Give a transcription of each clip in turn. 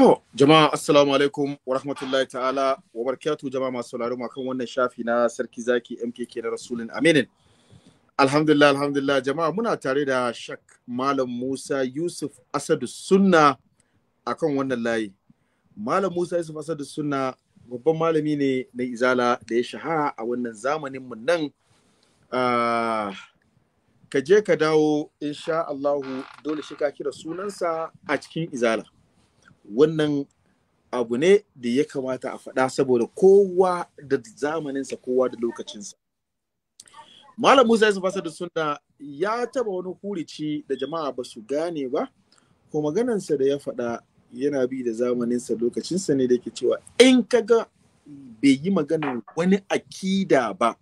To, jama'a assalamu alaikum wa rahmatullahi ta'ala wa barakatu jama'a masu sauraro ma kan wannan shafi na sarki zaki MKK na Rasulun Aminin. Alhamdulillah, alhamdulillah jama'a muna tare da Shak Malam Musa Yusuf Asadu Sunna a kan wannan layi. Malam Musa Yusuf Asadu Sunna babban malami ne na izala da ya shahara a wannan zamanin mu nan. Ah, ka je ka dawo insha Allahu dole shi ka kira sunansa a cikin izala. wannan abu ne da ya kamata a faɗa saboda kowa da zamaninsa kowa da lokacinsa malam musa ya fasa da suna ya taba wani hurici da jama'a ba su gane ba ko maganansa da ya faɗa yana bi da zamaninsa lokacinsa ne da ke cewa in kaga bai yi maganar wani akida ba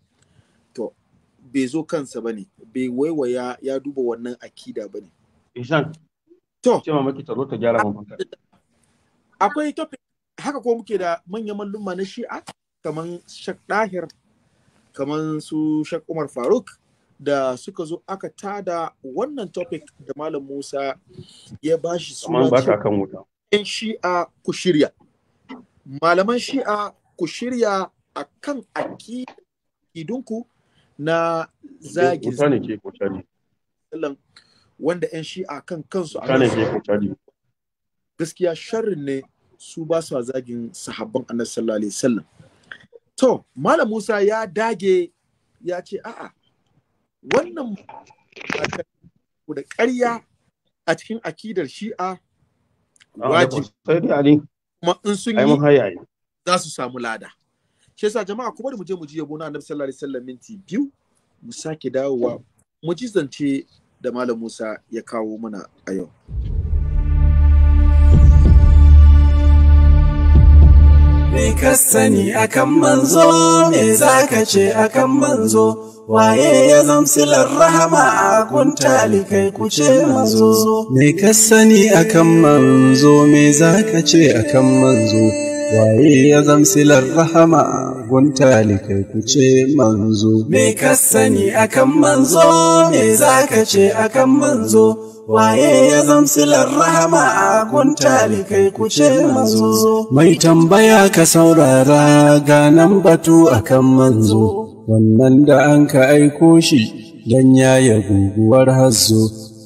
to bai zo kansa ba ne bai waiwaya ya duba wannan akida ba ne to ce ma maki zo ta gyara akwai topic haka ko muke da manyan malluma na shi'a kamar shak dahir kamar su shak umar faruk da suka zo aka tada wannan topic da malam musa ya ba shi suna yan shi'a ku shirya malaman shi'a ku shirya a kan akidunku na zagi wanda yan shi'a kan kansu a gaskiya sharrin ne su ba su zagin sahabban annabi sallallahu alaihi wasallam to malam Musa ya dage ya ce a'a wannan da ƙarya a cikin akidar shi'a wajibi kuma in sun yi za su samu lada shi yasa jama'a kuma da mu je mu ji yabo na annabi sallallahu alaihi wasallam minti biyu mu sake dawowa mu ji zance da malam Musa ya kawo mana a yau me ka sani akan manzo me za ka ce akan manzo waye ya zamsilar rahama a kuntali kai kuce manzo me ka sani akan manzo me za ka ce akan manzo waye ya zamsilar rahama gun talikai ku ce manzo. Me ka sani akan manzo, me za ka ce akan manzo, waye ya zamsilar rahama a gun talikai ku ce manzo. Mai tambaya ka saurara ganan batu akan manzo, wannan da an ka aiko shi don yaya guguwar hazo.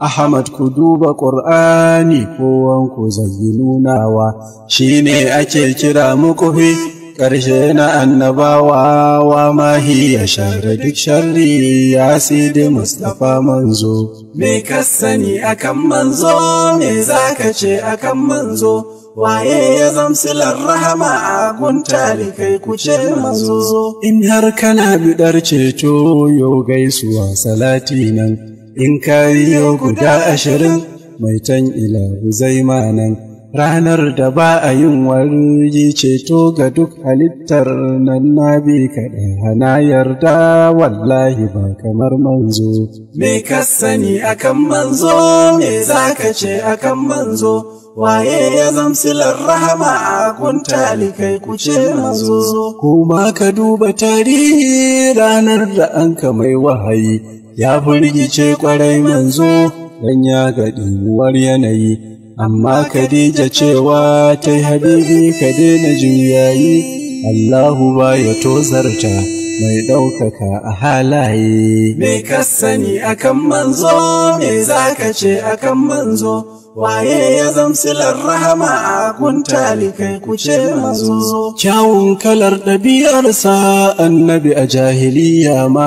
Ahmad ku duba ƙur'ani kowanku zayyinunawa shi ne ake kira fi ƙarshe na annabawa wa mahi ya share duk sharri ya sidi Mustapha manzo. Me ka sani akan manzo, me za ka ce akan manzo, waye ya zamsilar rahama a guntali kai kuce manzo. In har kana biɗar ceto yo gaisuwa salati nan. in ka guda ashirin mai can ila zai nan. ranar da ba a yin wari ceto ga duk halittar nan na bi kaɗa hana yarda wallahi ba kamar manzo me ka sani akan manzo me za ka ce akan manzo waye ya zamsilar rahama a kuntali kai kuce manzo kuma ka duba tarihi ranar da an ka mai wahayi ya firgice kwarai manzo dan ya ga ɗinguwar yanayi amma Khadija cewa ta yi habibi ka daina juyayi Allahu ba ya tozarta mai ɗaukaka a halaye me ka sani akan manzo me zakace ce akan manzo waye ya zamsilar rahama a kuntali kai kuce manzo kyawun kalar ɗabi'arsa annabi a jahiliya ma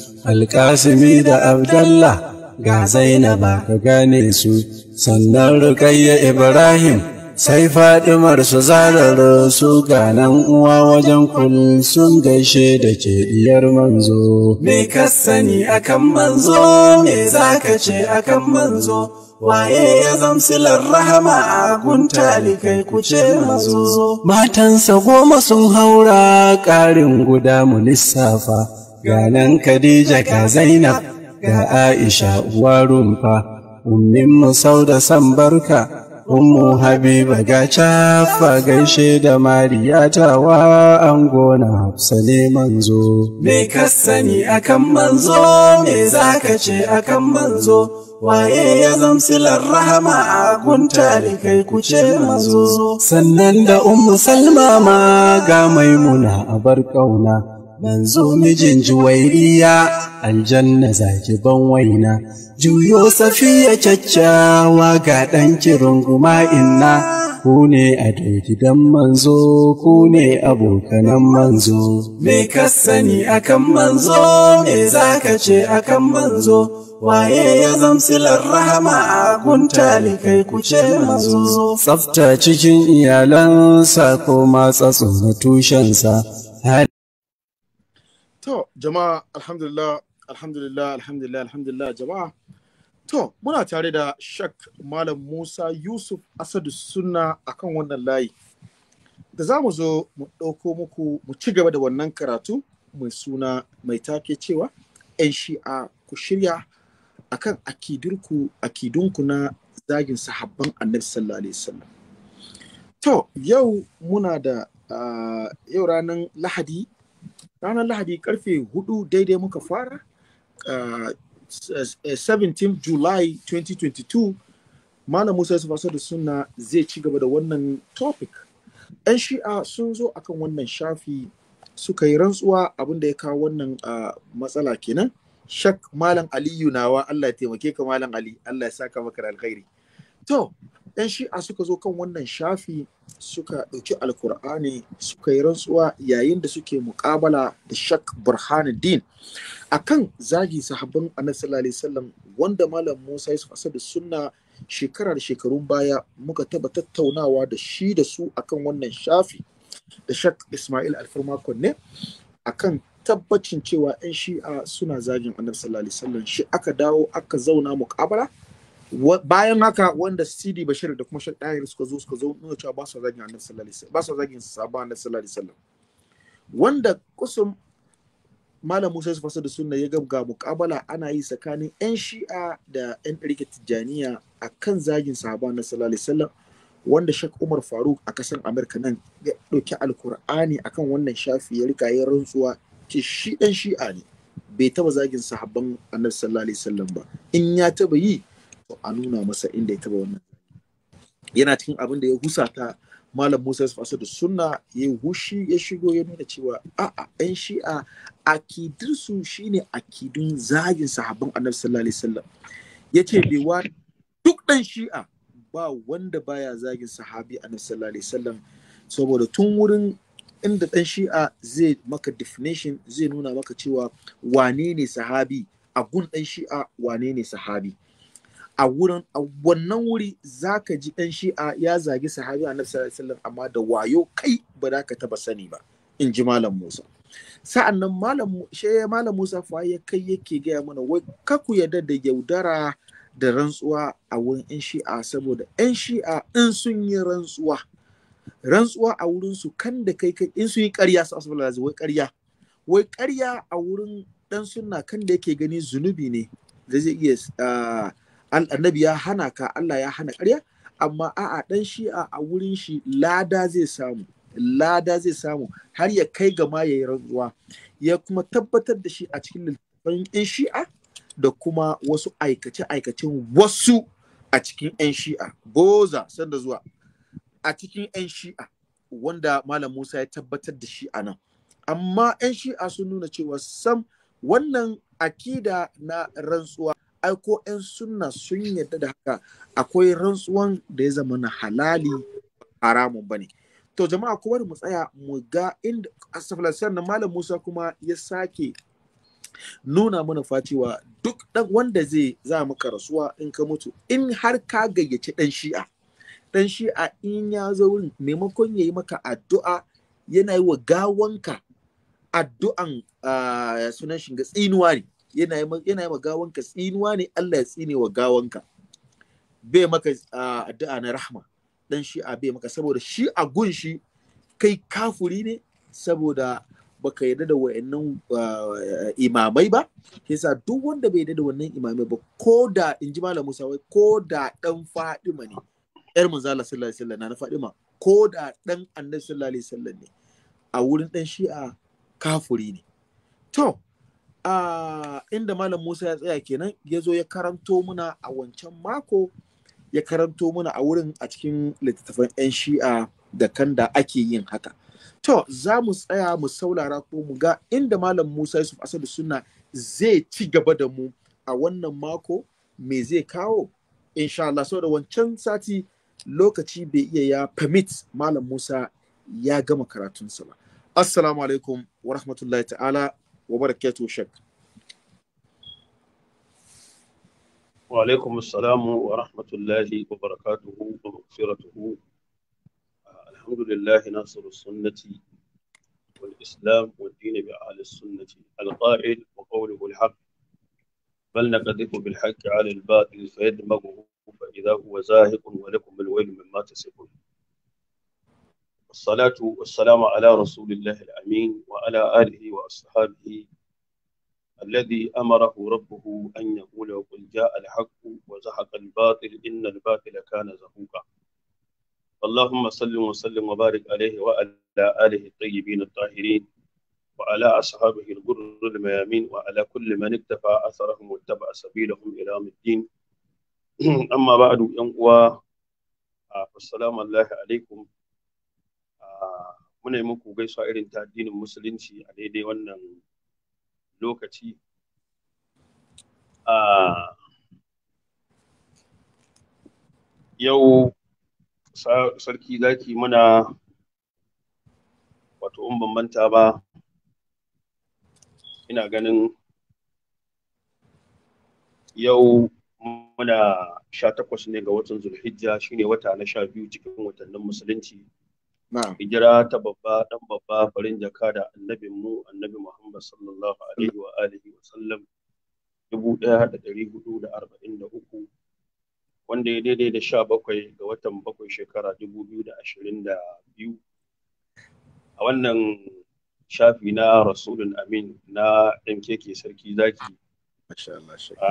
alƙasimi da abdallah ga zainaba ka gane su sannan rukayya ibrahim sai fadimar su zararo su Ganan uwa wajen kullum sun gaishe da ke diyar manzo me ka sani akan manzo me za ka ce akan manzo waye ya zamsilar rahama a guntali kai kuce mazo matansa goma sun haura ƙarin guda mu lissafa ga nan Khadija ka Zainab ga Aisha uwa rumfa ummin musau da san barka ummu habiba ga cafa gaishe da mariya tawa an gona hafsa ne manzo me ka sani akan manzo me zaka ce akan manzo waye ya zamsilar rahama a gunta ne kai kuce manzo sannan da ummu salma ga maimuna a bar kauna manzo mijin juwairiya aljanna zaki ban waina juyo safiya kyakkyawa ga ɗan runguma inna ku ne a gidan manzo ku ne abokanan manzo me ka sani akan manzo me zaka ce akan manzo waye ya zamsilar rahama a kuntali kai ku ce manzo tsafta cikin iyalansa ko matsa na tushensa To, jama'a alhamdulillah, alhamdulillah, alhamdulillah, alhamdulillah jama'a. To, muna tare da Shak Malam Musa Yusuf Asadu Sunna akan wannan layi. Da za mu zo mu ɗauko muku mu ci gaba da wannan karatu mai suna mai take cewa ‘yan shi'a ku shirya akan akidunku akidunku na zagin sahabban annabi sallallahu alaihi To, yau muna da uh, yau ranar Lahadi ranar lahadi karfe hudu daidai muka fara uh, eh, 17 eh, july 2022 malam musa yusuf da suna zai ci gaba da wannan topic yan shi'a sun zo akan wannan shafi suka yi rantsuwa abinda ya kawo wannan uh, matsala kenan shak malam aliyu nawa allah ya taimake ka malam ali allah ya saka maka alkhairi to yan shi'a suka zo kan wannan shafi suka ɗauki alkur'ani suka yi rantsuwa yayin da suke muƙabala da shak burhanuddin akan zagi sahabban annabi sallallahu alaihi wasallam wanda malam musa yusuf asadu sunna shekara da shekarun baya muka taba tattaunawa da shi da su akan wannan shafi da shak ismail alfarmakon ne akan tabbacin cewa 'yan shi'a suna zagin annabi sallallahu alaihi wasallam shi aka dawo aka zauna muƙabala bayan haka wanda Sidi Bashir da kuma Sheikh Dahir suka zo suka zo nuna cewa ba su zagin Annabi sallallahu alaihi wasallam ba su zagin sahabban Annabi sallallahu alaihi wasallam wanda kusum Malam Musa Yusuf da Sunna ya gabga muqabala ana yi tsakanin 'yan Shi'a da 'yan ɗarike Tijaniya a kan zagin sahaban na sallallahu alaihi wasallam wanda Sheikh Umar Faruk a kasan Amurka nan ya ɗauki Alkur'ani akan wannan shafi ya rika ya rantsuwa ce shi ɗan Shi'a ne bai taba zagin sahabban Annabi sallallahu alaihi wasallam ba in ya taba yi a nuna masa inda ya taba wannan yana cikin abin da ya husata malam musa yusuf da sunna ya hushi ya shigo ya nuna cewa a'a yan shi'a akidinsu shine akidun zagin sahabban annabi sallallahu alaihi wasallam yace bai wa duk dan shi'a ba wanda baya zagin sahabi annabi sallallahu alaihi saboda tun wurin inda dan shi'a zai maka definition zai nuna maka cewa wane ne sahabi a gun dan shi'a wane ne sahabi a wurin a wannan wuri za ka ji ɗan shi'a ya zagi sahabi na sallallahu alaihi amma da wayo kai ba za ka taba sani ba in ji malam Musa sa'an nan malam Musa fa ya kai yake gaya mana wai kaku yadda da yaudara da rantsuwa a wurin 'yan shi'a saboda 'yan shi'a in sun yi rantsuwa rantsuwa a wurinsu kan da kai kai in sun yi ƙarya su asibar lazi wai karya. wai ƙarya a wurin ɗan sunna kan da yake gani zunubi ne da zai iya ah, annabi ya hana ka Allah ya hana karya. amma a'a dan shi'a a wurin shi lada zai samu lada zai samu har ya kai gama ya yi rantsuwa ya kuma tabbatar da shi a cikin littattafan 'yan shi'a da kuma wasu aikace-aikacen wasu a cikin 'yan shi'a boza sanda zuwa a cikin 'yan shi'a wanda malam musa ya tabbatar da shi a nan amma 'yan shi'a sun nuna cewa sam wannan akida na rantsuwa Aiko 'yan sunna sun yadda da haka akwai rantsuwan da ya zama na halali haramun bane to jama'a kuma mu tsaya mu ga inda asafalasiyar na malam musa kuma ya sake nuna mana facewa duk dan wanda zai za maka rasuwa in ka mutu in har ka gayyaci ɗan shi'a Ɗan shi'a in ya zo wurin maimakon ya yi maka addu'a yana yi wa gawanka addu'an ah, sunan shiga tsinuwa ne yana yi ma gawanka tsinuwa ne Allah ya tsine wa gawanka bai maka addu'a na rahma dan shi'a bai maka saboda shi a gun shi kai kafuri ne saboda baka yarda da wayannan imamai ba yasa duk wanda bai yarda da wannan imamai ba ko da in ji malam Musa wai ko da dan Fadima ne yar manzala sallallahu alaihi wasallam na Fadima ko da dan Annabi sallallahu alaihi wasallam ne a wurin dan shi'a kafuri ne to a inda malam musa ya tsaya kenan ya zo ya karanto muna a wancan mako ya karanto muna a wurin a cikin littattafan 'yan shi'a da kan da ake yin haka to za mu tsaya mu saulara ko mu ga inda malam musa yusuf asadu suna zai ci gaba da mu a wannan mako me zai kawo insha Allah saboda wancan sati lokaci bai iya ya permit malam musa ya gama karatunsa ba assalamu alaikum wa rahmatullahi ta'ala wa barakatuh shek wa alaikum assalamu wa rahmatullahi wa barakatuhu wa maghfiratuhu alhamdulillahi nasiru sunnati والإسلام والدين بأهل السنة القائل وقوله الحق بل نقذف بالحق على الباطل فيدمغه فإذا هو زاهق ولكم الويل مما تسبون والصلاة والسلام على رسول الله الأمين وعلى آله وأصحابه الذي أمره ربه أن يقول قل جاء الحق وزحق الباطل إن الباطل كان زهوقا اللهم صل وسلم وبارك عليه وعلى آله الطيبين الطاهرين وعلى أصحابه الغر الميامين وعلى كل من اكتفى أثرهم واتبع سبيلهم إلى الدين أما بعد يوم السلام الله عليكم muna yi muku gaisuwa irin ta addinin musulunci a daidai wannan lokaci yau sarki zaki muna wato in bambanta ba ina ganin yau muna sha takwas ne ga watan zulhijja shine wata na sha biyu cikin watannin musulunci hijira ta babba dan babba farin jaka da annabin mu annabi Muhammad sallallahu alaihi wa alihi wa sallam 1443 wanda ya daidai da 17 ga watan bakwai shekara 2022 a wannan shafi na rasulun amin na mkk sarki zaki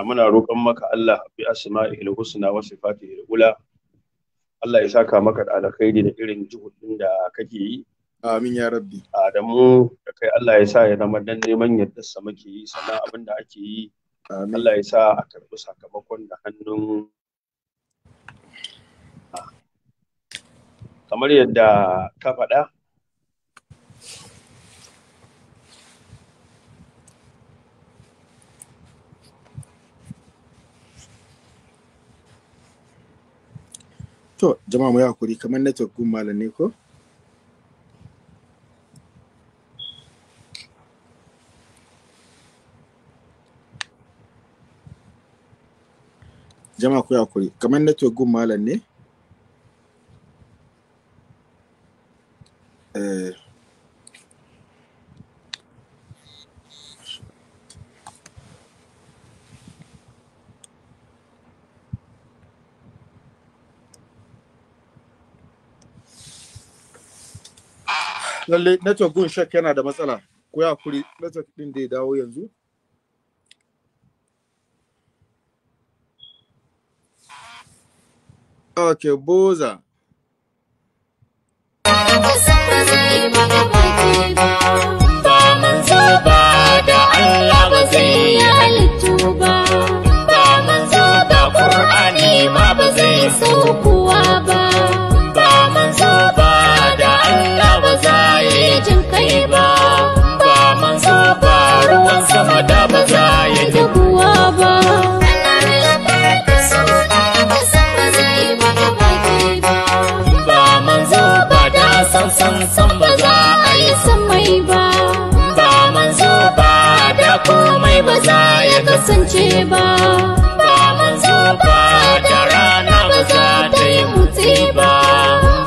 muna roƙon maka Allah bi asma'il husna wa sifatihil ula Allah ya saka maka da alkhairi da irin juhudin da kake yi amin ya rabbi ah, da mu da kai Allah ya sa ya zama dan neman yadda sa muke yi sannan abin da ake yi Allah ya sa a karɓi sakamakon da hannun ah, kamar yadda ka faɗa To, jama'a mu yi hakuri kamar na gun malam ne ko? Jama'a ku yi hakuri kamar na gun malam ne? Eh. lalle network gun shak yana da matsala ko ya kuri network din da ya dawo yanzu okay boza ta kuwa ba ba manzo ba da san san san ba za a yi samai ba ba manzo ba da komai ba za ya kasance ba ba manzo ba da rana ba za ta yi mutse ba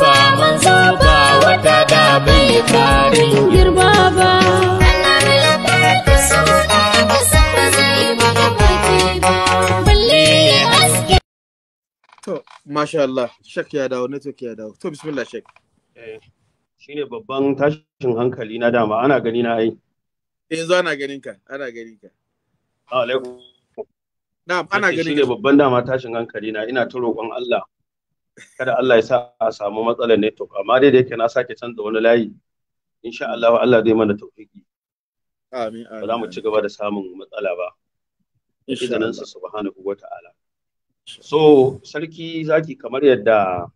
ba manzo ba wata da bai karin girba ba Masha Allah, Shek ya dawo, network ya dawo. To bismillah Shek. Eh, shine babban tashin hankali na dama ana gani na ai. Eh, zo ana ganin ka, ana ganin ka. Alaikum. Na, ana ganin ka. shi ne babban dama tashin hankali na ina ta roƙon Allah. Kada Allah ya sa a samu matsalar network, amma dai da yake na sake canza wani layi. Insha Allah Allah zai mana tawfiki. Amin. Ba za mu ci gaba da samun matsala ba. Idanansa subhanahu wa ta'ala. So, sarki zaki kamar yadda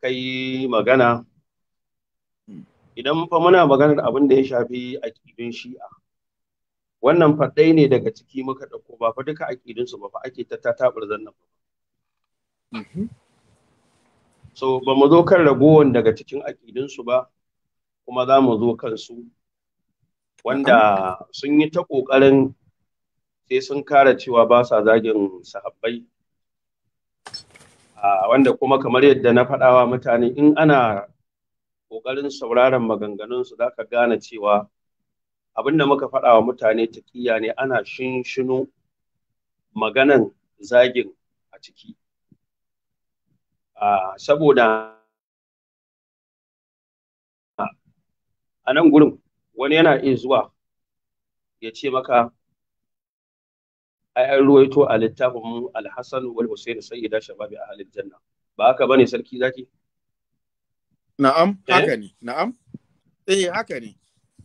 kai magana, idan fa muna maganar abin da ya shafi aƙidun shi'a, wannan faɗai ne daga ciki muka ɗauko ba fa duka su ba fa ake ta taɓar zannan So, ba mu zo kan ragowar daga cikin aƙidunsu ba, kuma za mu zo kansu, wanda sun yi ta ƙoƙarin sai sun kara cewa ba sa zagin sahabbai a wanda kuma kamar yadda na faɗawa mutane in ana ƙoƙarin sauraron maganganunsu za ka gane cewa abinda muka faɗawa mutane taƙiya ne ana shinshino maganan zagin a ciki saboda a nan gurin wani yana iya zuwa ya ce maka an ruwaito a littafin mu al-Hasan wal Husayn sayyida shababi ahlil janna ba haka bane sarki zaki na'am eh? haka ne na'am eh haka ne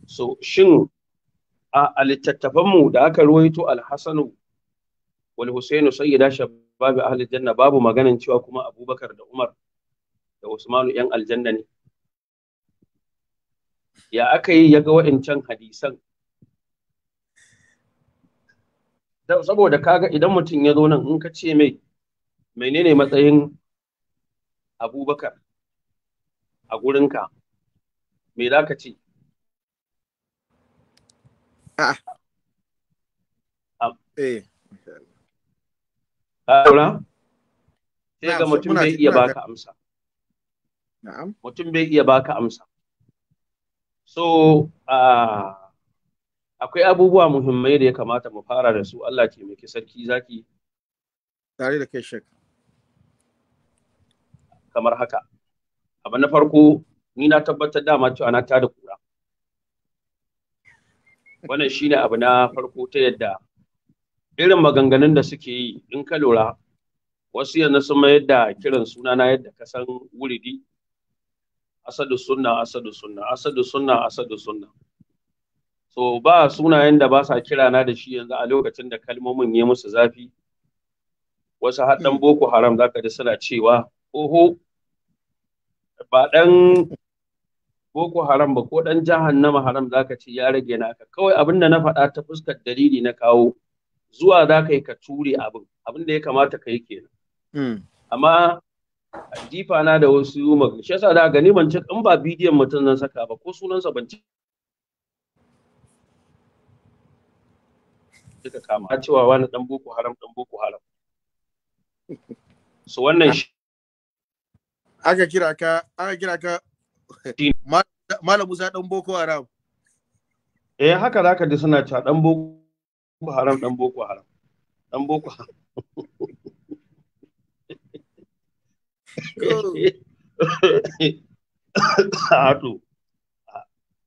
so shin a littattafan mu da aka ruwaito al-Hasan wal Husayn sayyida shababi ahlil janna babu maganin cewa kuma Abubakar da Umar da Usmanu yan aljanna ne ya aka yi ya ga wa'incan hadisan saboda kaga idan mutum ya zo nan in ka ce mai menene matsayin abubakar a gurinka me za ka ce Ƙaura? Eh. Sai ga mutum bai iya baka amsa. Mutum bai iya baka amsa. So, uh, akwai abubuwa muhimmai da ya kamata mu fara da su Allah ke taimaki sarki zaki tare da kai shek kamar haka abu na farko ni na tabbatar dama cewa na tada kura wannan shine abu na farko ta yadda irin maganganun da suke yi in ka lura wasu yanzu sun mayar da kiran suna na yadda ka san wuridi asadu sunna asadu sunna asadu sunna asadu sunna so ba sunayen da ba sa kira na da shi yanzu a lokacin da kalmomin ya musu zafi wasu haɗan boko haram zaka ji suna cewa oho ba ɗan boko haram ba ko dan jahannama haram zaka ce ya rage naka kawai abin da na faɗa ta fuskar dalili na kawo zuwa za ka yi ka ture abin abin da ya kamata ka yi kenan hmm. amma jifa na da wasu magana shi yasa da gani ban in ba bidiyon mutum zan saka ba ko sunansa ban ci. suka kama a cewa wani dan boko haram dan boko haram so wannan shi aka kira ka aka kira ka malam Musa dan boko haram eh haka zaka ji suna cewa dan boko haram dan boko haram dan boko haram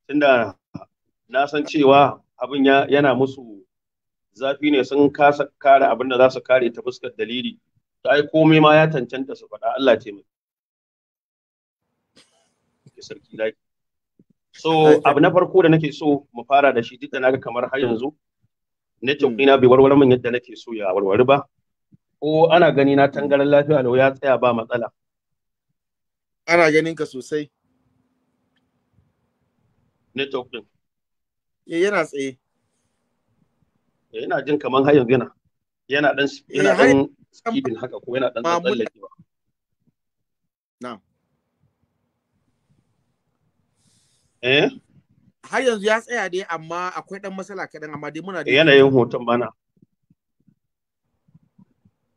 tunda na san cewa abin yana musu zafi ne sun kasa kare abin da za su kare ta fuskar dalili ta ai komai ma ya tancanta su faɗa Allah ce mai sarki laki so abu na farko da nake so mu fara da shi duk da naga kamar har yanzu network ɗina hmm. bai warware min yadda nake so ya warware ba ko ana gani na tangaran lafiya lau ya tsaya ba matsala ana ganin ka sosai network din eh, yana tsaye Yana eh, jin kamar har yanzu yana yana dan eh, yana dan skidin haka ko yana dan tsallake ba na'am eh har yanzu ya tsaya dai amma akwai dan matsala kaɗan amma dai muna da eh, yanayin hoton bana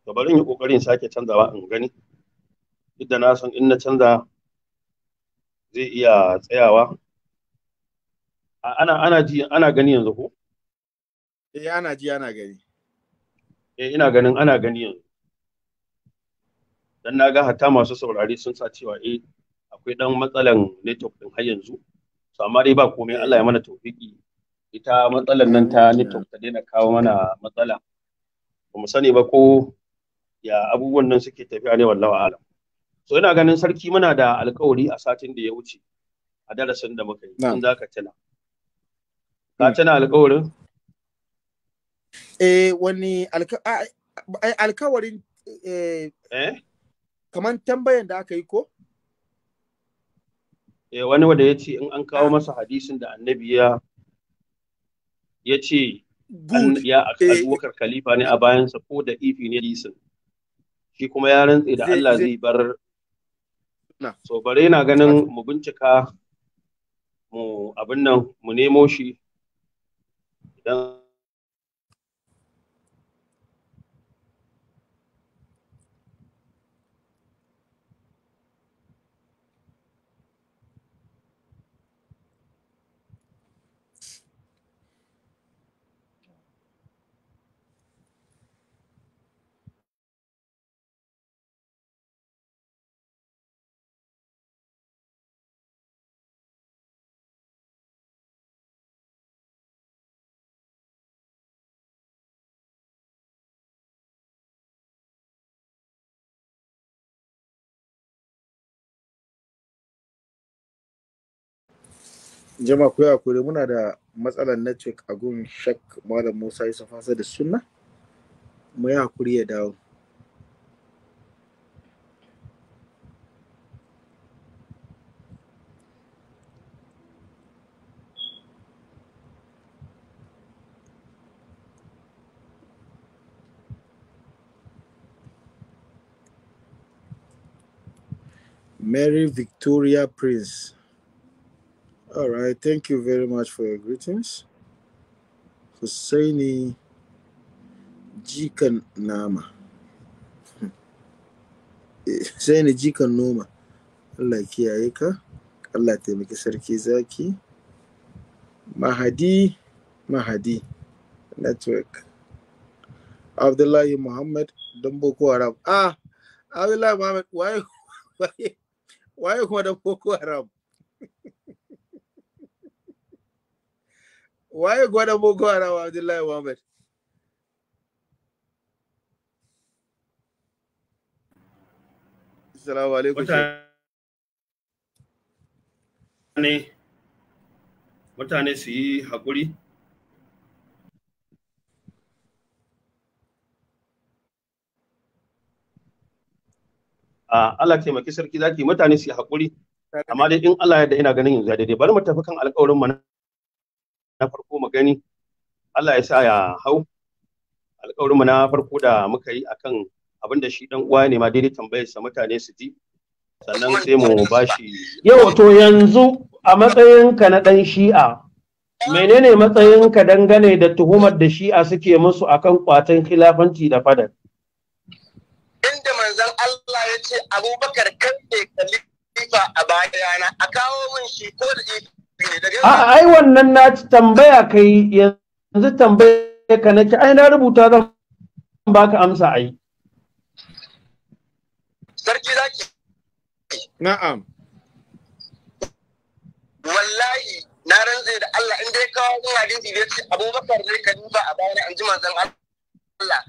to bari yi kokarin sake canzawa in gani duk da na san in na canza zai iya tsayawa ana ana ji ana gani yanzu ko eh ana ji ana gani eh ina ganin ana gani yanzu dan na ga hatta masu saurari sun sa cewa eh akwai dan matsalan network din har yanzu to amma dai ba komai Allah ya mana tawfiki ita matsalan nan ta network ta daina kawo mana matsala ba mu sani ba ko ya abubuwan nan suke tafiya ne wallahi alam so ina ganin sarki muna da alkawari a satin da ya wuce a darasin da muka yi in za ka tuna ka tuna alkawarin eh wani alkawarin eh, eh? kamar tambayan da aka yi ko eh wani wanda ya ce in an kawo ah. masa hadisin da annabi ya ya ce ya eh. abubakar khalifa ne a bayansa ko da ifi ne hadisin shi kuma ya rantse da Allah zai bar so bare na ganin mu bincika mu abin nan mu nemo shi idan jama kuya kure muna da matsalar network a gun shak malam musa yusuf fasa da sunna mu ya hakuri ya dawo Mary Victoria Prince All right. Thank you very much for your greetings. Husaini Jikan Nama. Eh, Husaini Jikan Noma. Allah kiyaye ka. Allah taimaki sarki zaki. Mahadi Mahadi Network. Abdullahi Muhammad don Boko Haram. Ah, Abdullahi Muhammad, why, why, why you don Boko Haram? waye gwada boko haram abdullahi muhammad assalamu alaikum mutane mutane su yi haƙuri Allah taimaki sarki zaki mutane su yi haƙuri amma dai in Allah ya da ina ganin yanzu daidai bari mu tafi kan alƙawarin mana na farko mu Allah ya sa ya hau alƙawarinmu na farko da muka yi akan abin da shi dan uwa ne ma daidai tambayar sa mutane su ji sannan sai mu bashi yau to yanzu a matsayinka na dan shi'a menene matsayinka dangane da tuhumar da shi'a suke musu akan kwatan khilafanci da fadar inda manzon Allah ya ce Abubakar kan ne khalifa a bayana a kawo min shi ko da ai wannan na tambaya kai yanzu tambaya ka nake ai na rubuta zan baka amsa ai sarki zaki na'am wallahi na rantse da Allah in dai kawo in hadisi dai ce Abubakar ne ka duba a bayan an ji manzon Allah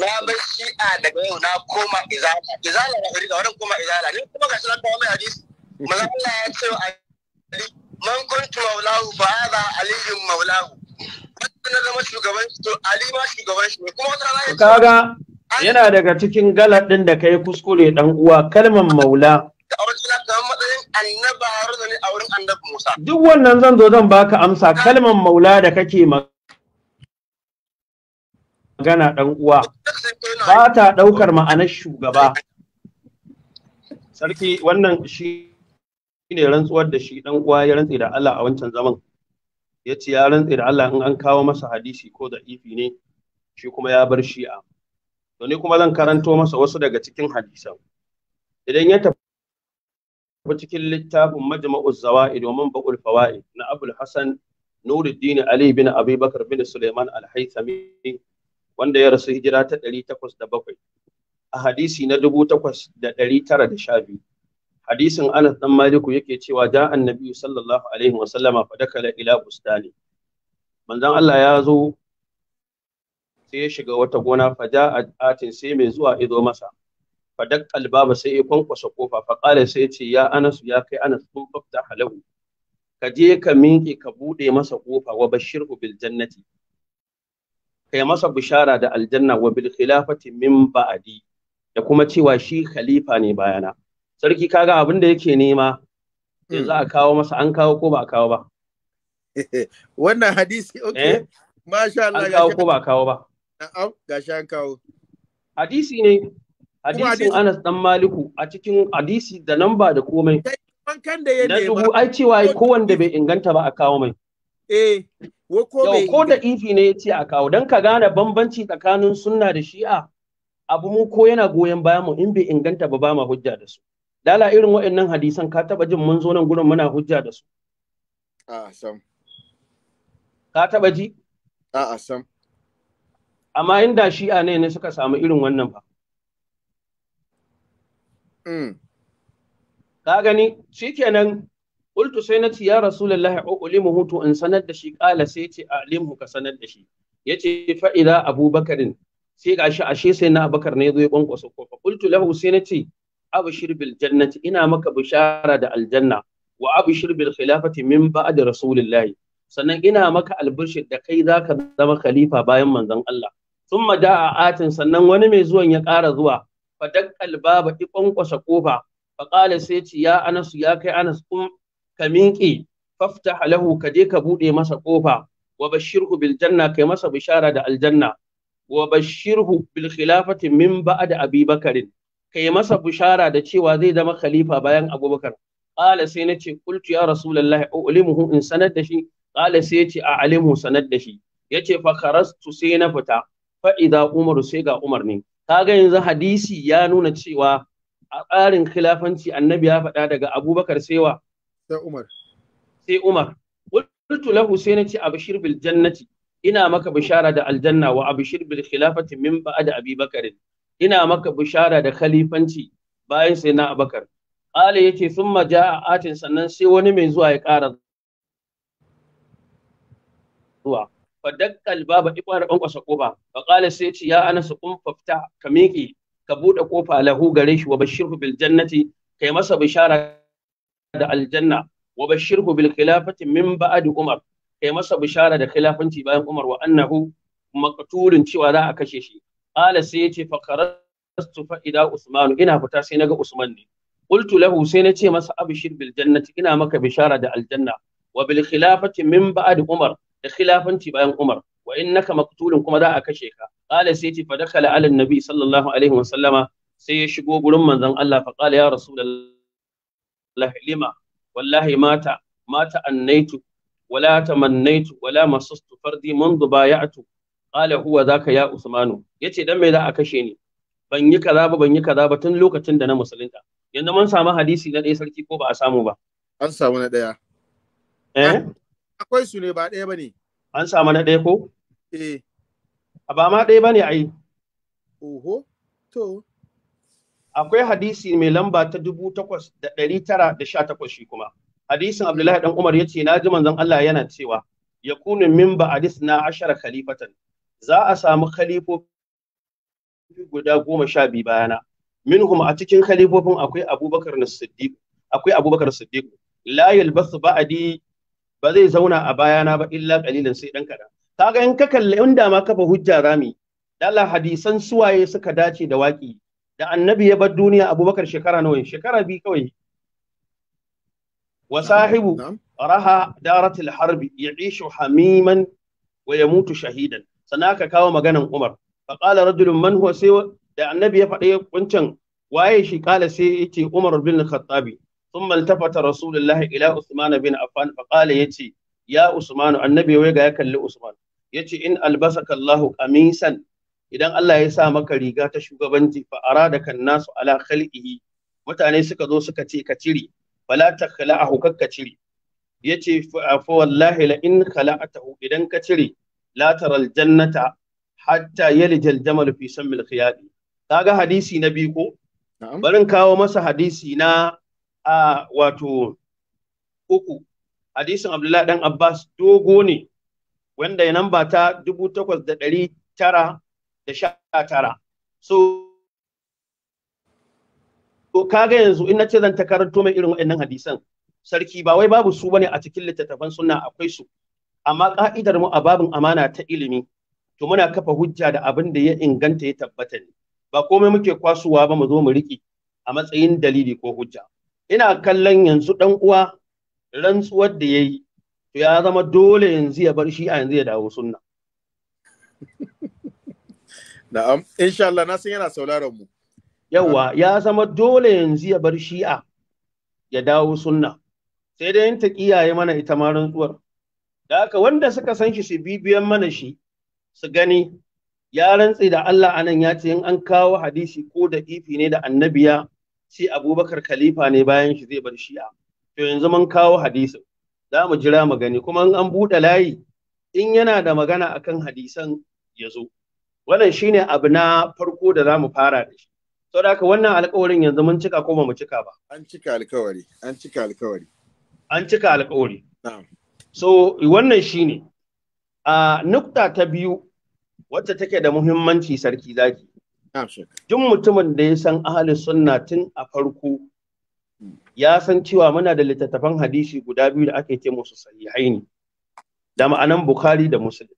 na bar shi'a daga yau na koma izala izala na ga wannan koma izala Ni kuma ga shi na kawo mai hadisi manzon Allah ya ce a man kuntu maulahu fa hadha aliyyun maulahu na zama shugaban shi, to ali ma shugaban shi kuma wata rana kaga yana daga cikin galadin da kai kuskure dan uwa kalmar maula Duk wannan zan zo zan baka amsa kalmar maula da kake magana ɗan uwa ba ta ɗaukar ma'anar shugaba. Sarki wannan shi shine rantsuwar da shi dan uwa ya rantsi da Allah a wancan zaman ya ce ya rantsi da Allah in an kawo masa hadisi ko da ifi ne shi kuma ya bar shi'a to ni kuma zan karanto masa wasu daga cikin hadisan idan ya tafi cikin littafin majma'u zawaid wa manba'ul fawaid na Abul Hasan Nuruddin Ali bin Abi bakr bin Sulaiman Al-Haythami wanda ya rasu hijira ta 807 a hadisi na 8912 hadisin Anas dan Maliku yake cewa da annabi sallallahu alaihi wa sallama fa dakala ila bustani manzon Allah ya zo sai ya shiga wata gona fa da atin sai mai zuwa izo masa fa dakkal baba sai ya kwankwasa kofa fa qala sai ya ce ya Anas ya kai Anas ko fafta halahu ka je ka minke ka bude masa kofa wa bashirhu bil jannati kai masa bishara da aljanna wa bil khilafati min ba'di da kuma cewa shi khalifa ne bayana sarki kaga abin da yake nema sai za hmm. a kawo masa an kawo ko ba a kawo ba wannan hadisi okay eh? masha Allah an kawo ko ba a kawo ba na'am gashi an kawo hadisi ne hadisin Anas dan Maliku a cikin hadisi da namba da komai kan da ya nema dubu ai cewa ko wanda bai inganta ba a kawo mai eh ko bai ko da ifi ne yace a kawo dan ka gane bambanci tsakanin sunna da shi'a abu mu ko yana goyon bayan mu in bai inganta ba ba ma hujja da su Lala irin wa'annan hadisan ka taɓa jin mun zo nan gurin muna hujja da su. A sam. Ka taɓa ji? A sam. Amma inda shi'a ne ne suka samu irin wannan ba. Mm. Ka gani, shikenan Ultu sai na ci ya Rasulullahi ulimu hutu in sanar da shi ƙala sai ce alimhu ka sanar da shi. yace ce fa'ida Abubakarin sai gashi ashe sai na Abakar ne zo ya kwankwasa kofa. Ultu lahu sai na ce abshir bil jannati ina maka bishara da aljanna wa abshir bil khilafati min ba'd rasulillahi sannan ina maka albishir da kai zaka zama khalifa bayan manzon Allah thumma da'a atin sannan wani mai zuwan ya ƙara zuwa fa dakkal baba ki kwankwasa kofa fa qala sai ci ya Anas ya kai Anas kun um, ka minki faftah lahu ka je ka bude masa kofa wa bashirhu bil janna kai masa bishara da aljanna wa bashirhu bil khilafati min ba'd abi bakarin kai masa bushara da cewa zai zama khalifa bayan abubakar qala sai nace qultu ya rasulullahi ulimuhu in sanar da shi qala sai yace a alimu sanar da shi yace fa kharastu sai na fita fa idza umar sai ga umar ne kaga yanzu hadisi ya nuna cewa a tsarin khilafanci annabi ya faɗa daga abubakar sai wa sai umar sai umar qultu lahu sai nace abshir bil jannati ina maka bishara da aljanna wa abshir bil khilafati min ba'da abi ina maka bishara da khalifanci bayan sai na abakar ali ya ce sun maja a atin sannan sai wani mai zuwa ya ƙara zuwa fadakkal baba ikwara kwasa kofa ba. qala sai ce ya anas kun fafta ka miƙe ka buɗe kofa lahu gare shi wa bashirhu bil jannati kai masa bishara da aljanna wa bashirhu bil khilafati min ba'di umar kai masa bishara da khilafanci bayan umar wa annahu maqtulun cewa za a kashe shi qala sai yace fa qarastu fa ila usman ina fita sai naga usman ne qultu lahu sai nace masa abshir bil jannati ina maka bishara da aljanna wa bil khilafati min ba'd umar da kilafanci bayan umar wa naka maktulun kuma za a kashe ka qala sai yace fa dakala ala nabi sallallahu alaihi wa sallama sai ya shigo gurin manzan Allah fa qala ya rasulullah lima wallahi mata mata annaitu wala tamannaitu wala masustu zuba ya بايعت qala huwa zaka ya usmanu yace dan me za a kashe ni ban yi kaza ba ban yi kaza ba tun lokacin da na musulunta yanzu mun samu hadisi na ɗaya sarki ko ba a samu ba an samu na ɗaya eh ah, akwai su ne ba ɗaya bane an samu na ɗaya ko eh ba ma ɗaya bane ai oho to akwai hadisi mai lamba ta dubu takwas da ɗari tara da sha takwas shi kuma hadisin abdullahi dan umar ya ce na ji manzon allah yana cewa ya kunu min ba hadis na ashara khalifatan za a samu khalifofi guda goma sha biyu bayana minhum a cikin khalifofin akwai abubakar siddiq akwai abubakar siddiq la yalbasu ba'adi ba zai zauna a bayana ba illa kalilan sai dan kadan kaga in ka kalli inda ma kafa hujja rami dala hadisan suwaye suka dace da waki da annabi ya bar duniya abubakar shekara nawa shekara biyu kawai wa sahibu raha daratil harbi ya'ishu hamiman wa yamutu shahidan sannan aka kawo maganan Umar fa rajulun man huwa sai da annabi ya faɗi wancan waye shi kala sai yace Umar bin Khattabi thumma iltafata rasulullahi ila Usman bin Affan fa ya yace ya Usman annabi wai ga ya kalli Usman yace in albasaka Allahu qamisan idan Allah ya sa maka riga ta shugabanci fa arada kan nasu ala khalqihi mutane suka zo suka ce ka cire fala takhla'ahu kakka cire yace fa wallahi la in khala'atahu idan ka cire la taral jannata hatta yalija al-jamal fi sammil khiyad kaga hadisi na biyu ko barin kawo masa hadisi na a wato uku hadisin Abdullahi dan Abbas dogo ne wanda ya namba ta 8919 so to kaga yanzu in na ce zan ta karanto mai irin waɗannan hadisan sarki ba wai babu su bane a cikin littattafan sunna akwai su amma ka'idar mu a babin amana ta ilimi to muna kafa hujja da abin da ya inganta ya tabbata ne ba komai muke kwasuwa ba mu zo mu riƙe a matsayin dalili ko hujja ina kallon yanzu dan uwa rantsuwar da yayi to ya zama dole yanzu ya bar shi a yanzu ya dawo sunna na'am insha Allah na san yana sauraron mu yawa ya zama dole yanzu ya bar shi'a ya dawo sunna sai dai yin ta kiyaye mana ita ma rantsuwar da haka wanda suka san shi su bibiyan mana shi su gani ya rantse da Allah anan ya ce in an kawo hadisi ko da ifi ne da annabiya sai abubakar khalifa ne bayan shi zai bar shi'a to yanzu mun kawo hadisi za mu jira mu gani kuma in an buɗe layi in yana da magana akan hadisan ya zo wannan shine abu na farko da za mu fara da shi da haka wannan alƙawarin yanzu mun cika ko ba mu cika ba an cika alƙawari an cika alƙawari an cika alƙawari na'am so wannan shi ne. a nukta ta biyu wacce take da muhimmanci sarki zaki duk mutumin da ya san ahalin sunna tun a farko ya san cewa muna da littattafan hadisi guda biyu da ake ce musu sahihai ne da ma'anan bukhari da muslim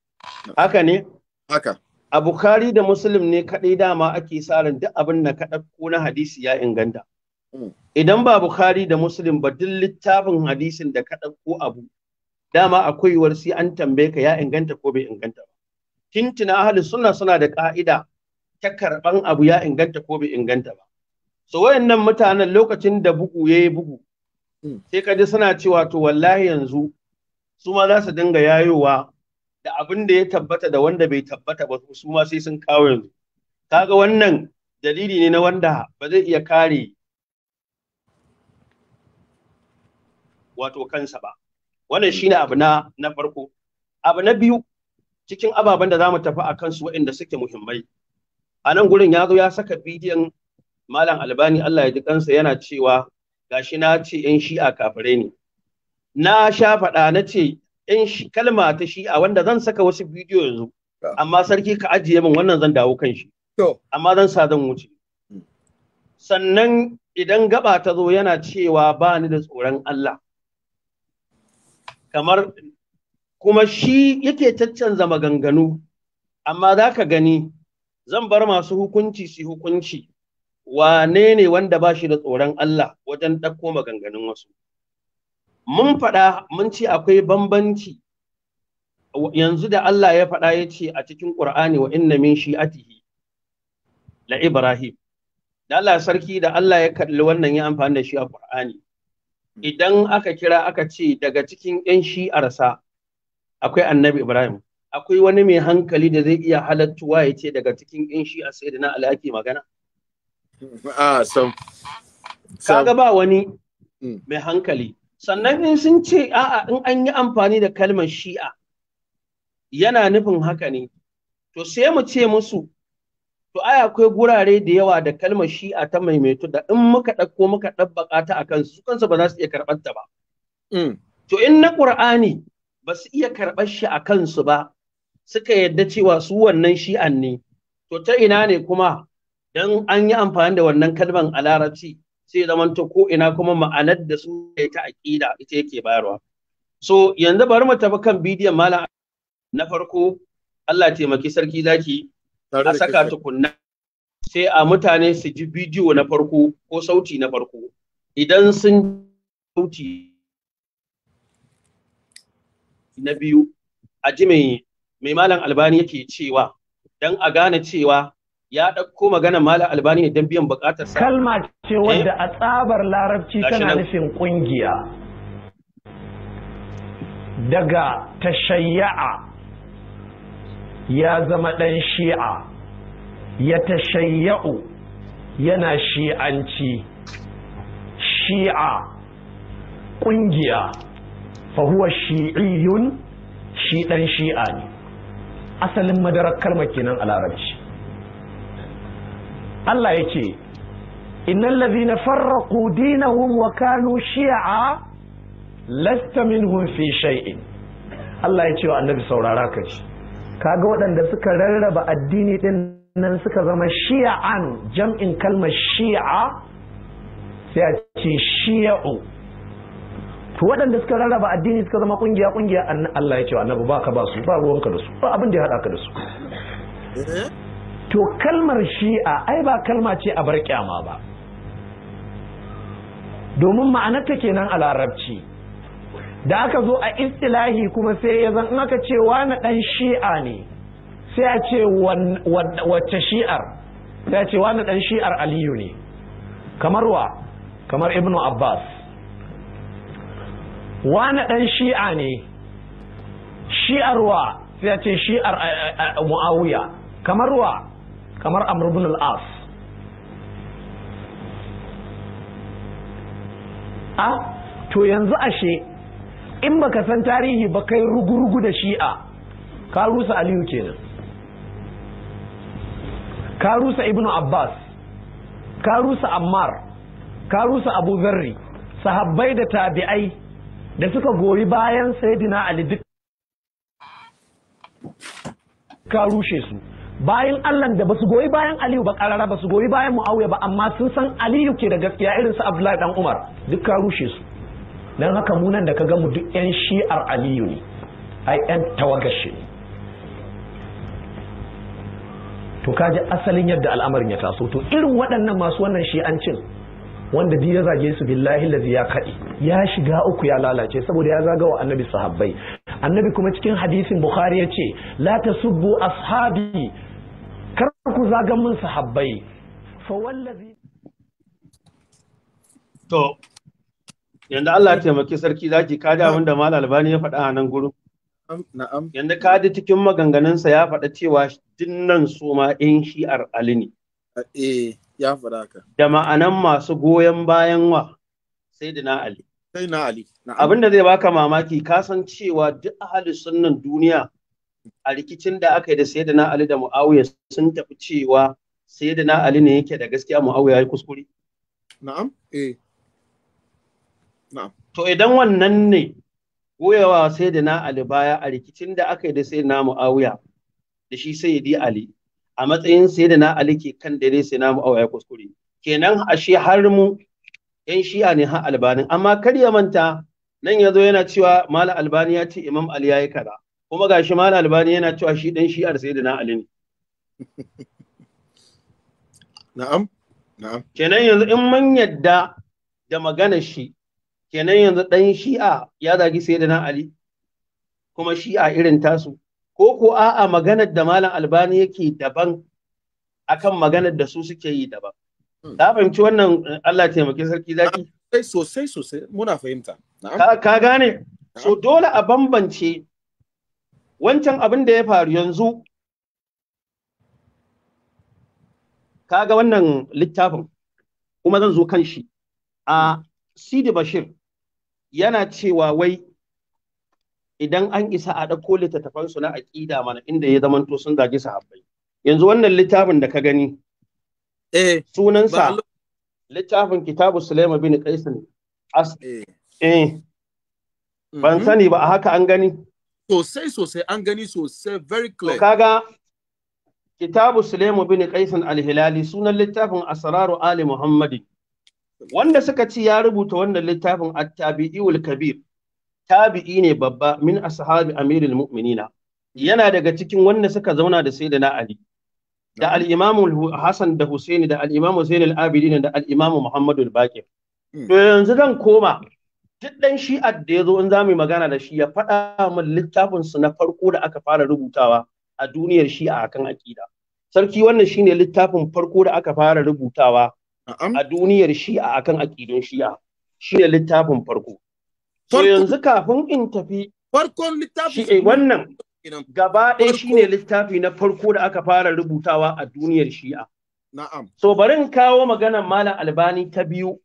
haka ne haka a bukhari da muslim ne kaɗai dama ake sa ran duk abin na kaɗa na hadisi ya inganta mm. idan ba bukhari da muslim ba duk littafin hadisin da kaɗa ko abu dama akwai yiwuwar sai an tambaye ka ya inganta ko bai inganta ba tintina ahli suna suna da ka'ida ta karban abu ya inganta ko bai inganta ba so wayannan mutanen lokacin da bugu yayi bugu hmm. sai ka ji suna cewa to wallahi yanzu su ma za su dinga yayowa da abin da ya tabbata da wanda bai tabbata ba su ma sai sun kawo yanzu kaga wannan dalili ne na wanda ba zai iya kare wato kansa ba wannan shine abu na na farko abu na biyu cikin ababen da zamu tafi akan su waɗanda suke muhimmai a nan gurin ya zo ya saka bidiyon malam albani Allah ya ji kansa yana cewa gashi na ce yan shi'a kafare ne na sha faɗa na ce yan kalma ta shi'a wanda zan saka wasu bidiyo yanzu amma sarki ka ajiye min wannan zan dawo kan shi amma zan sa zan wuce hmm. sannan idan gaba ta zo yana cewa ba ni da tsoron Allah kamar kuma shi yake caccanza maganganu amma za ka gani zan bar masu hukunci su hukunci wane ne wanda ba shi da tsoron Allah wajen ɗauko maganganun wasu mun faɗa mun ce akwai bambanci yanzu da Allah ya faɗa ya ce a cikin Ƙur'ani wa inna min shi'atihi la Ibrahim da Allah sarki da Allah ya kalli wannan ya amfani da shi a Ƙur'ani Mm. idan aka kira aka ce daga cikin 'yan shi'arsa akwai annabi Ibrahim, akwai wani mai hankali da zai iya halattuwa ya ce daga cikin 'yan shi'a sai da na alhaki magana? Ah, so. Kaga ba wani mm. mai hankali. Sannan in sun ce a'a in an yi amfani da kalmar shi'a yana nufin haka ne, to sai mu ce musu To ai akwai gurare da yawa da kalmar shi'a ta maimaitu da in muka ɗauko muka ɗabbaka ta akan su kansu ba za su iya karɓar ta ba. Mm. To in na Ƙur'ani ba su iya karɓar shi a kansu ba suka yadda cewa su wannan shi'an ne. To ta ina ne kuma dan an yi amfani da wannan kalmar a larabci sai zamanta ko ina kuma ma'anar da su ta aƙida ita yake bayarwa. So yanzu bari mu tafi kan bidiyon malam na farko Allah taimaki sarki zaki a saka tukunna sai a mutane su ji bidiyo na farko ko sauti na farko idan sun sauti na biyu a ji mai malam albani yake cewa dan a gane cewa ya ɗauko magana malam albani ne don biyan buƙatar sa kalma ce wanda eh? a tsabar larabci tana nufin ƙungiya daga tashayya'a ya zama ɗan shi'a ya tashayya'u yana shi'anci shi'a ƙungiya fahuwa shi'iyun shi ɗan shi'a ne asalin madarar kalmar kenan a larabci Allah ya ce innan lazina farraku dinahum wa kanu shi'a lasta minhum fi shay'in Allah ya ce wa annabi saurara ka ce kaga waɗanda suka rarraba addini din nan suka zama shi'an jam'in kalmar shi'a sai a ce shi'a'u to waɗanda suka rarraba addini suka zama kungiya kungiya Allah ya ce annabi baka ba su ba ruwanka da su ba abin da ya hada ka da su to kalmar shi'a ai ba kalma ce a bar kyama ba domin ma'anarta kenan a larabci da aka zo a istilahi kuma sai ya zan in aka ce wani dan shi'a ne sai a ce wacce shi'ar sai a ce wani dan shi'ar aliyu ne kamar wa kamar ibnu abbas wani dan shi'a ne shi'ar wa sai a ce shi'ar muawiya kamar wa kamar amr ibn al-as a ah, to yanzu ashe in baka san tarihi ba kai rugurugu da shi'a ka rusa aliyu kenan ka rusa ibnu abbas ka rusa ammar ka rusa abu zarri sahabbai da tabi'ai da suka goyi bayan saidina ali duk ka rushe su bayan allah da ba su goyi bayan aliyu ba karara ba su goyi bayan muawiya ba amma sun san aliyu ke da gaskiya irin su abdullahi dan umar duk ka rushe su don haka nan da ka gamu duk 'yan shi'ar aliyu ne ai 'yan tawagashi ne to kaji asalin yadda al'amarin ya taso to irin waɗannan masu wannan shi'ancin wanda ya zage su billahi lazi ya kaɗi ya shiga uku ya lalace saboda ya zaga wa annabi sahabbai annabi kuma cikin hadisin bukhari ya ce la tasubbu ashabi kar ku zagan min sahabbai fa wallazi to Yanda Allah taimaki sarki zaki ka ji abin da Mal Albani ya faɗa a nan gurin. Na'am. Yanda ka cikin maganganunsa ya faɗa cewa dinnan su ma ɗin shi Ali ne. Eh, ya faɗa ka. Da ma'anan masu goyon bayan wa sai da Ali. Sai na Ali. Abin zai baka mamaki ka san cewa duk ahli sunnan duniya a rikicin da aka yi da sayyidina Ali da Muawiya sun tafi cewa sayyidina Ali ne yake da gaskiya Muawiya ya kuskure. Na'am. Eh. To idan wannan ne goyawa sai da na Ali baya a rikicin da aka yi da sai na Mu'awiya da shi sai di Ali a matsayin sai da na Ali ke kan dare sai na Mu'awiya kuskure. Kenan ashe har mu ‘yan shi'a ne ha albanin amma kar ya manta nan ya zo yana cewa Malam Albani ya ce Imam Ali ya yi kaza kuma gashi Malam Albani yana cewa shi dan shi'ar sai da na Ali ne. Na'am, na'am. Kenan yanzu in mun yadda da magana shi kenan yanzu ɗan shi'a ya zagi sayyidina ali kuma shi'a irin tasu ko ko a'a maganar da malam albani yake daban akan maganar da su suke yi daban hmm. ka fahimci wannan Allah taimaki sarki zaki ah, sosai sosai muna fahimta ka gane so dole a bambance wancan abin da ya faru yanzu kaga wannan littafin kuma zan zo kan shi a ah, Sidi Bashir yana cewa wai idan an isa a ɗauko littattafansu na aƙida mana inda ya zamanto sun zagi sahabbai yanzu wannan littafin da ka gani eh sunansa littafin kitabu Sulaiman bin Qais as eh, eh. ban mhm. sani ba a haka an gani sosai sosai an gani sosai very clear kaga kitabu Sulaiman bin Qais al-Hilali sunan littafin asraru ali Muhammadin wanda suka ce ya rubuta wannan littafin at wal kabir tabi'i ne babba min ashabi amirul mu'minina yana daga cikin wanda suka zauna da sayyidina ali da al-imamu hasan da husain da al-imamu zain al-abidin da al-imamu muhammadu al-baqir hmm. to yanzu zan koma duk dan shi'ar da yazo in zamu yi magana da shi ya faɗa min littafin su na farko da aka fara rubutawa a duniyar shi a akan aqida sarki wannan shine littafin farko da aka fara rubutawa a duniyar shi'a akan aƙidun shi'a shi ne littafin farko so yanzu kafin in tafi farkon littafi eh, wannan gaba ɗaya shi ne littafi na farko da aka fara rubutawa a duniyar shi'a na'am so barin kawo maganar malam albani ta biyu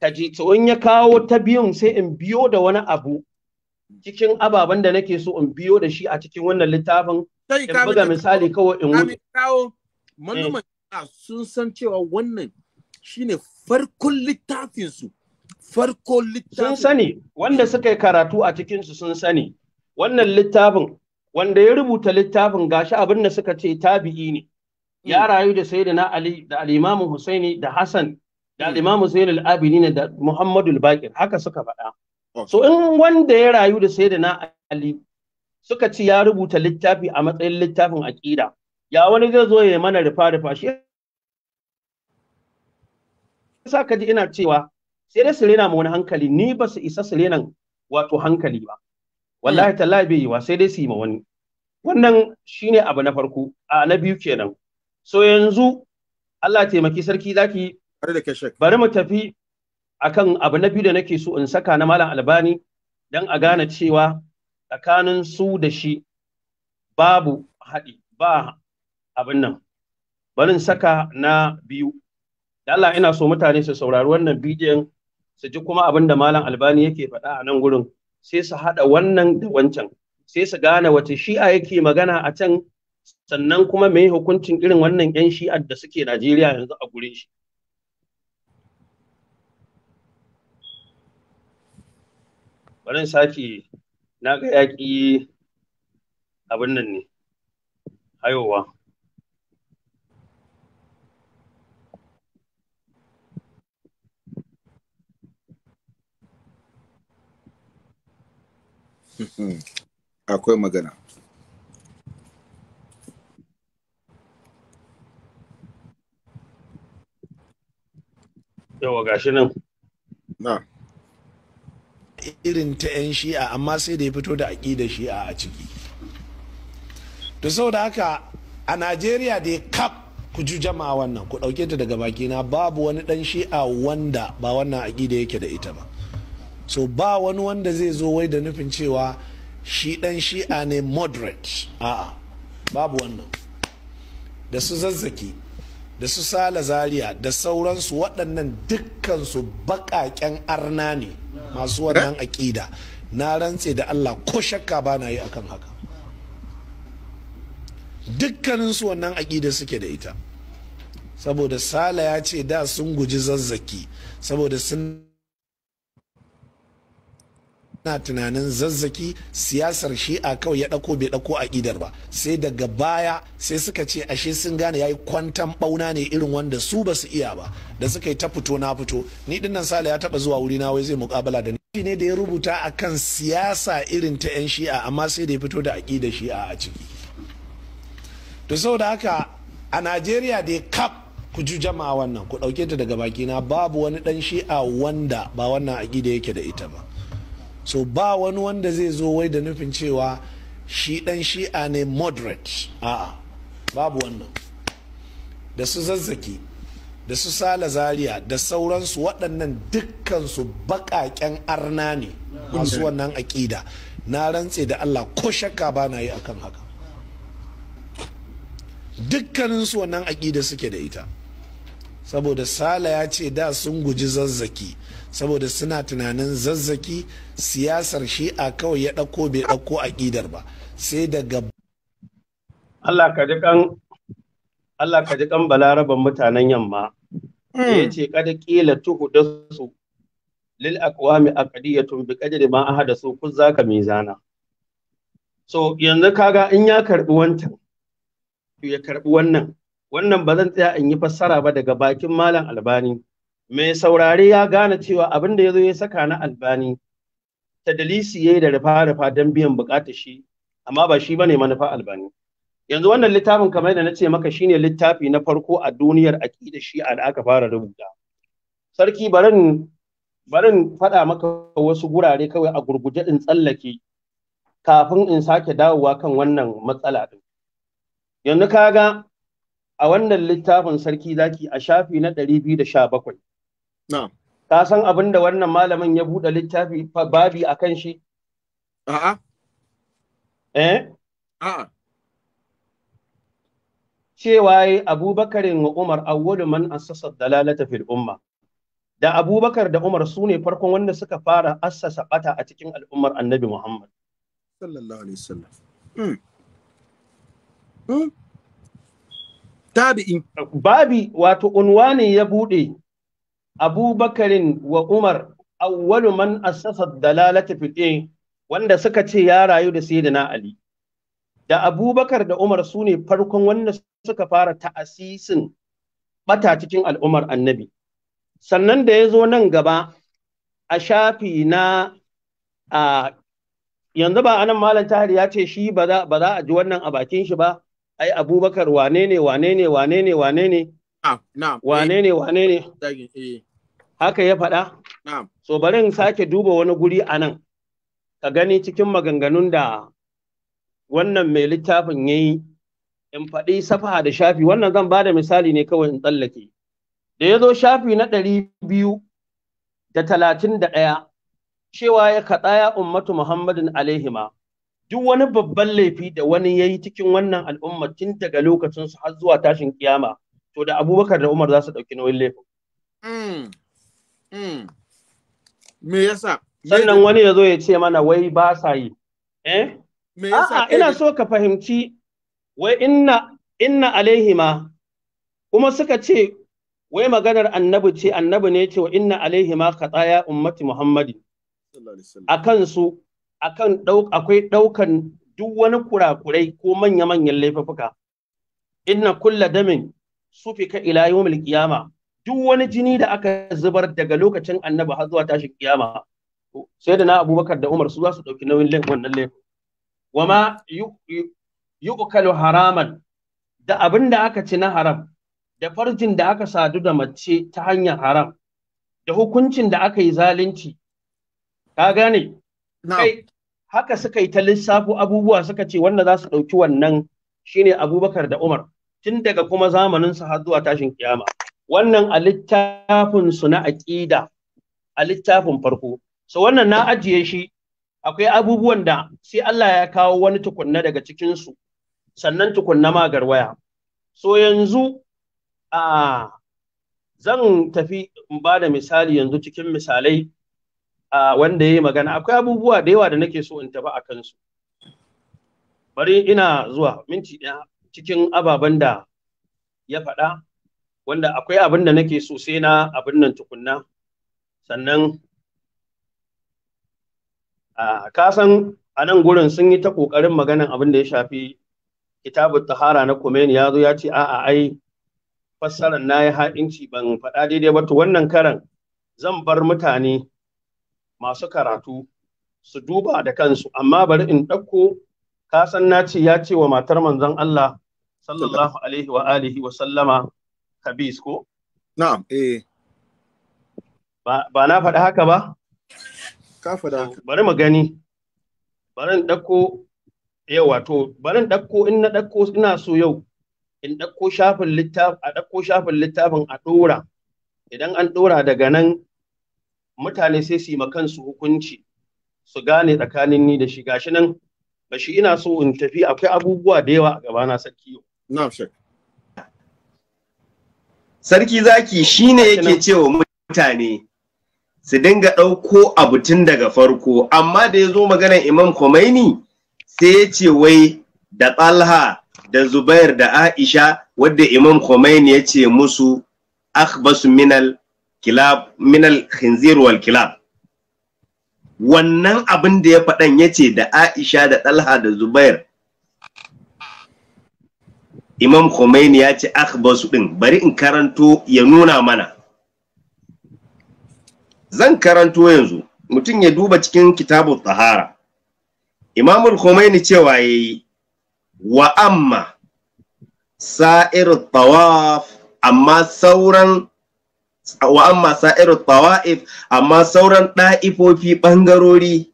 ta ji in ya kawo ta biyun sai in biyo da wani abu cikin ababen da nake so in biyo da shi a cikin wannan littafin in buga misali kawai in wuce. Kawo, eh. sun san cewa wannan shine farkon littafinsu farkon littafin sun sani wanda suka yi karatu a cikinsu sun sani wannan littafin wanda ya rubuta littafin gashi abin da suka ce tabi'i ne ya hmm. rayu da sayyidina ali da al-imamu husaini da hasan da hmm. al-imamu zain al-abidin da muhammadu al-baqir haka suka faɗa so in wanda ya rayu da sayyidina ali suka ce ya rubuta littafi a matsayin littafin aqida ya wani zai zo ya mana rufa rufa shi sa ka ji ina cewa sai dai su mu ma wani hankali ni ba su isa su wato hankali ba wallahi hmm. tallahi bai yiwa sai dai su yi ma wani wannan shine abu na farko a na biyu kenan so yanzu Allah taimaki sarki zaki bari mu tafi akan abu na biyu da nake so in saka na malam albani dan a gane cewa tsakanin su da shi babu haɗi ba abin nan barin saka na biyu Allah ina so mutane su saurari wannan bidiyon su ji kuma abinda Malam Albani yake faɗa a nan gurin sai su haɗa wannan da wancan sai su gane wace shi'a yake magana a can sannan kuma mai hukuncin irin wannan 'yan shi'ar da suke Najeriya yanzu a gurin shi. Barin sake na ga yaƙi abin nan ne, hayowa. akwai magana yawa gashi nan na irin ta 'yan shi'a amma sai da ya fito da aƙidar shi'a a ciki to saboda haka a najeriya da ya kaf ku ji jama'a wannan ku ɗauke ta daga bakina babu wani ɗan shi'a wanda ba wannan aƙida yake da ita ba so ba wani wanda zai zo wai da nufin cewa shi dan shi'a ne moderate a'a babu wannan da su zazzaki da su sala zaria da sauransu waɗannan dukkansu baƙaƙen arna ne masu wannan aƙida na rantse da allah ko shakka ba na yi akan haka dukkaninsu wannan aƙida suke da ita saboda sala ya ce da sun guji zazzaki saboda sun na tunanin zazzaki siyasar shi'a kawai ya ɗako bai ɗako aƙidar ba sai daga baya sai suka ce ashe sun gane yayi kwantan ɓauna ne irin wanda su ba su iya ba da suka yi ta fito na fito ni dinnan sale ya taɓa zuwa wuri na wai zai muƙabala da ni ne da ya rubuta akan siyasa irin ta 'yan shi'a amma sai da ya fito da aƙidar shi'a a ciki to saboda haka a najeriya da kap ku ji jama'a wannan ku ɗauke ta daga baki na babu wani ɗan shi'a wanda ba wannan aƙida yake da ita ba so ba wani wanda zai zo wai da nufin cewa shi dan shi'a ne moderate a'a babu wannan da su zazzaki da su sala zaria da sauransu waɗannan dukkansu baƙaƙen arna ne masu wannan aƙida na rantse da allah ko shakka ba na yi akan haka dukkaninsu wannan aƙida suke da ita saboda sala ya ce da sun guji zazzaki saboda suna tunanin zazzaki siyasar shi'a kawai ya ɗauko bai ɗauko aƙidar ba sai daga Allah ka ji kan balaraban mutanen yamma hmm. ya ce kada kila tuhu da su lil aqwami aqdiyatun bi qadri ma su kun zaka mizana so yanzu kaga in ya karbi wancan ya karbi wannan wannan ba zan tsaya in yi fassara ba daga bakin malam albani mai saurare ya gane cewa abin da ya zo ya saka na albani tadalisi ya yi da rufa-rufa don biyan bukatar shi amma ba shi bane manufa albani yanzu wannan littafin kamar da na ce maka shi ne littafi na farko a duniyar aƙida shi a da aka fara rubuta sarki barin barin faɗa maka wasu gurare kawai a gurguje in tsallake kafin in sake dawowa kan wannan matsala din yanzu kaga a wannan littafin sarki zaki a shafi na ɗari biyu da 217 Ka san abin da wannan malamin ya buɗe littafi babi a kan shi? A'a. Eh? A'a. Cewa Abubakarin wa Umar awwalu man assasa dalalata fil umma. Da Abubakar da Umar su ne farkon wanda suka fara assasa bata a cikin al'ummar Annabi Muhammad. Sallallahu alaihi wasallam. Mm. Tabi'i. Babi wato unwani ya buɗe Abu abubakarin wa umar awwalu man asasa dalalata fitin wanda suka ce ya rayu da na ali da abubakar da umar su ne farkon wanda suka fara ta'asisin bata cikin al'umar annabi sannan da ya zo nan gaba a shafi na a yanzu ba anan malam tahir ya ce shi ba za a ji wannan a bakin shi ba ai abubakar wane ne wane ne wane ne wane ne ah, eh. wane ne wane ne eh. haka ya faɗa? So bari in sake duba wani guri a nan, ka gani cikin maganganun da wannan mai littafin ya yi, in faɗi safaha da shafi, wannan zan ba da misali ne kawai in tsallake. Da ya zo shafi na ɗari biyu da talatin da ɗaya, cewa ya kaɗa ya ummatu Muhammadin alaihima. Duk wani babban laifi da wani ya yi cikin wannan al'ummar tun daga lokacinsu har zuwa tashin kiyama, to da Abubakar da Umar za su ɗauki nauyin laifin. Hmm. Hmm. me yasa sannan wani ya zo ya ce mana wai ba sa yi eh me yasa ina so ka fahimci wai inna inna alaihima kuma suka ce wai maganar annabi ce annabi ne ce wa inna alaihima qataya ummati muhammadi akan su akan dauk akwai daukan duk wani kurakurai ko manya manyan laifuka inna kulla damin sufika ila yawmil qiyama duk wani jini da aka zubar daga lokacin annabi har zuwa tashin kiyama sai da na abubakar da umar su za su ɗauki nauyin lin wannan laifin wama yu'kalu haraman da abin da aka ci na haram da farjin da aka sadu da mace ta hanyar haram da hukuncin da aka yi zalunci ka gane kai haka suka yi ta lissafo abubuwa suka ce wanda za su ɗauki wannan shine abubakar da umar tun daga kuma zamanin su har zuwa tashin kiyama wannan a littafin su na aƙida, a littafin farko so wannan na ajiye shi akwai abubuwan da sai Allah ya kawo wani tukunna daga cikin su sannan tukunna ma garwaya so yanzu a zan tafi in ba da misali yanzu cikin misalai a wanda ya yi magana akwai abubuwa da yawa da nake so in tafi a kansu bari ina zuwa minti ɗaya cikin ababen da ya faɗa wanda akwai abin da nake so sai na abin nan tukunna sannan ka san a nan gurin sun yi ta ƙoƙarin maganan abin da ya shafi kitabun tahara na Khomeini ya zo ya ce a'a ai fassarar na ya ha'inci ban faɗa daidai ba to wannan karan zan bar mutane masu karatu su duba da kansu amma bari in ɗauko kasan na ce ya ce wa matar manzon Allah sallallahu alaihi wa alihi wa sallama Habis ko? Na'am, eh. Ba, ba na faɗa haka ba? Ka faɗa haka. Bari mu gani. Bari in ɗauko yau wato bari in ɗauko in na ɗauko ina so yau in ɗauko shafin littafin a ɗauko shafin littafin a ɗora. Idan an ɗora daga nan mutane sai su yi kansu hukunci su gane tsakanin ni da shi gashi nan ba shi ina so in tafi akwai abubuwa da yawa a gabana sarki yau. Na'am sarki zaki shine yake cewa mutane su dinga ɗauko abu tun daga farko amma da ya zo maganar imam Khomeini sai ya ce wai da Talha da Zubair da Aisha wanda imam Khomeini ya ce musu akhbasu minal kilab minal khinzir wal kilab wannan abin da ya faɗan ya ce da Aisha da Talha da Zubair imam Khomeini ya ce akhbasu din bari in karanto ya nuna mana zan karanto yanzu mutum ya duba cikin kitabu tsahara imam Khomeini cewa yayi wa amma sa'ir tawaf amma sauran wa amma sa'ir tawaf amma sauran da'ifofi bangarori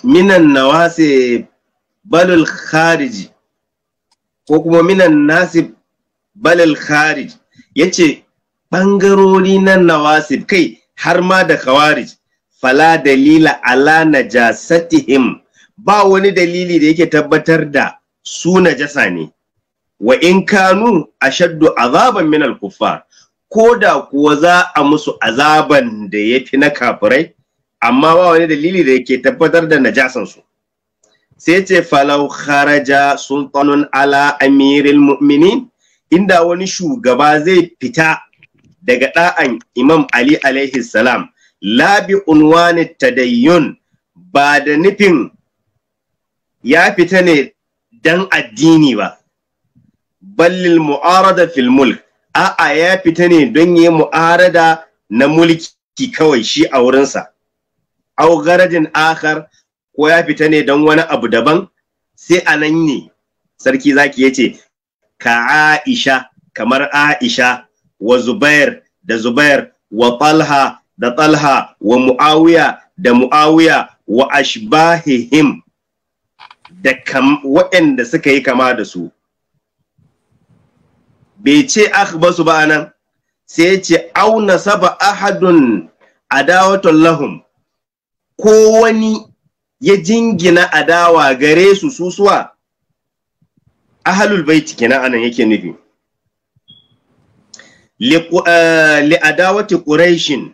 minan nawasib balul khariji ko kuma minan nasib balul ya ce, ɓangarori na nawasib kai har ma da khawarij fala dalila ala najasatihim ba wani dalili da yake tabbatar da su najasa ne wa in kanu ashaddu azaban min al ko da kuwa za a musu azaban da yafi na kafirai amma ba wani dalili da yake tabbatar da Najasansu. su sai ce falau kharaja sultanun ala amiril mu'minin inda wani shugaba zai fita daga ɗa'an imam ali alaihi salam labi unwani tadayyun ba da nufin ya fita ne dan addini ba ballil mu'arada fil mulk a'a ya fita ne don yi mu'arada na mulki kawai shi a wurinsa au garajin akhar ko ya fita ne don wani abu daban sai a nan ne sarki zaki ya ce ka aisha kamar aisha wa zubair da zubair wa talha da talha wa mu'awiya da mu'awiya wa ashbahihim da waɗanda suka yi kama da su bai ce su ba nan sai ya ce auna saba ahadun adawatun lahum ko wani ya jingina adawa gare su susuwa ahalul baiti kenan anan yake nufi li eh, adawati quraishin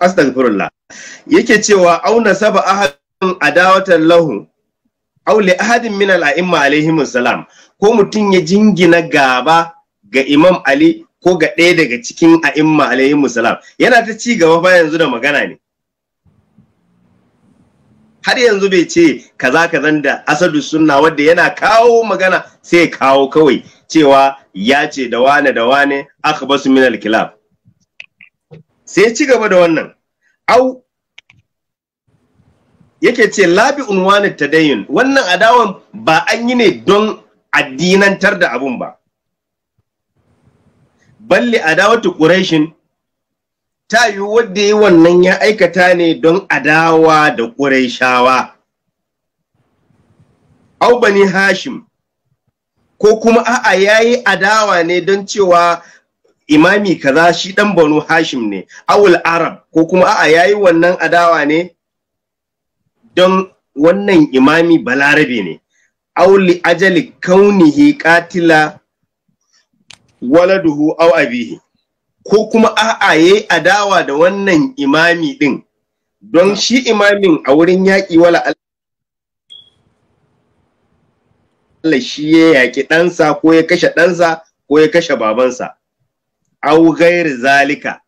astaghfirullah yake cewa auna saba ahadun adawatan lahu aw li ahadin min al-a'imma alayhi salam ko mutum ya jingina gaba ga imam ali ko ga ɗaya daga cikin a'imma alayhi salam yana ta ci gaba ba yanzu da magana ne har yanzu bai ce kaza kazan da asadu sunna wanda yana kawo magana sai kawo kawai cewa ya ce da wane da wane aka basu min al-kilab sai ci gaba da wannan au yake ce labi unwani tadayyun wannan adawan ba an yi ne don addinantar da abun ba balli adawatu quraishin ta yi wadda yi wannan ya aikata ne don adawa da quraishawa au bani hashim ko kuma a'a yayi adawa ne don cewa imami kaza shi dan banu hashim ne awul arab ko kuma a'a yayi wannan adawa ne don wannan imami balarabe ne auli ajali kaunihi katila waladuhu aw abihi ko kuma a'a yayi adawa da wannan imami din don shi imamin a wurin yaƙi wala Allah shi ya yaƙi ɗansa ko ya kashe ɗansa ko ya kashe babansa au gairi zalika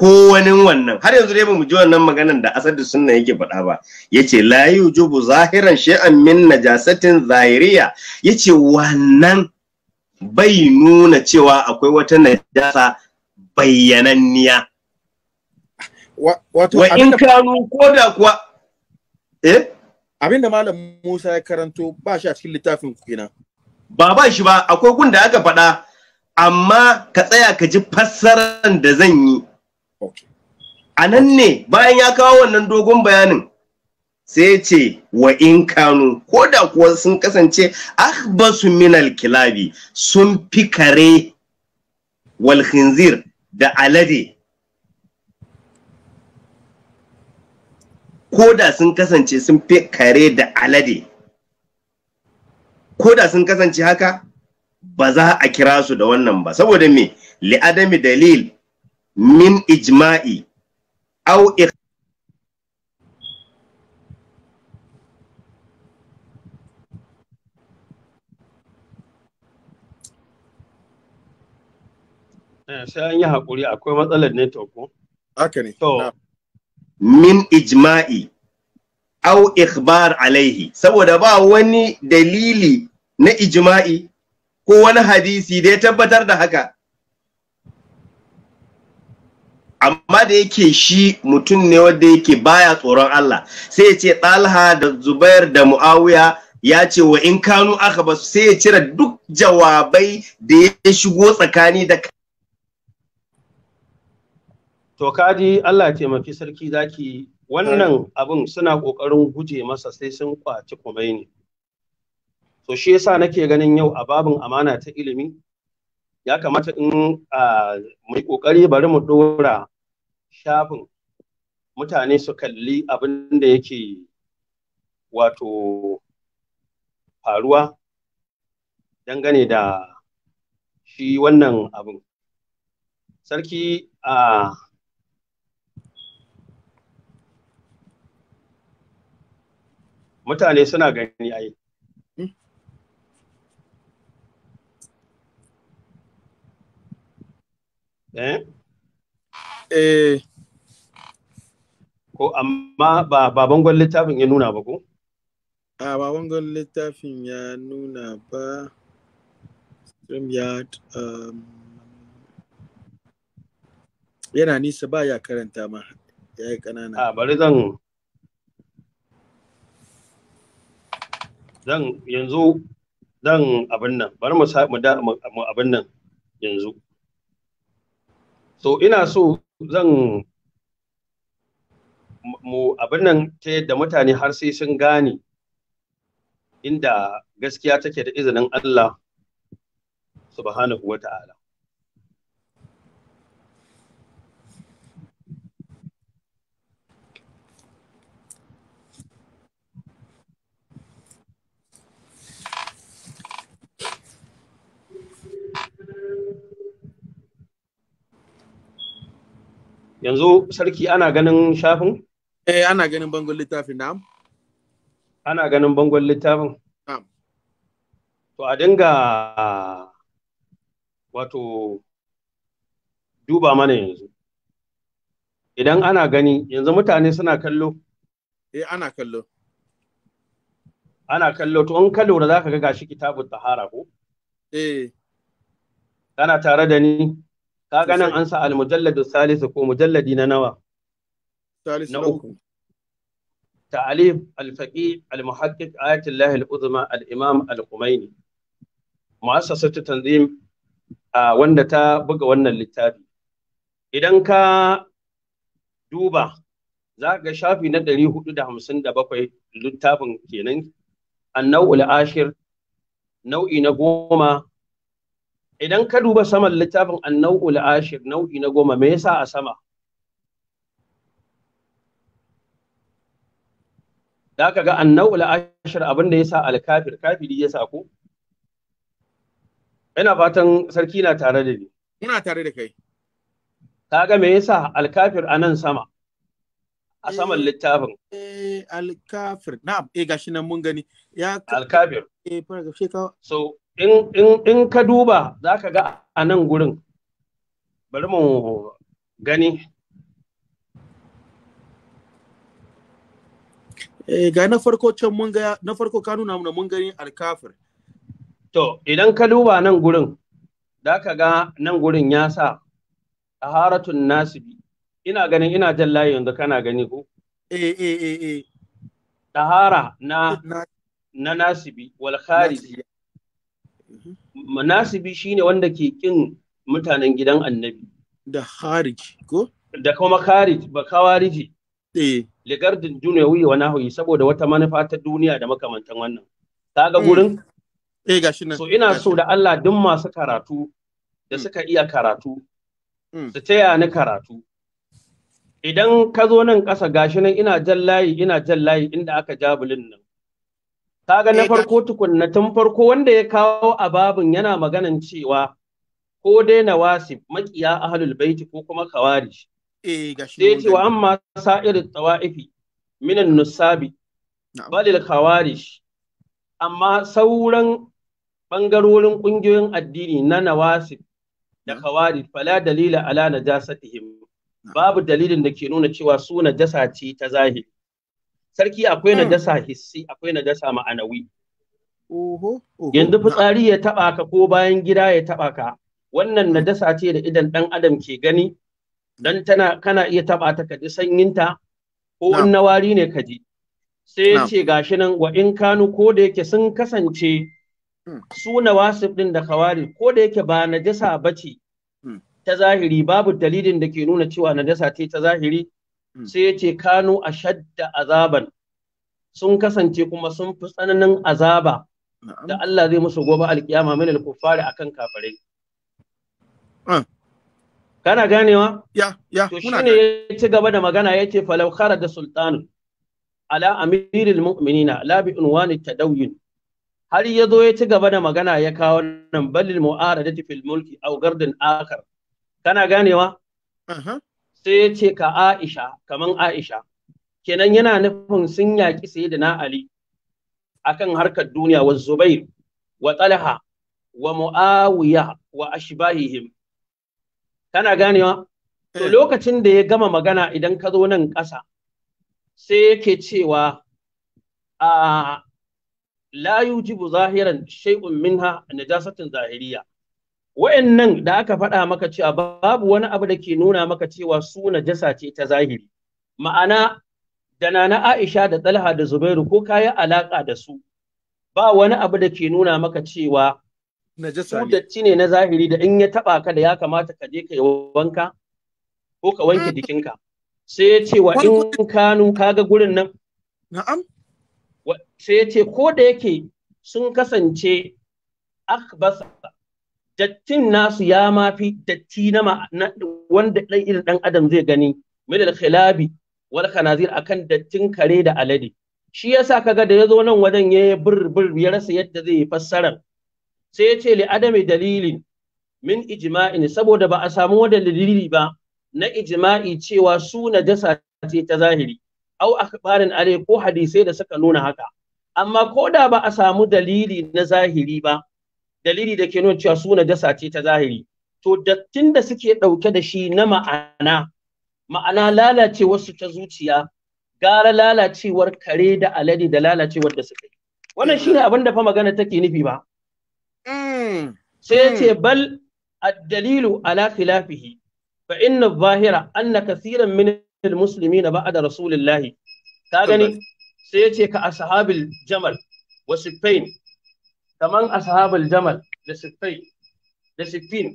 ko wani wannan har yanzu dai mu ji wannan maganan da da sunna yake faɗa ba yace la yujubu zahiran shay'an min najasatin zahiriya yace wannan bai nuna cewa akwai wata najasa bayyananniya wato wa in kanu koda kuwa eh abinda malam Musa ya karanto ba shi a cikin littafin ku kenan ba ba shi ba akwai gun da aka faɗa amma ka tsaya ka ji fassarar da zan yi Anan ne bayan ya kawo wannan dogon bayanin sai ce wa in kanu ko da kuwa sun kasance min al kilabi sun fi kare wal khinzir da alade ko da sun kasance sun fi da alade ko da sun kasance haka ba za a kira su da wannan ba saboda me li adami dalil min ijma'i au eh, sai an yi haƙuri akwai matsalar network ko? Haka ne. To, min ijma'i au ikhbar alaihi saboda ba wani dalili na ijma'i ko wani hadisi da ya tabbatar da haka amma da yake shi mutum ne wanda yake baya tsoron Allah sai ya ce Talha da Zubair da Muawiya ya ce wa in kanu aka ba sai ya cire duk jawabai da ya shigo tsakani da to kaji Allah taimaki sarki zaki wannan abin suna kokarin guje masa sai sun kwaci ne. so shi yasa nake ganin yau a babin amana ta ilimi ya kamata in mai ƙoƙari kokari bari mu dora shafin mutane su kalli abin da yake wato faruwa dangane da shi wannan abin sarki a mutane suna gani ai eh eh ko amma ba baban gwal littafin ya nuna ba ko a baban gwal littafin ya nuna ba StreamYard um, yana nisa ba ya karanta ma ya yi ƙanana. A bari zan zan yanzu zan abin nan bari mu abin nan yanzu. to ina so zan mu abin nan ta yadda mutane har sai sun gane inda gaskiya take da izinin Allah subhanahu wa ta'ala yanzu sarki ana ganin shafin? Eh ana ganin bangon littafin na'am. Ana ganin bangon littafin? Na'am. To a dinga wato duba mana yanzu. Idan ana gani yanzu mutane suna kallo? Eh ana kallo. Ana kallo to in kallo da za ka ga kitabu, kitabun tahara ko? Eh. Kana tare da ni? kaga nan an sa al mujalladu salisu ko mujalladi na nawa na uku ta'alif al-faqih al-muhaqqiq ayatullah al-uzma al-imam al-qumaini mu'assasatu tanzim wanda ta buga wannan littafi idan ka duba za ga shafi na 457 littafin kenan annau ashir nau'i na goma idan ka duba saman littafin annau'ul ashir nau'i na goma me yasa a sama da ka ga annau'ul ashir abin da yasa alkafir kafiri yasa ko ina fatan sarki na tare da ni ina tare da kai ka ga me yasa alkafir a nan sama a saman eh, littafin eh alkafir na'am eh gashi nan mun gani ya alkafir eh fara so in ka duba za ka ga a nan gurin bari mu gani eh, ga na farko can mun ga na farko ka nuna mana mun gani alkafir to idan ka duba nan gurin za ka ga nan gurin ya sa taharatun nasibi ina ganin ina jan layi yanzu kana gani ko eh eh eh eh tahara na na nasibi wal khariji shi shine wanda ke kin mutanen gidan annabi da harij ko da kuma kharij ba kawariji eh duniya wuyi wa nahwi saboda wata manufa ta duniya da makamantan wannan kaga gurin mm. eh gashi nan so ina so da Allah duk masu karatu da mm. suka iya karatu mm. su taya ni karatu idan ka zo nan ƙasa gashi nan ina jan layi ina jan layi inda aka jabulin nan kaga na eh, farko tukunna tun farko wanda ya kawo a babun yana maganan cewa ko dai na wasif makiya ahlul baiti ko kuma kawarish eh gashi sai ce wa amma sa'ir tawaifi minan nusabi balil kawarish amma sauran bangarorin kungiyoyin addini na nawasif da kawari fala dalila ala najasatihim babu dalilin da ke nuna cewa su najasa ce ta zahiri sarki akwai hmm. najasa hissi akwai najasa ma'anawi yanzu fitsari ya taba ka ko bayan gida ya taba ka wannan hmm. najasa ce da idan dan adam ke gani dan tana kana iya taba ta ka ji sanyinta ko na wari ne ka ji sai ya ce gashi nan wa in kanu ko da yake sun kasance hmm. su wasu din da kawari ko da yake ba najasa bace ta zahiri babu dalilin da ke nuna cewa najasa ce ta zahiri Hmm. sai ya ce kanu a shadda azaban sun kasance kuma sun fi tsananin azaba da Allah zai musu gobe alkiyama min al-kuffari akan kafirai hmm. kana ganewa ya ya to shine ya ci gaba da magana yace falau da sultanu ala amiril mu'minina la bi unwani tadawyin har ya zo ya ci gaba da magana ya kawo nan balil mu'aradati fil mulki aw gardin akar kana ganewa sai ya ce ka Aisha kaman Aisha kenan yana nufin sun yaƙi sayyidina Ali akan harkar duniya wa Zubair wa Talha wa Muawiya wa ashbahihim kana ganewa to eh. lokacin da ya gama magana idan ka zo nan ƙasa sai yake cewa a ah, la yujibu zahiran shay'un minha najasatin zahiriya wa'annan da aka faɗa maka cewa babu wani abu da ke nuna maka cewa su najasa ce ta zahiri ma'ana da nana Aisha da Talha da Zubairu ko kayi alaka da su ba wani abu da ke nuna maka cewa su ne ne na zahiri da in ya taba ka da ya kamata ka je ka wanka ko ka wanke jikinka sai ya ce wa in kanu kaga gurin nan na'am sai ya ce ko da yake sun kasance akbasa dattin nasu ya mafi datti na wanda ɗan irin ɗan adam zai gani milal khilabi wal khanazir akan dattin kare da alade shi yasa kaga da yazo nan wajen ya bir bir ya rasa yadda zai yi fassarar sai ya ce li adami dalilin min ijma'in saboda ba a samu wani dalili ba na ijma'i cewa su najasa ce ta zahiri au akhbarin alai ko hadisai da suka nuna haka amma ko da ba a samu dalili na zahiri ba dalili da ke nuna cewa su dasa ce ta zahiri to dattin da suke ɗauke da shi na ma'ana ma'ana lalacewarsu ta zuciya gara lalacewar kare da alade da lalacewar da suka yi wannan ne abin da fa magana take nufi ba mm. sai ya ce mm. bal addalilu ala khilafihi fa inna zahira anna kathiran min almuslimina ba'da rasulillahi ka gani sai ya ce ka ashabil jamal wa sifain kaman ashabul jamal da sittai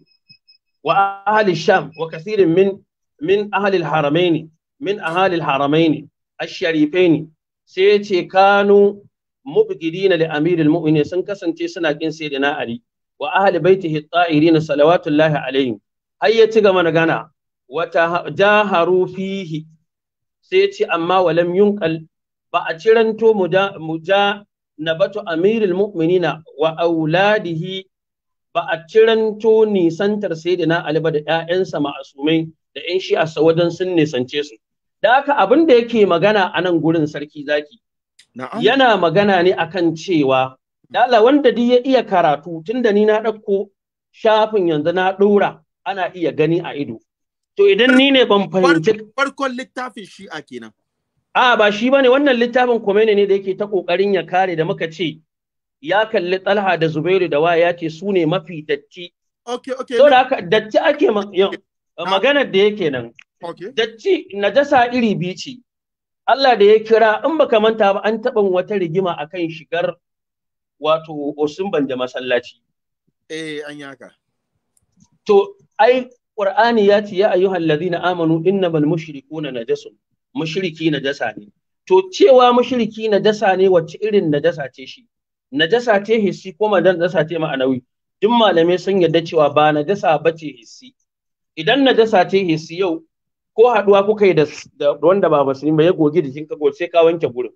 wa ahli sham wa kathirin min min haramai ne, haramain min ahli sai yace kanu mubgidina da amiril sun kasance suna kin saida na ali wa ahli baitihi at-tahirin salawatullahi alaihim har ya ci gaba magana wata jaharu fihi sai ce amma walam yunkal ba a ciranto muja nabatu amirul mu'minina wa auladihi ba a ciranto nisantar sayyidina Ali ba da ƴaƴansa ma'asumai da ƴan shi a wajen sun nisance su da haka abin da yake magana a nan gurin sarki zaki yana magana ne akan cewa dala wanda duk ya iya karatu tunda ni na ɗauko shafin yanzu na ɗora ana iya gani a ido to idan ni ne ban fahimci farkon littafin shi'a kenan a ba shi ba bane wannan littafin Khomeini ne da yake ta kokarin ya kare da muka ce ya kalli Talha da Zubairu da waya ya ce su ne mafi datti okay okay haka datti ake maganar da yake nan datti najasa iri biyu ce Allah da ya kira in baka manta ba an taɓa wata rigima akan shigar wato ban da masallaci eh an yaka to ai Qur'ani ya ce ya ayyuhal ladina amanu innamal mushrikuna najasun mushriki najasa ne to cewa mushriki najasa ne wacce irin najasa ce shi najasa ce hissi ko madan najasa ce ma'anawi duk malamai sun yarda cewa ba najasa bace hissi idan najasa ce hissi yau ko haɗuwa kuka yi da wanda ba musulmi ba ya gogi jikin ka sai ka wanke gurin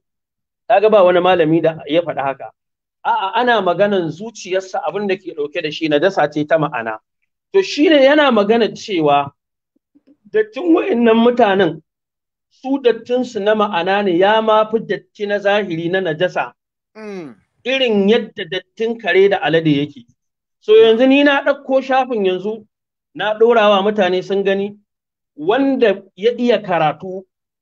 kaga ba wani malami da ya faɗi haka a'a ana maganan zuciyarsa abin da ke ɗauke da shi najasa ce ta ma'ana to shi ne yana magana cewa dattin nan mutanen su dattinsu na ma'ana ne ya ma fi datti na zahiri na najasa hmm. irin yadda dattin kare da alade yake so yanzu ni na ɗauko shafin yanzu na ɗorawa mutane sun gani wanda ya iya karatu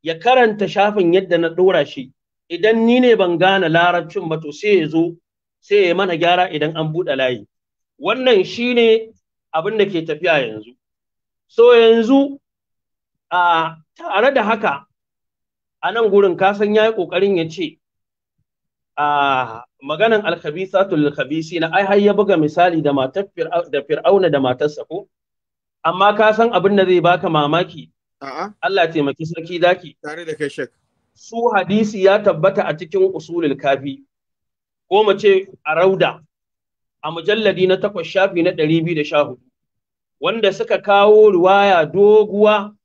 ya karanta shafin yadda na ɗora shi idan ni ne ban gane larabcin ba to sai ya zo sai ya mana gyara idan an buɗe layi wannan shi ne abin da ke tafiya yanzu so yanzu a tare da haka a nan gurin kasan ya yi ƙoƙarin ya ce a maganan alkhabisatul khabisi na ai har ya buga misali da matar da fir'auna da matarsa ko amma ka san abin da zai baka mamaki Allah taimaki sarki daki tare da kai shek su hadisi ya tabbata a cikin usulul kafi ko mu ce a rauda a mujalladi na takwas shafi na ɗari wanda suka kawo ruwaya doguwa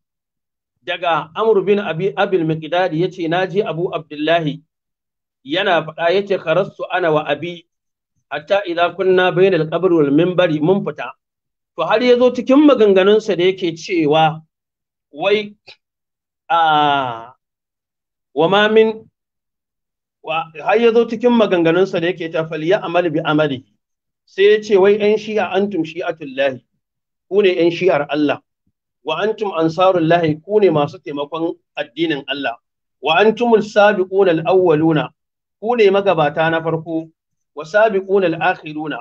daga Amr bin Abi Abil Miqdad yace naji Abu Abdullahi yana faɗa yace kharastu ana wa abi hatta idza kunna bainal qabr wal minbari mun fita to har ya zo cikin maganganunsa da yake cewa wai a min har ya zo cikin da yake ta faliya bi amali sai ya ce wai yan shi'a antum shi'atul ku ne yan shi'ar Allah wa antum ansarullahi ku ne masu taimakon addinin Allah wa antumul sabiquna al-awwaluna ku ne magabata na farko wa sabiquna al-akhiruna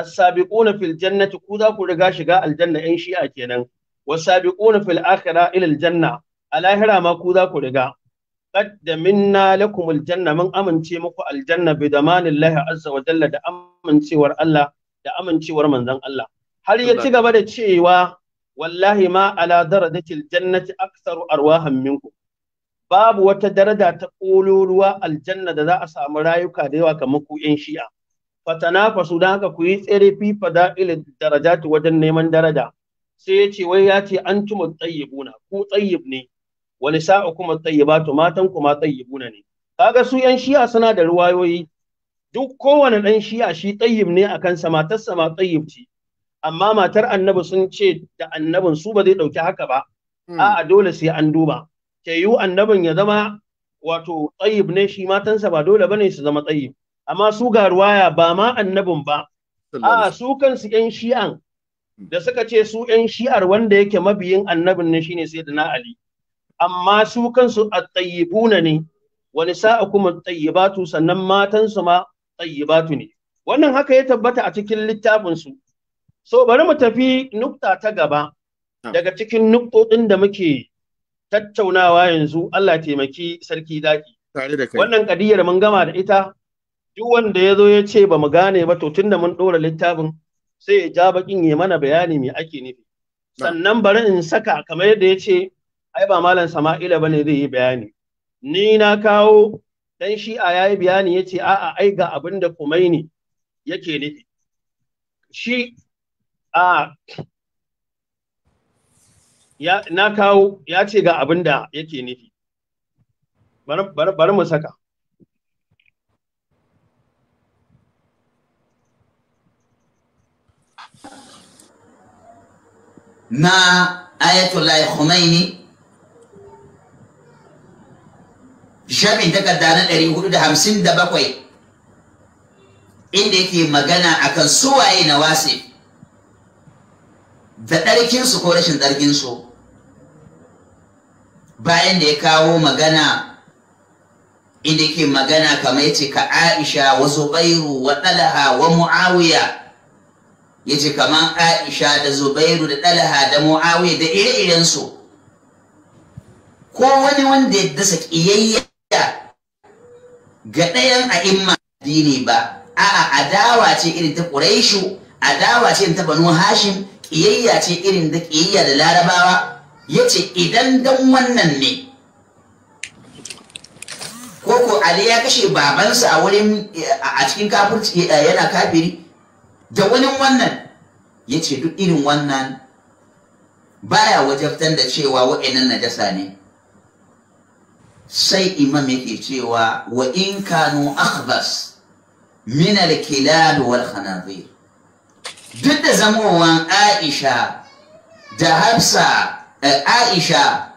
as-sabiquna fil jannati ku za ku riga shiga aljanna yan shi'a kenan wa sabiquna fil akhirah ila al-janna a lahira ma ku za ku riga qaddaminna lakum al-janna mun amince muku aljanna bi damanillahi azza wa jalla da amincewar Allah da amincewar manzon Allah har ya ci gaba da cewa wallahi ma ala darajatil jannati a arwahan minkum babu wata daraja ta ruwa aljanna da za a samu rayuka da yawa kamar ku yan shi'a fatanafasu don haka ku yi tsere fi fada'il darajati wajen neman daraja sai ya ce wai ya ce an tuma tsayyibuna ku tsayyib ne wani sa'a kuma tsayyibatu matan kuma tsayyibuna ne kaga su yan shi'a suna da ruwayoyi duk kowane ɗan shi'a shi tsayyib ne akan sa matarsa ma tsayyib ce amma matar annabi sun ce da annabin su ba zai ɗauki haka ba hmm. a dole sai an duba ke yiwu annabin ya zama wato tsayib ne shi matansa ba dole bane su zama tsayib amma su ga ruwaya ba ma annabin ba a'a su kansu yan shi'an hmm. da suka ce su yan shi'ar wanda yake mabiyin annabin ne shine sai na ali amma su kansu a tsayibuna ne wani sa'a kuma tsayibatu sannan matansu ma tsayibatu ne wannan haka ya tabbata a cikin littafin su So bari mu tafi nukta ta gaba daga cikin nuktoɗin da muke tattaunawa yanzu Allah taimaki sarki daki. Wannan kadiyar mun gama da ita duk wanda ya zo ya ce ba mu gane ba to tunda mun ɗora littafin sai ya ja bakin ya mana bayani me ake nufi. Sannan bari in saka kamar yadda ya ce ai ba malam Sama'ila ba ne zai yi bayani. Ni na kawo dan shi'a ya yi bayani ya ce a'a ai ga abinda da ne yake nufi. Shi a ya na kawo ya ce ga abin da yake nufi bari mu saka مع آية الله خميني shamin takarda na ɗari da hamsin da bakwai inda yake magana akan suwaye na wasif. da ɗarkinsu ko rashin ɗarkinsu bayan da ya kawo magana inda yake magana kamar ce ka Aisha wa Zubairu wa ɗalaha wa Muawiya ya ce kamar Aisha da Zubairu da ɗalaha da Muawiya da ire-iren su ko wani wanda ya dasa ƙiyayya ga ɗayan a imma addini ba a'a adawa ce irin ta Quraishu adawa ce ta Banu Hashim ƙiyayya ce irin da ƙiyayya da larabawa ya ce idan dan wannan ne koko ali ya kashe babansa a wurin a cikin kafirci yana kafiri da wani wannan ya ce duk irin wannan baya wajabtar da cewa wa'annan najasa ne sai imam yake cewa wa in kanu akhbas min al-kilal wal duk da zamowan aisha da hafsa eh, aisha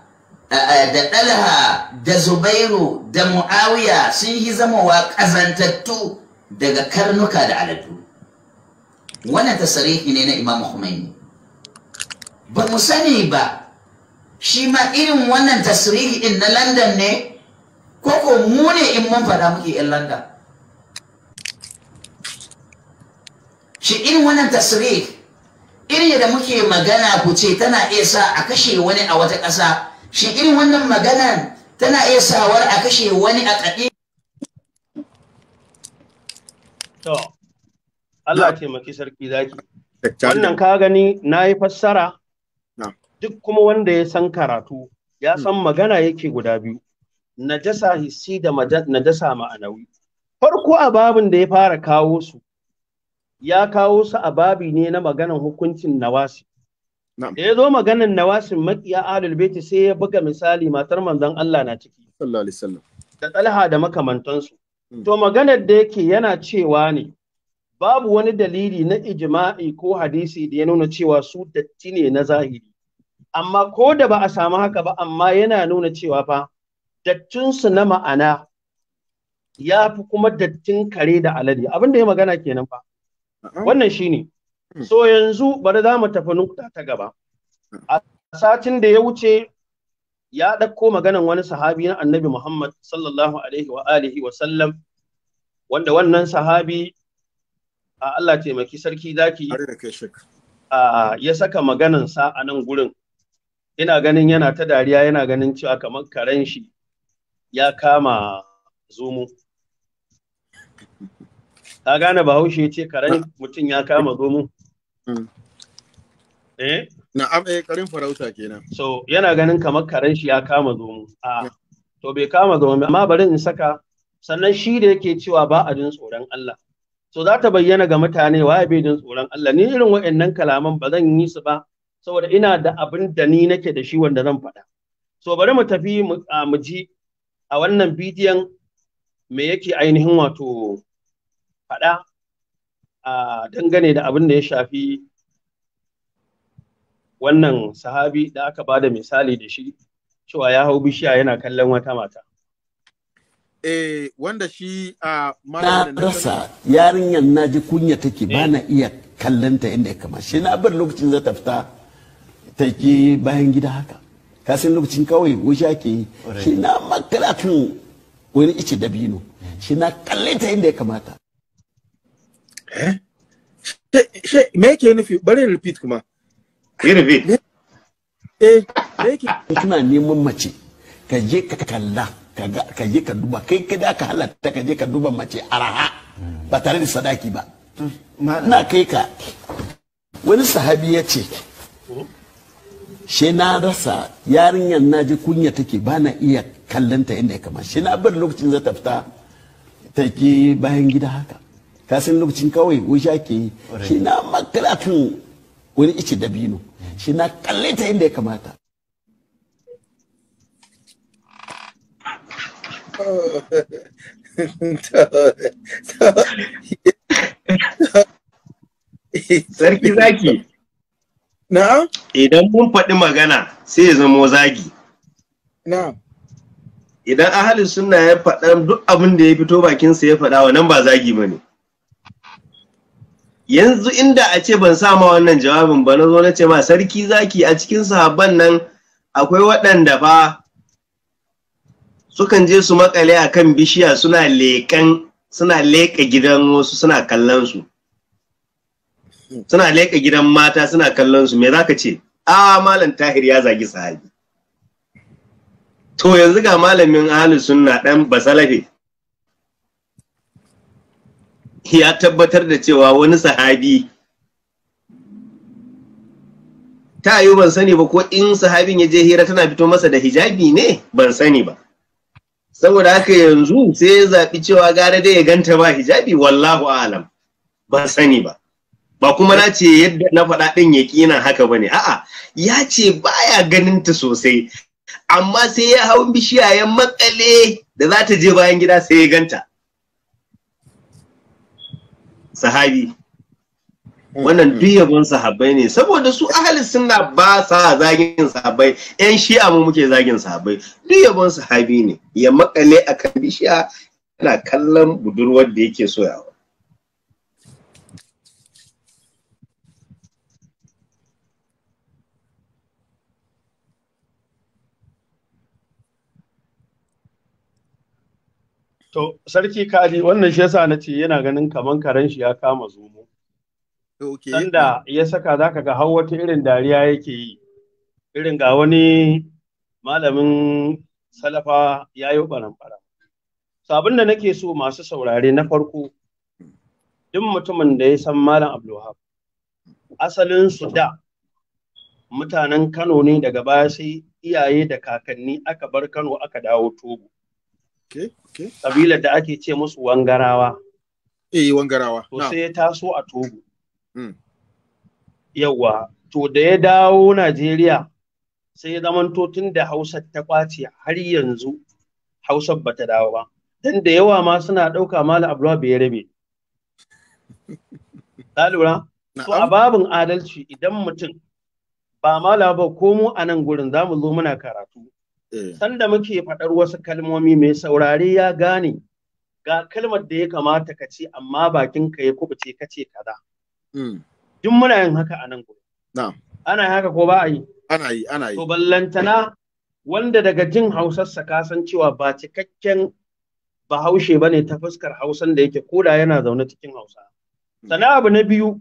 eh, eh, da ɗalha da zubairu da mu'awiya sun yi zamowa ƙazantattu daga karnuka da aladu wannan tasarihi ne na imam Khomeini ba mu sani ba shi ma irin wannan tasirihi din na Landan ne ko ko mu ne in mun faɗa muke 'yan Landan. shi irin wannan tasiri, irin da muke magana ku ce tana iya sa a kashe wani a wata ƙasa shi irin wannan maganan tana iya sawar a kashe wani a ƙaɗe to Allah maki sarki zaki wannan ka gani na yi fassara duk kuma wanda ya san karatu ya san hmm. magana yake guda biyu najasa hissi da najasa ma'anawi farko a babin da ya fara kawo su ya kawo su a babi ne na maganan hukuncin nawasi da ya zo maganan nawasi makiya ahlul baiti sai ya buga misali matar manzon Allah na ciki da talha da makamantansu hmm. to maganar da yake yana cewa ne babu wani dalili na ijma'i ko hadisi da ya nuna cewa su datti ne na zahiri amma ko da ba a samu haka ba amma yana nuna cewa fa dattinsu na ma'ana ya fi kuma dattin kare da alade abin da ya magana kenan fa wannan shine hmm. so yanzu bari za mu tafi nukta ta gaba hmm. a satin da ya wuce ya ɗauko maganan wani sahabi na annabi Muhammad sallallahu alaihi wa alihi wa sallam wanda wannan sahabi a Allah taimaki sarki zaki ya saka maganan sa a nan gurin ina ganin yana ta dariya yana ganin cewa kamar karen shi ya kama zumu ka gane bahaushe ce karen mutum ya kama zomo mm. eh Na ah, eh karen farauta kenan so yana ganin kamar karen shi ya kama zomo a ah, to bai kama zomo amma bari in saka sannan shi da yake cewa ba a jin tsoron Allah so za ta bayyana ga mutane waye bai jin tsoron Allah ni irin waɗannan kalaman ba zan yi su ba saboda ina da abin da ni nake da shi wanda zan faɗa so bari mu tafi mu ah, ji a wannan bidiyon me yake ainihin wato faɗa a dangane da abin da ya shafi wannan sahabi da aka ba da misali da shi cewa ya hau bishiya yana kallon wata mata. Eh, wanda shi a na rasa yarinyar na ji kunya take ba na eh. iya kallonta inda ya kama shi na bar lokacin za ta fita ta ke bayan gida haka kasin lokacin kawai wuce ake yi shi na makala wani ice dabino shi na kallon ta inda ya kamata eh she me yake nufi bari repeat kuma yi repeat eh me yake ni neman mace ka je ka kalla ka je ka duba kai da ka halatta ka je ka duba mace araha ba tare da sadaki ba na kai ka wani sahabi ya ce she na rasa yarinyar na ji kunya take ba na iya kallanta inda ya kama She na bar lokacin zata ta fita ta ke bayan gida haka ka san lokacin kawai wuja ke yi shi na makala kan wani ice dabino shi na kalle ta inda ya kamata Sarki zaki. Na'am? Idan mun faɗi magana sai ya zamo zagi. Na'am. Idan ahalin suna ya faɗa duk abin da ya fito bakinsa ya faɗa wa nan ba zagi ba ne. yanzu inda a ce ban sama wannan jawabin ba na zo na ce ma sarki zaki a cikin sahabban nan akwai waɗanda fa sukan je su makale a kan bishiya suna leƙen suna leƙa gidan wasu suna kallon suna leƙa gidan mata suna kallon su me ka ce a malam tahir ya zagi sahabi to yanzu ga malamin ahlus sunna dan basalafe ya tabbatar da cewa wani sahabi ta yi ban sani ba ko in sahabin ya je hira tana fito masa da hijabi ne ban sani ba saboda haka yanzu sai ya zaɓi cewa gara dai ya ganta ba hijabi wallahu alam ban sani ba ba kuma na ce yadda na faɗa ɗin ya ƙina haka ba ne a'a ya ce baya ganin ta sosai amma sai ya hau bishiyayen matsale makale da za ta je bayan gida sai ya ganta sahabi mm. wannan duk yabon sahabbai ne saboda su ahalin suna ba sa zagin sahabbai yan shi'a mu muke zagin sahabbai duk yabon sahabi ne ya makale akan bishiya yana kallon budurwar da yake soyawa To, sarki Kadi wannan shi yasa na ce yana ganin kamar karen shi ya kama zomo. Okay. Sanda ya saka za ka ga har wata irin dariya yake yi, irin ga wani malamin salafa ya yi ɓaran-ɓara. da nake so masu saurare na farko, duk mutumin da ya san Malam Abdulwahab, asalin su da mutanen Kano ne daga baya sai iyaye da kakanni aka bar Kano aka dawo Togo. Kabila da ake ce musu wangarawa eh wangarawa to sai ya taso a togo hmm. yawa to da ya dawo najeriya sai ya zamanto tun da hausa ta kwace har yanzu hausa ba ta dawo ba dan da yawa ma suna ɗauka mala abuwa bai rabe ta lura so a babin adalci idan mutum ba malam ba ko mu a nan gurin za mu zo muna karatu Eh. Sanda muke faɗar wasu kalmomi mai saurari ya gane ga kalmar da ya kamata ka ce amma bakin ka ya kubuce ka ce kaza. Hmm. Duk muna yin haka a nan gobe. Ana yi haka ko ba a yi? Ana yi, ana yi. To ballantana wanda daga jin hausarsa ka san cewa ba cikakken bahaushe ba ne ta fuskar hausan da yake koda yana zaune cikin hausa. Hmm. Sana abu na biyu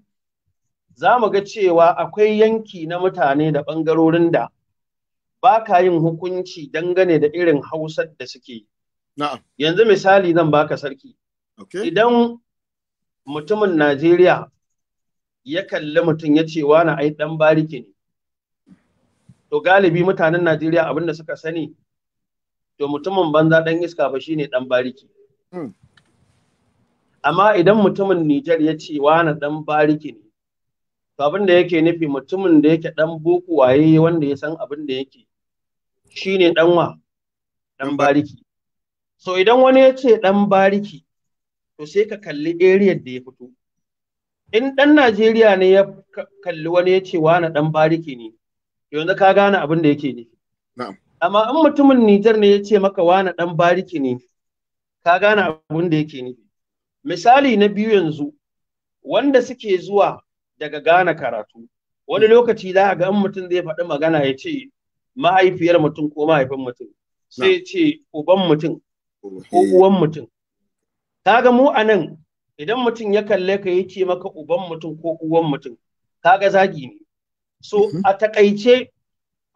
za mu ga cewa akwai yanki na mutane da ɓangarorin da ba ka yin hukunci dangane da irin hausar da suke yi. Yanzu misali zan baka sarki. Idan mutumin Najeriya ya kalli mutum ya ce wani ai dan bariki ne. To galibi mutanen Najeriya abin da suka sani to mutumin banza dan iska fa shine dan bariki. Hmm. Amma idan mutumin Nijar ya ce wani dan bariki ne. To abin da yake nufi mutumin da yake dan boko waye wanda ya san abin da yake. shine dan wa dan bariki so idan wani ya ce dan bariki to sai ka kalli area da ya fito in dan Najeriya ne ya kalli wani ya ce wani dan bariki ne yanzu ka gane abin da yake ne amma in mutumin Nijar ne ya ce maka wani dan bariki ne ka gane abin da yake ne misali na biyu yanzu wanda suke zuwa daga gane karatu wani lokaci za ga in mutum zai faɗi magana ya ce mahaifiyar mutum ko mahaifin mutum sai ce uban mutum ko uwan mutum kaga mu anan idan mutum ya kalle ka ce maka uban mutum ko uwan mutum kaga zagi ne so mhm. a takaice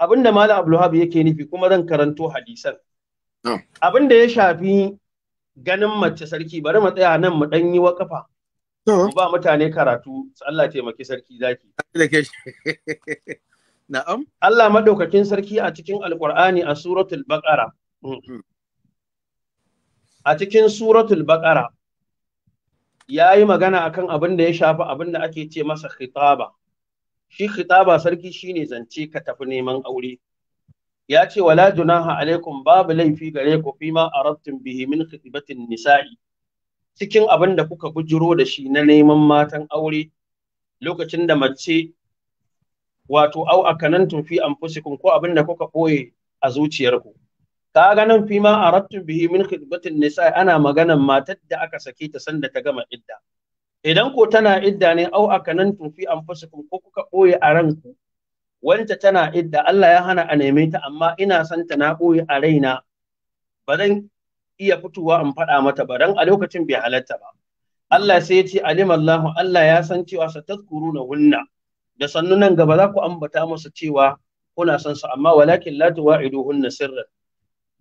abinda malam abdulhab yake nufi kuma zan karanto hadisan abinda ya shafi ganin mace sarki bari mu tsaya nan mu dan yi wa kafa ba mutane karatu Allah taimaki sarki zaki Na'am. Allah maɗaukakin sarki a cikin Alƙur'ani a suratul mm-hmm. A cikin suratul Baqara ya yi magana akan abin da ya shafi abin da ake ce masa khitaba. Shi khitaba sarki shine zance ka tafi neman aure. Ya ce wala junaha alaikum babu laifi gare ku fima arabtum bihi min khitibatin nisa'i. Cikin abin da kuka bujiro da shi na neman matan aure lokacin da mace wato au akanantum fi anfusikum ko abinda kuka boye a zuciyarku ka ganin fi ma aradtum bihi min khidbatin nisa ana maganan matar da aka sake ta sanda ta gama idda idan ko tana idda ne au akanantum fi anfusikum ko kuka boye a ranku wanta tana idda Allah ya hana a neme ta amma ina son ta na ɓoye a raina ba zan iya fitowa in faɗa mata ba dan a lokacin bai halatta ba Allah sai ya ce alimallahu Allah ya san cewa satazkuruna hunna da sannu nan gaba za ku ambata masa cewa kuna son su amma walakin la tuwa'iduhunna sirran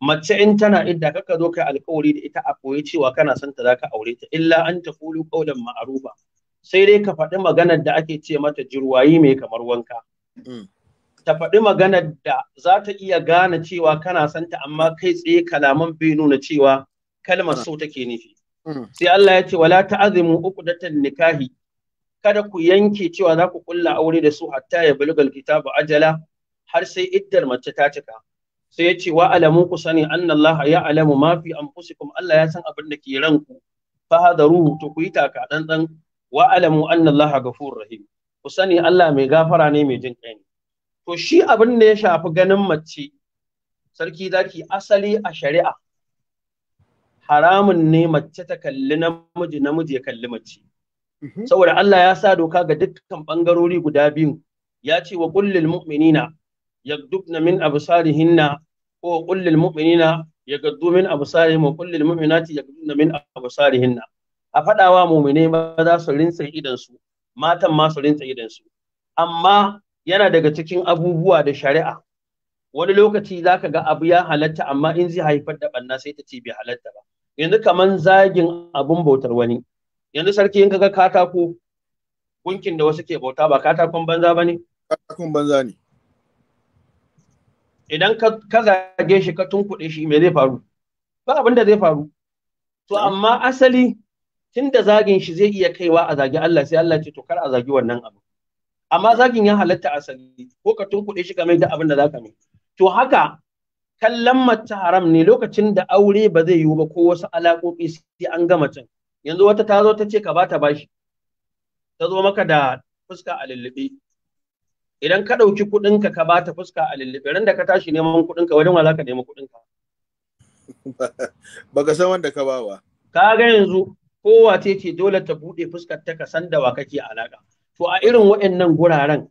mace in tana idda kaka zo kai alƙawari da ita a koyi cewa kana son ta zaka aure ta illa an ta kulu qawlan ma'rufa sai dai ka faɗi maganar da ake ce mata jirwayi mai kamar wanka mm. ta faɗi maganar da za ta iya gane cewa kana son ta amma kai tsaye kalaman bai nuna cewa kalmar mm. so take nufi mm. sai Allah ya ce wala ta'zimu uqdatan nikahi kada ku yanke cewa za ku kulla aure da su hatta ya bulgal kitabu ajala har sai iddar mace ta cika sai ya ce wa alamu ku sani annallaha ya alamu ma fi anfusikum Allah ya san abin da ke ranku fa hadaru to ku yi taka dan dan wa alamu annallaha ghafurur rahim ku sani Allah mai gafara ne mai jin kai to shi abin da ya shafi ganin mace sarki zaki asali a shari'a haramun ne mace ta kalli namiji namiji ya kalli mace Mm-hmm. saboda Allah ya sa doka ga dukkan bangarori guda biyu ya ce wa kullil mu'minina yagdubna min absarihinna ko wa kullil mu'minina yagaddu min absarihim wa kullil mu'minati yagdubna min absarihinna a faɗawa mu'mine maza su rinsa idan su matan ma su rinsa idan su amma yana daga cikin abubuwa da shari'a wani lokaci zaka ga abu ya halatta amma in zai haifar da ɓanna sai ta ce bai halatta ba yanzu kaman zagin abun bautar wani yanzu sarki in kaga katako gunkin da wasu ke bauta ba katakon banza ba ne? Katakon banza ne. Idan ka zage shi ka tunkuɗe shi me zai faru? Ba abin da zai faru. To amma asali tun da zagin shi zai iya kaiwa a zagi Allah sai Allah ce to kar a zagi wannan abu. Amma zagin ya halatta asali ko ka tunkuɗe shi ka mai da abin da za ka mai. To haka kallon mace haram ne lokacin da aure ba zai yiwu ba ko wasu alaƙoƙi sai an gama can. yanzu wata ta zo ta ce ka ba ta bashi ta zo maka da fuska a lullube idan ka ɗauki kuɗinka ka ba ta fuska a lullube ran da ka tashi neman kuɗinka wajen wala ka nemi kuɗinka baka san wanda ka ba ba ka ga yanzu kowa ce ce dole ta buɗe fuskar ta ka san da wa kake alaƙa to a irin waɗannan guraren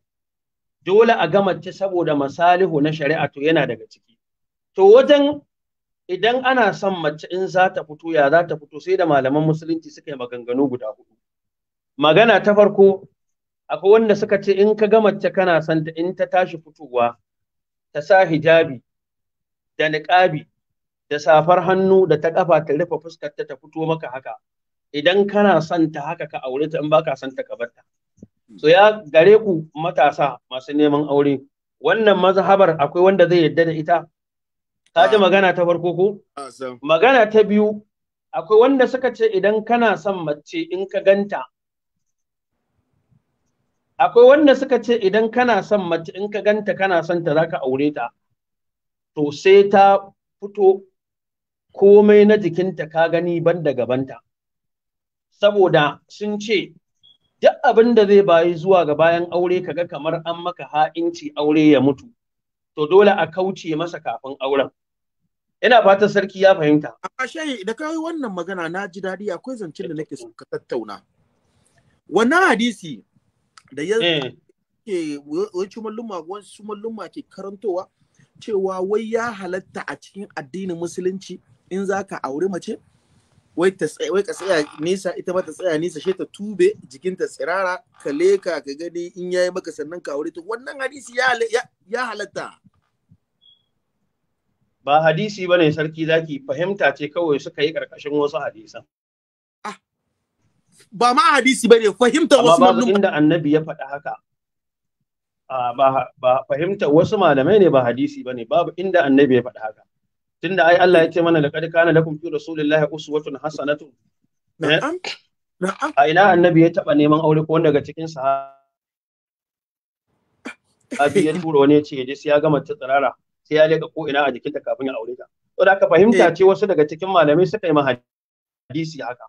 dole a gamace saboda masalihu na shari'a to yana daga ciki to wajen idan ana son mace in za ta fito ya za ta fito sai da malaman musulunci suka yi maganganu guda hudu magana ta farko akwai wanda suka ce in ka ga mace kana son ta in ta tashi fitowa ta sa hijabi da niqabi da safar hannu da ta kafa ta rufe fuskar ta ta fito maka haka idan kana son ta haka ka aure ta in baka son ta ka bar ta so ya gare ku matasa masu neman aure wannan mazhabar akwai wanda zai yarda da ita Ka ji magana ta farko ko? Magana ta biyu, akwai wanda suka ce idan kana son mace in ka ganta. Akwai wanda suka ce idan kana son mace in ka ganta kana son ta za ka aure ta. To sai ta fito komai na jikinta ka gani ban da gabanta. Saboda sun ce, duk abin da zai bayi zuwa ga bayan aure kaga kamar an maka ha'inci aure ya mutu, to dole a kauce masa kafin auren. ina fatan sarki ya fahimta a shayi da kai wannan magana na ji daɗi akwai zancen da nake so ka tattauna wannan hadisi da ya eh. ke wasu malluma wasu malluma ke karantowa cewa wai ya halatta a cikin addinin musulunci in zaka aure mace wai ta wai ka tsaya nesa ita ma ta tsaya nesa she ta tube jikin ta tsirara ka leka ka gani in yayi maka sannan ka aure ta wannan hadisi ya ya halatta ba hadisi bane sarki zaki fahimta ce kawai suka yi karkashin wasu hadisan ah, ba ma hadisi bane fahimta wasu amma babu inda annabi ya faɗi haka ah, ba ba fahimta wasu malamai ne ba hadisi bane babu inda annabi ya faɗi haka tunda ai Allah ya ce mana laqad kana lakum fi rasulillahi uswatun hasanatu. Eh? na'am na'am a ina annabi ya taba neman aure ko daga cikin sahaba abi ya tura wani ya ce ya je sai ya gama ta tsirara sai ya leka ko ina a jikinta kafin ya aure ta to da fahimta eh. ce wasu daga cikin malamai suka yi hadisi haka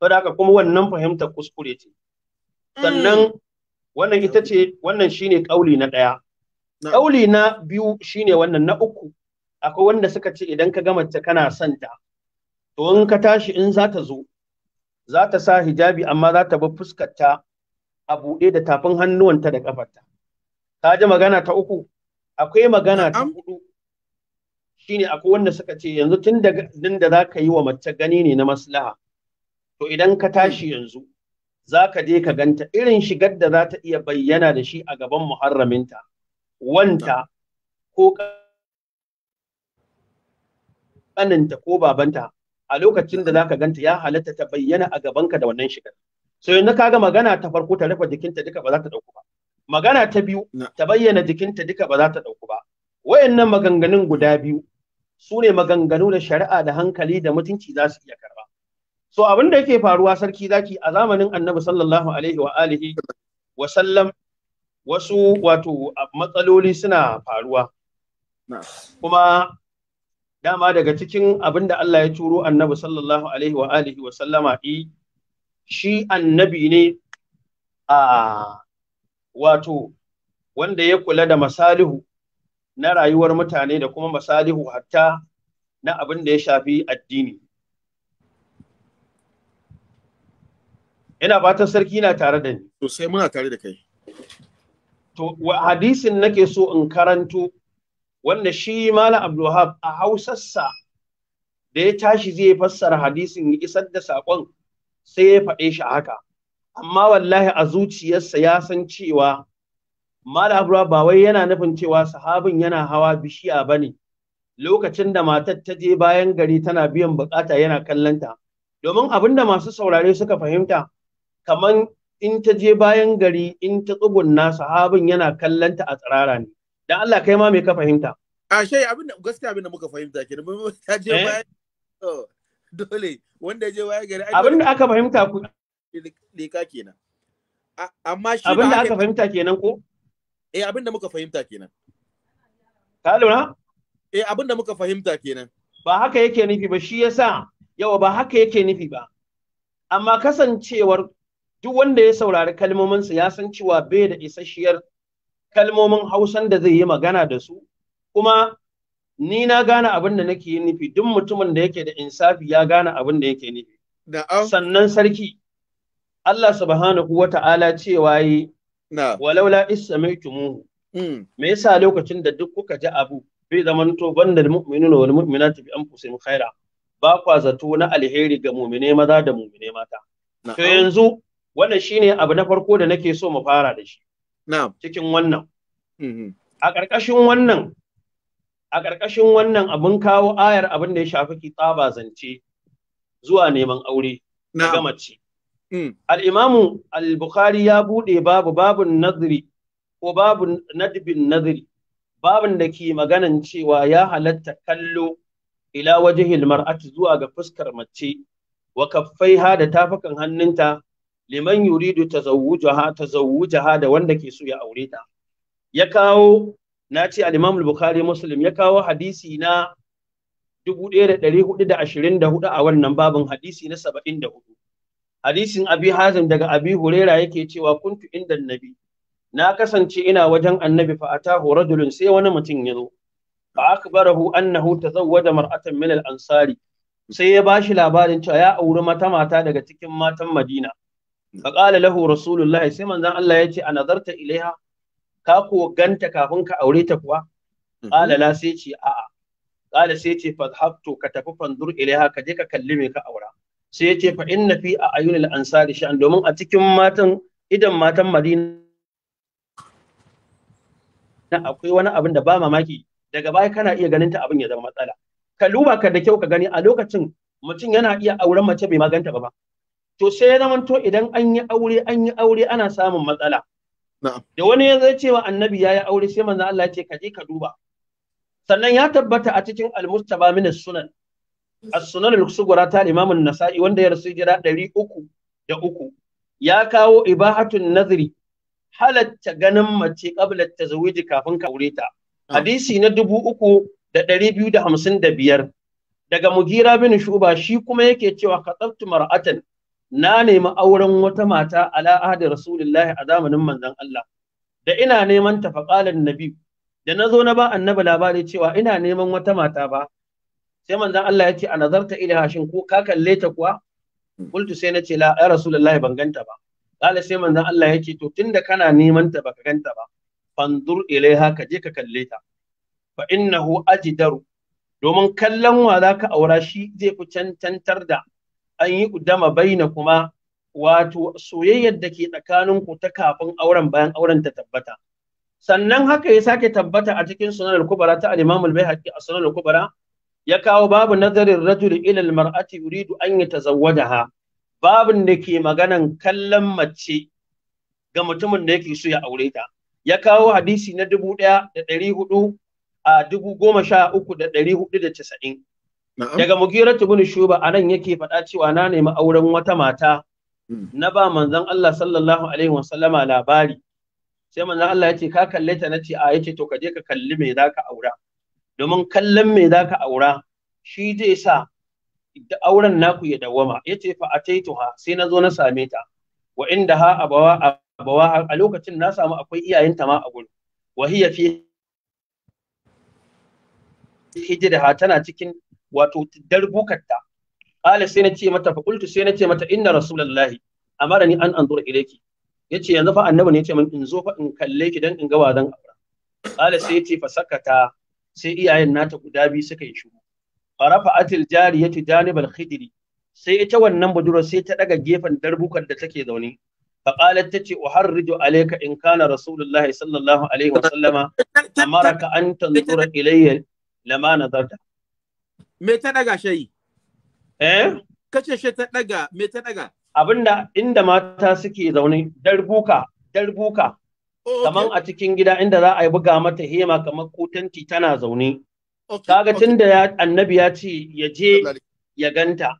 to da kuma wannan fahimta kuskure ce eh. sannan wannan ita ce wannan shine kauli na daya kauli na biyu shine wannan na uku akwai wanda suka ce idan ka gama ta kana son ta to in ka tashi in za ta zo za ta sa hijabi amma za ta bi fuskarta a buɗe da tafin hannuwanta da ƙafarta. Ta ji magana ta uku, akwai magana ta hudu shine akwai wanda suka ce yanzu tun da din da zaka yi wa mace gani ne na maslaha to idan ka tashi yanzu zaka je ka ganta irin shigar da za ta iya bayyana da shi a gaban muharraminta wanta ko kaninta ko babanta a lokacin da zaka ganta ya halatta ta bayyana a gabanka da wannan shigar so yanzu ga magana ta farko ta rufe jikinta duka ba za ta dauku ba magana ta biyu ta bayyana jikinta duka ba za ta dauku ba wayannan maganganun guda biyu su ne maganganu da shari'a da hankali da mutunci za su iya karba so abin da yake faruwa sarki zaki a zamanin annabi sallallahu alaihi wa alihi wa sallam wasu wato matsaloli suna faruwa kuma dama daga cikin abin da Allah ya turo annabi sallallahu alaihi wa alihi wa sallama shi annabi ne a wato wanda ya kula da masalihu na rayuwar mutane da kuma masalihu hatta na abin da ya shafi addini ina fatan sarki na tare da ni to sai muna tare da kai to wa hadisin nake so in karanto wanda shi malam abdulhab a hausarsa da ya tashi zai fassara hadisin ya isar da saƙon sai ya faɗe shi haka amma wallahi a zuciyarsa ya san cewa mala abra ba wai yana nufin cewa sahabin yana hawa bishiya bane lokacin da matar ta je bayan gari tana biyan bukata yana kallanta domin abinda masu saurare suka fahimta kaman in ta je bayan gari in ta tsugunna sahabin yana kallanta a tsirara ne dan Allah kai ma me ka fahimta a shai abin gaskiya abin da muka fahimta ke ta je eh? bayan dole wanda je bayan gari abin da aka fahimta ku leka kenan amma shi abin da aka fahimta kenan ko eh abin muka fahimta kenan ka lura eh abin muka fahimta kenan ba haka yake nufi ba shi yasa yawa ba haka yake nufi ba amma kasancewar duk wanda ya saurari kalmominsa ya san cewa bai da isasshiyar kalmomin hausan da zai yi magana da su kuma ni na gane abin da nake yi nufi duk mutumin da yake da insafi ya gane abin da yake nufi sannan sarki Allah subhanahu wa ta'ala cewa yi walaula is sami'tumuhu hmm. me yasa lokacin da duk kuka ji abu bai zamanto banda mu'minuna wal mu'minati bi anfusihim khaira ba kwa zato na alheri ga mumine maza da mumine mata to yanzu wannan shine abu na farko da nake so mu fara da shi mm-hmm. a ƙarƙashin wannan abin kawo ayar abin da ya shafi kitaba zance zuwa neman aure ga mace Mm. Al'imamu al ya buɗe babu babun naziri ko babun nadbin naziri, babun da ke maganan cewa ya halatta kallo ila wajihil mar'ati zuwa ga fuskar mace wa kaffaiha da tafukan hannunta liman yuridu tazawwujaha tazawwujaha da wanda ke so ya aure ta. Ya kawo na ce al-Imam Muslim ya kawo hadisi na 1424 a wannan babin hadisi na 74. hadisin abi hazim daga abi huraira yake cewa kuntu inda nabi na kasance ina wajen annabi fa atahu rajulun sai wani mutum ya zo fa akbarahu annahu tazawwaja mar'atan min al-ansari sai ya bashi labarin cewa ya auri mata mata daga cikin matan Madina fa qala lahu rasulullahi sai manzon Allah ya ce a nazarta ilaiha ka ko ganta kafin ka aure ta kuwa mhm. qala la sai ce a'a qala sai ce fadhhabtu ka tafi fandur ilaiha ka je ka kalli me ka aura sai yace fa inna fi a ayunil ansari sha'an domin a cikin matan idan matan Madina na akwai wani abin da ba mamaki daga baya kana iya ganin ta abin ya zama matsala ka luba ka da kyau ka gani a lokacin mutum yana iya auren mace bai maganta ba to sai ya to idan an yi aure an yi aure ana samun matsala da wani ya zai cewa annabi ya yi aure sai manzo Allah ya ce ka je ka duba sannan ya tabbata a cikin al-mustaba min sunan as-sunan al-sughra ta Imam nasai wanda ya rasu ɗari uku da uku ya kawo ibahatun nazri halatta ganin mace qabla tazawiji kafin ka aure ta ah. hadisi na dubu uku da da da ɗari biyu hamsin biyar. daga Mugira bin Shuba shi kuma yake cewa ka katabtu mar'atan na nemi auren wata mata ala ahdi Rasulullahi a zamanin manzon Allah da ina neman ta faqalan nabi da na zo na ba annabi labari cewa ina neman wata mata ba sai manzon Allah ya ce a nazarta ilaha shin ko ka kalle ta kuwa qultu sai na ce la ya rasulullahi ban ganta ba qala sai manzan Allah ya ce to tunda kana neman ta baka ganta ba Fanzur ilaiha ka je ka kalle ta fa innahu ajdaru domin kallon wa zaka aura shi zai ku cancantar da an yi kudama baina kuma wato soyayyar da ke tsakanin ku ta kafin auren bayan auren ta tabbata sannan haka ya sake tabbata a cikin sunan al kubara ta al-imam al-baihaqi a sunan al kubara ya kawo babu nazarin rajul ila almar'ati yuridu an yatazawwajaha babin da ke maganan kallon mace ga mutumin da yake so ya aure ta ya kawo hadisi na dubu da hudu a dubu goma sha uku da ɗari hudu da casa'in daga mugiratu bin shuba anan yake faɗa cewa na nemi auren wata mata hmm. na ba manzon Allah sallallahu alaihi labari sai manzon Allah ya ce ka kalle ta nace a yace to ka je ka kalli me zaka aura domin kallon me za ka aura shi zai sa auren naku ya dawama ya ce fa a ha sai na zo na same ta wa inda ha abawa abawa a lokacin na samu akwai iyayenta ma a gurin wa hiya fi ha tana cikin wato darbukatta qala sai na ce mata fa qultu sai na ce mata inna rasulullahi amarani an anzura ilayki yace yanzu fa annabi ne ce min in zo fa in kalle ki dan in ga wa zan aura qala sai ya ce fa sakata sai iyayen nata guda biyu suka yi shiru farafa atil jariyatu janibal khidri sai ita wannan budurwa sai ta daga gefen darbukan da take zaune فقالت rijo أحرج in إن كان رسول الله صلى الله عليه وسلم أمرك أن tanzura إلي لما zarta. me ta daga shayi eh kace shi ta daga me ta daga abinda inda mata suke zaune darbuka darbuka Kaman a cikin gida inda za a yi buga mata hema kamar kutanci tana zaune. Kaga tun da annabi ya ce ya je ya ganta.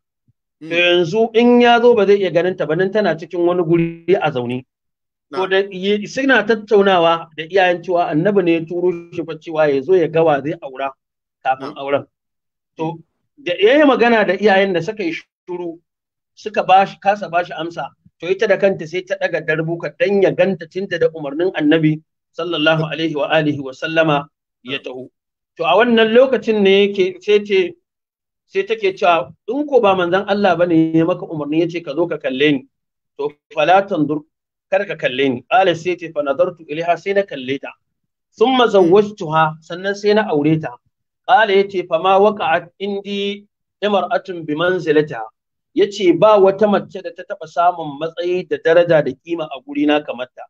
Hmm. To yanzu in ya zo ba zai iya ganin ta ba nan tana cikin wani guri a zaune. Ko da suna tattaunawa da iyayen cewa annabi ne ya turo shi fa cewa ya zo ya gawa zai aura kafin hmm. auren. To hmm. da yayi magana da iyayen da suka yi shuru suka bashi kasa bashi amsa to ita da kanta sai ta daga darbu dan ya ganta tinta da umarnin annabi sallallahu alaihi wa alihi wa sallama ya taho to a wannan lokacin ne yake sai ce sai take cewa in ko ba manzon Allah bane ya maka umarni yace ka zo ka kalle ni to fala tandur kar ka kalle ni qala sai ce fa nadartu ilaha sai na kalle ta thumma zawwajtuha sannan sai na aure ta qala yace fa ma waqa'at indi imra'atun bi manzilatiha ya ce ba wata mace da ta taɓa samun matsayi da daraja da kima a gurina kamar ta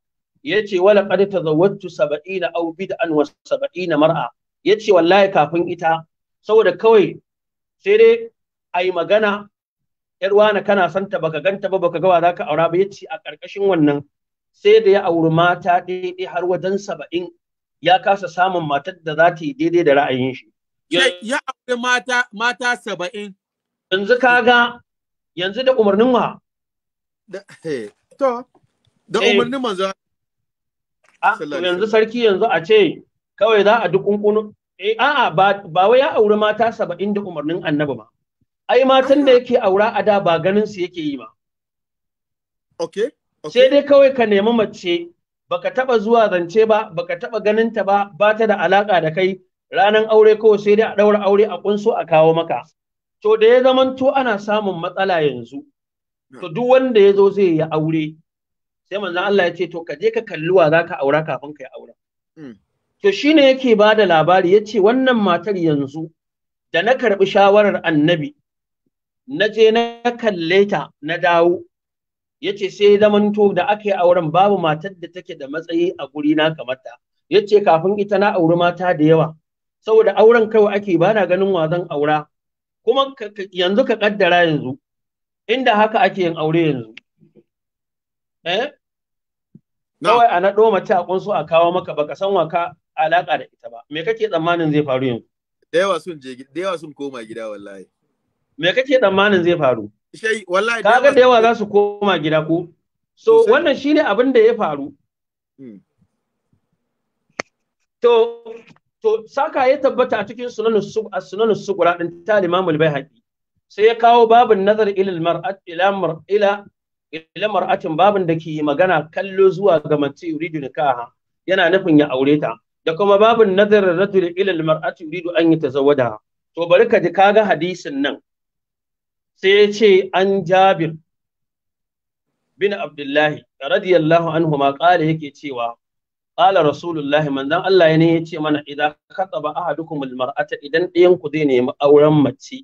ya ce wala qad tazawwajtu sab'ina aw bid'an wa sab'ina mar'a ya ce wallahi kafin ita saboda kawai sai dai ai magana yar wani kana santa baka ganta ba baka ga wa zaka aura ba ya ce a ƙarƙashin wannan sai da ya auri mata daidai har wajen saba'in ya kasa samun matar da za ta yi daidai da ra'ayin shi. Ya aure mata mata saba'in. Yanzu kaga yanzu da umarnin wa to da eh. umarnin manzo ah, yanzu sarki yanzu a ce kawai za a duk eh a'a ba wai ya auri mata saba'in da umarnin annabi ba ai matan da yake aura a da ba ganin su yake yi ba okay sai dai kawai ka nemi mace baka taba zuwa zance ba baka taba ganin ta ba ba ta da alaka da kai ranan aure kawai sai dai a daura aure a kunso a kawo maka to da ya zamanto ana samun matsala yanzu to duk wanda ya zo zai yi aure sai manzon Allah ya ce to ka je ka kalli wa zaka aura kafin ka yi aure hmm. to shine yake ba da labari ya ce wannan matar yanzu da na karɓi shawarar annabi na je na kalle ta na dawo yace ce sai zamanto da aka yi auren babu matar da take da matsayi a guri na kamar ta ya kafin ita na auri mata da yawa saboda auren kawai ake ba na ganin wa zan aura kuma yanzu ka kaddara yanzu inda haka ake yin aure yanzu eh kawai ana naɗo mace a kunsu a kawo maka baka san waka alaka da ita ba me kake tsammanin zai faru yanzu da yawa sun je da yawa sun koma gida wallahi me kake tsammanin zai faru shai wallahi kaga da yawa za su koma gida ko so wannan shine abin da ya faru hmm. to to saka ya tabbata a cikin sunan sugura din ta Imam al sai ya kawo babin nazar ila mar'atin babin da ke magana kallo zuwa ga mace yuridu nikaha yana nufin ya aure ta da kuma babin nazar rajul ila mar'ati yuridu an yatazawwada to bari ka ji kaga hadisin nan sai ya ce an Jabir bin Abdullahi radiyallahu anhu ma kale yake cewa qala rasulullahi manzan Allah ne ya ce mana idan khataba ahadukum almar'ata idan ɗayan ku zai nemi auren mace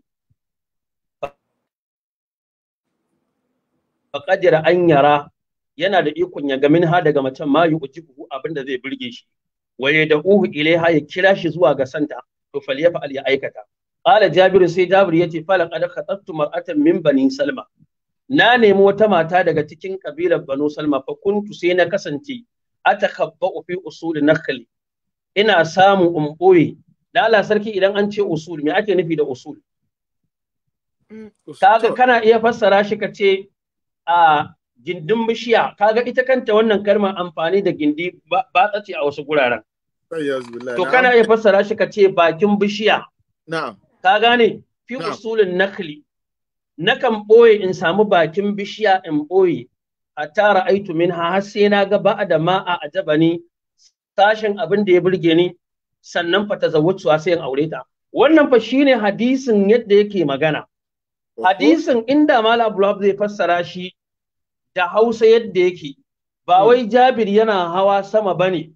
faqadira an yana da ikon ya ga minha daga macen ma yu'jibuhu abinda zai birge shi waye da uhu ilaiha ya kira shi zuwa ga santa to falyafa fa'al ya aikata qala jabir sai jabir yace fala qad khatabtu mar'atan min bani salma na nemi wata mata daga cikin kabilar banu salma fa kuntu sai na kasance atakhabba'u fi usul nakhli ina samu in boye lala sarki idan an ce usul me ake nufi da usul mm. kaga kana iya fassara shi ka ce a gindin bishiya kaga ita kanta wannan karma amfani da gindi ba tsace a wasu guraren to kana iya fassara shi ka ce bakin bishiya na'am ka gane fi usulin nakli nakan ɓoye in samu bakin bishiya in ɓoye hatta ra'aitu ha har sai na ga ba da ma a ni sashen abin da ya burge ni sannan fa tazawwutu sai in aure ta wannan fa shine hadisin yadda yake magana hadisin inda mala blab zai fassara shi da hausa yadda yake ba wai jabir yana hawa sama bane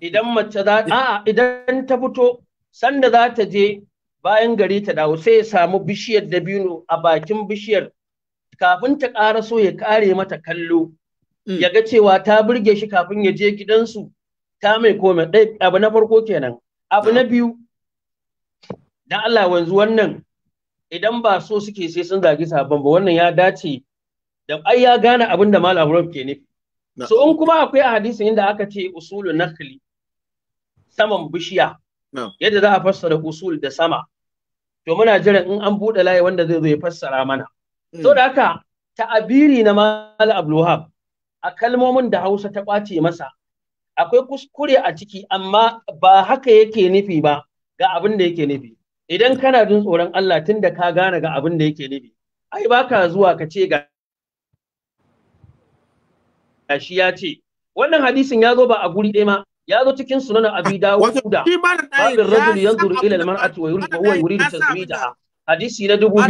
idan mace za a'a idan ta fito sanda za ta je bayan gari ta dawo sai ya samu bishiyar dabino a bakin bishiyar kafin ta ƙara so ya kare mata kallo mm. ya ga cewa ta burge shi kafin ya je gidansu ta mai komai ɗai abu na farko kenan abu na biyu Da Allah wanzu wannan idan ba so suke sai sun zagi sabon ba wannan ya dace da ai ya gane abin da malam Rabb ke nufi so in kuma akwai a hadisin inda aka ce usulun nakli saman bishiya yadda za a fassara usul da sama to muna jiran in an buɗe layi wanda zai zo ya fassara mana So mm. da haka ta'abiri na Mal Abdulwahab a kalmomin da Hausa ta kwace masa akwai kuskure a ciki amma ba haka yake nufi ba ga abin da yake nufi. Idan kana jin tsoron Allah tun da ka gane ga abin da yake nufi, ai baka zuwa ka ce ga shi ya ce wannan hadisin ya zo ba a guri ɗaya ma ya zo cikin sunan abi dawuda babin rajul yanzuru ila al-mar'ati wa yuridu tazwijaha hadisi na dubu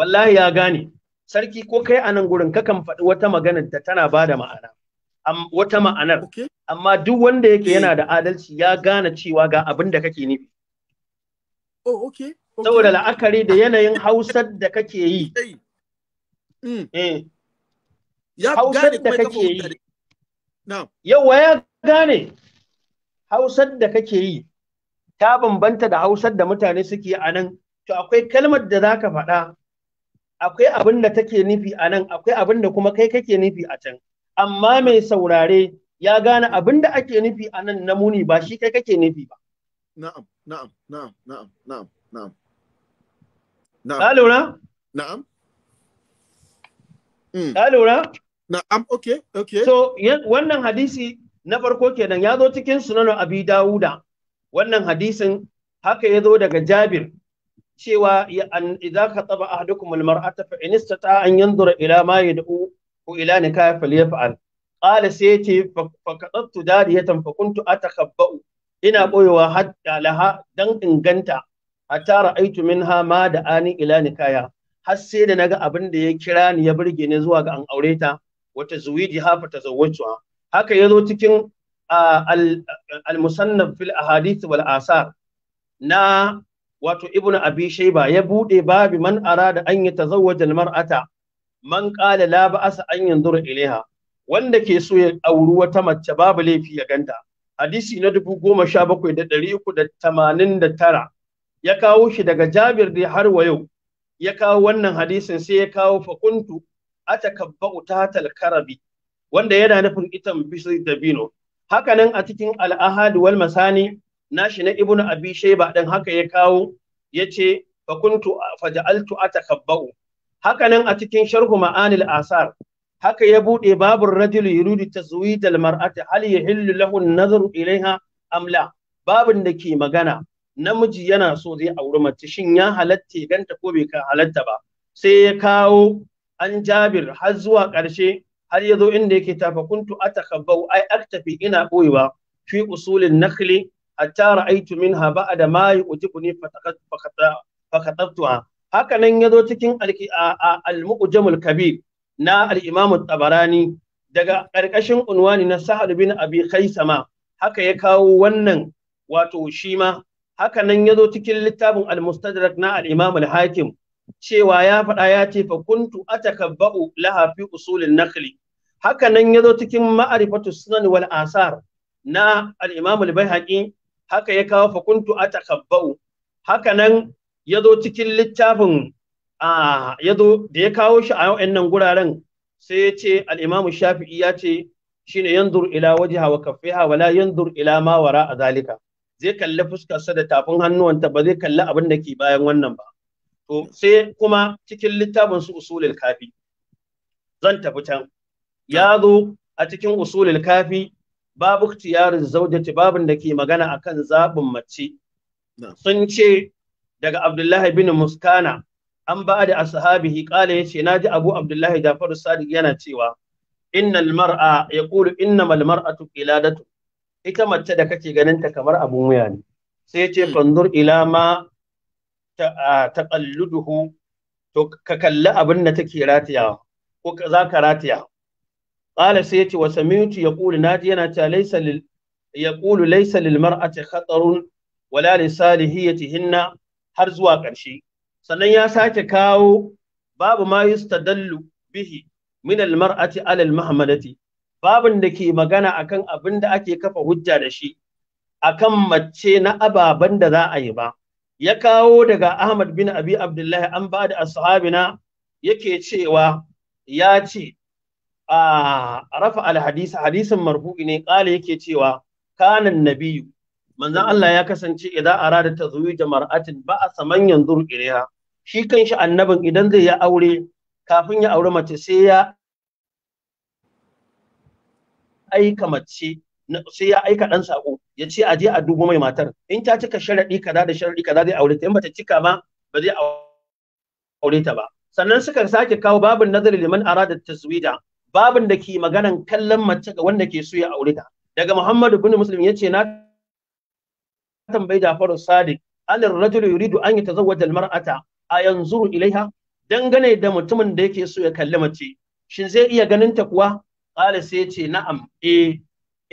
wallahi ya gane sarki ko kai a nan gurin kakan faɗi wata maganar ta tana ba da ma'ana wata ma'anar amma duk wanda yake yana da adalci ya gane cewa ga abin da kake nufi oh, saboda la'akari da yanayin hausar da kake yi mm. eh. hausar da kake yi yawa ya gane hausar da kake yi ta bambanta da hausar da mutane suke a nan to akwai kalmar da za ka faɗa akwai abin da take nufi a nan akwai abin da kuma kai kake nufi a can amma mai saurare ya gane abin da ake nufi a nan na muni ba shi kai kake nufi ba na'am na'am na'am na'am na'am na'am na'am lura na'am mm. ka lura na'am okay okay so wannan hadisi na farko kenan ya zo cikin sunan abi dawuda wannan hadisin haka ya zo daga jabir cewa idan ka taba ahadukum almar'ata fa in istata an yanzura ila ma yad'u ila nikah falyaf'al qala sai ce fa qadattu dariyatan fa kuntu atakhabba'u ina boyewa hatta laha dan inganta hatta ra'aytu minha ma da ani ila nikaya har sai da naga abin da ya kira ni ya burge ni zuwa ga an aure ta wata zuwiji hafa ta zawwacuwa haka yazo cikin al-musannaf fil ahadith wal asar na wato ibnu abi shayba ya bude babi man arada an yatazawwaja mar'ata. man qala la ba'asa an yanzura ilaiha wanda ke so ya auri wata mace babu laifi ya ganta hadisi na dubu goma sha bakwai da ɗari uku da tamanin da tara ya kawo shi daga jabir dai har wa yau ya kawo wannan hadisin sai ya kawo fakuntu atakabba'u utatal karabi wanda yana nufin itan bisu dabino hakanan a cikin al'ahad wal masani nashi na ibnu abi shayba din haka ya kawo yace fa kuntu faja'altu atakabba'u haka nan a cikin sharhu ma'anil asar haka ya bude babur rajul yuridu tazwid al mar'ati hal yahillu lahu an-nazaru ilaiha am la babin da ke magana namiji yana so zai auri mace shin ya halatta ganta ko bai halatta ba sai ya kawo an jabir har zuwa ƙarshe har ya zo inda yake tafa a takabba'u ai aktafi ina boyewa fi usulin nakhli hatta ra'aytu minha ba'da ma yu'jibuni fakatabtuha haka nan yazo cikin al-mu'jamul kabir na al-imam tabarani daga karkashin unwani na sahal bin abi khaisama haka ya kawo wannan wato shi ma haka nan yazo cikin littafin al-mustadrak na al-imam al-hakim cewa ya faɗa ya ce fa kuntu atakabba'u laha fi usulin nakli haka nan yazo cikin ma'rifatu sunan wal asar na al-imam al-baihaqi haka ya kawo fakuntu a takabba'u haka nan ya zo cikin littafin ya zo da ya kawo shi a nan guraren sai ya ce al'imamu shafi'i ya ce shine yanzur ila wajiha hawa hawa wala yanzur ila ma wara a zalika zai kalli fuskarsa da tafin hannuwanta ba zai kalli abin da ke bayan wannan ba to sai kuma cikin littafin su usulil kafi zan tafi can ya zo a cikin usulil kafi babu ikhtiyarin zaujati babin da ke magana akan zabin mace sun ce daga Abdullahi bin Muskana an ba da ashabihi qala yace naji Abu Abdullahi Jafaru Sadiq yana cewa innal mar'a yaqulu innamal mar'atu qiladatu ita mace da kake ganin ta kamar abun wuya ne sai yace hmm. fanzur ila ma taqalluduhu to ka kalli abin da take ko za ka rataya qala sai yace wa sami'tu yaqulu naji yana ta laysa lil yaqulu laysa lil mar'ati khatarun wala li salihiyatihinna har zuwa ƙarshe sannan ya sake kawo babu ma yustadallu bihi min al mar'ati ala al mahmadati babin da ke magana akan abin da ake kafa hujja da shi akan mace na ababen da za a yi ba ya kawo daga Ahmad bin Abi Abdullahi an ba da ashabina yake cewa ya ce a rafa alhadisa, hadisin marfu'i ne ƙala yake cewa kanan nabiyu manzon Allah ya kasance idan arada ta zuwi da mar'atin ba a saman yanzu ilaiha shi kanshi annabin idan zai ya aure kafin ya aure mace sai ya aika mace sai ya aika dan sako ya ce aje a dubo mai matar in ta cika sharadi kaza da sharadi kaza zai aure ta in bata cika ma ba zai aure ta ba sannan suka sake kawo babin nazari liman arada taswida babin da ke maganan kallon mace ga wanda ke so ya aure ta daga Muhammadu bin Muslim ce na tambayi Jafaru Sadiq alin rajulu yuridu an yi dalmar ata a yanzuru ilaiha dangane da mutumin da yake so ya kalli mace shin zai iya ganin ta kuwa qala sai yace na'am eh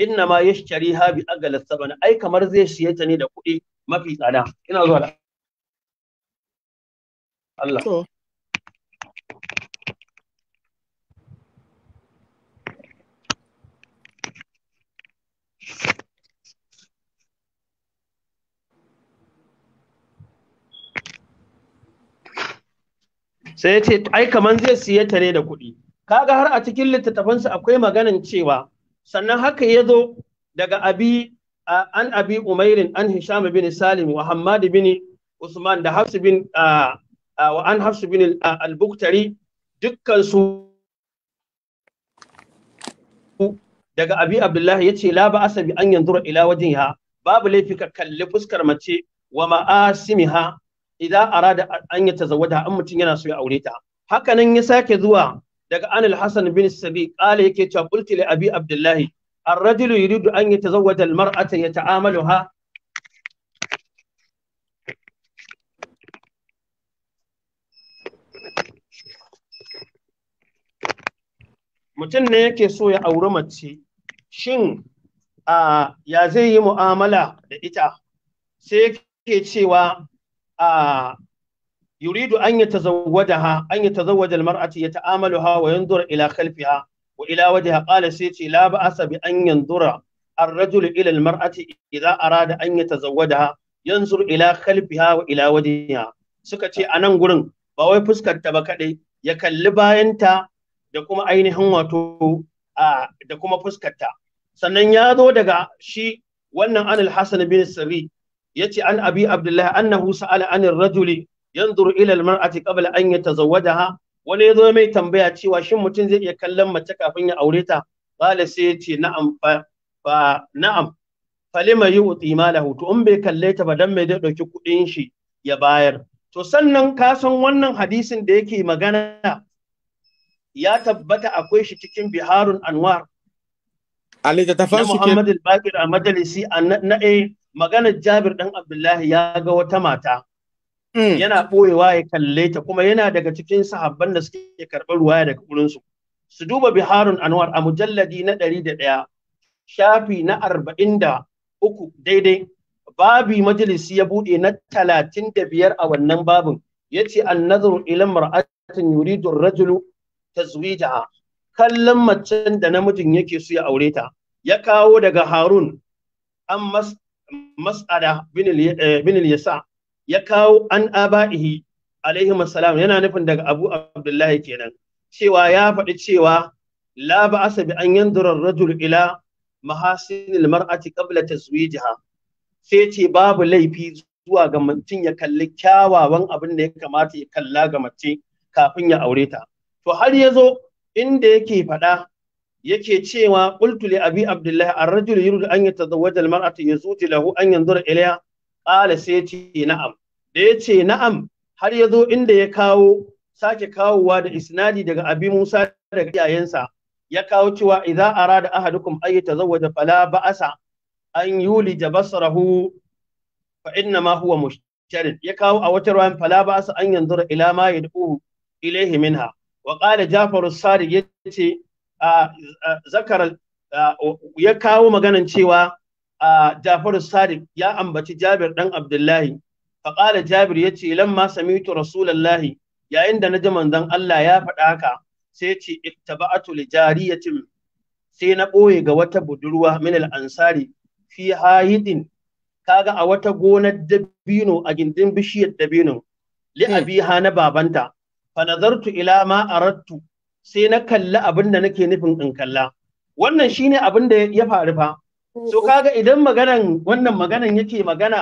inna ma yashtariha bi aqal sabana ai kamar zai siye ta ne da kuɗi mafi tsada ina zuwa da Allah sai ya ce ai kamar zai siye ta ne da kuɗi kaga har a cikin littattafansa akwai maganan cewa sannan haka ya zo daga abi an abi umairin an hisham bin salim wa hammad bin usman da hafs bin wa an hafs bin al-buktari dukkan su daga abi abdullahi ya ce la ba asabi an yanzura ila ya babu laifi ka kalli fuskar mace wa ma'asimiha idan arada an ya tazawwada an mutum yana so ya aure ta haka nan ya sake zuwa daga anil Hassan bin sabi ƙala yake cewa qulti li abi abdullahi الرجل يريد أن يتزوج المرأة يتعاملها mutum ne yake so ya auri mace shin ya zai yi mu'amala da ita sai yake cewa يريد أن يتزوجها أن يتزوج المرأة يتآملها وينظر إلى خلفها وإلى وجهها قال سيتي لا بأس بأن ينظر الرجل إلى المرأة إذا أراد أن يتزوجها ينظر إلى خلفها وإلى وجهها سكتي أنا نقولن بوي فسكت تبكدي يكلي باينتا da kuma ainihin wato da kuma fuskarta sannan ya zo daga shi wannan anil hasan bin sirri yace an abi abdullahi annahu sa'ala anir rajuli yanzuru ila almar'ati qabla an yatazawwadaha wani yazo mai tambaya cewa shin mutum zai iya kallon mace kafin ya aure ta bala sai yace na'am fa na'am falima yu'ti malahu to in bai kalle ta ba dan mai zai dauki kudin shi ya bayar to sannan ka san wannan hadisin da yake magana ya tabbata akwai shi cikin biharun anwar a littattafan su ke Muhammad al-Baqir a majalisi na eh maganar Jabir ɗan Abdullahi ya ga wata mata mm. yana ɓoyewa ya kalle ta kuma yana daga cikin sahabban da suke karɓar ruwaya daga gurin Su duba Biharun Anwar a mujalladi na ɗari da ɗaya, shafi na arba'in da uku daidai, babi majalisi ya buɗe na talatin da biyar a wannan babin, ya ce an nazaru ilan mar'atin yuridu rajulu tazwijaha kallon mace da namijin yake su ya aure ta ya kawo daga Harun an mas'ada bin eh, yasa ya kawo an aba'ihi alaihi salam yana nufin daga abu abdullahi kenan cewa ya faɗi cewa la ba'asa bi an yanzura rajul ila mahasinil mar'ati qabla tazwijiha sai ce babu laifi zuwa ga mutum ya kalli kyawawan abin da ya kamata ya kalla ga mace kafin ya aure ta to har ya zo inda yake faɗa yake cewa qultu li abi abdullahi ar-rajulu yuridu an yatazawwaja al-mar'ata yasuti lahu an yanzura ilayha qala sai ce na'am da yace na'am har yazo inda ya kawo sake kawowa da isnadi daga abi Musa daga iyayensa ya kawo cewa idza arada ahadukum ay yatazawwaja fala ba'asa an yulija basarahu fa inna ma huwa mushtarin ya kawo a wata ruwan fala ba'asa an yanzura ila ma yad'u ilayhi minha wa qala Ja'far as-Sadiq yace zakar ya kawo maganan cewa Jafaru Sadiq ya ambaci Jabir dan Abdullahi faƙala Jabir ya ce lamma samitu rasulallahi yayin da na ji manzon Allah ya faɗa haka sai ce ittaba'atu li jariyatin sai na ɓoye ga wata budurwa min al-ansari fi hayidin kaga a wata gonar dabino a gindin bishiyar dabino li hmm. abiha na babanta fa nazartu ila ma arattu sai na kalli abin da nake nufin in kalla wannan shine abin da ya faru fa so kaga idan maganan wannan maganan yake magana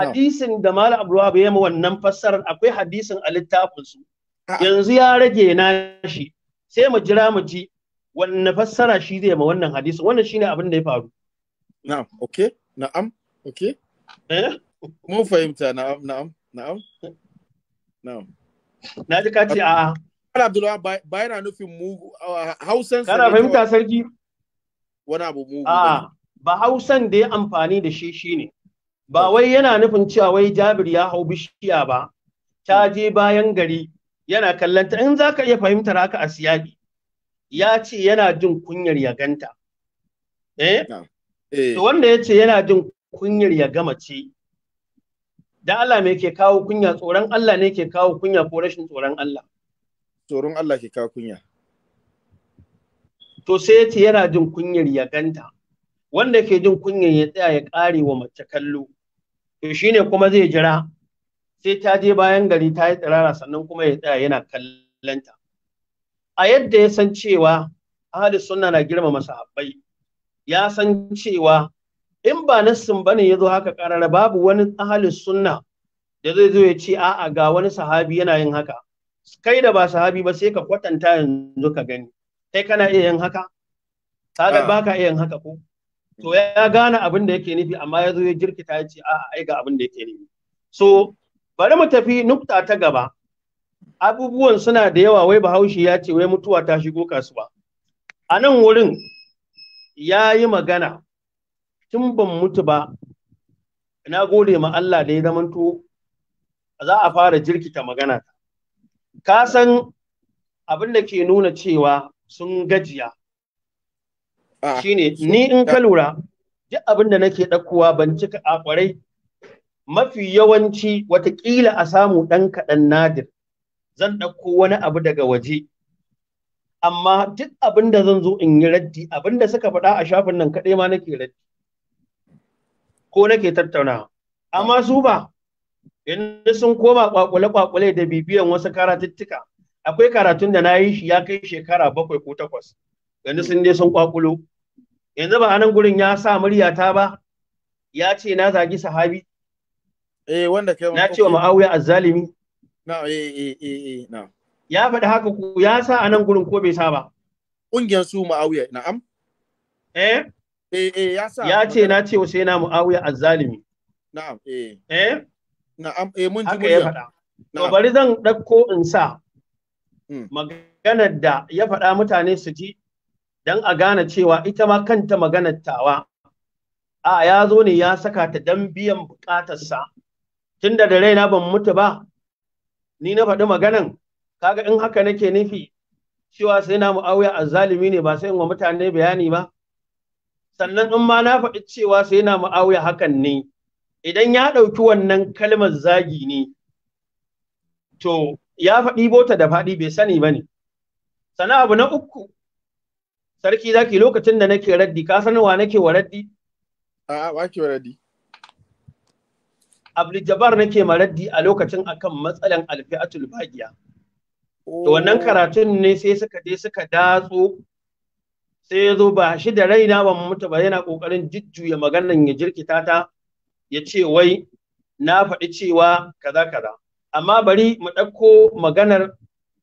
hadisin da mala abruwa ya ma wannan fassarar akwai hadisin a littafinsu. su yanzu ya rage na shi sai mu jira mu ji wannan fassara shi zai ma wannan hadisin wannan shine abin da ya faru na'am okay na'am okay eh? mun fahimta na'am na'am na'am na'am na ji kace a'a Kana Abdullahi nufin mu uh, Hausan Kana fahimta sarki? Wani abu mu. A ba Hausan da ya amfani da shi shine. Ba oh. wai yana nufin cewa wai Jabir ya hau bishiya ba. Ta hmm. je bayan gari yana kallanta in za ka iya fahimtar haka a siyaki. Ya ce yana jin kunyar ya ganta. Eh? eh? To wanda ya ce yana jin kunyar ya gama ce da Allah me ke kawo kunya tsoron Allah ne ke kawo kunya ko rashin tsoron Allah. tsoron Allah ke kawo kunya to sai ya ce yana jin kunyar ya ganta wanda ke jin kunyar ya tsaya ya kare wa mace kallo to shine kuma zai jira sai ta je bayan gari ta yi tsirara sannan kuma ya tsaya yana kallonta a yadda ya san cewa ahli sunna na girmama sahabbai ya san cewa in ba nassin bane ya zo haka karara babu wani ahli sunna da zai zo ya ce a'a ga wani sahabi yana yin haka kai da ba sahabi ba sai ka kwatanta yanzu ka gani kai kana iya yin haka kaga ah. baka iya yin haka ko to ya gane abin da yake nufi amma ya zo ya jirkita ya ce a ai ga abin da yake nufi so bari mu tafi nukta ta gaba abubuwan suna da yawa wai bahaushe ya ce wai mutuwa ta shigo kasuwa a nan wurin ya yi magana tun ban mutu ba na gode ma Allah da ya zamanto za a fara jirkita magana ta ka san abin da ke nuna cewa sun gajiya ah, shine ni in ka lura duk abin da nake ɗaukowa ban cika a kwarai mafi yawanci watakila a samu ɗan kaɗan nadir zan ɗauko wani abu daga waje amma duk abin da zan zo in yi raddi abin da suka faɗa a shafin nan kaɗai ma nake raddi ko nake tattauna amma su ba yanzu sun koma kwakule-kwakule da bibiyan wasu karatuttuka akwai karatun da na yi shi ya kai shekara bakwai ko takwas yanzu sun je sun kwakulo yanzu ba anan gurin ya sa muryata ba ya ce na zagi sahabi eh wanda kai na ce wa ma'awiya azzalimi na eh eh eh, eh na ya faɗi haka ku ya sa anan gurin ko bai sa ba ƙungiyar su ma'awiya na'am eh eh eh ya sa ya ce na ce wa sai na ma'awiya azzalimi na'am eh eh Na'am, eh mun ji To bari zan ɗauko in sa hmm. maganar da ya faɗa mutane su ji don a gane cewa ita ma kanta maganar tawa. A ya zo ne ya saka ta don biyan buƙatarsa. Tunda da raina ban mutu ba, ni na faɗi maganan, kaga in haka nake nufi cewa sai na mu'awiya azzalimi ne ba sai in wa mutane bayani ba. Sannan in ma na faɗi cewa sai na mu'awiya hakan ne, idan ya ɗauki wannan kalmar zagi ne to ya faɗi bota da faɗi bai sani ba ne sana abu na uku sarki zaki lokacin da nake raddi ka san wa nake wa raddi A ba ke wa raddi Abdul nake ma raddi a lokacin akan matsalan alfi'atul bagiya to wannan oh. karatun ne sai suka je suka datso sai ya zo ba shi da raina ban mutu ba yana kokarin jujjuya maganan ya jirkita ta ya ce wai na faɗi cewa kaza kaza amma bari mu ɗauko maganar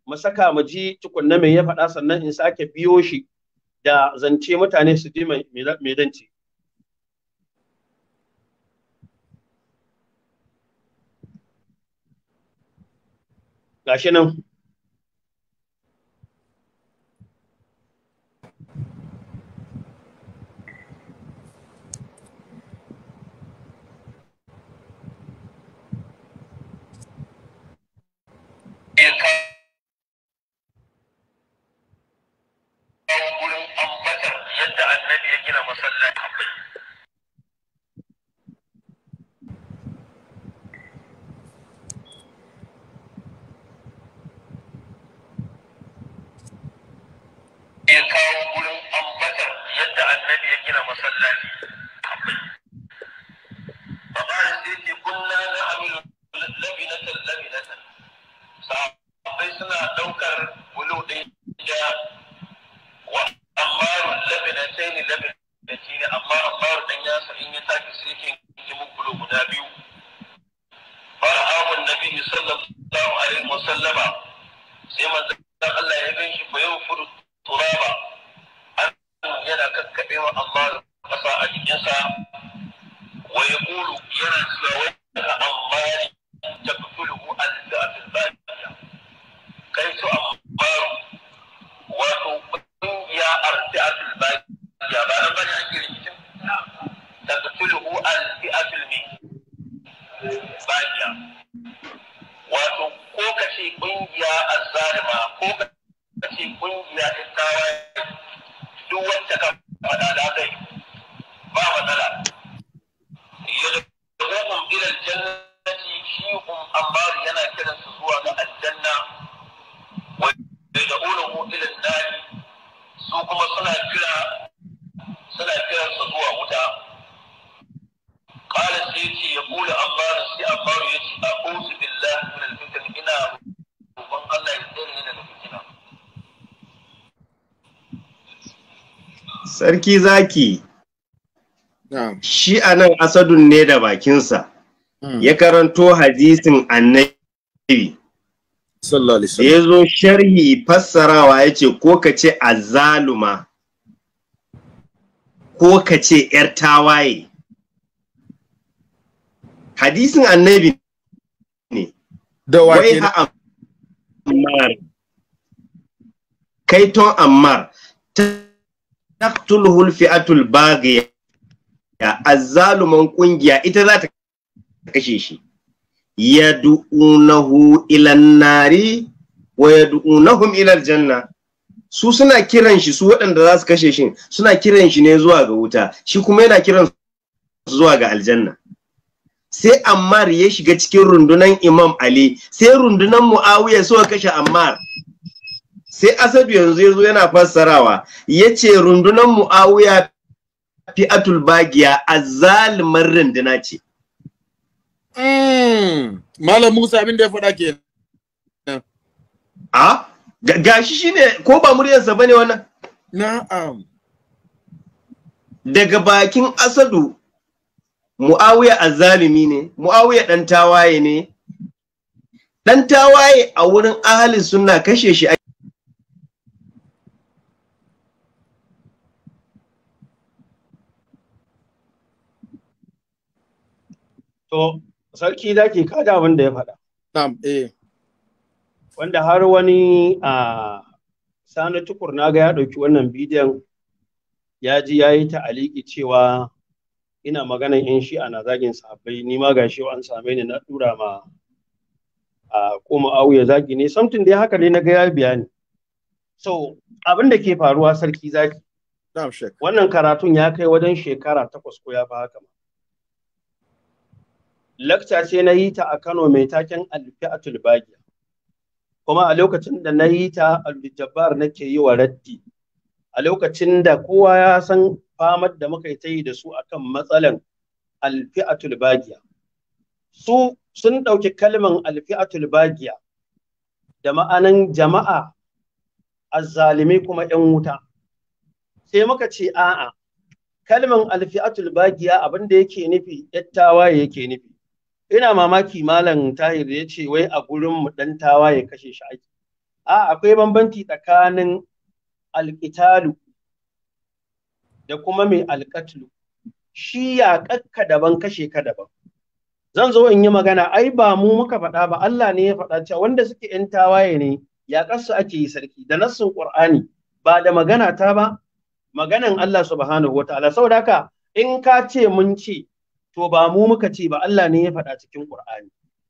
mu saka mu ji tukunna me ya faɗa sannan in sake biyo shi da zance mutane su ji mai danci Gashi nan. and sarki zaki shi a nan asadun ne da bakinsa hmm. ya karanto hadisin annabi ya zo sharhi fassarawa ya ce ko ka ce azaluma ko ka ce ‘yar tawaye hadisin annabi ne da wai ha ammar kaiton ammar ta taktuluhul al-fi'atul baghiya azzaluman kungiya ita za ta kashe shi yad'unahu ila nari wa yad'unahum ila aljanna su suna kiran shi su waɗanda za su kashe shi suna kiran shi ne zuwa ga wuta shi kuma yana kiran su zuwa ga aljanna sai Ammar ya shiga cikin rundunan Imam Ali sai rundunan Muawiya suka kashe Ammar sai asadu yanzu zo yana fassarawa ya ce rundunar muawiya fi'atul bagiya zalimar rinduna ce mm. malam musa abin da ya faɗa ke a gashi ne, ko ba muryarsa ba ne wannan na'am daga bakin asadu mu'awiya azzalimi ne mu'awiya ɗan tawaye ne Ɗan tawaye a wurin ahalin suna kashe shi To, sarki zaki kada abin da ya faɗa. Na'am, eh. Wanda har wani a sani tukur na ga ya ɗauki wannan bidiyon ya ji ya yi ta'aliki cewa ina maganan yan shi ana zagin sabai ni ma gashi an same ni na dura ma a koma ya zagi ne something dai haka dai na ga ya bayani so abin da ke faruwa sarki zaki wannan karatun ya kai wajen shekara takwas ko ya fa haka ma lakta ce na yi ta a Kano mai taken Alfi'atul Bagiya. Kuma a lokacin da na yi ta Abdul nake yi wa raddi. A lokacin da kowa ya san famar da muka ta yi da su akan matsalan Alfi'atul Bagiya. Su sun ɗauki kalman Alfi'atul Bagiya da ma'anan jama'a azzalimi kuma 'yan wuta. Sai muka ce a'a kalman alfi'atul bagiya abinda da yake nufi yattawa yake nufi ina mamaki malam tahir ya ce wai a gurin mu dan ya kashe shi ake a akwai bambanci tsakanin alƙitalu da kuma mai alkatlu shi ya kakka daban kashe ka daban zan zo in yi magana ai ba mu muka faɗa ba Allah ne ya faɗa cewa wanda suke ‘yan tawaye ne ya kasu ake yi sarki da nassin ƙur'ani ba da magana ta ba maganan Allah subhanahu wa saboda haka in ka ce mun ce to ba mu muka ce ba Allah ne ya faɗa cikin ƙur'ani?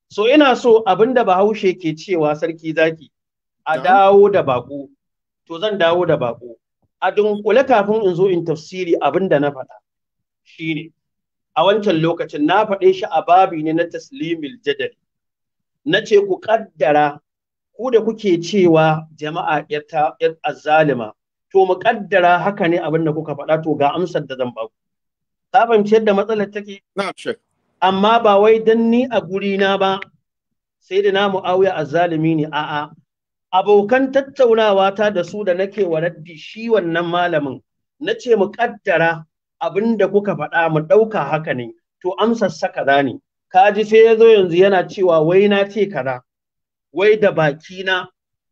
so ina so abinda Bahaushe ke cewa sarki zaki a dawo da bako to zan dawo da bako a dunkule kafin in zo in tafsiri abinda na faɗa shine a wancan lokacin na faɗe shi a babi ne na taslimil jadal. na ce ku kaddara ku da kuke cewa jama'a yar azzalima to mu kaddara haka ne abin da kuka faɗa to ga amsar da zan baku ka fahimci yadda matsalar take na'am amma ba wai dan ni a guri na ba sai da na mu'awiya azzalimi ne a'a abokan tattaunawa ta da su da nake wa shi wannan malamin na ce mu kaddara abin da kuka faɗa mu ɗauka haka ne to amsassa kaza ne ka ji sai ya zo yanzu yana cewa wai na ce kaza wai da bakina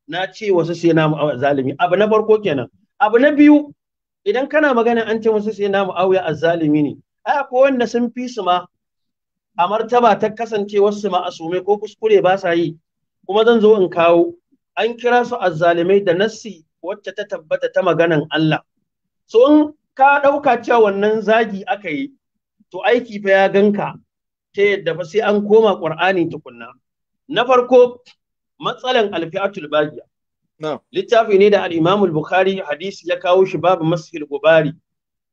na ce wasu sai na zalimi abu na farko kenan abu na biyu idan kana magana an ce musu sai na mu'awiya azzalimi ne ai akwai wanda sun fi su ma a martaba ta kasance wasu ma asume ko kuskure ba sa yi kuma zan zo in kawo an kira su azzalimai da nassi wacce ta tabbata ta maganan Allah so in ka ɗauka cewa wannan zagi aka yi to aiki fa ya ganka ta yadda fa sai an koma ƙur'ani tukunna na farko matsalan alfi'atul bagiya littafi ne da Alimamul bukhari hadisi ya kawo shi babu masjid gubari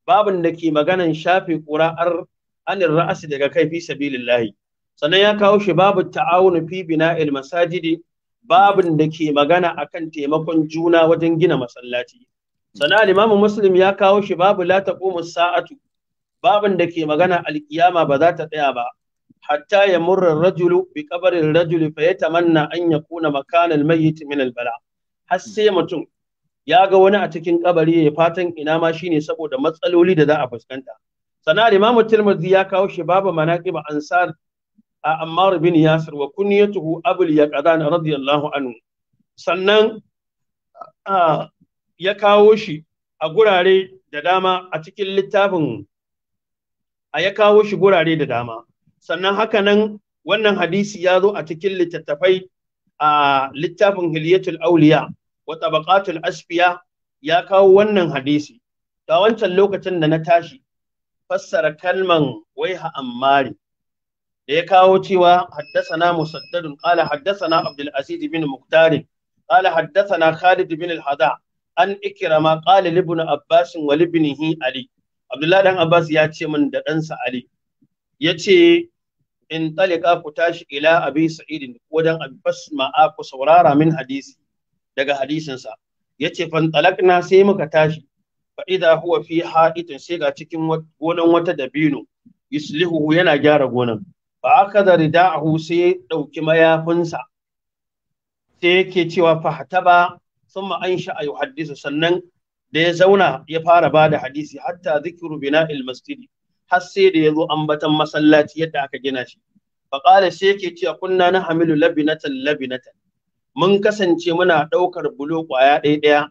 babin da ke maganan shafe ƙura'ar hanin ra'asi daga kai fi sabilillahi sannan ya kawo shi babu ta'awun fi bina'il masajidi babin da ke magana akan taimakon juna wajen gina masallaci sannan al Muslim ya kawo shi babu Lata, taqumu sa'atu babin da ke magana alkiyama ba za ta tsaya ba hatta ya murra rajulu bi kabarin rajulu fa ya tamanna an ya kuna makanal mayyit min Bala. har sai mutum ya ga wani a cikin kabari ya fatan ina ma shine saboda matsaloli da za a fuskanta sana Imam Tirmidhi ya kawo shi babu manaqib ansar a Ammar bin Yasir wa kunyatuhu Abul Yaqdan radiyallahu anhu sannan ya kawo shi a gurare da dama a cikin littafin a ya kawo shi gurare da dama sannan haka nan wannan hadisi ya zo a cikin littattafai a littafin Hilyatul Auliya wa tabaqatul asfiya ya kawo wannan hadisi ta wancan lokacin da na tashi fassara kalman waiha ammari da ya kawo cewa haddasana musaddadun qala haddasana abdul aziz bin muqtar qala haddasana khalid bin al-hada an ikrama qala ibn abbas wa ibnihi ali abdullahi dan abbas ya ce min da ɗansa ali yace in talika ku tashi ila abi sa'id wajen abbas ma'a ku saurara min hadisi daga hadisinsa yace fantalakna sai muka tashi fa idza huwa fi ha'itin sai ga cikin gonan wata dabino yuslihu yana gyara gonan fa akada rida'ahu sai ya dauki mayafinsa sai yake cewa fa hataba thumma ansha ayu hadisu sannan da ya zauna ya fara bada hadisi hatta zikru bina'il masjid har sai da ya zo ambatan masallaci yadda aka gina shi qala sai yake cewa kunna na hamilu labinatan labinatan mun kasance muna ɗaukar bulo ƙwaya ɗaya ɗaya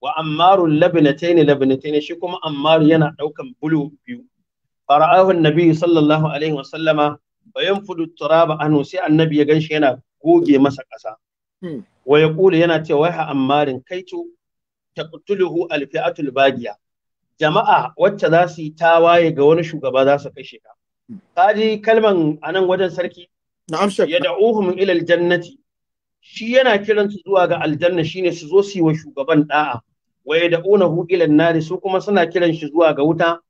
wa ammaru labinataini labinataini shi kuma ammaru yana ɗaukan bulo biyu fara'ahu Nabiyyu sallallahu alaihi wa sallama turaba sai annabi ya ganshi yana goge masa ƙasa hmm. wa kula yana cewa wai ha ammarin kaitu taqtuluhu alfi'atul bagiya jama'a wacce za su yi tawaye ga wani shugaba za su kashe ka hmm. kaji kalman anan wajen sarki na'am shakka yad'uhum ila aljannati shi yana kiransu zuwa ga aljanna shine su zo su wa shugaban da'a waye da hu ilan nari su kuma suna kiran shi zuwa ga wuta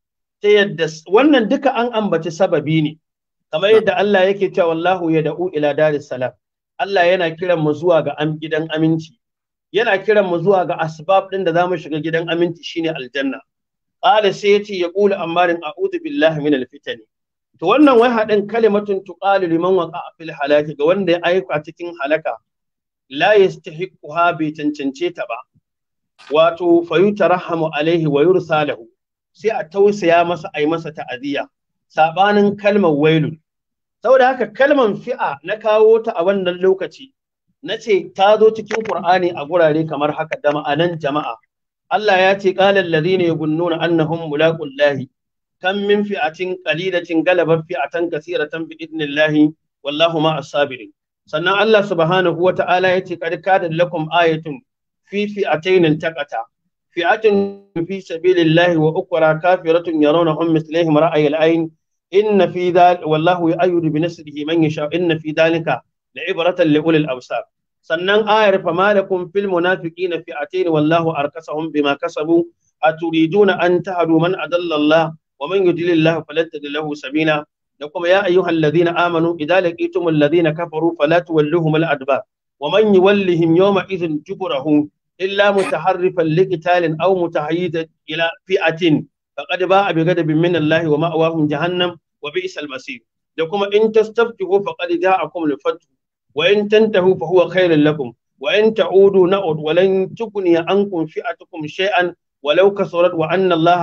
ta yadda wannan duka an ambaci sababi ne kamar yadda Allah yake cewa wallahu ya da'u ila daris salam Allah yana kiran mu zuwa ga am gidan aminci yana kiran mu zuwa ga asbab din da zamu shiga gidan aminci shine aljanna qala sai yace ya qulu amarin a'udhu billahi minal fitani to wannan wai hadin kalimatun tuqalu liman waqa fil halaki ga wanda ya aika cikin halaka la yastahiquha bai cancance ta ba wato fayutarahamu alaihi wa yursa lahu sai a tausaya masa ai masa ta'aziyya sabanin kalmar wailu saboda haka kalman fi'a na kawo ta a wannan lokaci na ce ta zo cikin qur'ani a gurare kamar haka da ma'anan jama'a Allah ya ce qalal allazina yagunnuna annahum mulaqullahi kam min fi'atin qalilatin galabat fi'atan kaseeratan bi idnillahi wallahu ma'as sabirin sannan Allah subhanahu wa ta'ala ya ce karka da lakum ayatun fi fi'atainin taqata fi'atun fi sabilillahi wa ukura kafiratun yarawna hum mislihim ra'ayil ayn inna fi dhal wallahu yu'ayyidu bi nasrihi man yasha inna fi dhalika la'ibratan li ulil absar sannan ayar fa malakum fil munafiqina fi'atayn wallahu arkasahum bima kasabu aturiduna an tahdu man adalla Allah wa man yudlil Allah falan lahu sabila da kuma ya ayyuhan ladina amanu idza laqitumul ladina kafaru fala tuwallihum al adbar wa man yuwallihim yawma idhin jubrahu illa mutaharrifan liqitalin aw mutahayyizan ila fi'atin faqad ba'a bi ghadabin min Allah wa ma'awahum jahannam wa bi'sal masir da kuma in tastaftihu faqad ja'akum al fath wa in tantahu fa huwa khairul lakum wa in ta'udu na'ud wa lan tughni ankum fi'atukum shay'an walau kasarat wa anna Allah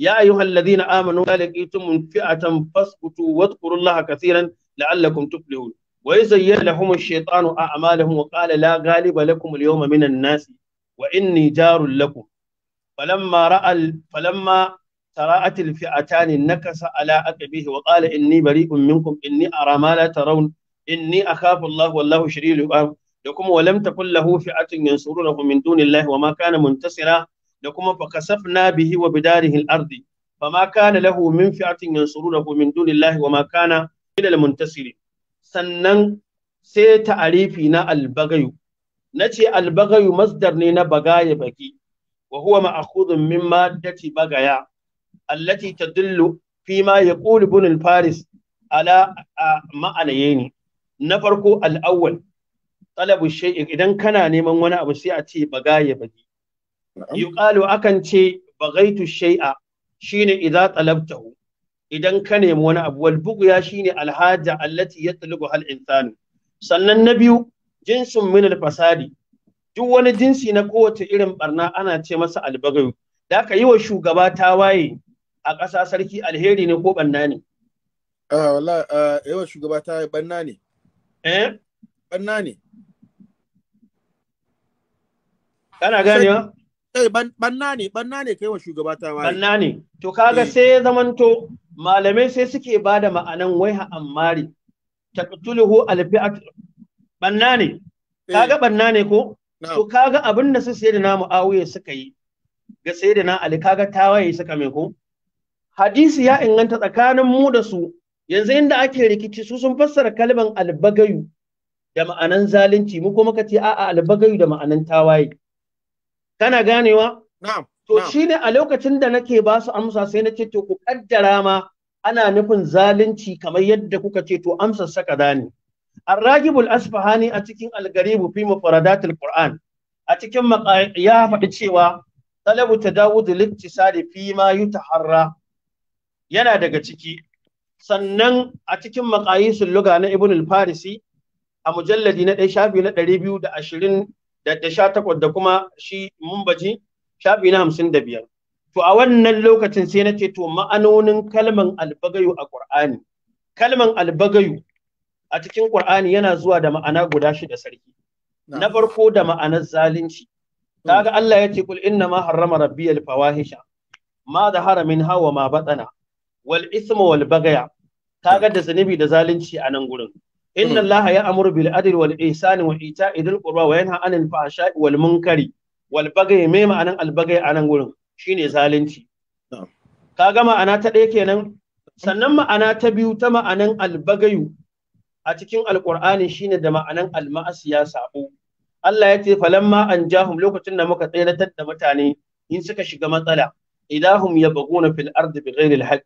ya ayyuhal ladina amanu laqitum fi'atan fasbutu wadhkurullaha katsiran la'allakum tuflihun wa yuzayyana lahum ash a a'malahum wa qala la ghaliba lakum al-yawma minan nas wa inni jarul lakum فلما راى فلما تراءت الفئتان نكس على عقبيه وقال اني بريء منكم اني ارى ما لا ترون اني اخاف الله والله شرير لكم ولم تكن له فئه ينصرونه من دون الله وما كان منتصرا da kuma fa na bihi wa bidarihi al-ardi fama kana lahu min fi'atin yansurunahu min dunillahi wa ma kana min al-muntasirin sannan sai ta'arifi na al-bagayu nace al-bagayu masdar ne na bagaya baki wa huwa ma'khudun min maddati bagaya allati tadullu fi ma yaqulu ibn al-faris ala ma'alayni na farko al-awwal talabu shay'in idan kana neman wani abu sai a ce bagaya baki yuqalu akan ce baghaitu shay'a shine idza talabtahu idan ka nemi wani abu wal bughya shine haja allati yatlubu hal insan sannan na biyu jinsun min al fasadi duk wani jinsi na kowace irin barna ana ce masa albagayu da ka yi wa shugaba waye a ƙasa sarki alheri ne ko banna ne ah wallahi ah, yi wa shugaba tawaye banna ne eh banna ne kana ganewa Eh, banna ne, banna ne kai wa shugaba ta waye. Banna ne. To kaga eh. sai ya zamanto malamai sai suke ba da ma'anan ha ammari. Taqtuluhu alfi'at. Banna ne. Eh. Kaga banna ne ko? To kaga abin da su namu awuye suka yi ga da na Ali kaga tawaye suka mai ko? Hadisi ya inganta tsakanin mu da su yanzu inda ake rikici su sun fassara kalman albagayu da ma'anan zalunci mu kuma ka ce a'a albagayu da ma'anan tawaye kana ganewa na'am to shine a lokacin da nake ba su amsa sai na ce to ku kaddara ma ana nufin zalunci kamar yadda kuka ce to amsa saka dani arragibul asfahani a cikin algaribu fi mufradatil qur'an a cikin ya faɗi cewa talabu tadawud littisali fi ma yutaharra yana daga ciki sannan a cikin maqayisul luga na ibn al-farisi a mujalladi na ɗaya shafi na ashirin. da sha takwas da kuma shi mumbaji shafi na hamsin da biyar. To a wannan lokacin sai na ce to ma'anonin kalman albagayu a Ƙur'ani. Kalman albagayu a cikin Ƙur'ani yana zuwa da ma'ana guda shida sarki. Na farko da ma'anar zalunci. ga Allah ya ce kul inna ma harrama rabbiyal fawahisha ma zahara haramin hawa ma batsana. wal isma wal bagaya ga da zunubi da zalunci a nan gurin. inna hmm. Laha ya amuru bil adli wal ihsani wa ita'i dhil qurba wa yanha anil fahsha'i wal munkari wal bagyi mai ma'anan al bagyi anan gurin zalunci ka ga ma'ana ta ɗaya kenan sannan ma'ana ta biyu ta ma'anan al a cikin alqur'ani shine da ma'anan al ma'asiya sabo Allah ya ce falamma anjahum lokacin da muka tsayar da mutane in suka shiga matsala idahum yabghuna fil ardi bighairi al haqq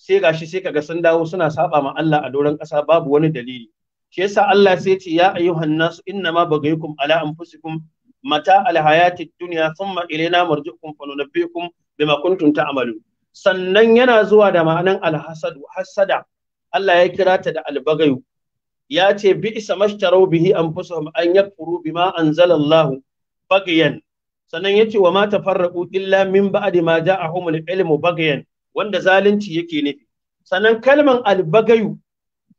sai gashi sai kaga sun dawo suna saɓa ma Allah a doron ƙasa babu wani dalili shi yasa Allah sai ce ya ayyuhan nasu inna ma bagayukum ala anfusikum mata al hayati dunya thumma ilayna marji'ukum fa nunabbi'ukum bima kuntum ta'malun sannan yana zuwa da ma'anan alhasad hasada Allah ya kira ta da albagayu ya ce bi isa mashtarau bihi anfusuhum an yakfuru bima anzalallahu bagayan sannan ya ce wa ma tafarraqu illa min ba'di ma ja'ahumul ilmu bagayan wanda zalunci yake nufi sannan kalman albagayu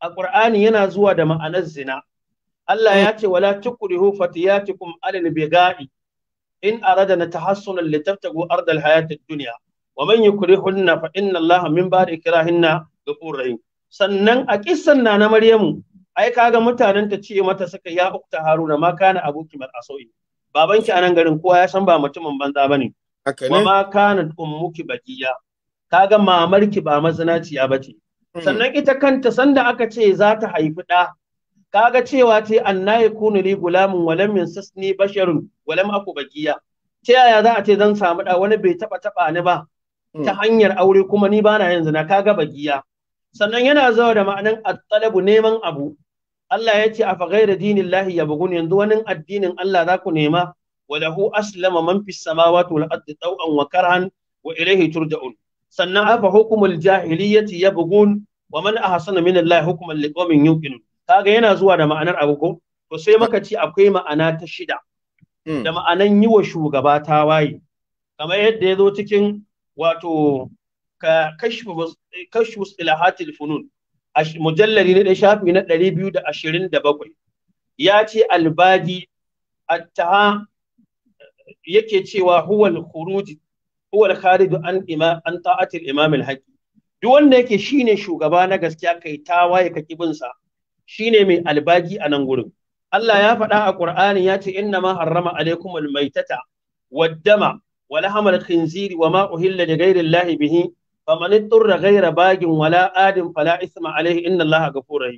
a Qur'ani yana zuwa da ma'anar zina Allah ya ce wala tukrihu fatiyatikum alal biga'i in arada na tahassunan litabtagu ardal hayatid dunya wa man yukrihunna fa inna Allah min ba'di ikrahinna ghafur rahim sannan a kissan na na Maryamu ai kaga mutanen ta ce mata saka ya ukta Haruna ma kana abuki mar asoi babanki a nan garin kowa ya san ba mutumin banza bane wa ma kana ummuki bagiya kaga mamarki ba mazinaciya bace sannan hmm. ita kanta sanda aka ce za ta haifi ɗa kaga cewa ce anna kunu li gulamun walam yansasni basharun walam aku bakiya ta yaya za a ce zan samu ɗa wani bai taba taɓa ni ba hmm. ta hanyar aure kuma ni bana yanzu na kaga bagiya sannan yana zuwa da ma'anan at-talabu neman abu Allah ya ce a fa ghaira dinillahi yabghun yanzu wani addinin Allah za ku nema wa lahu aslama man fis samawati wal ardi taw'an wa karhan wa ilayhi turja'un sannan afa hukumul jahiliyyati yabghun wa man ahsana min Allah hukman liqawmin yuqinun kaga yana zuwa da ma'anar abu ko to sai maka ci akwai ma'ana ta shida hmm. da ma'anan yi wa shugaba ta waye. kamar yadda ya zo cikin wato ka kashfu alfunun mujallali ne na shafi na 227 ya ce albadi attaha yake cewa huwal khuruj huwa khalidu kharij an imam an ta'ati al-imam al-haqi duk wanda yake shine shugaba na gaskiya kai tawaye ka kibin sa shine mai albaki a nan gurin Allah ya faɗa a Qur'ani ya ce inna ma harrama alaikum al-maitata Waddama dama wa lahma al-khinziri wa ma da li ghayri Allah bihi faman ittara ghayra bagin wala adin fala isma alaihi inna Allah ghafurur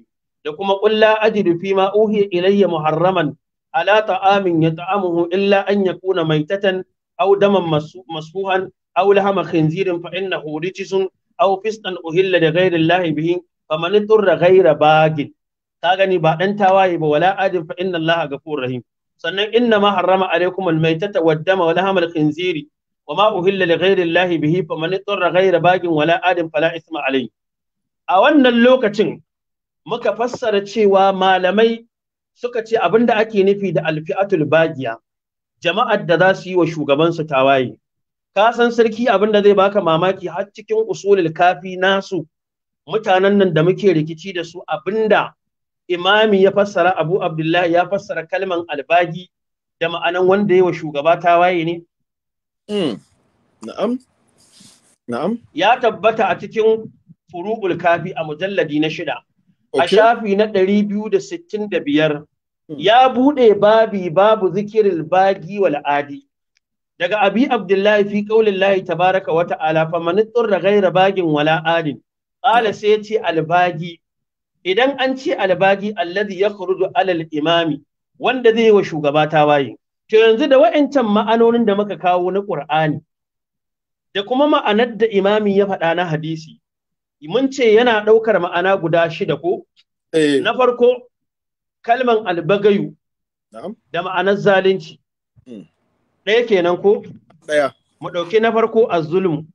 da kuma qul la ajidu fi ma uhiya ilayya muharraman ala ta'amin yat'amuhu illa an yakuna maitatan أو دما مسفوحا أو لحم خنزير فإنه رجس أو فسقا أهل لغير الله به فمن اضطر غير باق كاغني بعد أن ولا آدم فإن الله غفور رحيم sannan inna ma harrama alaikum almaitata waddama wala hamal khinziri wama uhilla li ghairi llahi bihi faman itarra ghaira bagin wala adin fala a wannan lokacin muka fassara cewa malamai suka ce abinda ake nufi da alfi'atul bagiya jama'ar da za su yi wa shugabansu tawaye ka san sarki abin da zai baka mamaki har cikin usulul kafi nasu mutanen nan da muke rikici da su abinda imami ya fassara abu abdullahi ya fassara kalman albagi da ma'anan wanda wa shugaba tawaye ne hmm. na'am na'am ya tabbata a cikin furu'ul kafi a mujalladi na shida a shafi na biyar. Hmm. ya buɗe babi babu zikirin bagi wal adi daga abi abdullahi fi qaulin lahi tabaraka wa ta'ala fa man turra ghaira bagin wala adin qala sai yace albagi idan an ce albagi alladhi yakhruju alal imami wanda zai wa shugaba ta waye to yanzu da wa'ancan ma'anonin da muka kawo na qur'ani da kuma ma'anar da imami ya faɗa na hadisi mun ce yana ɗaukar ma'ana guda shida ko eh. na farko kalman albagayu da ma'anar zalunci hmm. ɗaya kenan ko ɗaya mu ɗauki na farko a zulmu.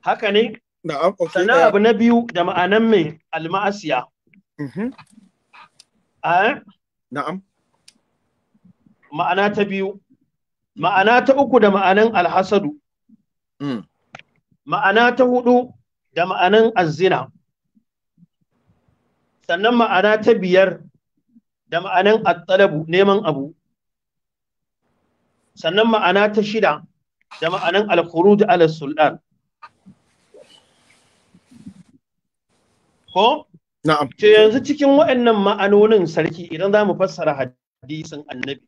haka ne na'am sannan abu na biyu da ma'anar mai alma'asiya mhm. a na'am ma'ana ta biyu ma'ana ta uku da ma'anan alhasadu hmm. ma'ana ta hudu da ma'anan azzina sannan ma'ana ta biyar da ma'anan at-talabu neman abu sannan ma'ana ta shida da ma'anan al-khuruj ala sultan ko na'am to yanzu cikin waɗannan ma'anonin sarki idan zamu fassara hadisin annabi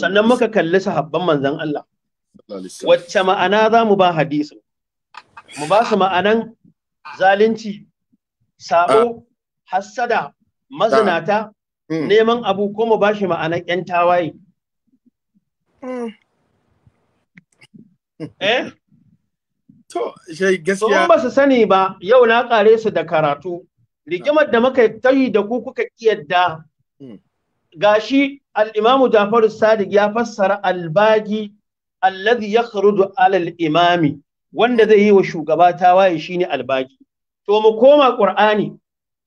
sannan muka kalli sahabban manzon Allah wacce ma'ana za mu ba hadisin mu ba su ma'anan zalunci sabo ah. hassada mazinata hmm. neman abu ko mu shi ma'anar yan tawaye hmm. eh to ba su sani ba yau na kare su da karatu rigimar da muka tayi da ku kuka kiyarda hmm. gashi al-imamu Jafaru Sadiq ya fassara al alladhi yakhruju ala al-imami wanda zai yi wa shugaba tawaye shine albaki to mu koma qur'ani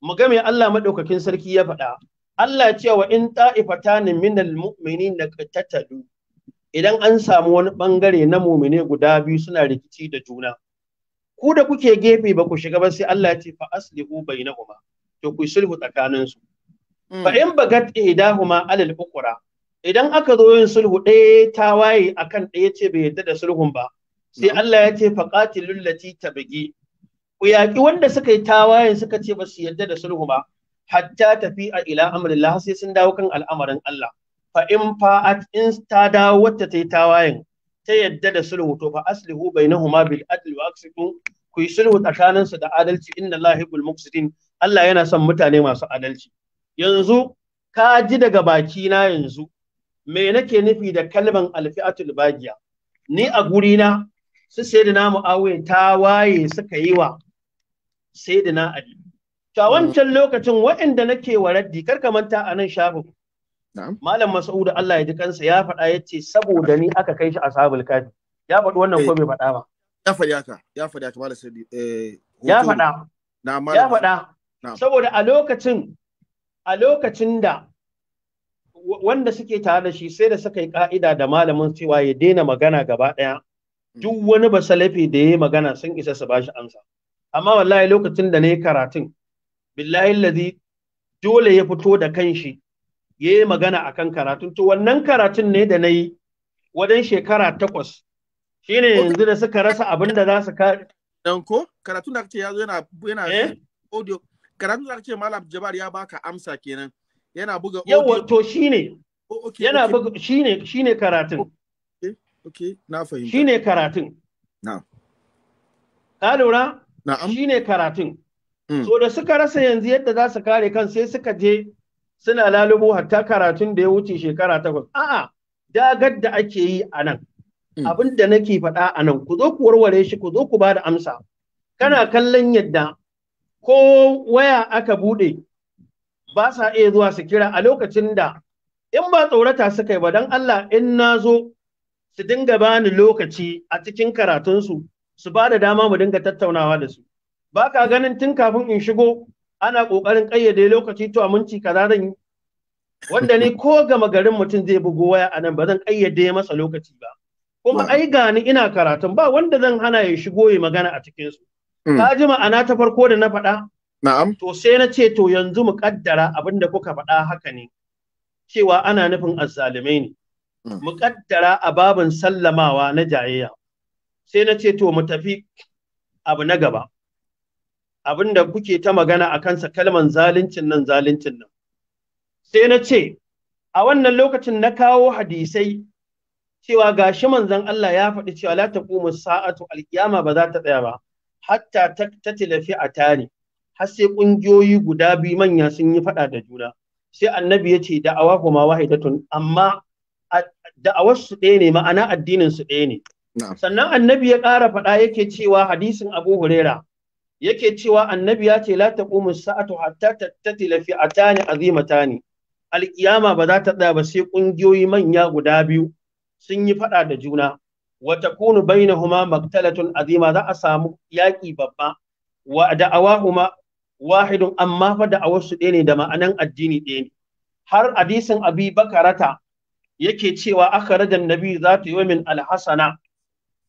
mu ga me Allah maɗaukakin sarki ya faɗa Allah cewa in ifatani minal mumini na qatatalu idan an samu wani ɓangare na mu'mini guda biyu suna rikici da juna ku da kuke gefe ba ku shiga ba sai Allah ya ce fa aslihu bainahuma to ku sulhu tsakanin su mm. fa in bagat ma alal ukra idan aka zo yin sulhu ɗaya ta waye akan ɗaya ce bai yarda da sulhun ba sai mm. Allah ya ce faqatilul lati tabgi ku yaƙi wanda suka yi tawayen suka ce ba su yarda da sulhu ba hatta tafi a ila amrillah sai sun dawo kan al'amarin Allah fa in at in ta dawo wacce ta yi tawayen ta yarda da sulhu to fa aslihu bainahuma bil adl wa aqsitu ku yi sulhu tsakanin su da adalci inna Allah yuhibbul muqsitin Allah yana son mutane masu adalci yanzu ka ji daga baki na yanzu me nake nufi da kalman alfi'atul bagiya ni a gurina su sai da namu awe tawaye suka yi wa sayyidina Ali to a hmm. wancan lokacin waɗanda nake wa raddi kar ka manta a nan shafin Malam Mas'ud Allah ya ji kansa ya faɗa ya ce saboda ni aka kai shi ashabul kafi ya faɗi wannan ko eh. bai faɗa ba ya faɗi haka ya faɗi haka malam sirri eh, ya faɗa ya faɗa saboda a lokacin a lokacin da wanda suke tare da shi sai da suka yi ka'ida da malamin cewa ya daina magana gaba ɗaya hmm. duk wani basalafi da ya yi magana sun isa su bashi amsa amma wallahi lokacin da na karatun billahi lazi dole ya fito da kanshi ya yi magana akan karatun to wannan karatun ne da na yi wajen shekara takwas shine yanzu da suka rasa abin da za su kare dan ko karatun da kace yazo yana yana eh? audio karatun da kace malam jabar ya baka amsa kenan yana buga audio yawa to shine oh, yana buga shine shine karatun okay na fahimta shine karatun na ka lura shine karatun mm. so da suka rasa yanzu yadda za su kare kan sai suka je suna lalubo hatta karatun da ya wuce shekara takwas a'a dagar da ake yi a nan mm. abin da nake faɗa a nan ku zo ku warware shi ku zo ku ba da amsa kana mm. kallon yadda ko waya aka buɗe ba sa iya zuwa su kira a lokacin da in ba tsorata suka yi ba don Allah in na zo su dinga bani lokaci a cikin karatunsu su ba da dama mu dinga tattaunawa da su ba ka ganin tun kafin in shigo ana ƙoƙarin ƙayyade lokaci to a minti kaza zan yi wanda ni ko gama garin mutum zai bugo waya a nan ba zan ƙayyade masa lokaci ba kuma ai gani ina karatun ba wanda zan hana ya shigo ya magana a cikin su mm. ka ji ma'ana ta farko da na faɗa na'am to sai na ce to yanzu mu kaddara abin da kuka faɗa haka ne cewa ana nufin azzalumai ne mm. mu kaddara a babin sallamawa na jayayya sai na ce to mu tafi abu na gaba abinda kuke ta magana a kansa kalman zaluncin nan zaluncin nan sai na ce a wannan lokacin na kawo hadisai cewa ga shi manzan Allah ya faɗi cewa la taqumu sa'atu alkiyama ba za ta tsaya ba hatta ta tatila fi'atani har sai ƙungiyoyi guda biyu manya sun yi faɗa da juna sai annabi ya ce da'awa kuma wahidatun amma da'awar su ɗaya ne ma'ana addinin su ɗaya ne sannan annabi ya ƙara faɗa yake cewa hadisin abu huraira yake cewa annabi ya ce la taqumu sa'atu hatta tattatila fi atani azimatani alkiyama ba za ta tsaya ba sai kungiyoyi manya guda biyu sun yi faɗa da juna wa takunu bainahuma maqtalatun azima za a samu yaƙi babba wa da'awahuma wahidun amma fa da'awarsu ɗaya ne da ma'anan addini ɗaya ne har hadisin abi bakarata yake cewa akhrajan nabi zata yawmin alhasana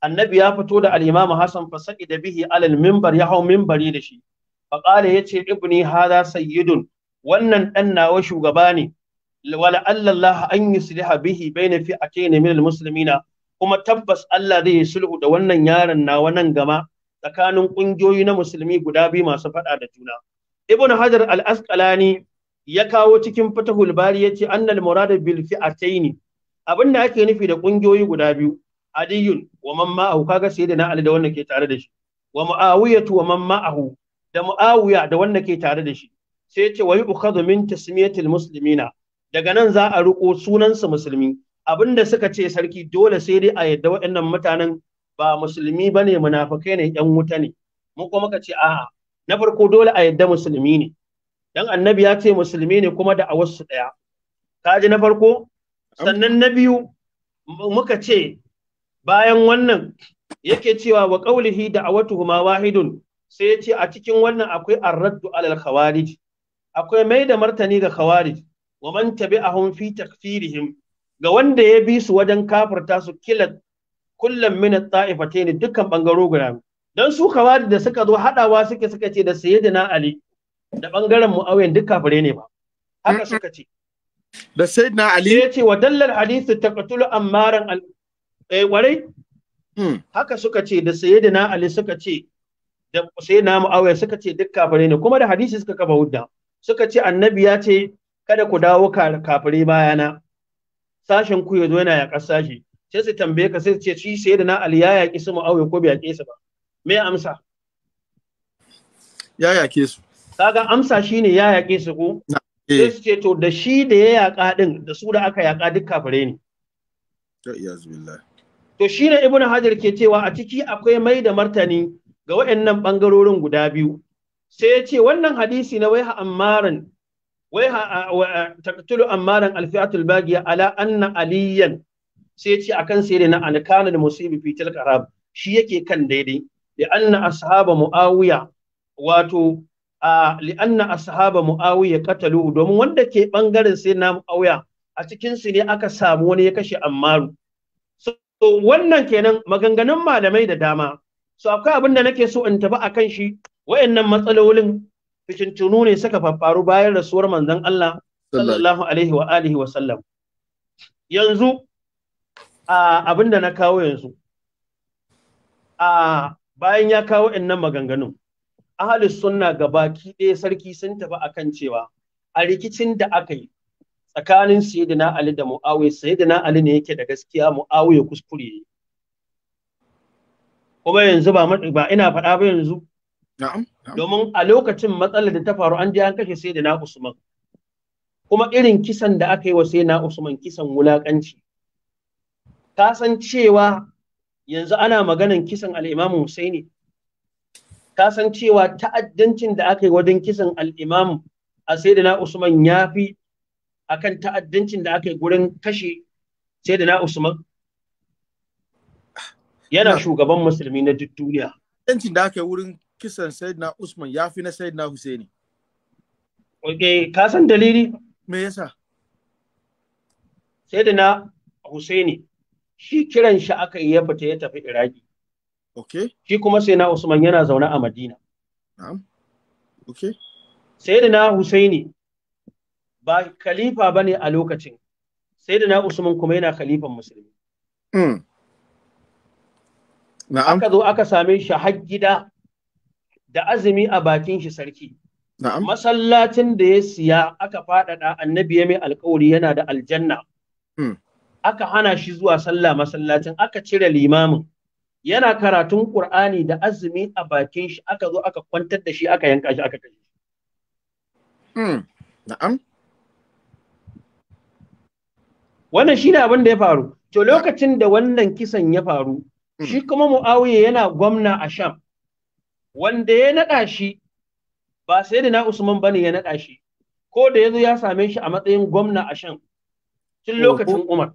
annabi ya fito da al-imamu hasan fa da bihi alal minbar ya hau minbari da shi fa qala yace ibni hadha sayyidun wannan dan nawa shugaba ne wala Allah an yusliha bihi baina fi'atayn min al-muslimina kuma tabbas Allah zai yi sulhu da wannan yaron nawa nan gama tsakanin kungiyoyi na musulmi guda biyu masu faɗa da juna ibn hajar al-asqalani ya kawo cikin fatahul bari yace annal murad bil fi'atayn abinda ake nufi da kungiyoyi guda biyu adiyun wa man ma'ahu kaga sayyidina ali da wannan ke tare da shi wa muawiyatu wa man ma'ahu da muawiya da wannan ke tare da shi sai ya ce wa yu'khadhu min tasmiyatil muslimina daga nan za a riko sunansa musulmi abinda suka ce sarki dole sai dai a yadda waɗannan mutanen ba musulmi bane munafikai ne yan wuta ne mu kuma muka ce a'a na farko dole a yadda musulmi ne dan annabi ya ce musulmi ne kuma da ɗaya. daya kaji na farko sannan na biyu muka ce bayan wannan yake cewa wa qaulihi da'watuhuma wahidun sai ya ce a cikin wannan akwai arraddu alal khawarij akwai mai da martani ga khawarij wa man tabi'ahum fi takfirihim ga wanda ya bi su wajen kafirta su kilat kullum min ta'ifatain dukkan bangaro guda dan su khawarij da suka zo hadawa suke suka ce da sayyidina ali da bangaren muawiyan duk kafire ne ba haka suka ce da sayyidina ali ya ce wa dallal hadithu taqtulu ammaran eh warai hmm. haka suka ce da sayyidina ali suka ce da sayyidina muawiya suka ce duk kafare ne kuma da hadisi suka kafa hudda suka ce annabi ya ce kada ku dawo kafare bayana sashen ku yazo yana yaƙar sashi sai su tambaye ka sai su ce shi sayyidina ali ya yaƙi su muawiya ko bai yaƙe su ba me amsa ya yaƙe su kaga amsa shine ya yaƙe su ko eh. sai su ce to da shi da ya yaƙa din da su da aka yaƙa duk kafare ne to shine ibnu hajar ke cewa a ciki akwai mai da martani ga waɗannan bangarorin guda biyu sai ya ce wannan hadisi na waiha ammaran waiha taqtulu ammaran alfi'atul bagiya ala anna aliyan sai ya ce akan sai na ankanul musibi fi tilqarab shi yake kan daidai li anna ashaba muawiya wato a li anna ashaba muawiya qatalu domin wanda ke bangaren sai na muawiya a cikin su ne aka samu wani ya kashe ammaru So wannan kenan maganganun malamai da dama. So akwai abin da nake so in tafi akan kan shi wayannan matsalolin fitintunu ne suka faffaru bayan rasuwar manzon Allah sallallahu alaihi wa alihi wa sallam. Yanzu abin da na kawo yanzu a bayan ya kawo innan maganganun ahalus sunna gabaki ɗaya sarki sun tafi akan cewa a rikicin da aka yi tsakanin sayyidina Ali da Muawiya sayyidina Ali ne yake da gaskiya Muawiya kuskure kuma yanzu ba ba ina faɗa ba yanzu domin a lokacin matsalar da ta faru an je an kashe sayyidina Usman kuma irin kisan da aka yi wa sayyidina Usman kisan wulakanci ka san cewa yanzu ana maganan kisan al-Imam Husaini ka san cewa ta'addancin da aka yi wajen kisan al-Imam a sayyidina Usman ya fi akan ta'addancin da aka yi gurin kashe sai da na Usman? Yana shugaban musulmi na duk duniya. Ta'addancin da aka yi wurin kisan Sayyidina Usman ya fi na Sayyidina Husaini. Ok, ka san dalili? Me yasa? Sayyidina Husaini shi kiran shi aka yi ya fita ya tafi Iraki. Oke. Shi kuma Sayyidina Usman yana zaune a Madina. Na'am. Ok. Sayyidina Husaini ba khalifa ne a lokacin na usman kuma yana khalifan musulmi hmm. na'am aka zo aka same shi har gida da azumi a bakin shi sarki masallacin da ya siya aka faɗaɗa annabi ya mai alkawari yana da aljanna hmm. aka hana shi zuwa sallah masallacin aka cire limamin yana karatun ƙur'ani da azumi a bakin shi aka zo aka kwantar da shi aka yanka shi aka kashe. Hmm. Na'am. wannan shi ne abin da ya faru to lokacin da wannan kisan ya faru hmm. shi kuma muawiya yana gwamna a sham wanda ya naɗa shi ba sai da na usman bane ya naɗa shi ko da yazo ya same shi a matsayin gwamna a sham tun lokacin umar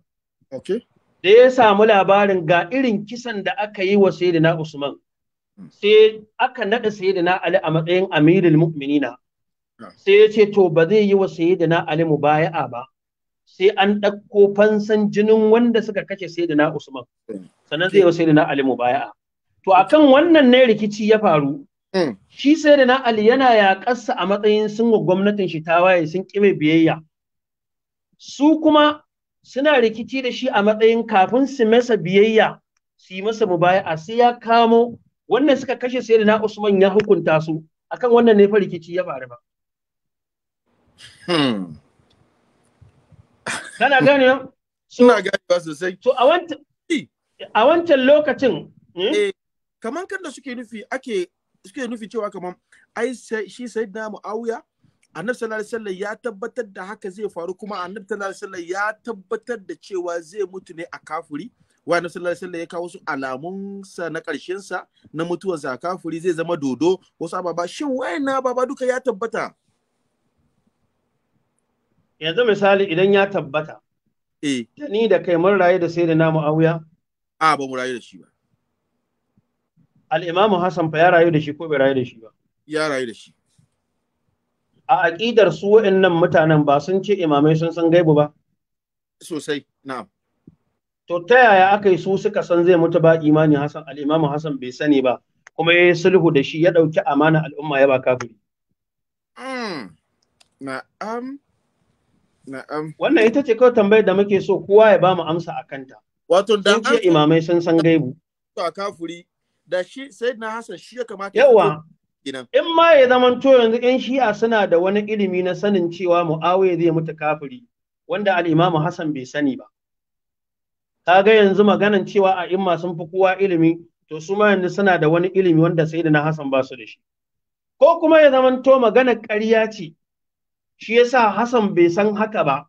da ya samu labarin ga irin kisan da aka yi wa na usman hmm. sai aka naɗa na ali a matsayin amirul mu'minina hmm. sai ya ce to ba zai yi wa na ali mubaya'a ba sai an ɗakko fansan jinin wanda suka kashe na Usman hmm. sannan zai yi na Ali mubaya'a to akan wannan ne rikici ya faru hmm. shi na Ali yana yaƙasa a matsayin sun wa gwamnatin shi ta waye sun ƙi biyayya su kuma suna rikici da shi a matsayin kafin su masa biyayya su yi masa mubaya'a sai ya kamo wannan suka kashe na Usman ya hukunta su akan wannan ne fa rikici ya faru ba hmm. Kana gane Ina ganewa sosai. To a wancan a wancan lokacin hmm? eh, kaman kan da suke nufi ake suke nufi cewa kaman ai shi sayyidina Muawiya annabi sallallahu alaihi wasallam ya tabbatar da haka zai faru kuma annabi sallallahu alaihi wasallam ya tabbatar da cewa zai mutu ne a kafuri wa annabi sallallahu alaihi wasallam ya kawo su alamun sa na karshen sa na mutuwar sa kafuri zai zama dodo wasu ababa shin wayan na ababa duka ya tabbata yanzu misali idan ya tabbata eh da ni da kai mun raye da sai da namu auya a ba mu raye da shi ba al-imam Hassan fa ya rayu da shi ko bai rayu da shi ba ya rayu da shi a aqidar su wa'annan mutanen ba sun ce imamai sun san gaibu ba sosai na'am to ta yaya aka yi su suka san zai mutu ba imani Hassan al-imam Hassan bai sani ba kuma ya yi sulhu da shi ya ɗauki amana al'umma ya ba kafiri hmm. na'am Wannan ita ce kawai tambayar da muke so kowa ya bamu amsa a kanta. Wato da an ce imamai sun san gaibu. To kafuri da shi sai na Hassan shi ya kamata. Yawa. In ma ya zaman to yanzu ƴan shi'a suna da wani ilimi na sanin cewa Muawiya zai mutu kafiri wanda al-Imamu Hassan bai sani ba. ga yanzu maganan cewa a imma sun fi kowa ilimi to su ma yanzu suna da wani ilimi wanda sai da na Hassan ba su da shi. Ko kuma ya zaman to maganar ƙarya ce shi yasa Hassan bai san haka ba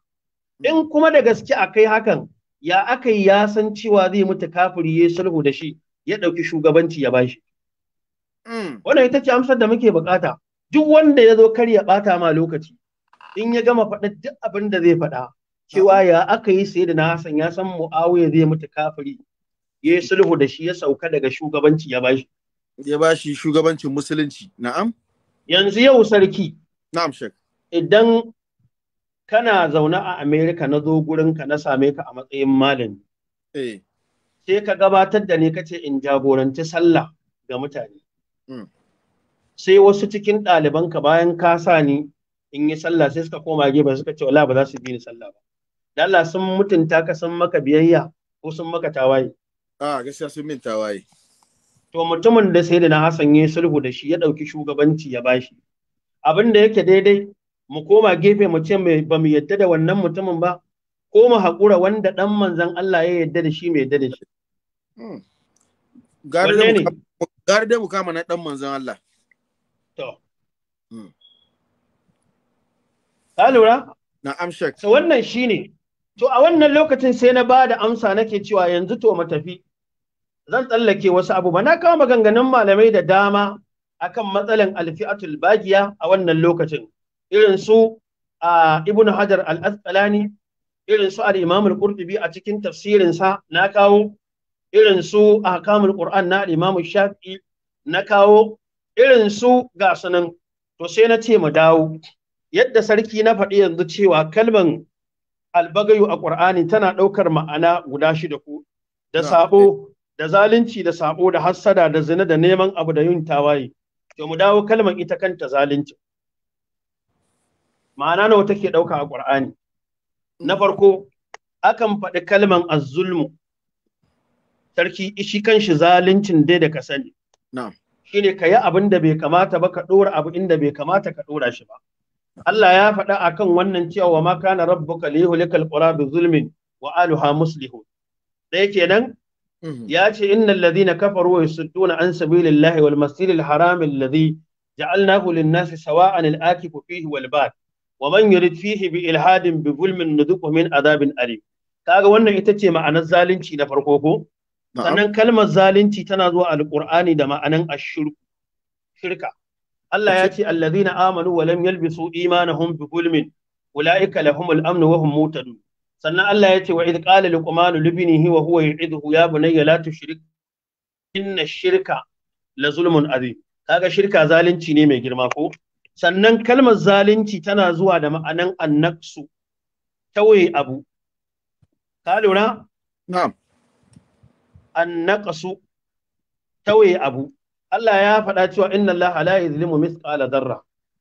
in kuma da gaske akai hakan ya aka yi ya san cewa zai mutu kafiri ya sulhu da shi ya ɗauki shugabanci ya bashi mm. wannan ita ce amsar da muke bukata duk wanda ya zo kar ya bata ma lokaci in ya gama faɗa duk abin da zai faɗa cewa ya aka yi sai da na Hassan ya san Muawiya zai mutu kafiri ya yi sulhu da shi ya sauka daga shugabanci ya bashi ya bashi shugabancin musulunci na'am yanzu yau sarki na'am shek idan kana zaune a Amerika na zo gurinka na same ka a matsayin malami. Eh. Sai ka gabatar da ni kace in jagoranci sallah ga mutane. Hmm. Sai wasu cikin ɗalibanka bayan ka sa ni in yi sallah sai suka koma gefe suka ce wala ba za su bi ni sallah ba. Da Allah sun mutunta ka sun maka biyayya ko sun maka tawaye. A gaskiya sun min tawaye. To mutumin da sai da na Hassan ya sulhu da shi ya ɗauki shugabanci ya bashi. Abin da yake daidai mu koma gefe mu ce ba mu yadda da wannan mutumin ba ko mu haƙura wanda ɗan manzan Allah ya yadda da shi mai yadda da shi. Hmm. Gari dai mu kama na ɗan manzan Allah. To. Hmm. Ka lura? Na amshak. So wannan shi ne. To a wannan lokacin sai na ba da amsa nake cewa yanzu to matafi. Zan tsallake wasu abu ba na kama maganganun malamai da dama akan matsalin alfi'atul bagiya a wannan lokacin. irin su a ibn hajar al-asqalani irin su al-imam a cikin tafsirin sa na kawo irin su ahkamul qur'an na al-imam shafi'i na kawo irin su ga sanan to sai na ce mu dawo yadda sarki na faɗi yanzu cewa kalman albagayu a qur'ani tana ɗaukar ma'ana guda shida ko da sabo da zalunci da sabo da hassada da zina da neman abu da yin tawaye to mu dawo kalmar ita kanta zalunci ma'ana nawa take ɗauka a ƙur'ani na farko akan faɗi kalman azzulmu sarki shi kanshi zaluncin dai da ka sani shine ka yi abin da bai kamata ba ka ɗora abu inda bai kamata ka ɗora shi ba Allah ya faɗa akan wannan cewa wa ma kana rabbuka liyuhlikal qura bi zulmin wa aluha muslihun ɗaya kenan mhm. ya ce innal ladhina kafaru wa yasudduna an sabilillahi wal masjidil haram alladhi ja'alnahu lin-nasi sawa'an al-akifu fihi wal bad wa man yurid fihi bi ilhadin bi nudukumin nuzuqu azabin alim kaga wannan ita ce ma'anar zalunci na farko ko sannan kalmar zalunci tana zuwa alqur'ani da ma'anan ashirku shirka Allah ya ce allazina amanu wa lam yalbisu imanahum bi zulmin ulaika lahumul amnu wa hum muhtadun sannan Allah ya ce wa idh qala luqmanu libnihi wa huwa yu'idhu ya bunayya la tushrik inna shirka la zulmun azim kaga shirka zalunci ne mai girma ko sannan kalmar zalunci tana zuwa da ma'anan annaksu tawaye abu ka lura na'am annaqsu tawaye abu Allah ya faɗa cewa inna Allah la yuzlimu mithqala darra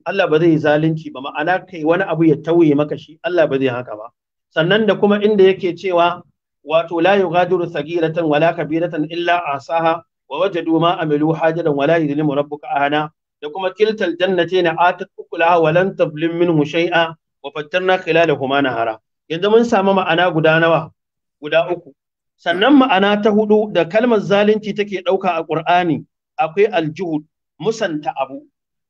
Allah ba zai yi zalunci ba ma'ana kai wani abu ya tawaye maka shi Allah ba zai haka ba sannan da kuma inda yake cewa wato la yughadiru sagiratan wala kabiratan illa asaha wa wajadu ma amilu hajadan wala yuzlimu rabbuka ahana da kuma kiltal jannati na atat ukulaha wa lam tablim minhu shay'a wa fattarna khilalahuma nahara yanzu mun samu ma'ana guda nawa guda uku sannan ma'ana ta hudu da kalmar zalunci take ɗauka a ƙur'ani akwai aljuhud musanta abu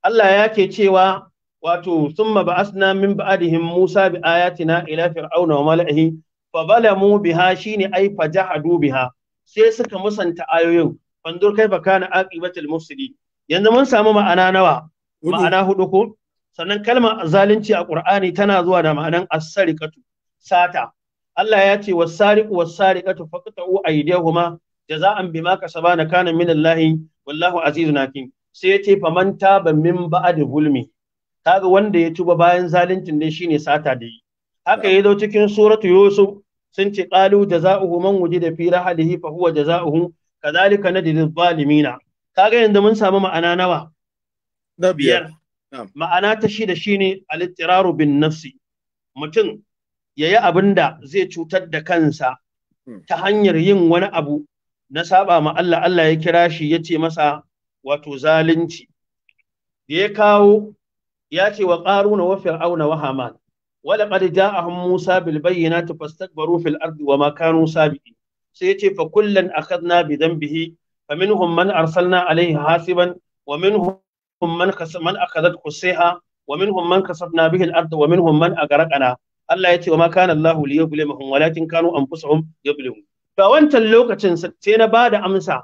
Allah ya ke cewa wato summa ba'asna min ba'dihim Musa bi ayatina ila fir'auna wa mala'ihi fa balamu biha shine ai fajahadu biha sai suka musanta ayoyin fandur kaifa kana aqibatul mufsidi yanzu mun samu ma'ana nawa ma'ana hudu ko sannan kalmar zalunci a qur'ani tana zuwa da ma'anan as-sariqatu sata Allah ya ce was-sariqu was-sariqatu faqta'u aydihuma jaza'an bima kasabana kana min Allah wallahu azizun hakim sai ya ce faman taba min ba'd zulmi kaga wanda ya tuba bayan zaluncin ne shine sata da yi haka yazo cikin suratu yusuf sun ce qalu jaza'uhu man wujida fi rahalihi fa huwa jaza'uhu kadhalika nadil zalimina kaga yanzu mun samu ma'ana nawa na biyar ma'ana ta shida shine al-ittiraru bin nafsi mutum ya yi abin da zai cutar da kansa hmm. ta hanyar yin wani abu na saba ma Allah Allah ya kira shi ya ce masa wato zalunci da ya kawo ya ce wa na wa fir'auna wa haman ولقد جاءهم موسى بالبينات فاستكبروا ardi wa وما كانوا سابقين sai ya ce fa kullan akhadna bi dhanbihi فمنهم من أرسلنا عليه حاسبا ومنهم من من أخذته الصيحة ومنهم من كسبنا به الأرض ومنهم من أغرقنا Allah ya ce wa ma kana Allahu li yuzlimahum walakin kanu anfusahum yuzlimun to wancan lokacin sai na bada amsa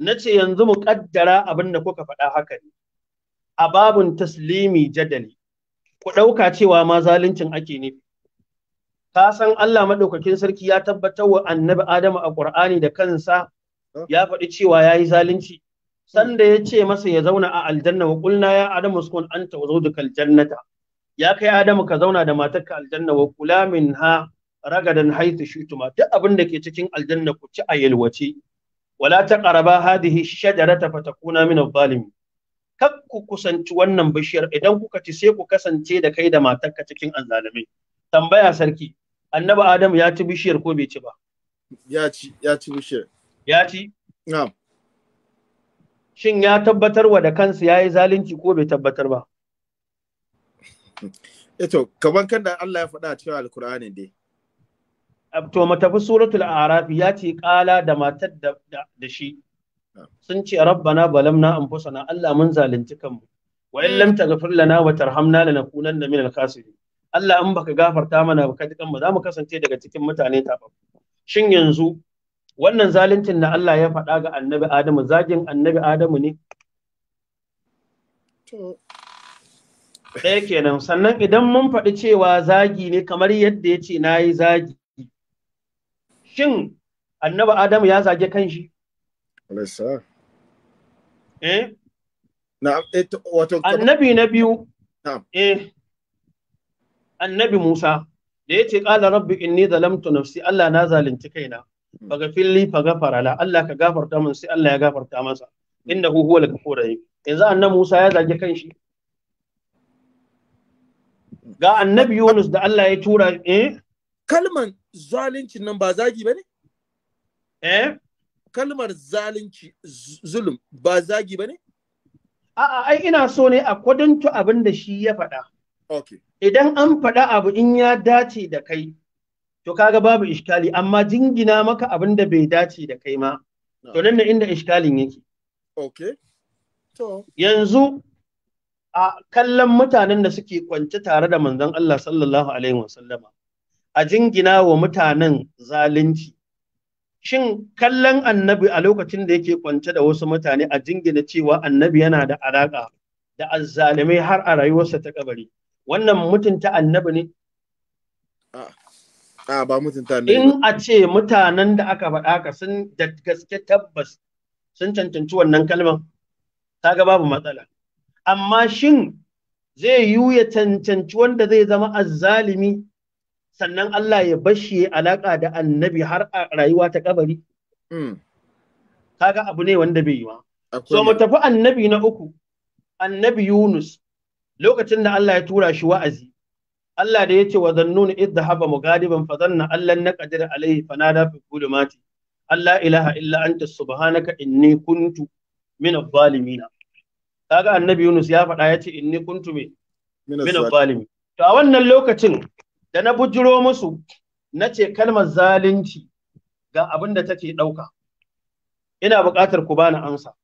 nace yanzu mu kaddara abin da kuka faɗa haka ne a babun taslimi jadali ku ɗauka cewa ma zaluncin ake nufi ka san Allah madaukakin sarki ya tabbatar wa annabi Adamu a da kansa ya faɗi cewa ya yi zalunci sanda ya ce masa ya zauna a aljanna wa kulna ya adamu sukun an wa zawdukal jannata ya kai adamu ka zauna da matarka aljanna wa kula ha ragadan haythu shutuma duk abin da ke cikin aljanna ku ci a yalwace wala qaraba hadhihi shajarata fatakuna min adh dhalimi kak ku kusanci wannan bishiyar idan kuka ci sai ku kasance da kai da matarka cikin azzalumai tambaya sarki annabi adamu ya ci bishiyar ko bai ci ba ya ci ya ci bishiyar ya ci shin ya tabbatar wa da kansa ya yi zalunci ko bai tabbatar ba eto eh kaman kan da Allah ya faɗa cewa alkur'ani dai to matafi suratul arafi ya ce kala da matar da shi sun ce rabbana balamna anfusana Allah mun zalunci kanmu wa in lam taghfir lana wa tarhamna lanakunanna min al-khasirin Allah in baka gafarta mana baka za mu zamu kasance daga cikin mutane tafafu shin yanzu wannan zaluncin na Allah ya faɗa ga annabi Adamu zagin annabi Adamu ne? Ɗaya kenan sannan idan mun faɗi cewa zagi ne kamar yadda ya ce na yi zagi. Shin annabi Adamu ya zage kan shi? Na, wato, annabi na biyu, eh, annabi Musa, da ya ce ƙala rabbi inni zalamtu nafsi Allah na zalunci kaina. faghfirli fagafara la Allah ka gafarta min sai Allah ya gafarta masa innahu huwal ghafurur rahim yanzu annabi Musa ya zage kanshi ga annabi Yunus da Allah ya tura eh kalman zalincin nan ba zagi bane eh kalmar zalunci zulum ba zagi bane a'a ai ina so ne a kwadanto abin da shi ya faɗa okay idan an faɗa abu in ya dace da kai to kaga babu iskali amma jingina maka abin da bai dace da kai ma to nan inda iskalin yake okay to yanzu a kallon mutanen da suke kwance tare da manzon Allah sallallahu alaihi wasallama a jingina wa mutanen zalunci shin kallon annabi a lokacin da yake kwance da wasu mutane a jingina cewa annabi yana da alaƙa da azzalimai har a rayuwarsa ta kabari wannan mutunta annabi ne a ba mutunta ne in a ce mutanen da aka faɗa ka sun da gaske tabbas sun cancanci wannan ta kaga babu matsala amma shin zai yiwu ya cancanci wanda zai zama azzalimi sannan Allah ya bashi alaƙa da annabi har a rayuwa ta kabari hmm. kaga abu ne wanda bai yi ba. so mu tafi annabi na uku annabi Yunus lokacin da Allah ya tura shi wa'azi Allah da yace wa zannun haba mugadiban fa zanna allan naqdir alayhi nada fi mati. Allah ilaha illa anta subhanaka inni kuntu min adh-dhalimin kaga annabi Yunus ya faɗa yace inni kuntu min adh-dhalimin to a wannan lokacin da na bujiro musu nace kalmar zalunci ga abin da take ɗauka ina buƙatar ku bani amsa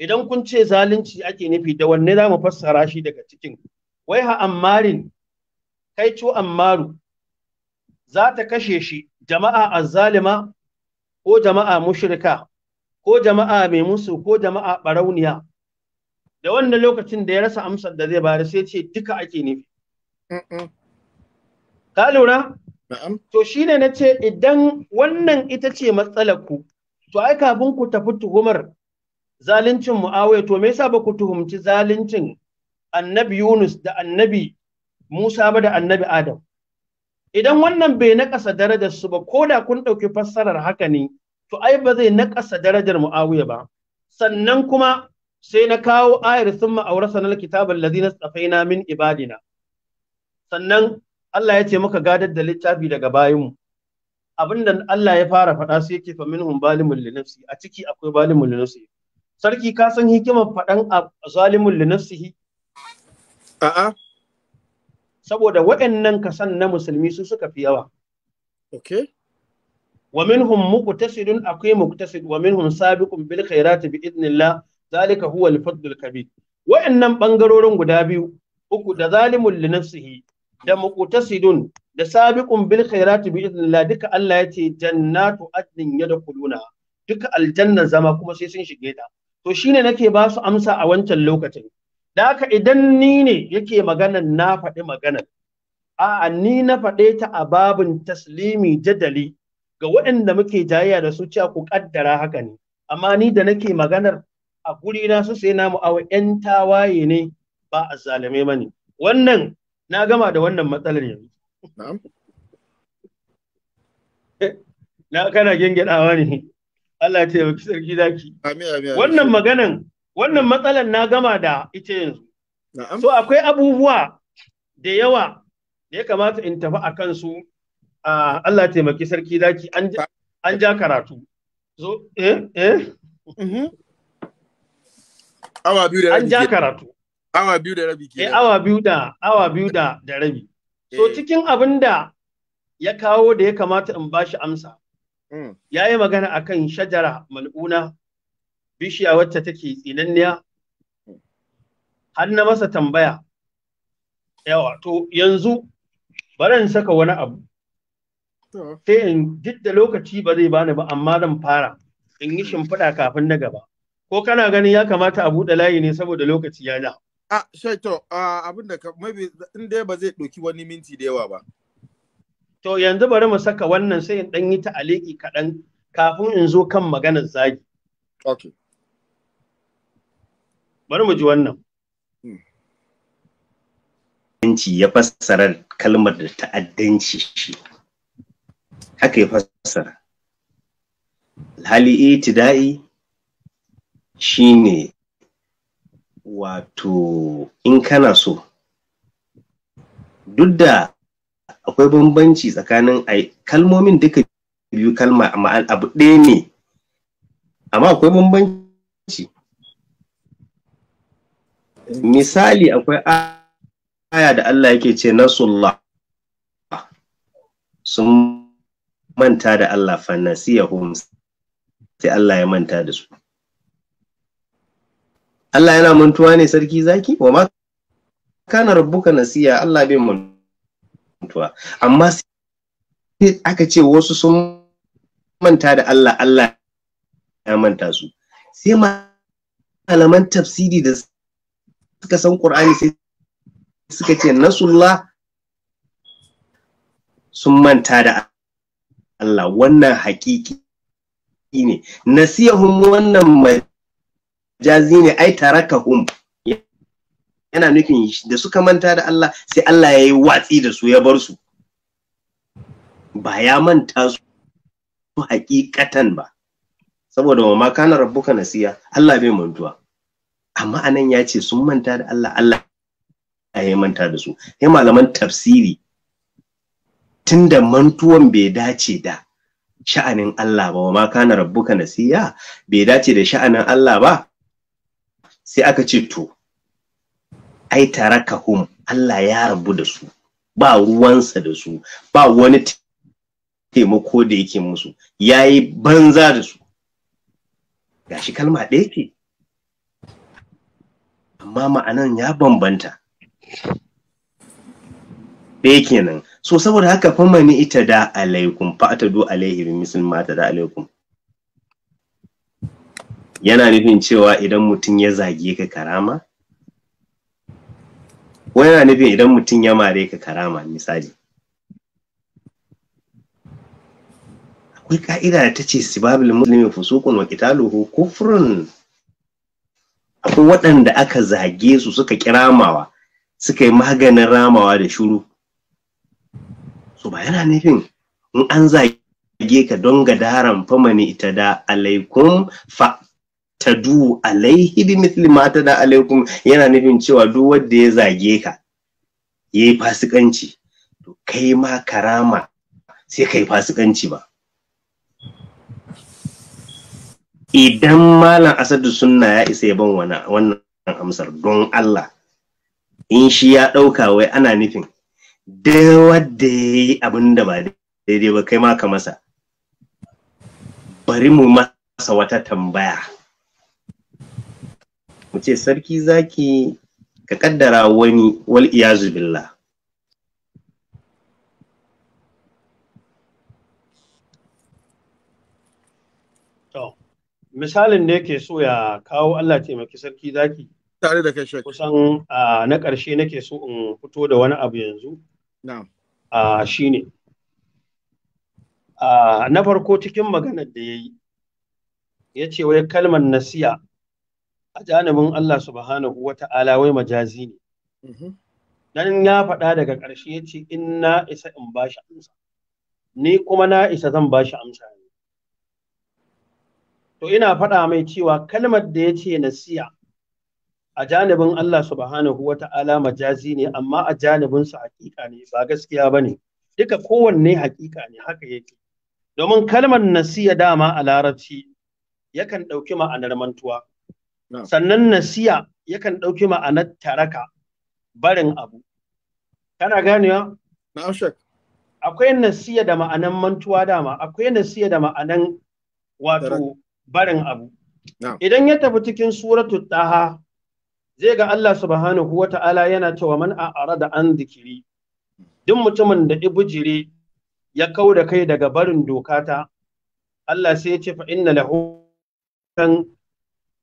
idan kun ce zalunci ake nufi da wanne za mu fassara shi daga cikin wai ha ammarin kai ammaru za ta kashe shi jama'a azzalima ko jama'a mushrika ko jama'a mai musu ko jama'a barauniya da wannan lokacin da ya rasa amsar da zai bari sai ce duka ake nufi ka lura to shine na ce idan wannan ita ce matsalar ku to ai kafin ku tafi tuhumar zaluncin mu'awiya to me yasa ba ku tuhumci zaluncin annabi Yunus da annabi Musa ba da annabi Adam. Idan wannan bai naƙasa darajar su ba, ko da kun ɗauki fassarar haka ne, to ai ba zai naƙasa darajar Mu'awiya ba. Sannan kuma sai na kawo ayar sun ma'aurasa na kitabar lazina tsafaina min ibadina. Sannan Allah ya ce muka gadar da littafi daga bayanmu. Abinda Allah ya fara faɗa sai yake fa min balimul li nafsi a ciki akwai balimul li Sarki ka san hikimar faɗan a li nafsihi? A'a. saboda waɗannan kasan na musulmi su suka fi yawa Ok. wa minhum muqtasidun akwai muqtasid wa minhum sabiqun bil khairati bi idnillah zalika huwa al-fadlul kabir waɗannan bangarorin guda biyu uku da zalimun li nafsihi da muqtasidun da sabiqun bil khairati bi idnillah duka Allah yace jannatu adnin yadkhuluna duka aljanna zama kuma sai sun shige ta to shine nake ba su amsa a wancan lokacin da haka idan ni ne yake maganan na faɗi maganan a'a ni na faɗe ta a babin taslimi jadali ga waɗanda muke jayayya da su cewa ku kaddara haka ne amma ni da nake maganar a guri na su sai namu awa ƴan tawaye ne ba a zalame mani. wannan na gama da wannan matsalar yanzu na kana gengedawa ne Allah ya taimaki sarki zaki amin amin wannan maganan wannan matsalar na gama da ita yanzu so akwai abubuwa da yawa da ya kamata in tafi a kansu a Allah taimaki sarki zaki an ja karatu zo eh eh mm-hmm. awa biyu da rabi an ja karatu awa biyu da rabi eh, ke awa biyu da awa biyu da da rabi so eh. cikin abin da ya kawo da ya kamata in bashi amsa mm. ya yi magana akan shajara mal'una bishiya wacce take tsinanniya har na masa tambaya yawa to yanzu baran saka wani abu sai in duk da lokaci ba zai bani ba amma zan fara in yi shimfiɗa kafin na gaba ko kana ganin ya kamata a buɗe layi ne saboda lokaci ya ja a to abin da ka maybe in dai ba zai ɗauki wani minti da yawa ba to yanzu bari mu saka wannan sai in ɗan yi ta aliki kaɗan kafin in zo kan maganar zagi okay bari mu ji wannan ta'addanci ya fassara kalmar da ta'addanci shi haka ya fassara hali itida'i shine wato in kana so duk da akwai bambanci tsakanin kalmomin duka biyu kalma amma abu ɗaya ne amma akwai bambanci misali akwai aya da Allah yake ce nasullah sun manta da Allah fanasiyahum sai Allah ya manta da su Allah yana mantuwa ne sarki zaki wa ma kana rabbuka nasiya Allah bai mantuwa amma sai aka ce wasu sun manta da Allah Allah ya manta su sai malaman tafsiri da suka san Qur'ani sai suka ce nasullah sun manta da Allah wannan hakiki ne nasiyahum wannan majazi ne ai tarakahum yana nufin da suka manta da Allah sai Allah ya yi watsi da su ya bar su ba ya manta su hakikatan ba saboda ma kana rabbuka nasiya Allah bai mantuwa amma anan ya ce sun manta da Allah Allah ya manta da su sai malaman tafsiri tunda mantuwan bai dace da sha'anin Allah ba wa ma kana rabbuka nasiya bai dace da sha'anin Allah ba sai aka ce to ai tarakahum Allah ya rabu da su ba ruwansa da su ba wani taimako da yake musu yayi banza da su gashi kalma ɗaya ce amma ma'anan ya bambanta be kenan so saboda haka fama mani ita da alaikum fa ta do alaihi bi mata ta da alaikum yana nufin cewa idan mutum ya zage ka karama ko yana nufin idan mutum ya mare ka karama misali akwai ka'ida da ta ce sibabil muslimi fusukun wa qitaluhu kufrun ko waɗanda aka zage su suka kiramawa suka yi maganin ramawa da shuru so ba yana nufin in an zage ka don gadaran famani ita da alaikum fa du alaihi bi misli ma ta da alaikum yana nufin cewa duk wanda ya zage ka yayi fasikanci to kai ma karama sai kai fasikanci ba idan malam asadu sunna ya isa ya ban wannan amsar don Allah in shi ya ɗauka wai ana nufin dai wadda ya yi abin da ba daidai ba kai ma masa bari mu masa wata tambaya mu ce sarki zaki ka kaddara wani wal iyazu billah misalin da yake so ya kawo Allah taimaki sarki zaki tare da kai kusan na ƙarshe nake so in fito da wani abu yanzu na shine na farko cikin maganar da ya yi, ya ce wai kalmar nasiya a janibin Allah subhanahu wa ta'ala wai majazi ne mm-hmm. dan ya faɗa daga ƙarshe ya ce in na isa in bashi amsa ni kuma na isa zan bashi amsa ne to ina faɗa mai cewa kalmar da ya ce nasiya a janibin Allah subhanahu wa ta'ala majazi ne amma a sa haƙiƙa ne ba gaskiya ba ne duka kowanne haƙiƙa ne haka yake domin kalmar nasiya dama a larabci yakan ɗauki ma'anar mantuwa sannan nasiya yakan ɗauki ma'anar taraka barin abu kana ganewa na'am shek akwai nasiya da ma'anar mantuwa dama akwai nasiya da ma'anar wato barin mm. abu idan ya tafi cikin suratul taha zai ga Allah subhanahu wa ta'ala yana cewa man ara da an zikiri duk mutumin da ibujire ya kau da kai daga barin dokata Allah sai ya ce fa inna lahu kan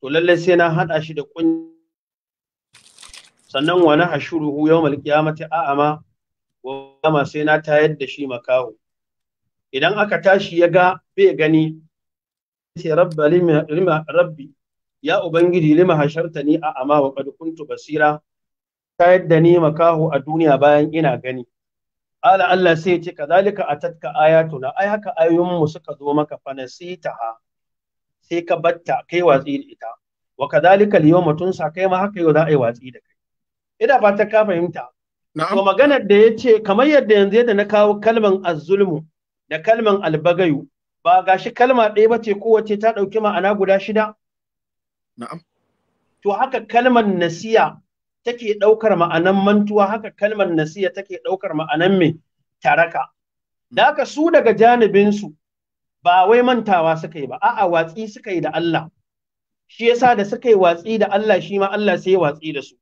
to sai na haɗa shi da kun sannan wa na hashuruhu yawmal qiyamati a'ama wa ma sai na tayar da shi makaho idan aka tashi ya ga bai gani ce rabbi ya ubangiji lima hasharta ni a amma wa qad kuntu basira ta yadda ni makaho a duniya bayan ina gani ala Allah sai ya ce kadhalika atatka ayatuna ai haka ayoyin mu suka zo maka fa nasitaha sai ka batta kai watsi da ita wa kadhalika al-yawma tunsa kai ma haka yau za a yi watsi da kai ina fata ka fahimta to maganar da yace kamar yadda yanzu yadda na kawo kalman az-zulmu da kalman albagayu ba gashi kalma ɗaya ba ce kowace ta ɗauki ma'ana guda shida? Na'am. To haka kalmar nasiya take ɗaukar ma'anan mantuwa haka kalmar nasiya take ɗaukar ma'anan me taraka. Da haka su daga janibinsu ba wai mantawa suka yi ba, a'a watsi suka yi da Allah. Shi yasa da suka yi watsi da Allah shi ma Allah sai ya watsi da su.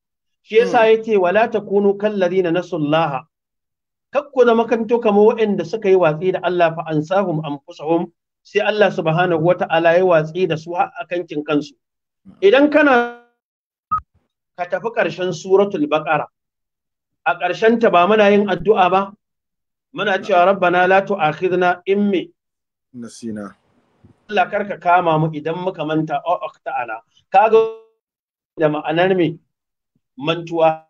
Shi yasa hmm. yace wala takunu kallazina nasullaha kakko da makanto kama waɗanda suka yi watsi da Allah fa ansahum kusahum sai Allah subhanahu wata'ala ya watsi da su a kankin kansu idan kana ka tafi ƙarshen suratul baqara a ƙarshen ta ba muna yin addu'a ba muna cewa rabbana la tu'akhidna in nasina Allah karka kama mu idan muka manta o oh, ta'ala kaga da ma'anar me mantuwa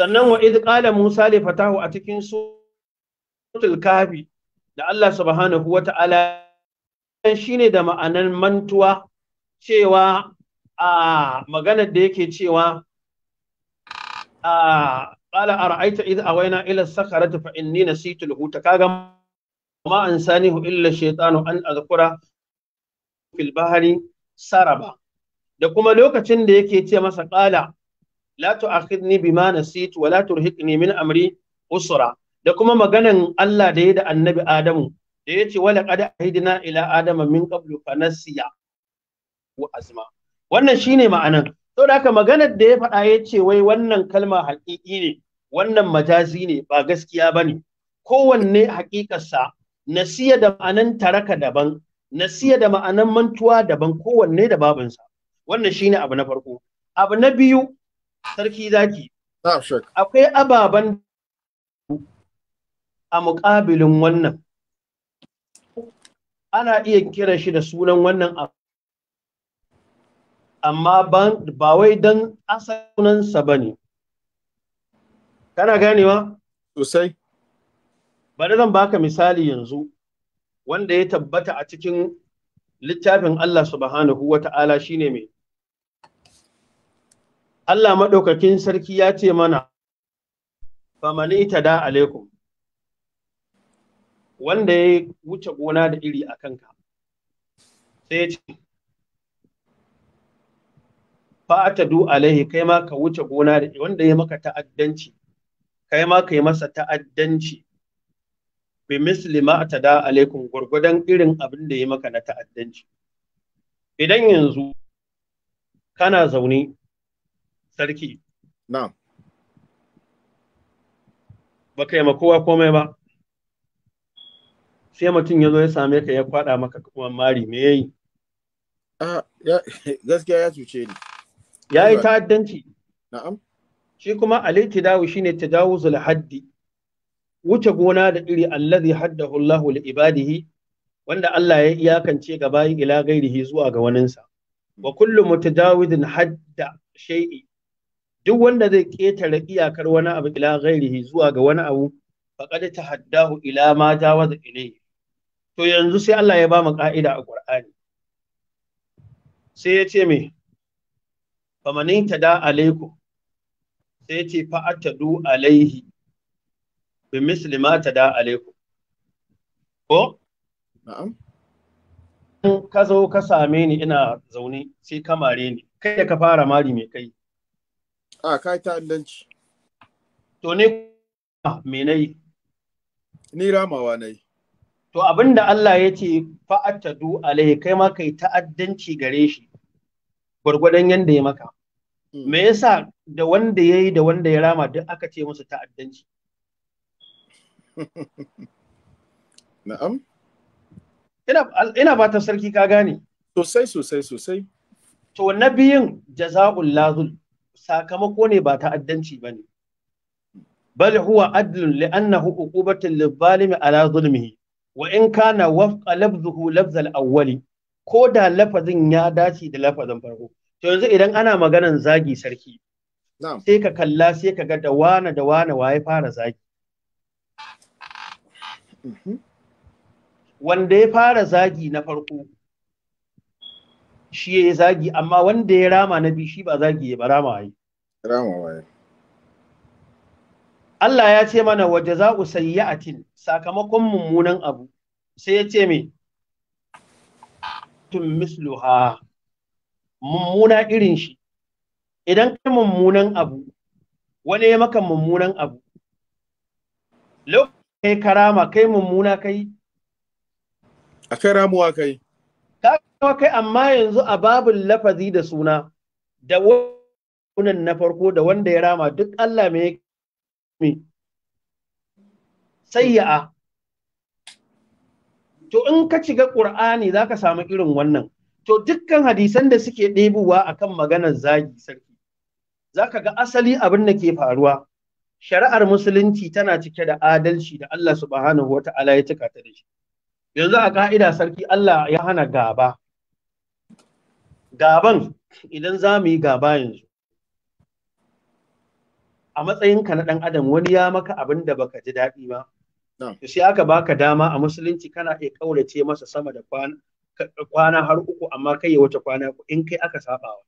sannan wa idh qala musa li fatahu a cikin suratul kahfi da Allah subhanahu wata'ala shine da ma'anan mantuwa cewa a maganar da yake cewa a qala ara'aita idh awayna ila as fa inni nasitu al-huta kaga ma ansanihu illa shaytanu an azkura fil bahri saraba da kuma lokacin da yake ce masa qala la tu'akhidni bima nasitu wa la turhiqni min amri usra da kuma maganan Allah da ya da annabi Adamu da ya ce wala qad ahidna ila adama min qablu fa nasiya wa azma wannan shine ma'anan to da haka maganar da ya faɗa ya ce wai wannan kalma haƙiƙi ne wannan majazi ne ba gaskiya bane kowanne haƙiƙarsa nasiya da ma'anan taraka daban nasiya da ma'anan mantuwa daban kowanne da babansa wannan shine abu na farko abu na biyu sarki zaki ah, akwai ababen a mukabilun wannan ana iya kira shi da sunan wannan abu amma ba wai don asalinsa ba ne kana ganewa? sosai bari zan baka misali yanzu wanda ya tabbata a cikin littafin Allah subhanahu wa ta'ala shine mai Allah maɗaukakin sarki ya ce mana, Famani ita da alaikum, wanda ya wuce gona da iri a kanka, sai ya ce, Fa'ata du alaihi kai ma ka wuce gona da iri, wanda ya maka ta'addanci, kai ma ka yi masa ta'addanci, bi misli ma ta da alaikum gwargwadon irin abin da ya maka na ta'addanci. Idan yanzu kana zaune, sarki Na. baka yi ma kowa komai ba sai mutum ya zo ya same ka ya kwada maka kuwan mari me yayi gaskiya ya cuce ni ya yi ta'addanci na'am shi kuma al-tidawu shine tadawuzul haddi wuce gona da iri allazi haddahu Allahu li ibadihi wanda Allah ya iyakance ga bayi ila gairihi zuwa ga waninsa wa kullu mutajawidin hadda shay'i duk wanda zai ƙetare iyakar wani abu ila ghairihi zuwa ga wani abu faqad tahaddahu ila ma jawaza ilayhi to yanzu sai Allah ya ba mu ka'ida a Qur'ani sai ya ce me famanin tada alaikum sai ya ce fa'atadu alaihi bi misli ma tada alaikum ko na'am ka zo ka same ni ina zaune sai ka mare ni kai ka fara mari mai kai a kai ta'addanci to ne me yi. ni ramawa yi. to abin da Allah ya ce du alaihi kai ma kai ta'addanci gare shi gwargwadon yadda ya maka hmm. me yasa da wanda ya yi da wanda ya rama duk aka ce musu ta'addanci na'am ina ba ta sarki ka gane sosai sosai sosai to na biyun jaza'ul lazul sakamako ne ba ta'addanci ba ne bal huwa adlun li'annahu uqubatun lil zalimi ala zulmihi wa in kana wafqa lafzuhu lafzal awwali ko da lafazin ya dace da lafazin farko to yanzu idan ana maganan zagi sarki sai ka kalla sai ka ga da wana da wana waye fara zagi mhm. wanda ya fara zagi na farko shi ya zagi amma wanda ya rama na bi shi ba zagi ya ba rama ai rama wai Allah ya ce mana wa jaza'u sayyi'atin sakamakon mummunan abu sai ya ce me tun misluha mummuna irin shi idan ka mummunan abu wani ya maka mummunan abu lokacin kai karama kai mummuna kai a kai ramuwa kai ka kai amma yanzu a babin lafazi da suna da wannan na farko da wanda ya rama duk Allah me sayya'a to in ka shiga Qur'ani zaka samu irin wannan to dukkan hadisan da suke ɗebowa akan maganar zagi sarki zaka ga asali abin da ke faruwa shari'ar musulunci tana cike da adalci da Allah subhanahu Ta'ala ya cika ta da shi yanzu a ka'ida sarki Allah ya hana gaba gaban idan za mu yi gaba yanzu a matsayinka na ɗan adam wani ya maka abin da baka ji daɗi ba sai aka baka dama a musulunci kana iya kaulace masa sama da kwana har uku amma kai wata kwana in kai aka sabawa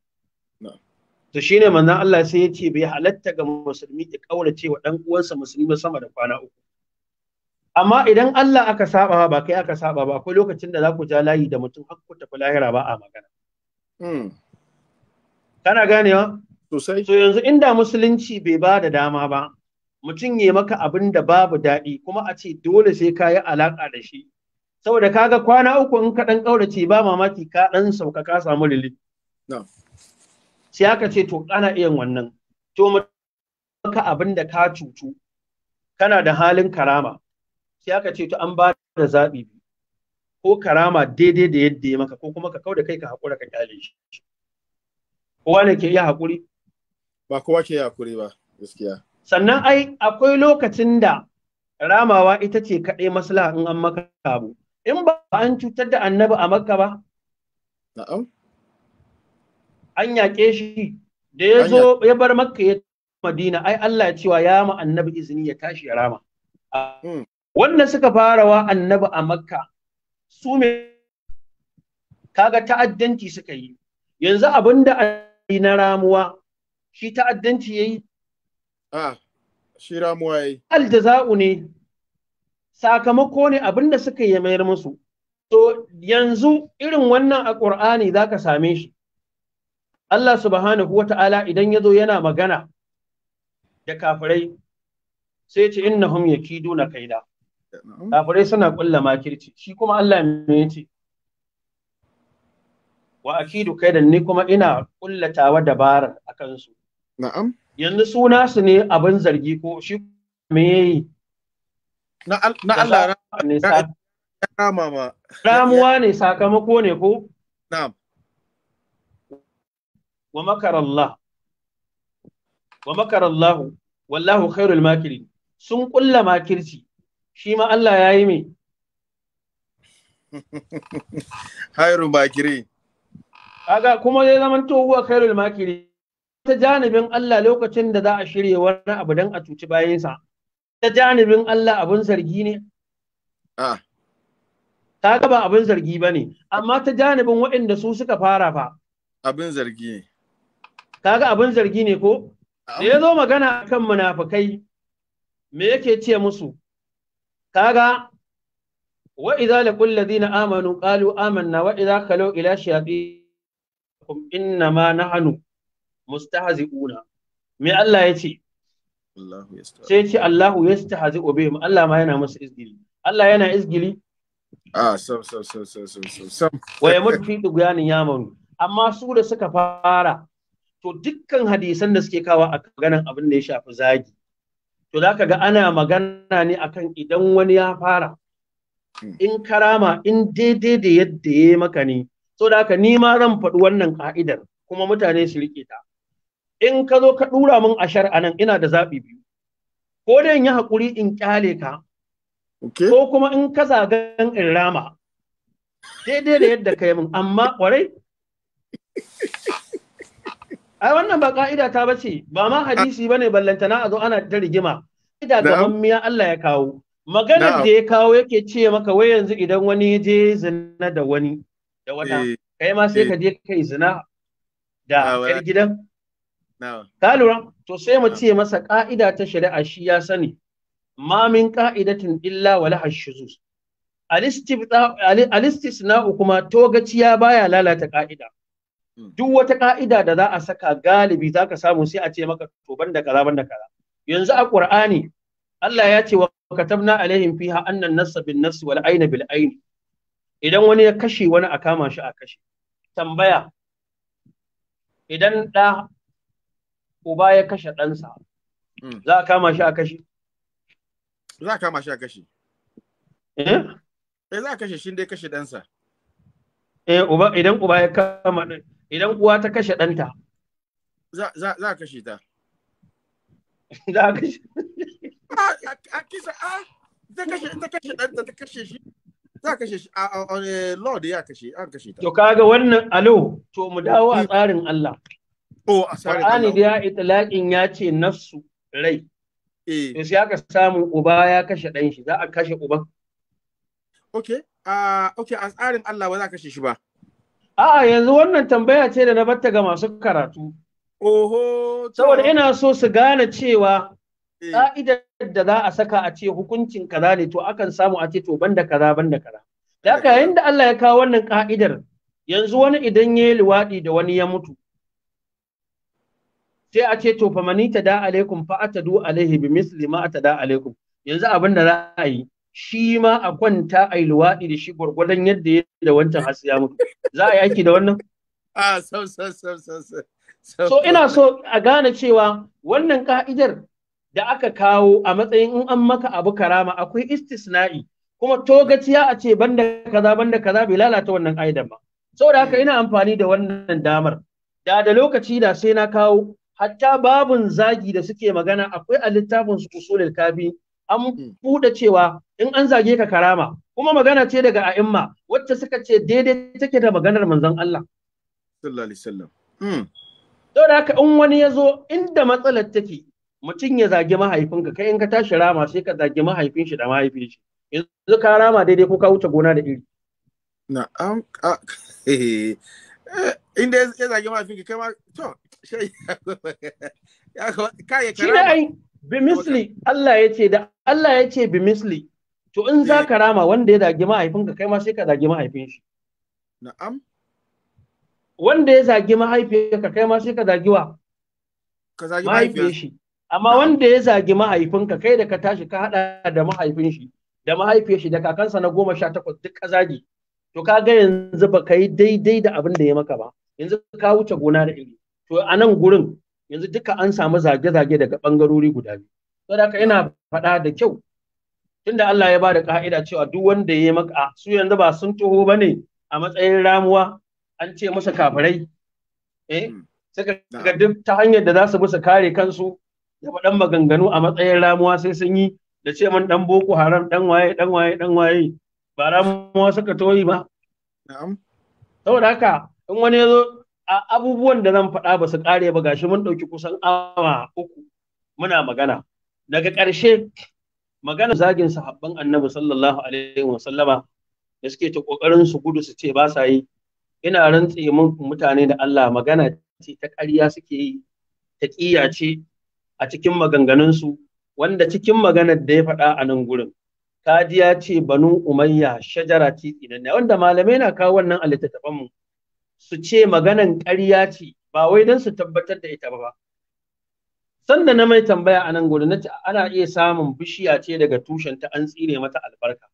to shine manzon Allah sai ya ce bai halatta ga musulmi ya kaulace wa dan uwansa musulmi sama da kwana uku amma idan Allah aka saba ba kai aka saba ba akwai lokacin da za ku ja layi da mutum har ku tafi lahira ba a magana hmm. kana ganewa sosai so yanzu inda musulunci bai ba da dama ba mutum ya maka abin da babu daɗi kuma a ce dole sai ka yi alaƙa da shi saboda kaga kwana uku in ka ɗan ƙaurace ba mamaki ka ɗan sauka ka samu lili sai aka ce to kana iya wannan to maka abin da ka cutu kana da halin karama sai aka ce to an ba da zaɓi ko karama daidai da yadda ya maka ko kuma ka kau da kai ka haƙura ka kyale shi kowa ne ke iya haƙuri ba kowa ke iya haƙuri ba gaskiya sannan ai akwai lokacin da ramawa ita ce kaɗai maslaha in an maka abu in ba an cutar da annabi a makka ba na'am an yaƙe shi da ya zo ya bar makka ya madina ai Allah ya cewa ya ma annabi izini ya tashi ya rama hmm. wanda suka fara wa annabi a makka su me kaga ta'addanci suka yi yanzu abin da na ramuwa shi ta'addanci yayi a shi ramuwa yayi aljaza'u ne sakamako ne abin da suka yi mayar musu to yanzu irin wannan a ƙur'ani za ka same shi Allah subhanahu wa ta'ala idan ya zo yana magana da kafirai sai ce innahum yakiduna kaida Ah, kafirai suna kulla makirci shi kuma Allah me yace wa akidu da ni kuma ina kullatawa dabara a kansu. na'am yanzu suna su ne abin zargi ko shi me yayi na Allah ramuwa ne sakamako ne ko na'am wa makar Allah wa makar Allah wallahu khairul makirin sun kulla makirci shi ma Allah ya yi mai Hairu makiri. Kaga kuma zai zaman tohuwa khairul makiri. Ta janibin Allah lokacin da za a shirya wani abu don a cuci bayansa. Ta janibin Allah abin zargi ne. Ta ga ba abin zargi ba ne, amma ta janibin waɗanda su suka fara fa. Abin zargi. Kaga abin zargi ne ko? Da ya zo magana akan munafukai, me yake ce musu? kaga wa idza laqul ladina amanu qalu amanna wa idza khalu ila kum inna ma nahnu mustahzi'una me Allah yace Allahu yastahzi sai yace Allahu yastahzi bihim Allah ma yana musu izgili Allah yana izgili ah sam sam sam sam sam sam wa yamut fi dugyanin yamanu amma su da suka fara to dukkan hadisan da suke kawa a ganin abin da ya shafi zagi to za ka ga ana magana ne akan idan wani ya fara hmm. in karama in daidai da yadda ya maka ne so da haka ni ma zan faɗi wannan ka'idar kuma mutane su riƙe ta in ka zo ka ɗura min a shar'a nan ina da zaɓi biyu ko da in yi haƙuri in ƙyale ka ko kuma in ka zagan in rama daidai da yadda ka yi min amma ƙwarai ai wannan ba ka'ida ta bace ba ma hadisi bane ballantana a zo ana ta rigima ka'ida ga miya Allah ya kawo maganar da ya kawo yake ce maka wai yanzu idan wani ya je zina da wani da wata eh. kai ma sai ka eh. je kai zina da yar ah, gidan ka lura to sai mu ce masa ka'ida ta shari'a shi ya sani ma min ka'idatin illa wala hashuzuz alistisna'u kuma togaciya baya lalata ka'ida Mm. duk wata ka'ida da za a saka galibi za ka samu sai a ce maka to banda kaza banda kaza yanzu a qur'ani Allah ya ce wa katabna alaihim fiha annan nass bin nass wal ayn bil ayn idan wani ya kashe wani a kama shi a kashe tambaya idan da uba ya kashe ɗansa mm. za a kama shi a kashe za a kama shi a kashe eh, eh za a kashe shi dai kashe ɗansa eh uba idan uba ya kama idan uwa ta kashe ɗanta za a kashe ta za a kashe a kisa a ta kashe ta kashe ɗanta ta kashe shi za a kashe shi a eh, lord ya kashe an kashe ta to kaga wannan alo to mu dawo a mm. tsarin Allah Oh, Qur'ani da ya ya ce nafsu rai. Eh. sai aka samu uba ya kashe ɗan shi, za a kashe uban. Okay, uh, okay, a tsarin Allah ba za a kashe shi ba. A'a yanzu wannan tambaya ce da na batta ga masu karatu. Oho. Saboda ina so su gane cewa ƙa'idar eh. da za a saka a ce hukuncin kaza ne to akan samu a ce to banda kaza banda kaza. Da haka yayin da Allah ya kawo wannan ƙa'idar. yanzu wani idan ya yi luwaɗi da wani ya mutu. Sai a ce to fa manita da alaikum fa atadu alaihi bi misli ma atada alaikum. Yanzu abin da za a yi shi ma a kwanta a yi luwaɗi da shi gwargwadon yadda ya da wancan har ya mutu za a yi aiki da wannan a so so so so so ina so a gane cewa wannan ka'idar da aka kawo a matsayin in an maka abu karama akwai istisna'i kuma togaciya a ce banda kaza banda kaza bai lalata wannan ka'idar ba saboda haka ina amfani da wannan damar da da lokaci da sai na kawo hatta babun zagi da suke magana akwai a littafin su usulul kafi an hmm. buɗe cewa in an zage ka karama kuma magana ce daga a'imma wacce suka ce daidai take da maganar manzon Allah sallallahu alaihi wasallam hmm. saboda haka in wani ya zo inda matsalar take mutum ya zage mahaifinka kai in ka tashi rama sai ka zage mahaifin shi da mahaifin shi yanzu ka rama daidai ko ka wuce gona da iri na'am eh, inda ya zage mahaifinka kai ma to shi ya ka ya karama bi misli Allah ya ce da Allah ya ce bi misli to in za eh. ka rama wanda ya zagi mahaifinka kai ma sai ka zagi mahaifin shi na'am wanda ya zagi ka, kai ma sai ka zagi wa ka zagi mahaifin shi amma wanda ya zagi mahaifinka kai da ka tashi ka hada da mahaifin shi da mahaifin shi da kakansa na goma sha takwas duk ka zagi to ka ga yanzu ba ka yi daidai da abin da ya maka ba yanzu ka wuce gona da iri to a nan gurin yanzu duka an samu zage-zage daga bangarori guda biyu saboda haka yana faɗa da kyau tunda Allah ya bada ka'ida cewa duk wanda ya maka su yanzu ba sun taho bane a matsayin ramuwa an ce musu kafirai eh, hmm. suka ga duk ta hanyar da za su musu kare kansu da faɗan maganganu a matsayin ramuwa sai sun yi da ce man dan boko haram dan waye dan waye dan waye ba ramuwa suka toyi ba na'am saboda haka in wani ya zo a abubuwan da zan faɗa ba su kare ba gashi mun ɗauki kusan awa uku muna magana daga ƙarshe magana zagin sahabban annabi sallallahu alaihi wa sallama da suke ta kokarin su gudu su ce ba sa yi ina rantse mun mutane da Allah magana ce ta ƙarya suke yi ta ƙiya ce a cikin maganganunsu wanda cikin maganar da ya faɗa a nan gurin kadiya ce banu umayya shajara ce tsinanna wanda malamai na kawo wannan a littattafan mu su ce maganan ƙarya ce ba wai don su tabbatar da ita ba sanda na mai tambaya a nan gudu na ana iya samun bishiya ce daga tushen ta an tsire mata albarka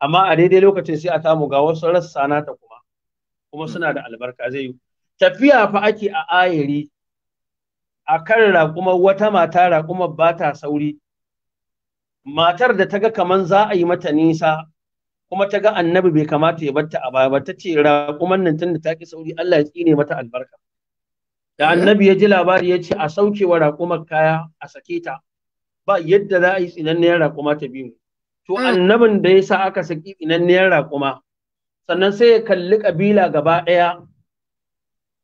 amma a daidai lokacin sai a samu ga wasu rassa nata kuma kuma suna da albarka zai yi tafiya fa ake a ayiri a kan raƙumar wata mata raƙumar ba ta sauri matar da ta ga kaman za a yi mata nisa kuma ta ga annabi bai kamata ya batta a baya ba ta ce raƙuman nan tun da ta ki sauri Allah ya tsine mata albarka da annabi ya ji labari ya ce a sauke wa raƙumar kaya a sake ta ba yadda za a yi tsinanniyar raƙuma ta biyu to hmm. annabin da ya sa aka saki tsinanniyar raƙuma sannan sai ya kalli ƙabila gaba ɗaya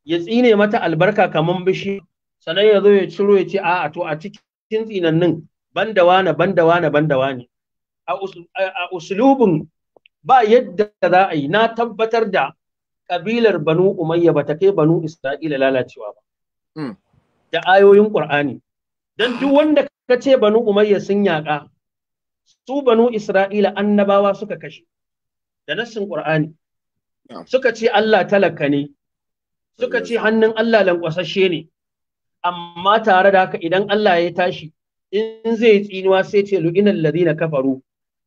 ya tsine mata albarka kamar bishi sannan ya zo ya ciro ya ce a'a to a cikin tsinannin banda wane banda wane banda wane a usulubin ba yadda za a yi na tabbatar da ƙabilar banu umayya ba ta kai banu isra'ila lalacewa ba Hmm. da ayoyin Qur'ani dan duk wanda ka ce banu umayya sun yaƙa su banu isra'ila annabawa suka kashe da nassin qur'ani suka ce Allah talaka ne suka ce hannun Allah lankwasashe ne amma tare da haka idan Allah ya tashi in zai tsinuwa sai ce lu'inal ladina kafaru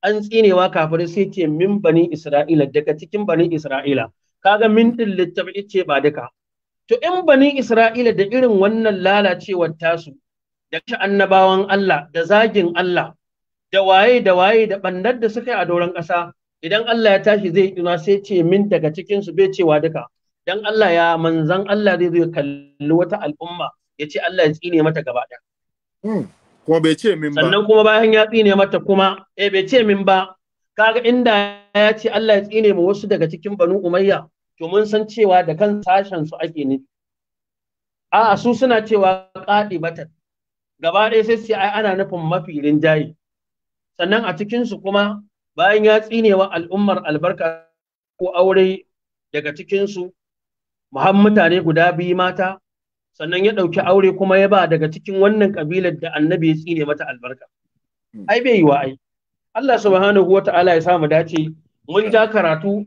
an tsinewa kafir sai ce min bani isra'ila daga cikin bani isra'ila kaga min din littafi ce ba duka To in bani Isra'ila da irin wannan lalacewar tasu da kashe annabawan Allah da zagin Allah da waye da waye da ɓannar da suka yi a doron ƙasa idan Allah ya tashi zai ina sai ce min daga cikin su bai cewa duka dan Allah ya manzan Allah zai zo kalli wata al'umma ya ce Allah ya tsine mata gaba hmm, Kuma bai ce min ba. Sannan kuma bayan ya tsine mata kuma eh bai ce min ba kaga inda ya ce Allah ya tsine mu wasu daga cikin banu umayya to mun san cewa da kan sashen su ake nufi a su suna cewa kaɗi bata gaba ɗaya sai su ai ana nufin mafi rinjaye sannan a cikin su kuma bayan ya tsinewa al'ummar albarka ko aure daga cikin su mutane guda biyu mata sannan ya ɗauki aure kuma ya ba daga cikin wannan kabilar da annabi ya tsine mata albarka hmm. ai bai yi wa ai Allah subhanahu wa ta'ala ya samu dace mun ja karatu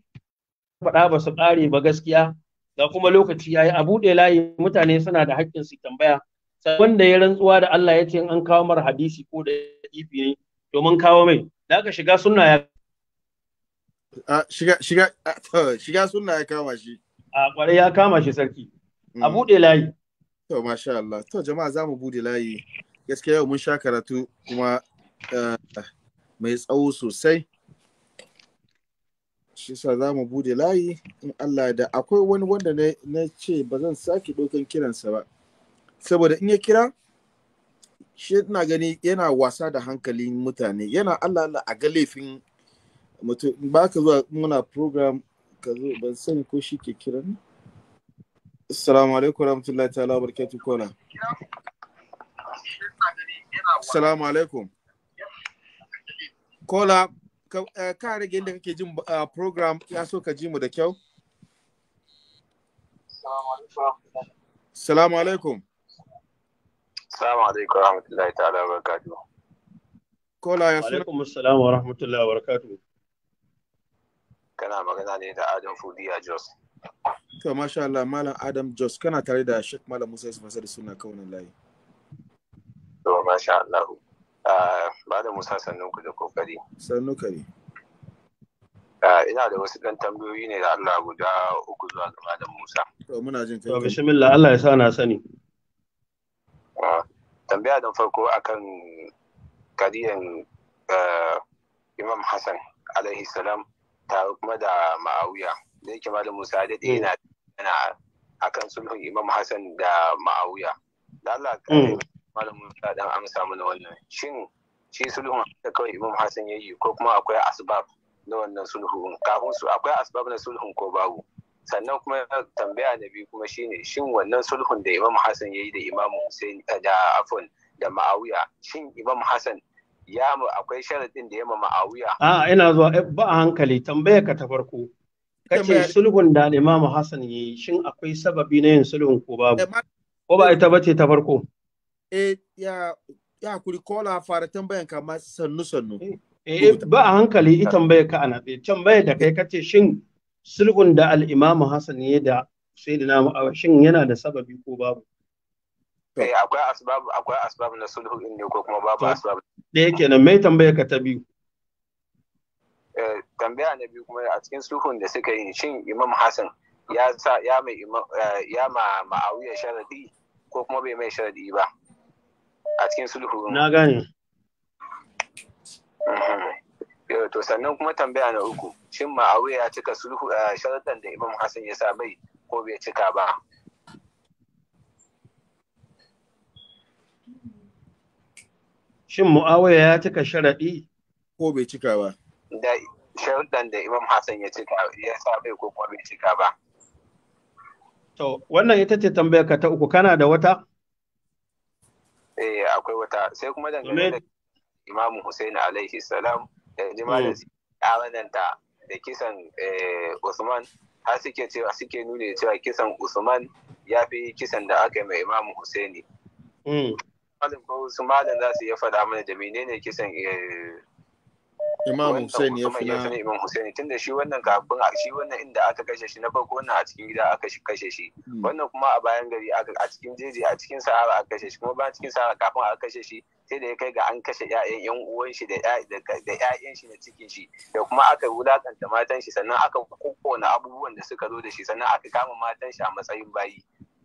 faɗa ba su ƙare ba gaskiya ga kuma lokaci yayi a da layi mutane suna da haƙƙin su tambaya wanda ya rantsuwa da Allah ya ce an kawo mar hadisi ko da ifi ne domin kawo mai da aka shiga sunna ya shiga shiga shiga sunna ya kama shi a kware ya kama shi sarki a mm. buɗe layi to masha Allah to jama'a za mu buɗe layi gaskiya yau mun sha karatu kuma eh, mai tsawo sosai shi sa za mu bude layi in Allah da akwai wani wanda na ce ba zan sake ɗaukan kiransa ba saboda in ya kira shi na gani yana wasa da hankalin mutane yana Allah Allah a galifin mutum ba ka zuwa muna program ka zo ban sani ko shi ke kiran assalamu alaikum rahmatullahi ta'ala wa barakatuh kola assalamu alaikum kola Eh, ka rage yadda kake jin eh, program ya so ka ji mu da kyau salamu alaikum salamu alaikum rahmatullahi ta'ala wa kola ya suna alaikum assalamu wa rahmatullahi wa kana magana ne da adam fudi a jos to masha Allah malam adam jos kana tare da Sheikh malam musa yusuf Asadu suna kaunan layi to masha Allah ba ah, da musa sannunku da kokari sannu kare ah, ina da wasu ɗan tambayoyi ne da Allah guda uku zuwa ga malam Musa. To muna jin kai. Bismillah Allah ya sa na sani. Ah, tambaya don farko akan kariyan Imam Hassan alaihi salam tare kuma da Ma'awiya. Da yake malam Musa da na akan sulhun Imam Hassan da Ma'awiya. Da Allah mm. malam ta dan amsa mana wannan shin shi sulhun da kawai Imam Hassan ya yi ko kuma akwai asbab na wannan sulhun kafin su akwai asbab na sulhun ko babu sannan kuma tambaya na biyu kuma shine shin wannan sulhun da Imam Hassan ya yi da Imam Hussein da Afon da Ma'awiya shin Imam Hassan ya mu akwai sharadin da ya ma Ma'awiya a ina zuwa eh, ba a hankali tambaya ka ta farko kace sulhun da Imam Hassan ya yi shin akwai sababi na yin sulhun ko babu ko ba ita bace ta farko Eh, ya kuri kola fara tambayan ka ma sannu sannu eh, eh ba a hankali ita tambaya ka ana eh, tambaya da kai kace shin sulhun da al Hassan ya da sayyidina shin yana da sababi ko babu eh akwai asbab akwai asbab na sulhu in ne ko kuma babu asbab da yake nan mai tambaya ka ta biyu eh tambaya na biyu kuma a cikin sulhun da suka yi shin Imam Hassan ya sa ya mai ya ma Ma'awiya sharadi ko kuma bai mai sharadi ba a cikin sulhu na gane mhm. to sannan kuma tambaya na uku shin ma'awiya ya cika sulhu a eh, sharaɗan da imam hassan ya sa bai ko bai cika ba shin mu'awiya ya cika sharaɗi ko bai cika ba da sharaɗan da imam hassan ya cika ya sa bai ko bai cika ba to wannan ita ce tambayar ka ta uku kana da wata eh akwai wata sai kuma dangane da Imam Hussein alaihi salam eh, da mm. da ta da kisan eh, Usman har suke cewa suke nuna cewa kisan Usman ya fi kisan da aka yi mai Imam Mm. Malam ko Usman za su iya faɗa mana da menene kisan eh, Imam Hussein ya fi na Imam Hussein tunda shi wannan kafin shi wannan inda aka kashe shi na farko wannan a cikin gida aka kashe shi hmm. wannan kuma a bayan gari a cikin jeji a cikin sahara aka kashe shi kuma bayan cikin sahara kafin aka kashe shi sai da ya kai ga an kashe ƴaƴan ƴan uwan shi da ƴaƴan shi na cikin shi da kuma aka wulakanta matan shi sannan aka kokkona abubuwan da suka zo da shi sannan aka kama matan shi a matsayin bayi.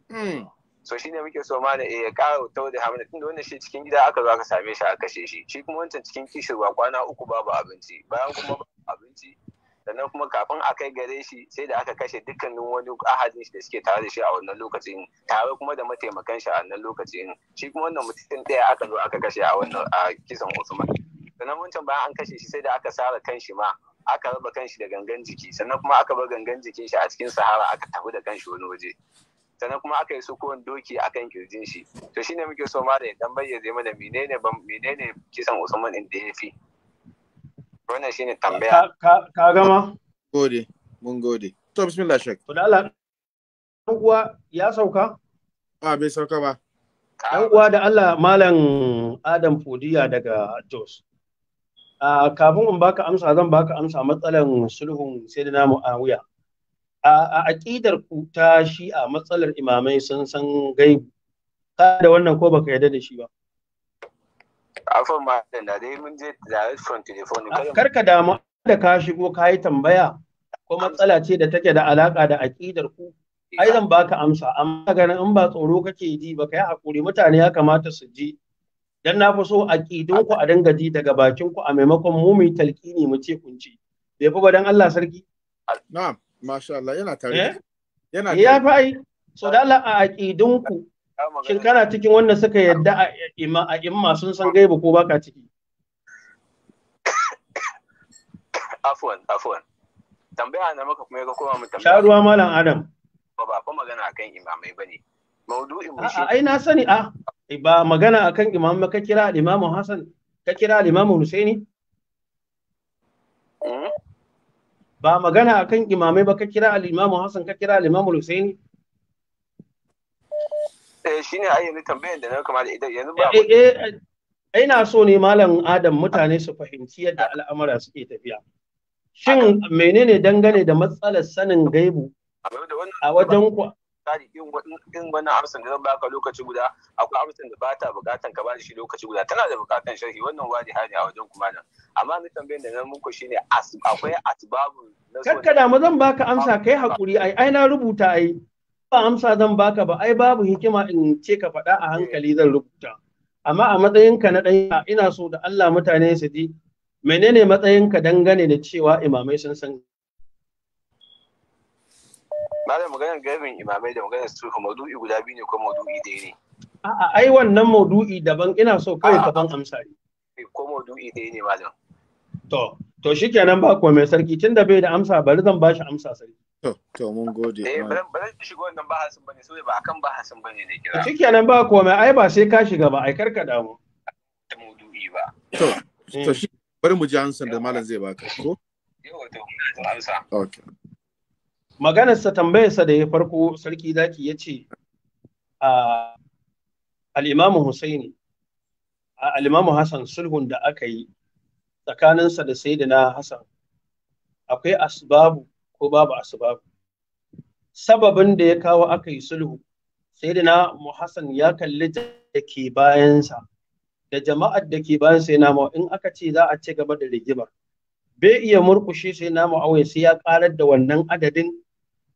Hmm. so shine muke so ma da eh, ya ƙara tau da hamada tunda wanda shi cikin gida aka zo aka same shi a kashe shi shi kuma wancan cikin ba kwana uku babu abinci bayan kuma babu abinci sannan kuma kafin a kai gare shi sai da aka kashe dukkanin wani ahadin shi da suke tare da shi a wannan lokacin tare kuma da mataimakan shi a wannan lokacin shi kuma wannan mutum ɗaya aka zo aka kashe a wannan a kisan Usman sannan wancan bayan an kashe shi sai da aka sara kan shi ma aka raba kan shi da gangan jiki sannan kuma aka bar gangan jikin shi a cikin sahara aka tafi da kan shi wani waje sannan kuma aka yi kowane doki kan kirjin shi to shi ne muke so ma da dan bayyana mana menene menene kisan Usman din da ya fi wannan ne tambaya ka gama gode mun gode to bismillah shek to Allah ɗan uwa ya sauka a bai sauka ba dan uwa da Allah malam Adam Fodiya daga Jos ah, kafin in baka amsa zan baka amsa matsalan sulhun sai da namu a wuya a aƙidar ku ta shi a matsalar imamai sun san gaibu ka da wannan ko baka yarda da shi ba afon ma da dai mun je da from telephone ah, kar ka damu da ka shigo ka yi tambaya ko matsala ce da take da alaka da aƙidar ku ai zan baka amsa amma ganin in ba tsoro kake ji ba kai hakuri mutane ya kamata su ji dan na fi so aqidun ku a dinga ji daga bakin ku a maimakon mu mu talƙini mu ce kunci bai fi ba dan Allah sarki na'am Masha Allah yana tare. Eh? Yana Ya fa So da Allah a aqidunku shin kana cikin wanda suka yadda a ima a imma sun san gaiba ko baka ciki? Tambaya na maka kuma ya mu tambaya. Sharuwa malam Adam. Ba ba magana akan imamai bane. Maudu'in mu shi. Ai na sani a ba magana akan imam ka kira Imam Hassan ka kira Imam Husaini? Hmm? ba magana akan imamai ba ka kira al-imamu Hassan ka kira al-imamu Husaini eh shine ai yanzu tambayar da na kamata idan yanzu ba eh, eh, eh ina so ne malam Adam mutane su fahimci yadda al'amura suke tafiya shin menene dangane da matsalar sanin gaibu a wajen ku misali in wani amsan da zan baka lokaci guda akwai amsan da bata bukatan ka bada shi lokaci guda tana da bukatan sharhi wannan wani hali a wajen kuma nan amma ni tambayin da nan muku shine akwai asbabu kakkada mu zan baka amsa kai hakuri ai ai na rubuta ai ba amsa zan baka ba ai babu hikima in ce ka faɗa a hankali zan rubuta amma a matsayinka na ɗan ina so da Allah mutane su ji menene matsayinka dangane da cewa imamai sun san malam maganar garin imamai da maganar sufi maudu'i guda biyu ne ko maudu'i dai ne a'a ai wannan maudu'i daban ina so kai ka ban amsa ko maudu'i dai ne malam to to shikenan ba ko mai sarki tunda bai da amsa bari zan bashi amsa sarki to to mun gode eh bari shigo wannan hasin bane sai ba akan hasin bane ne kira shikenan ba ko mai ai ba sai ka shiga ba ai karka damu maudu'i ba to to eh. shi bari mu ji hansan da malam zai baka ko yau to amsa okay maganarsa tambayarsa da ya farko sarki zaki ya ce a al'imamu husaini a al'imamu hassan sulhun da aka yi tsakaninsa da sayyidina hassan akwai asbabu ko babu asbabu sababin da ya kawo aka yi sulhu sayyidina hassan ya kalli da ke bayansa da jama'ar da ke bayansa ya nama in aka ce za a ci gaba da rigimar bai iya murkushe sai namu awai sai ya karar da wannan adadin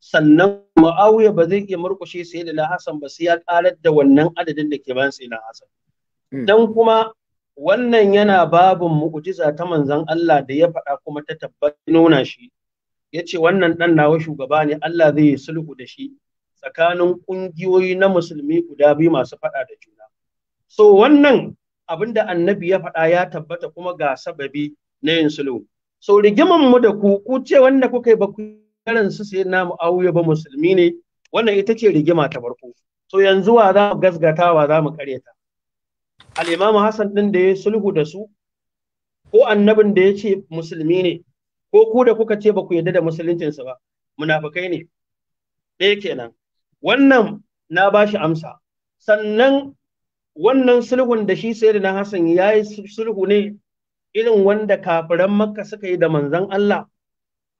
sannan ma'awiya ba zai iya murkushe sai da Hassan ba sai ya karar da wannan adadin da ke bayan sai Hassan. Hmm. Don kuma wannan yana babin mu'ujiza ta manzon Allah da ya faɗa kuma ta tabbata nuna shi ya ce wannan ɗan nawa shugaba ne Allah zai sulhu da shi tsakanin ƙungiyoyi na musulmi guda biyu masu faɗa da juna. So wannan abinda annabi ya faɗa ya tabbata kuma ga sababi na yin sulhu. So rigiman mu da ku ku ce wanda kuka yi ba ku bangaren su sai na auye ba musulmi ne wannan ita ce rigima ta farko so yanzu wa za mu gasgata wa za mu karyata al imamu hasan din da ya sulhu da su ko annabin da ya ce musulmi ne ko ku da kuka ce ba ku yarda da musuluncinsu ba munafikai ne ɗaya kenan wannan na ba shi amsa sannan wannan sulhun da shi sai na Hassan ya yi sulhu ne irin wanda kafiran makka suka yi da manzon Allah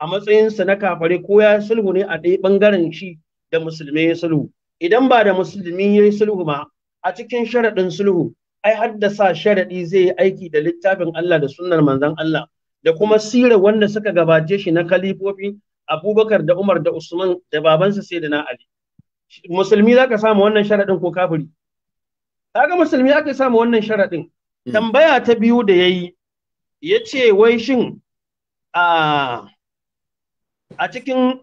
a matsayinsa na kafare ko ya sulhu ne a ɗaya ɓangaren shi da musulmi ya sulhu idan ba da musulmi ya yi sulhu ma a cikin sharaɗin sulhu ai haddasa sharaɗi zai yi aiki da littafin Allah da sunnar manzon Allah da kuma sira wanda suka gabace shi na kalifofi Abubakar da Umar da Usman da babansa sai da na Ali musulmi za ka samu wannan sharaɗin ko kafiri kaga musulmi aka samu wannan sharaɗin hmm. tambaya ta biyu da ya yi ya ce wai shin a a cikin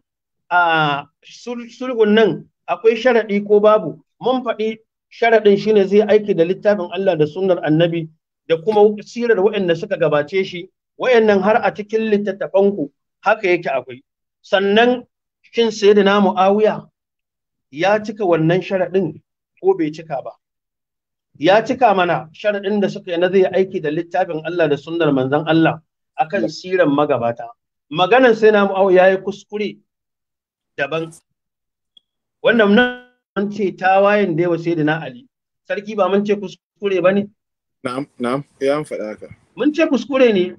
sulhun nan akwai sharaɗi ko babu mun faɗi sharaɗin shine zai aiki da littafin Allah da sunnar annabi da kuma sirar waɗanda suka gabace shi Wayannan har a cikin littattafanku haka yake akwai sannan shin sayyidina Muawiya ya cika wannan sharaɗin ko bai cika ba ya cika mana sharaɗin da suka yi na zai aiki da littafin Allah da sunnar manzon Allah akan siran magabata maganan sai na mu'awu ya yi kuskure daban wannan nan ce ta wayan da yawa sai da na ali sarki ba mun ce kuskure ba ne na'am na'am ya eh, faɗa haka mun ce kuskure ne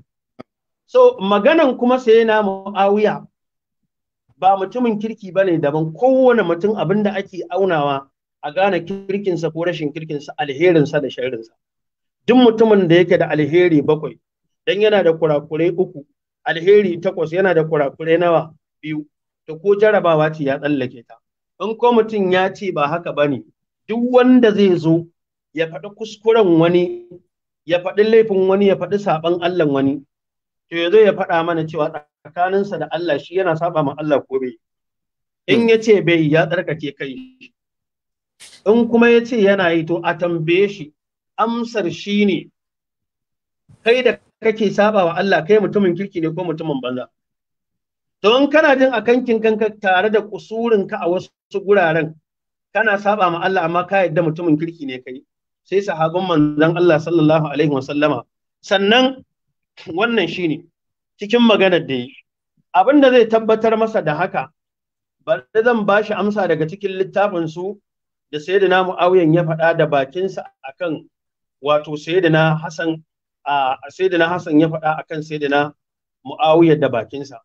so maganan kuma sai na mu'awiya ba mutumin kirki ba ne daban kowane mutum abin da ake aunawa a gane kirkinsa ko rashin kirkinsa alherinsa da sharrinsa duk mutumin da yake da alheri bakwai dan yana da kurakurai uku alheri takwas yana da kurakurai nawa biyu to ko jarabawa ce ya tsallake ta in ko mutum ya ce ba haka ba ne. duk wanda zai zo ya faɗi kuskuren wani ya faɗi laifin wani ya faɗi saɓan Allah wani to ya zo ya faɗa mana cewa tsakaninsa da Allah shi yana saba ma Allah ko bai in ya ce bai ya tsarkake kai in kuma ya ce yana yi to a tambaye shi amsar shi ne kai da kake saba wa Allah kai mutumin kirki ne ko mutumin banza to in kana jin akankin kanka tare da kusurin ka a wasu guraren kana saba ma Allah amma ka yadda mutumin kirki ne kai sai sahabban manzon Allah sallallahu alaihi wasallama sannan wannan shine cikin maganar da yi abin da zai tabbatar masa da haka ba zan ba shi amsa daga cikin littafin su da sayyidina Muawiyan ya faɗa da bakinsa akan wato sayyidina Hassan a sayyidina Hassan ya faɗa akan sayyidina Muawiya da bakinsa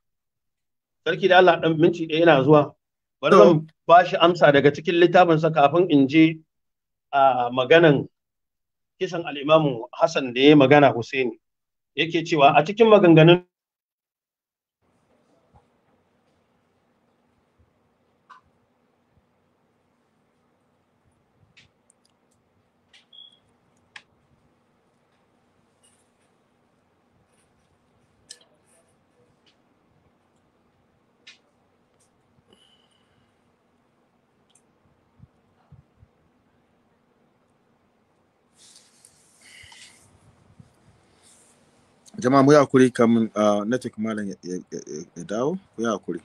sarki da Allah ɗan minti ɗaya yana zuwa bari zan ba shi amsa daga cikin littafin kafin in je a maganan kisan al'imamu Hassan da ya magana hussaini yake cewa a cikin maganganun jama'a mu yi hakuri kamin ah, network malam ya dawo mu yi hakuri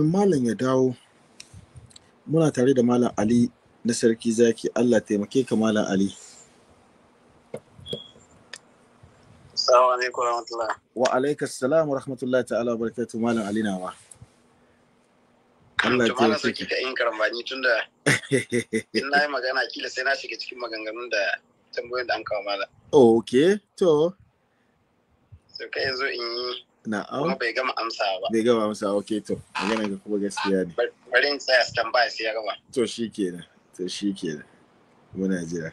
kafin malam ya dawo muna tare da malam ali na sarki zaki allah taimake ka malam ali wa alaika salam wa rahmatullahi ta'ala wa barakatu malam ali wa Allah ya taimake ki ka yin karambani tun da na yi magana kila sai na shiga cikin maganganun da tambayoyin da an kawo malam oh, okay to So, ka yanzu in yi na'am kuma bai gama amsa ba bai gama amsa ok to magana ka kuma gaskiya ne bari in tsaya stand by sai ya gama to shikenan to shikenan muna jira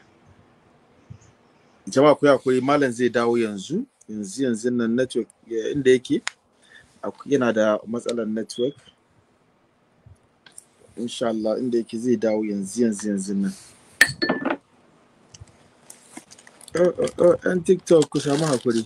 jama'a ku hakuri malam zai dawo yanzu yanzu yanzu nan network eh, inda yake yana da matsalar network insha Allah inda yake zai dawo yanzu yanzu yanzu nan oh, oh, oh, 'yan tiktok ku samu hakuri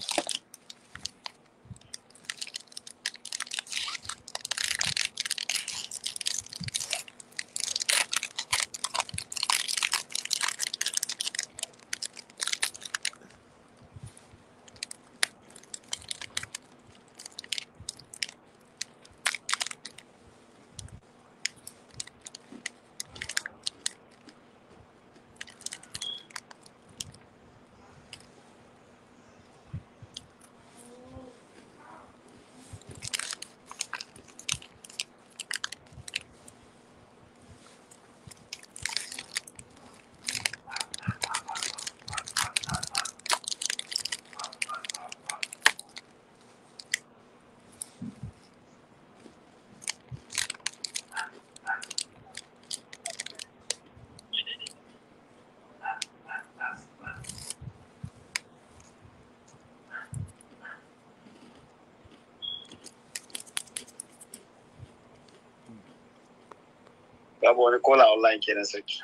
kola online kenan sarki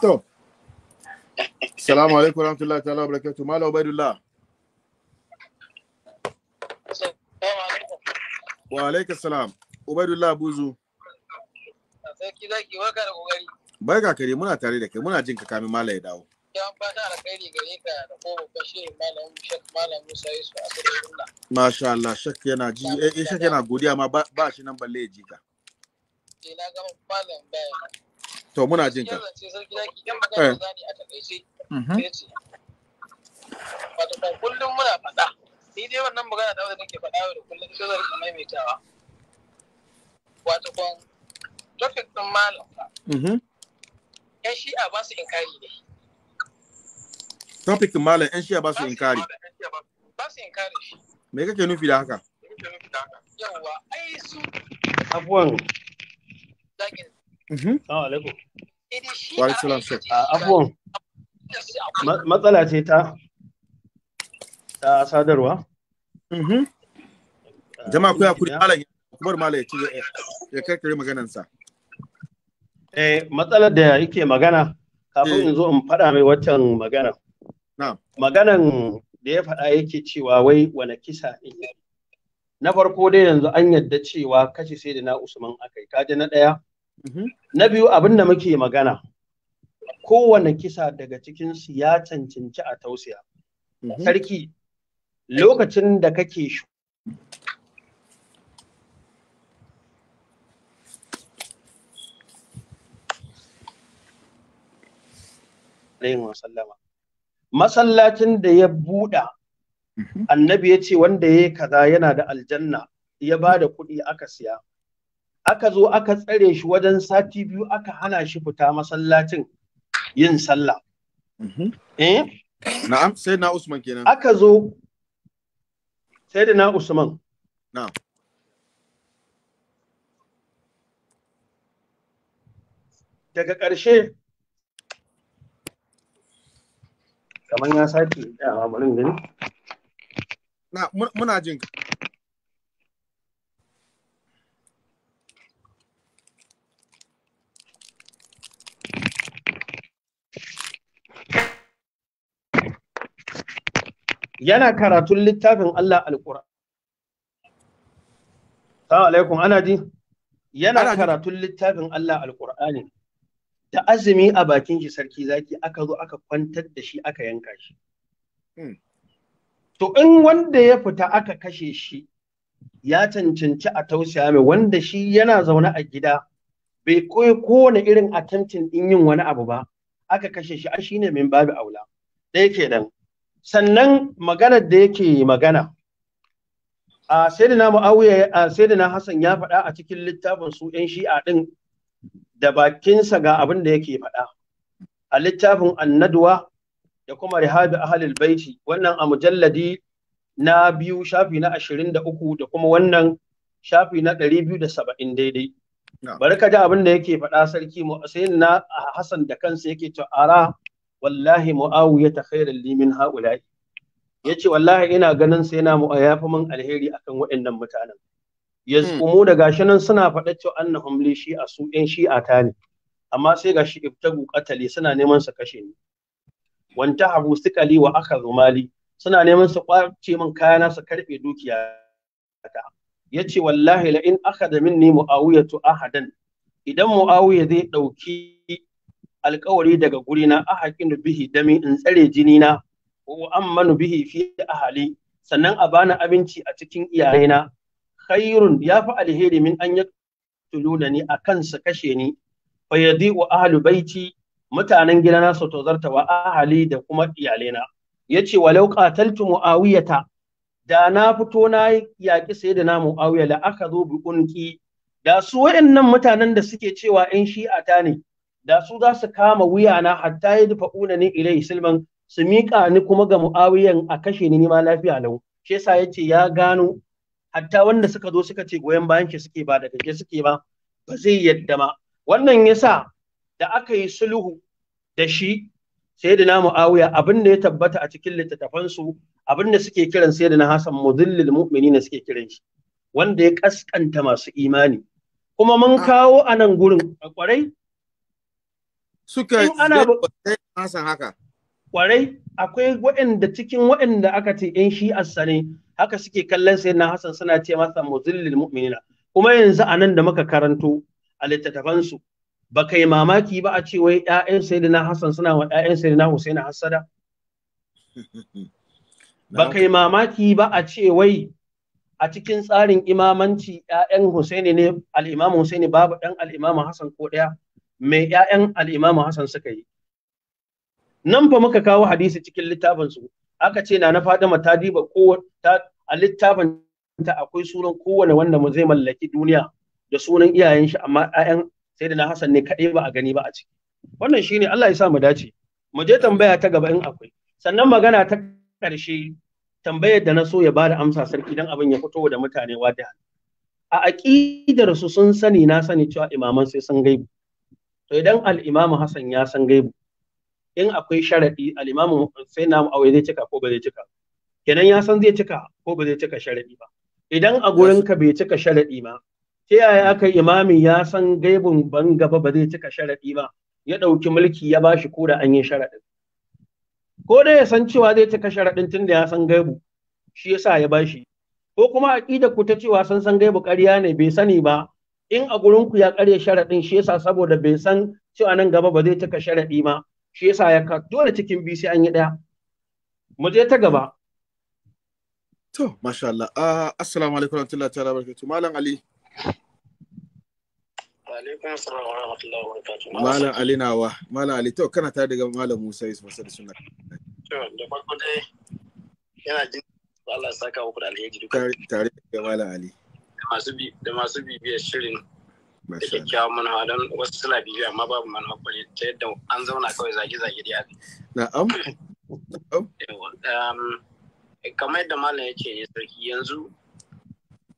to assalamu alaikum warahmatullahi ta'ala wabarakatuh mala ubaidullah wa alaikum salam ubaidullah buzu sarki zaki waka da kokari bai ga kare muna tare da kai muna jin ka kamin mala ya dawo yan fata alkhairi gare ka da kuma bashir malam shek malam musa yusuf asirullah masha Allah shek yana ji eh, eh shek yana godiya ma ba shi nan balle ya ji ka to muna jin ka eh. mm-hmm. wato kullum muna faɗa ni dai wannan magana da nake faɗa yau da kullum sai zan maimaitawa wato kon topic din malam mm-hmm. yan shi'a ba su inkari ne topic din malam yan shi'a ba su inkari ba su inkari me kake nufi da haka yawwa ai su abuwan Mhm. Abuwan matsala ce ta ta sadarwa. Mhm. Jama'a kuya kuri malam kubar malam ya ci ya karkare maganansa. Eh matsalar da yake magana kafin in eh. zo in faɗa mai waccan magana. Maganan da ya faɗa yake cewa wai wane kisa in Na farko dai yanzu an yadda cewa kashi sai da na Usman akai kaji na ɗaya. Mm-hmm. Na biyu abin da muke magana, kowane kisa daga cikinsu ya cancanci a tausiya. Mm-hmm. Sarki, lokacin da kake shi. Masallacin da ya buɗa, mm-hmm. annabi ya ce wanda ya yi kaza yana da aljanna, ya ba da kuɗi aka siya. aka zo aka tsare shi wajen sati biyu aka hana shi fita masallacin yin sallah mm-hmm. eh na'am sai na usman kenan aka zo sai da na usman na'am daga ƙarshe kamar ya sake ɗaya a gani na muna jin yana karatun littafin Allah alƙura. alaikum ana ji? Yana karatun littafin Allah alƙur'ani da azumi a bakin shi sarki zaki aka zo aka kwantar da shi aka yanka shi. Hmm. To in wanda ya fita aka kashe shi ya cancanci a tausaya mai wanda shi yana zaune a gida bai koyi kowane irin attempting din yin wani abu ba aka kashe shi a shine min babu aula. Ɗaya kenan. sannan maganar da yake magana a sayyidina muawiya a sayyidina hasan ya faɗa a cikin littafin su yan shi'a ɗin da bakinsa ga abin da yake faɗa a littafin annaduwa da kuma rihabi ahlul baiti wannan a mujalladi na biyu shafi na ashirin da uku da kuma wannan shafi na ɗari biyu da saba'in daidai bari ka ji abin da yake faɗa sarki mu sayyidina hasan da kansa yake to ara wallahi muawiya ta khairal limin min Ya ce wallahi ina ganin sai na yafi min alheri akan waɗannan mutanen yazqumu da gashi nan suna faɗa cewa humli shi a su shi shi'a ta ne amma sai gashi ibtagu qatali suna neman su kashe ni wanta habu sukali wa aka mali suna neman su kwace min kayana su karɓe dukiya ta Ya ce wallahi la'in la in mu'awu ya tu'a ahadan idan muawiya zai ɗauki. alkawari daga gurina ahaqinu bihi dami in tsare jinina wa ammanu bihi fi ahali sannan a bani abinci a cikin iyalaina khairun fi alheri min an yi yaktuluna ni akan su kashe ni fa a ahlu baiti mutanen gidana su tozarta wa ahali da kuma iyalena yace walau qataltu muawiyata da na fito na yaƙi sai da na mu'awiyata aka zo bi da su waɗannan mutanen da suke cewa 'yan shi'ata ne da su za su kama wuya na hatta yi dufa una ni ilai silman su miƙa ni kuma ga mu'awiyan a kashe ni nima lafiya lau shi yasa ce ya gano hatta wanda suka zo suka ce goyon bayan shi suke ba da gaske suke ba ba zai yadda ma wannan yasa da aka yi sulhu da shi sai da na mu'awiya abin da ya tabbata a cikin littattafansu, abin da suke kiran sai da na hasan mumini na suke kiran shi wanda ya kaskanta masu imani kuma mun ah. kawo a nan gurin a kwarai suka san haka kwarai akwai waɗanda cikin waɗanda aka ce yan shi ne haka suke kallon sai na Hassan suna ce masa muzillil mu'minina kuma yanzu a nan da muka karanto a littattafansu ba kai mamaki ba a ce wai sai na Hassan suna wa 'ya'yan ƴaƴan na Hussein hassada ba kai mamaki ba a ce wai a cikin tsarin imamanci 'ya'yan Hussein ne al’imamu Hussein babu ɗan al’imamu Hassan ko ɗaya mai ‘ya'yan al'imamu Hassan suka yi. Nan fa muka kawo hadisi cikin littafinsu, aka ce na na faɗi ta diba a littafin ta akwai sunan kowane wanda mu zai mallaki duniya da sunan iyayen shi amma ‘ya'yan sai da na Hassan ne kaɗai ba a gani ba a ciki. Wannan shine Allah ya sa mu dace. Mu je tambaya ta gaba in akwai. Sannan magana ta ƙarshe tambayar da na so ya bada amsa sarki dan abin ya fito da mutane wadiha. A aƙidar su sun sani na sani cewa imaman sai sun gaibu. to idan al'imamu Hassan ya san gaibu in akwai sharaɗi, al'imamu sai na aure zai cika ko ba zai cika kenan ya san zai cika ko ba zai cika sharaɗi ba idan a gurin ka bai cika sharaɗi ba ta yaya aka imamin ya san gaibun ban gaba ba zai cika sharaɗi ba ya ɗauki mulki ya bashi ko da an yi sharaɗin? ko da ya san cewa zai cika tun tunda ya san gaibu shi yasa ya bashi ko kuma aƙidar ku ta cewa san san gaibu ƙarya ne bai sani ba in a gurin ku ya karya sharaɗin shi yasa saboda bai san cewa nan gaba ba zai taka sharaɗi ma shi yasa ya ka dole cikin biyu sai an yi ɗaya mu je ta gaba to masha Allah uh, assalamu alaikum rahmatullahi ta'ala barakatuh malam ali malam ali nawa malam ali to kana tare daga malam Musa Yusuf Sadi sunna to da farko dai yana jin Allah saka muku da alheri duka tare da malam ali da masu bibiyar shirin da kyakkyawan manhawa don wasu suna bibiya amma babu manhawa kwale ta yadda an zauna kawai zage-zage da Na amma. Kamar yadda malam ya ce ne sarki yanzu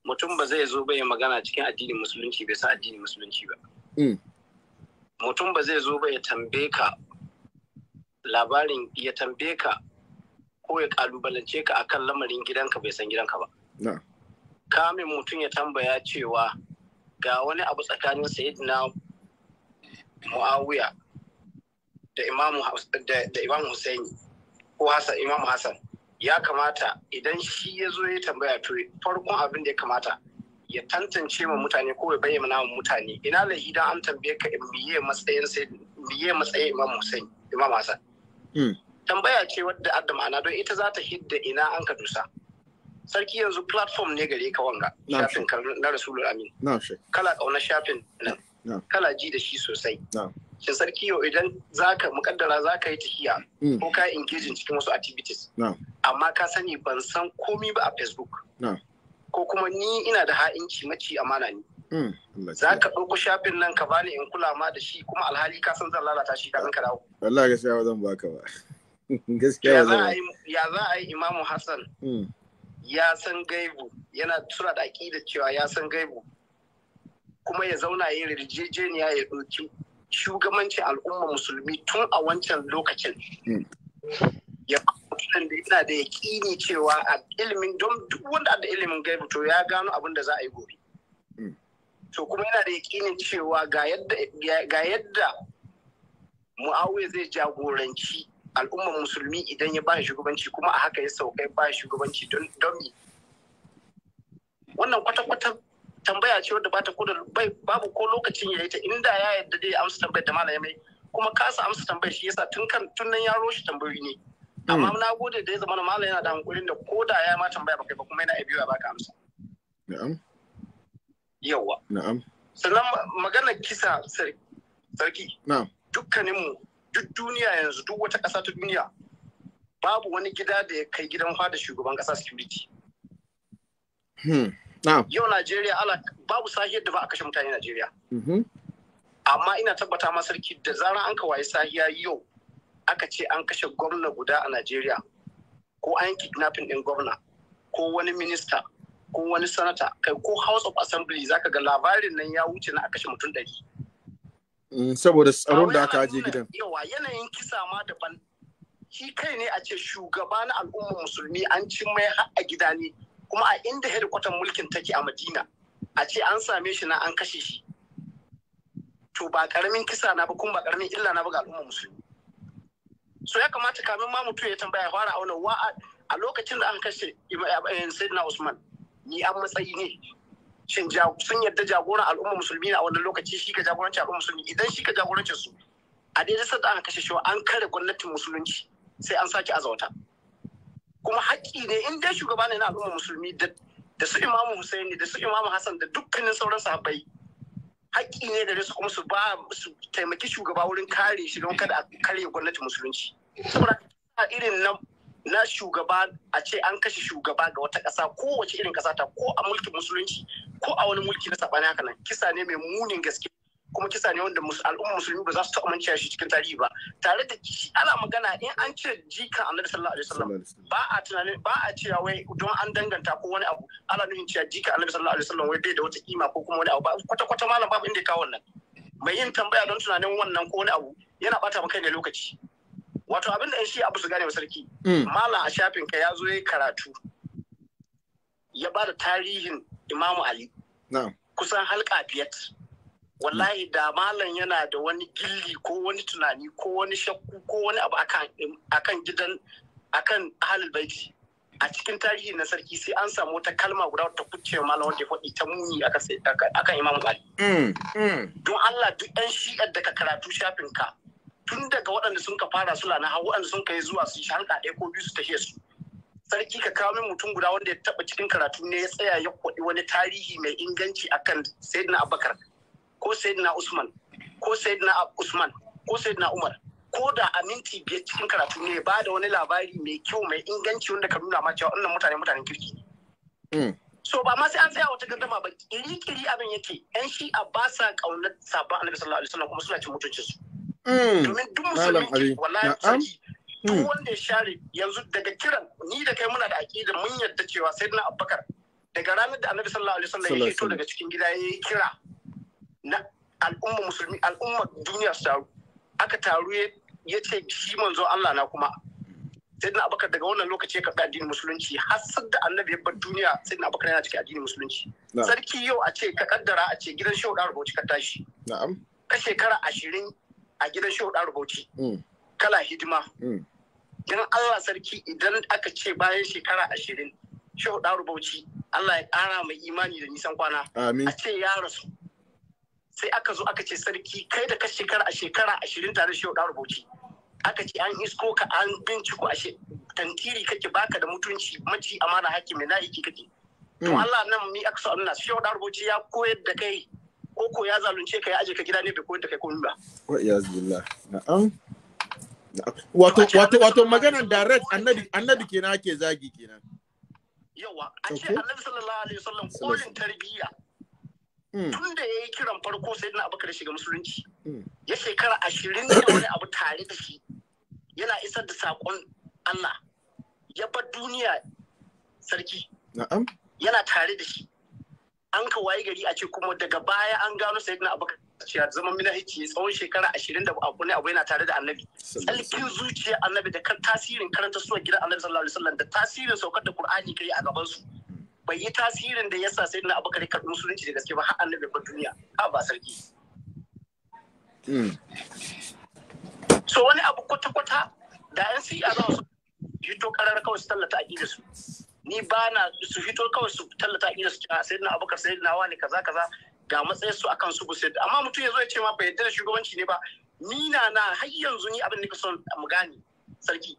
mutum ba zai zo bai magana cikin addinin musulunci bai sa addinin musulunci ba. Mm. Mutum ba zai zo bai tambe ka labarin ya tambe ka ko ya kalubalance ka akan lamarin gidanka bai san gidanka ba. kamin mutum ya tambaya cewa ga wani abu tsakanin sayidina mu'awiya da imamu da imamu husaini ko hasan imamu hasan ya kamata idan shi ya zo ya tambaya to farkon abin da ya kamata ya tantance ma mutane ko ya bayyana ma mutane ina da idan an tambaye ka miye matsayin sai miye matsayin imamu husaini imamu hasan hmm. tambaya ce wadda adda ma'ana don ita za ta hidda ina an ka dusa sarki yanzu platform ne gare ka wanga shafin na rasulul amin kala kauna shafin nan kala ji da shi sosai shin sarki yau idan zaka mukaddara zaka yi tafiya mm. ko ka engaging cikin wasu activities amma ka sani ban san komi ba a facebook ko kuma ni ina da ha'inci mace amana ni mm, za ka ɗauko shafin nan ka bani in kula ma da shi kuma alhali ka san zan lalata shi kafin ka dawo wallahi gaskiya ba zan baka ba gaskiya ya za a yi imamu hassan mm. ya san gaibu yana tura da aƙida cewa ya san gaibu kuma ya zauna yin rijejeniya ya ɗauki shugabanci al'umma musulmi tun a wancan lokacin hmm. ya mutum da yana da yaƙini cewa a ilimin don duk wanda da ilimin gaibu to ya gano abin da za a yi gobe hmm. to kuma yana da yaƙinin cewa ga yadda mu'awiya zai jagoranci al'ummar musulmi idan ya ba shugabanci kuma a haka ya saukai ba shugabanci don domi wannan kwata-kwata tambaya ce wadda bata kudin babu ko lokacin ya yi ta inda ya yadda dai amsa tambayar da ya mai kuma kasa amsa tambayar shi yasa tun kan tun nan yaro shi tambayoyi ne amma hmm. na gode da ya zama na malam yana da hankulin da ko da ya ma tambaya ba kai ba kuma yana iya biyo baka amsa na'am yawa na'am sannan magana kisa sarki na'am dukkaninmu duk duniya yanzu duk wata ƙasa ta duniya babu wani gida da ya kai gidan fada shugaban ƙasa security. Hmm. Yau Najeriya ala babu sahiyar da ba a kashe mutane Najeriya. Mm-hmm. Amma ina tabbata ma sarki da zarar an kawai sahiya yau aka ce an kashe gwamna guda a Najeriya ko an kidnapping ɗin gwamna ko wani minista ko wani sanata kai ko House of Assembly zaka ga labarin nan ya wuce na a kashe mutum ɗari. Mm, saboda tsaron da aka aje gidan yawa yanayin kisa ma daban shi kai ne a ce shugaba na al'ummar musulmi an cin mai a gida ne kuma a inda hedikwatan mulkin take a madina a ce an same shi na an kashe shi to ba karamin kisa na ba kuma ba karamin illa na ba ga al'ummar musulmi so ya kamata kamin ma mutum ya tambaya fara auna wa a lokacin da an kashe eh, eh, sayyidina usman ni an matsayi ne shin sun yarda jagoran al'umma musulmi a wannan lokaci shi ka jagoranci al'umma musulmi idan shi ka jagorancin su a daidai sadda aka kashe shi an kare gwamnatin musulunci sai an sake azauta kuma haƙƙi ne in dai shugaba ne na al'umma musulmi da su imamu Hussein da su imamu Hassan da dukkanin sauran sahabbai haƙƙi ne da su kuma su ba su taimaki shugaba wurin kare shi don kada a karya gwamnatin musulunci saboda irin nan na shugaba a ce an kashe shugaba ga wata ƙasa wace irin ƙasa ta ko a mulkin musulunci ko a wani mulki na saɓani haka nan kisa ne mai munin gaske kuma kisa ne wanda al'umma musulmi ba za su taɓa shi cikin tarihi ba tare da ana magana in an ce jikan annabi sallallahu alaihi wasallam ba a tunanin ba a cewa wai don an danganta ko wani abu ana nufin cewa jikan annabi sallallahu alaihi wasallam wai bai da wata kima ko kuma wani abu ba kwata kwata malam babu inda ya kawo wannan mai yin tambaya don tunanin wannan ko wani abu yana bata maka ne lokaci wato abin da shi abu su gane wa sarki mm. mala a shafin ka ya zo ya yi karatu ya ba da tarihin imamu ali kusan halka biyat wallahi da malam yana da wani gilli ko wani tunani ko wani shakku ko wani abu akan gidan akan halin baiti a cikin tarihi na sarki sai an samu wata kalma guda wata kuce malam wanda ya faɗi ta muni akan imamu ali mm, mm. don allah duk yan shi'ar da ka karatu shafin ka tun daga waɗanda sun ka fara su lana hau waɗanda sun ka yi zuwa su shi halka ɗaya ko biyu su tafiye su sarki ka kawo min mutum guda wanda ya taɓa cikin karatu ne ya tsaya ya kwaɗi wani tarihi mai inganci akan sayyidina abubakar ko sayyidina usman ko sayyidina usman ko sayyidina umar ko da a minti biyar cikin karatu ne ba da wani labari mai kyau mai inganci wanda ka nuna ma cewa wannan mutane mutanen kirki ne. Hmm. So ba ma sai an tsaya wata gardama ba kiri-kiri abin yake 'yan a ba sa ƙaunar sabon annabi sallallahu alaihi wasallam kuma suna cin mutuncinsu. Mm. domin duk musulmi wallahi sarki duk mm. wanda ya share yanzu daga kiran ni da kai muna da aƙida mun yadda cewa sai na abubakar daga ranar da annabi sallallahu alaihi wasallam ya fito daga cikin gida ya yi kira na al'umma musulmi al'umma duniya su taru aka taru ya ce shi manzo Allah na kuma sayyidina abubakar daga wannan lokaci ya karɓi addinin musulunci har da annabi ya bar duniya sayyidina abubakar yana cikin addinin musulunci sarki yau a ce ka kaddara a ce gidan shehu da rubuci ka tashi na'am ka shekara ashirin a gidan shehu ɗaru bauchi mm. kala hidima mm. dan Allah sarki idan aka ce bayan shekara ashirin shehu ɗaru bauchi Allah ya kara mai imani da nisan kwana a ce ya rasu sai aka zo aka ce sarki kai da ka shekara a shekara ashirin tare da shehu ɗaru bauchi aka ce an isko ka an binciko a tantiri kake baka da mutunci maci amana hakki mai na'iki kake mm. to Allah nan mi aka so a nuna shehu ɗaru bauchi ya koyar da kai ko ko ya zalunce ka ya aje ka gida ne bai koyar da kai ko ba wa iyaz zilla. na'am wato wato wato maganar direct annabi annabi kenan ake zagi kenan yawa a ce annabi sallallahu alaihi wasallam kolin tarbiyya hmm. tun da ya yi kiran farko sai na abakar shiga musulunci hmm. ya shekara ashirin da wani abu tare da shi yana isar da saƙon Allah ya bar duniya sarki yana tare da shi an ka waye gari a ce kuma daga baya an gano sayyidina abubakar cewa zaman minahiki tsawon shekara ashirin da ne abu yana tare da annabi tsarkin zuciya annabi da kan tasirin karanta suwa gidan annabi sallallahu alaihi wasallam da tasirin saukar da qur'ani kai a gaban su hmm. bai yi tasirin da yasa sayyidina abubakar karɓi musulunci da gaske ba har annabi ba duniya ha ba sarki hmm. so wani abu kwata-kwata da yan siya za su yi to karar kawai su tallata a su ni ba na su fito kawai su tallata ina su cewa sayyidina abubakar sayyidina wani kaza kaza ga matsayin su akan su gusa amma mutum ya zo ya ce ma bai yadda shugabanci ne ba ni na na har yanzu ni abin da ka son mu gane sarki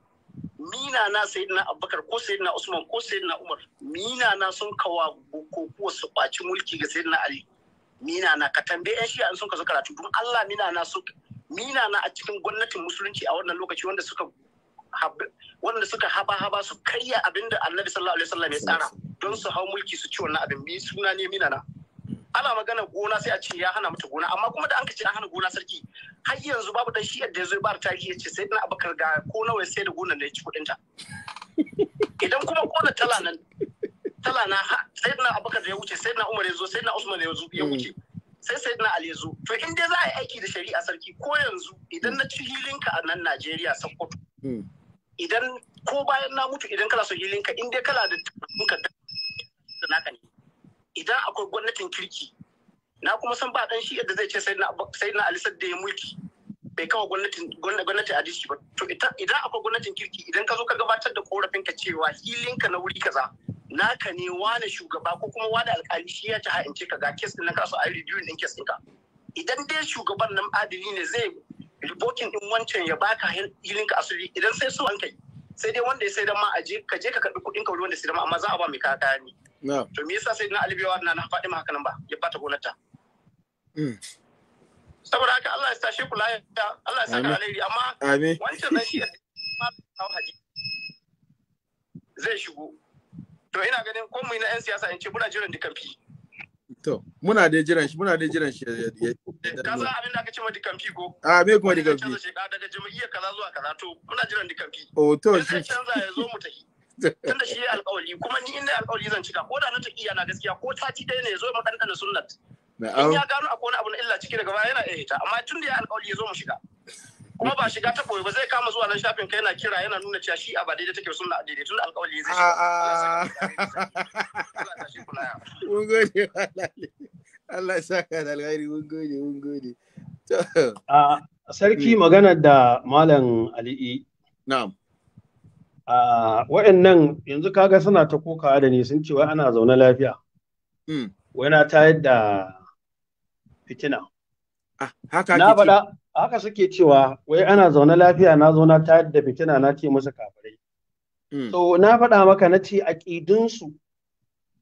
ni na na sayyidina abubakar ko sayyidina usman ko sayyidina umar ni na na sun kawa ko kuwa su kwaci mulki ga sayyidina ali ni na na ka tambaye yan shi'a sun ka zo karatu don Allah ni na na su ni na na a cikin gwamnatin musulunci a wannan lokaci wanda suka wanda suka haba haba su karya abin da annabi sallallahu alaihi wasallam ya tsara don su hau mulki su ci wannan abin mi suna ne mina na ana magana gona sai a ce ya hana mata gona amma kuma da an ce an hana gona sarki har yanzu babu dan shi yadda ya zo ta tarihi ya ce sai na abakar ga ko nawa sai da gona da ya ci kudin ta idan kuma gona tala nan tala na sai na abakar da ya wuce sai na umar ya zo sai na usman ya zo ya wuce mm. sai sai na ali ya zo to in dai za a yi aiki da shari'a sarki ko yanzu idan na ci hilinka a nan najeriya sokoto mm. idan ko bayan na mutu idan kana so hilinka in dai kana da tunka da naka ne idan akwai gwamnatin kirki na kuma san ba dan shi yadda zai ce sai na ali da ya mulki bai kawo gwamnatin gwamnatin adishi ba to idan akwai gwamnatin kirki idan ka zo ka gabatar da korafinka cewa hilinka na wuri kaza naka ne wani shugaba ko kuma wani alkali shi ya ci ha'ince ka ga kes din na kasu a yi review din kes ɗinka idan dai shugaban nan adali ne zai ribokin din wancan ya baka hilin ka asali idan sai so an kai sai dai wanda ya sai da ma a je ka je ka karbi kuɗin ka wuri wanda sai da ma amma za a ba mai kaya kaya ne to me yasa sai na alibewa na na faɗi ma haka nan ba ya bata gonarta mm. saboda haka Allah ya sa shi ku ya Allah ya sa ka alheri amma wancan nan shi zai shigo to ina ganin ko mu na yan siyasa in ce muna jiran dukan fi To, muna dai jiran shi, muna dai jiran shi. Ka san abin da ka ce ma dikamfi ko? A ah, me kuma dikamfi? Canza shekara daga jami'iyyar kaza zuwa kaza to muna jiran dikamfi. O oh, to shi. Sai canza ya zo mu tafi. Tunda shi alƙawari kuma ni in alƙawari zan cika ko da na taƙiya na gaskiya ko ta ci ɗaya ne ya zo mu ɗanɗana sunnat. In ya gano akwai wani abu na illa ciki daga baya yana iya hita amma tun da ya alƙawari ya zo mu shiga. kuma ba shiga ta koyo ba zai kama zuwa nan shafin kai na kira yana nuna cewa shi a ba daidai take sunna daidai tun alƙawari zai shi ah, ah. mun gode Allah ya saka da alkhairi mun gode mun gode ah, sarki hmm. maganar da malam ali'i na'am a wa'annan yanzu kaga suna ta kokawa da ni sun ce wai ana zaune lafiya. Hmm. Wai na tayar da fitina. na faɗa haka suke cewa wai ana zaune lafiya na zo na tayar da fitina na ce musu kafirai hmm. so na faɗa maka na ce aƙidinsu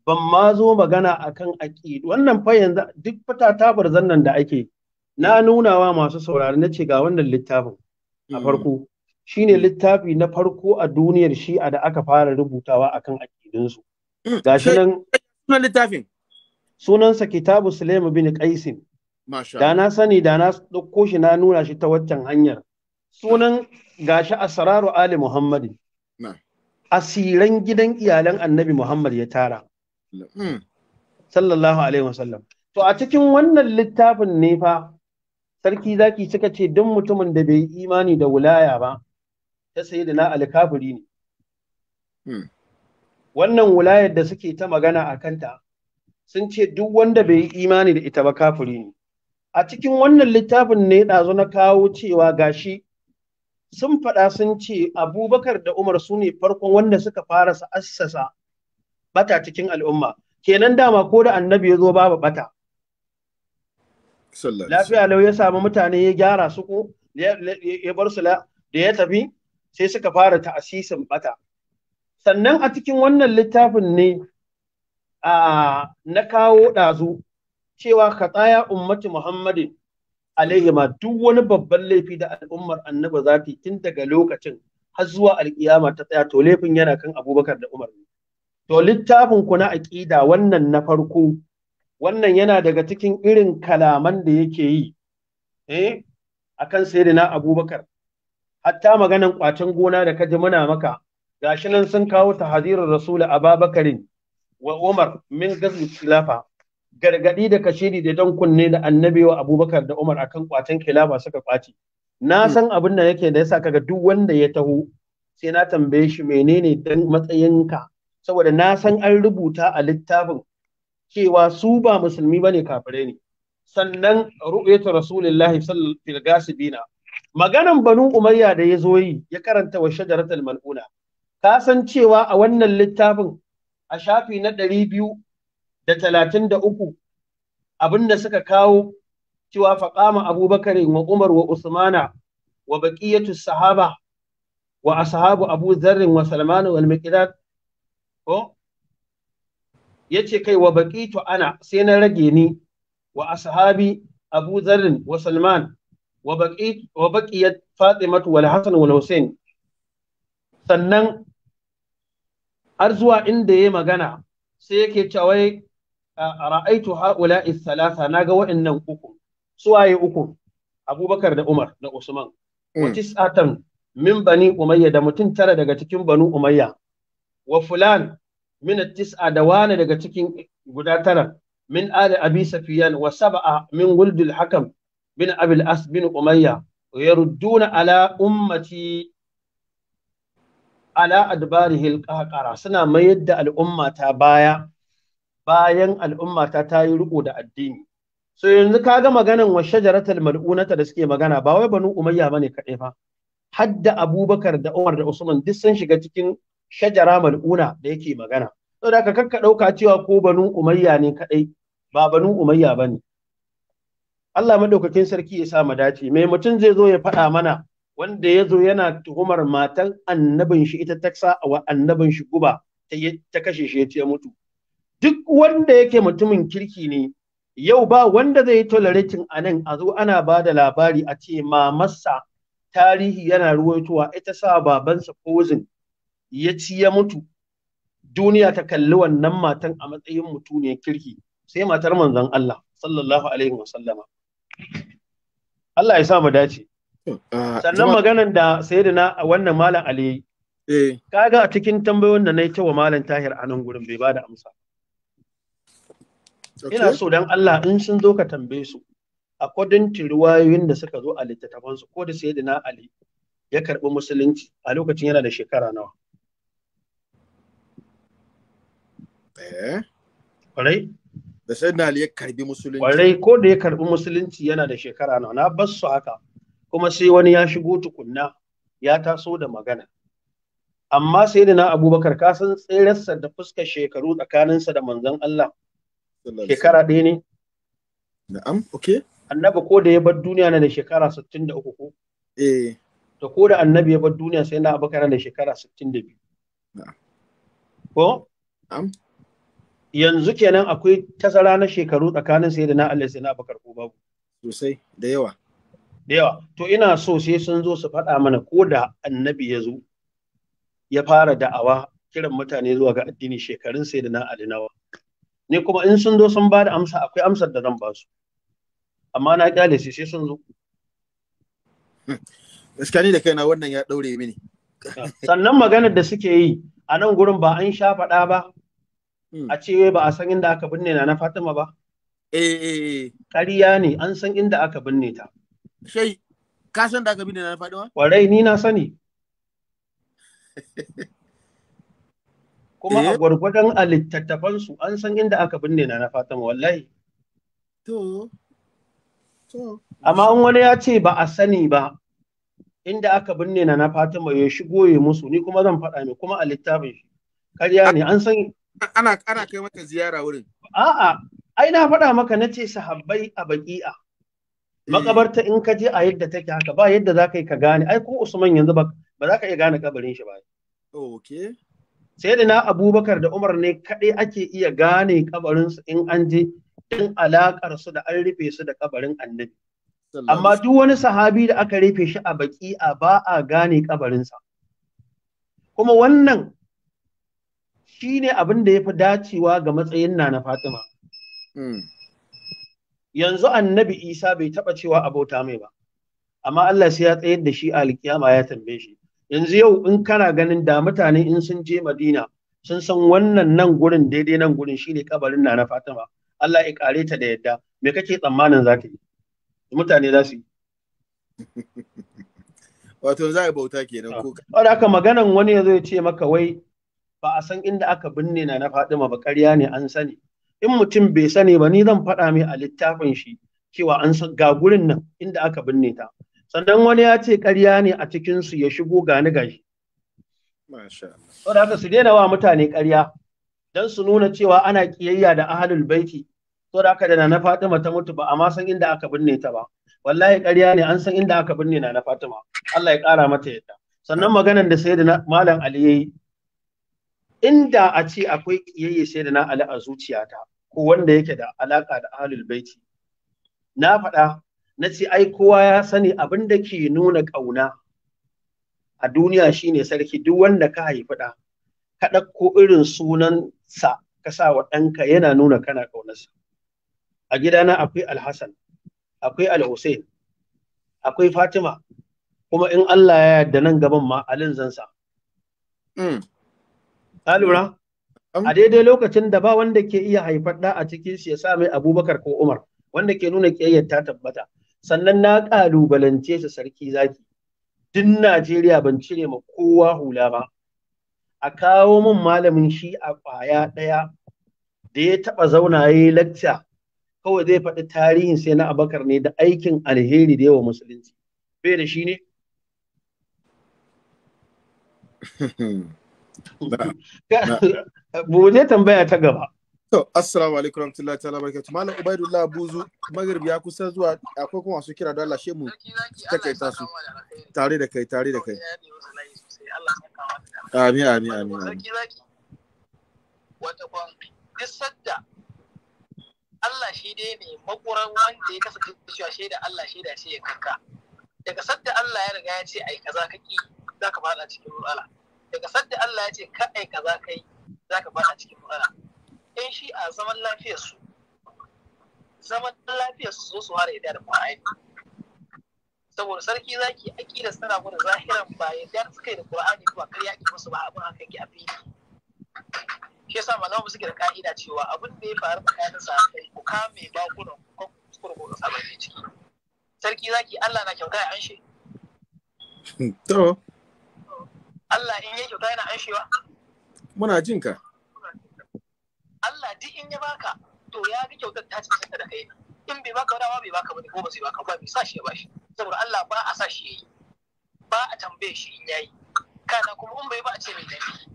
ban ma zo magana akan aƙidu wannan fa yanzu duk fata tabar zannan da ake na hmm. nuna wa masu saurari na ce ga wannan littafin a hmm. farko shine littafi na farko a duniyar shi'a da aka fara rubutawa akan aƙidinsu shi nan sunan littafin sunansa kitabu Sulaimu bin Qaisin da na sani da na ɗauko shi na nuna shi ta waccan hanyar sunan gashi Sararu ali muhammadi asiran gidan iyalan annabi muhammad ya tara hmm. sallallahu alaihi wasallam to a cikin wannan littafin ne fa sarki zaki suka ce duk mutumin da bai imani da wulaya ba ta sayi da na alkafiri ne hmm. wannan wulayar da suke ta magana a kanta sun ce duk wanda bai imani da ita ba kafiri ne a cikin wannan littafin ne ɗazu na kawo cewa gashi sun faɗa sun ce abubakar da umar su ne farkon wanda suka fara assasa bata cikin al'umma kenan dama ko da annabi ya zo babu bata lafiya lau ya samu mutane ya gyara su ko ya bar su da ya tafi sai suka fara ta'asisin bata sannan a cikin wannan littafin ne na kawo ɗazu cewa tsaya ummati Muhammadin alaihi duk wani babban laifi da al'ummar annaba za ta tun daga lokacin har zuwa alkiyama ta tsaya to laifin yana kan Abubakar da Umar to littafin ku na aqida wannan na farko wannan yana daga cikin irin kalaman da yake yi eh akan na Abubakar hatta maganan kwacen gona da ka ji muna maka gashi nan sun kawo tahadirar rasul ababakarin wa umar min gazi khilafa gargadi da kashiri da dan kunne da annabi wa abubakar da umar akan kwatan kilaba suka kwace na hmm. san abin da yake da yasa kaga duk wanda ya taho sai na tambaye shi menene dan matsayinka saboda na san an rubuta a littafin cewa su ba musulmi bane kafirai ne sannan ru'yatu rasulullahi sallallahu alaihi gasibina maganan banu umayya da ya zo yi ya karanta wa shajaratul mal'una ka san cewa a wannan littafin a shafi na ɗari biyu da talatin da uku abinda suka kawo cewa faƙama abubakar wa umar wa usmana wa baƙiyatu sahaba wa ashabu abu zarrin wa salmanu wal miqdad ko ce kai wa baqitu ana sai na rage ni wa ashabi abu zarrin wa salman wa baqit wa baqiyat fatimatu wal hasan wal husain sannan har zuwa inda yayi magana sai yake cewa ra'aitu haula thalatha naga wa'annan uku suwaye uku Abubakar da Umar da Usman wa mm. tis'atan min bani Umayya da mutum tara daga cikin banu Umayya wa fulan min tis'a da wani daga cikin guda tara min ali abi safiyan wa sab'a min wuldul hakam bin abil as bin Umayya yarudduna ala ummati ala adbarihil qahqara suna mayar da al'umma ta baya bayan al'umma ta ta yi riko da addini so yanzu ka ga maganan wa shajaratul mal'unata da suke magana ba wai banu umayya bane kaɗai fa hadda abubakar da umar da usman duk sun shiga cikin shajara mal'una da yake magana kar ka kakka ɗauka cewa ko banu umayya ne kaɗai ba banu umayya bane Allah madaukakin sarki ya sa mu dace mai mutum zai zo ya faɗa mana wanda ya zo yana tuhumar matan annabin ita taksa wa annabin shi guba ta kashe shi ya ce mutu duk wanda yake mutumin kirki ne yau ba wanda zai yi tolerating a nan a zo ana ba da labari a ce mamarsa tarihi yana ruwaitowa ita sa babansa kozin ya ci ya mutu duniya ta kalli wannan matan a matsayin mutuniyar kirki sai matar manzon Allah sallallahu alaihi wasallama Allah ya sa mu dace sannan maganan da sayyidina wannan malam Ali eh. kaga cikin tambayoyin da na yi ta wa malam Tahir a nan gurin bai bada amsa ina so dan Allah in sun zo ka tambaye su according to riwayoyin da suka zo a littattafan su ko da sayyidina Ali ya karbi musulunci a lokacin yana da shekara nawa eh kwarai da sayyidina Ali ya karbi musulunci kwarai ko da ya karbi musulunci yana da shekara nawa na bar su haka kuma sai wani ya shigo tukunna ya taso da magana amma sai da na abubakar ka san sa da fuskar shekaru tsakaninsa da manzon Allah shekara ɗaya ne na'am ok. annabi ko da ya bar duniya na da shekara 63 ko eh Ta ko da annabi ya bar duniya sai na abakar da shekara 62 na'am ko na'am yanzu kenan akwai tazara na shekaru tsakanin sai da na Allah sai na abakar ko babu sosai da yawa da yawa to ina so sai sun zo su faɗa mana ko da annabi ya zo ya fara da'awa kiran mutane zuwa ga addini shekarun sai da na nawa? ni kuma in sun zo sun ba da amsa akwai amsar da zan ba su amma na kyale shi sai sun zo gaskiya ni da kaina wannan ya daure mini sannan maganar da suke yi a nan gurin ba an sha faɗa ba hmm. a ce ba a san inda aka binne na na Fatima ba eh kariya ne an san inda aka binne ta shai ka san da aka binne na na Fatima kwarai ni na sani kuma a eh. gwargwadon a littattafansu an san inda aka binne na na fatima wallahi to amma in wani ya ce ba a sani ba inda aka binne na na fatima ya shigo ya musu ni kuma zan faɗa mai kuma a littafin shi karya ne an san ana ana kai maka ziyara wurin a'a ai na faɗa maka na ce sahabbai a baki'a eh. makabarta in ka je a yadda take haka ba yadda za ka yi ka gane ai ko usman yanzu ba za ka iya gane kabarin shi ba okay sai da na abubakar da umar ne kaɗai ake iya gane kabarinsu in an je ɗin alaƙar su da an rufe su da kabarin annabi amma duk wani sahabi da aka rufe shi a baki a ba a gane kabarinsa kuma wannan shi abin da ya fi dacewa ga matsayin na na fatima hmm. yanzu annabi isa bai taɓa cewa abota mai ba amma allah sai ya tsayar da shi a alkiyama ya tambaye shi yanzu yau in kana ganin da mutane in sun je madina sun san wannan nan gurin daidai nan gurin shine kabarin na na fatima Allah ya kare ta da yadda me kake tsammanin za ta yi mutane za su yi wato za a bauta kenan ko ka aka maganan wani ya zo ya ce maka wai ba a san inda aka binne na na fatima ba ƙarya ne an sani in mutum bai sani ba ni zan faɗa mai a littafin shi cewa an san ga gurin nan inda aka binne ta sannan wani ya ce ƙarya ne a cikinsu ya shigo gani gashi. Sau da haka su daina wa mutane ƙarya don su nuna cewa ana ƙiyayya da ahalul baiti. Sau haka da na Fatima ta mutu ba a ma san inda aka binne ta ba. Wallahi ƙarya ne an san inda aka binne na na Fatima. Allah ya ƙara mata yadda. Sannan maganar da sai da Malam Ali ya yi. Inda a ce akwai ƙiyayya sai da na Ali a zuciyata ko wanda yake da alaƙa da ahalul baiti. Na faɗa na ce ai kowa ya sani abin da ke nuna ƙauna a duniya shine sarki duk wanda ka haifi ɗa ka ɗauko irin sunan sa ka sa wa ɗanka yana nuna kana ƙaunarsa a gidana akwai alhassan akwai alhussein akwai fatima kuma in allah ya yarda nan gaban ma alin zansa mm. ka lura a daidai lokacin da ba wanda ke iya haifar ɗa a cikin shi ya sa mai abubakar ko umar wanda ke nuna ƙiyayyar ta tabbata sannan na ƙalubalance shi sarki zaki duk Najeriya ban cire ma kowa hula ba a kawo min malamin shi a ƙwaya ɗaya da ya taɓa zauna ya yi lacca kawai zai faɗi tarihin sai na abakar ne da aikin alheri da yawa musulunci bai da shi ne bude tambaya ta gaba To, assalamu alaikum warahmatullahi ta'ala barakatuh. Malam Ubaidullah Buzu, Maghrib ya kusa zuwa akwai kuma su kira da Allah shemu ta kai ta su. Tare da kai, tare da kai. Amin, amin, amin. Wata kwan duk sadda Allah shi dai ne makuran wanda ya kasance cewa shaida Allah shaida shi ya kanka. Daga sadda Allah ya riga ya ce ai kaza ka ki ka fada cikin matsala. Daga sadda Allah ya ce ka ai kaza kai ka fada cikin matsala. yan shi a zaman lafiyar su zaman lafiyar su zo su ware yadda da Qur'ani saboda sarki zaki akida suna gwada zahiran ba yadda suka yi da Qur'ani ba kar yaki musu ba abin haka yake a fili shi yasa malamu suke da ka'ida cewa abin da ya faru tsakanin sahabbai ku kame bakunan ku kurkuku bai ciki sarki zaki Allah na kyauta ya anshe to Allah in ya kyauta yana anshewa muna jin ka duk in ya baka to ya ga kyautar ta cancanta da kai in bai baka wadawa bai baka bane ko ba zai baka ba bai sa shi ya bashi saboda Allah ba a sa shi yayi ba a tambaye shi in yayi kana kuma in bai ba a ce mai dani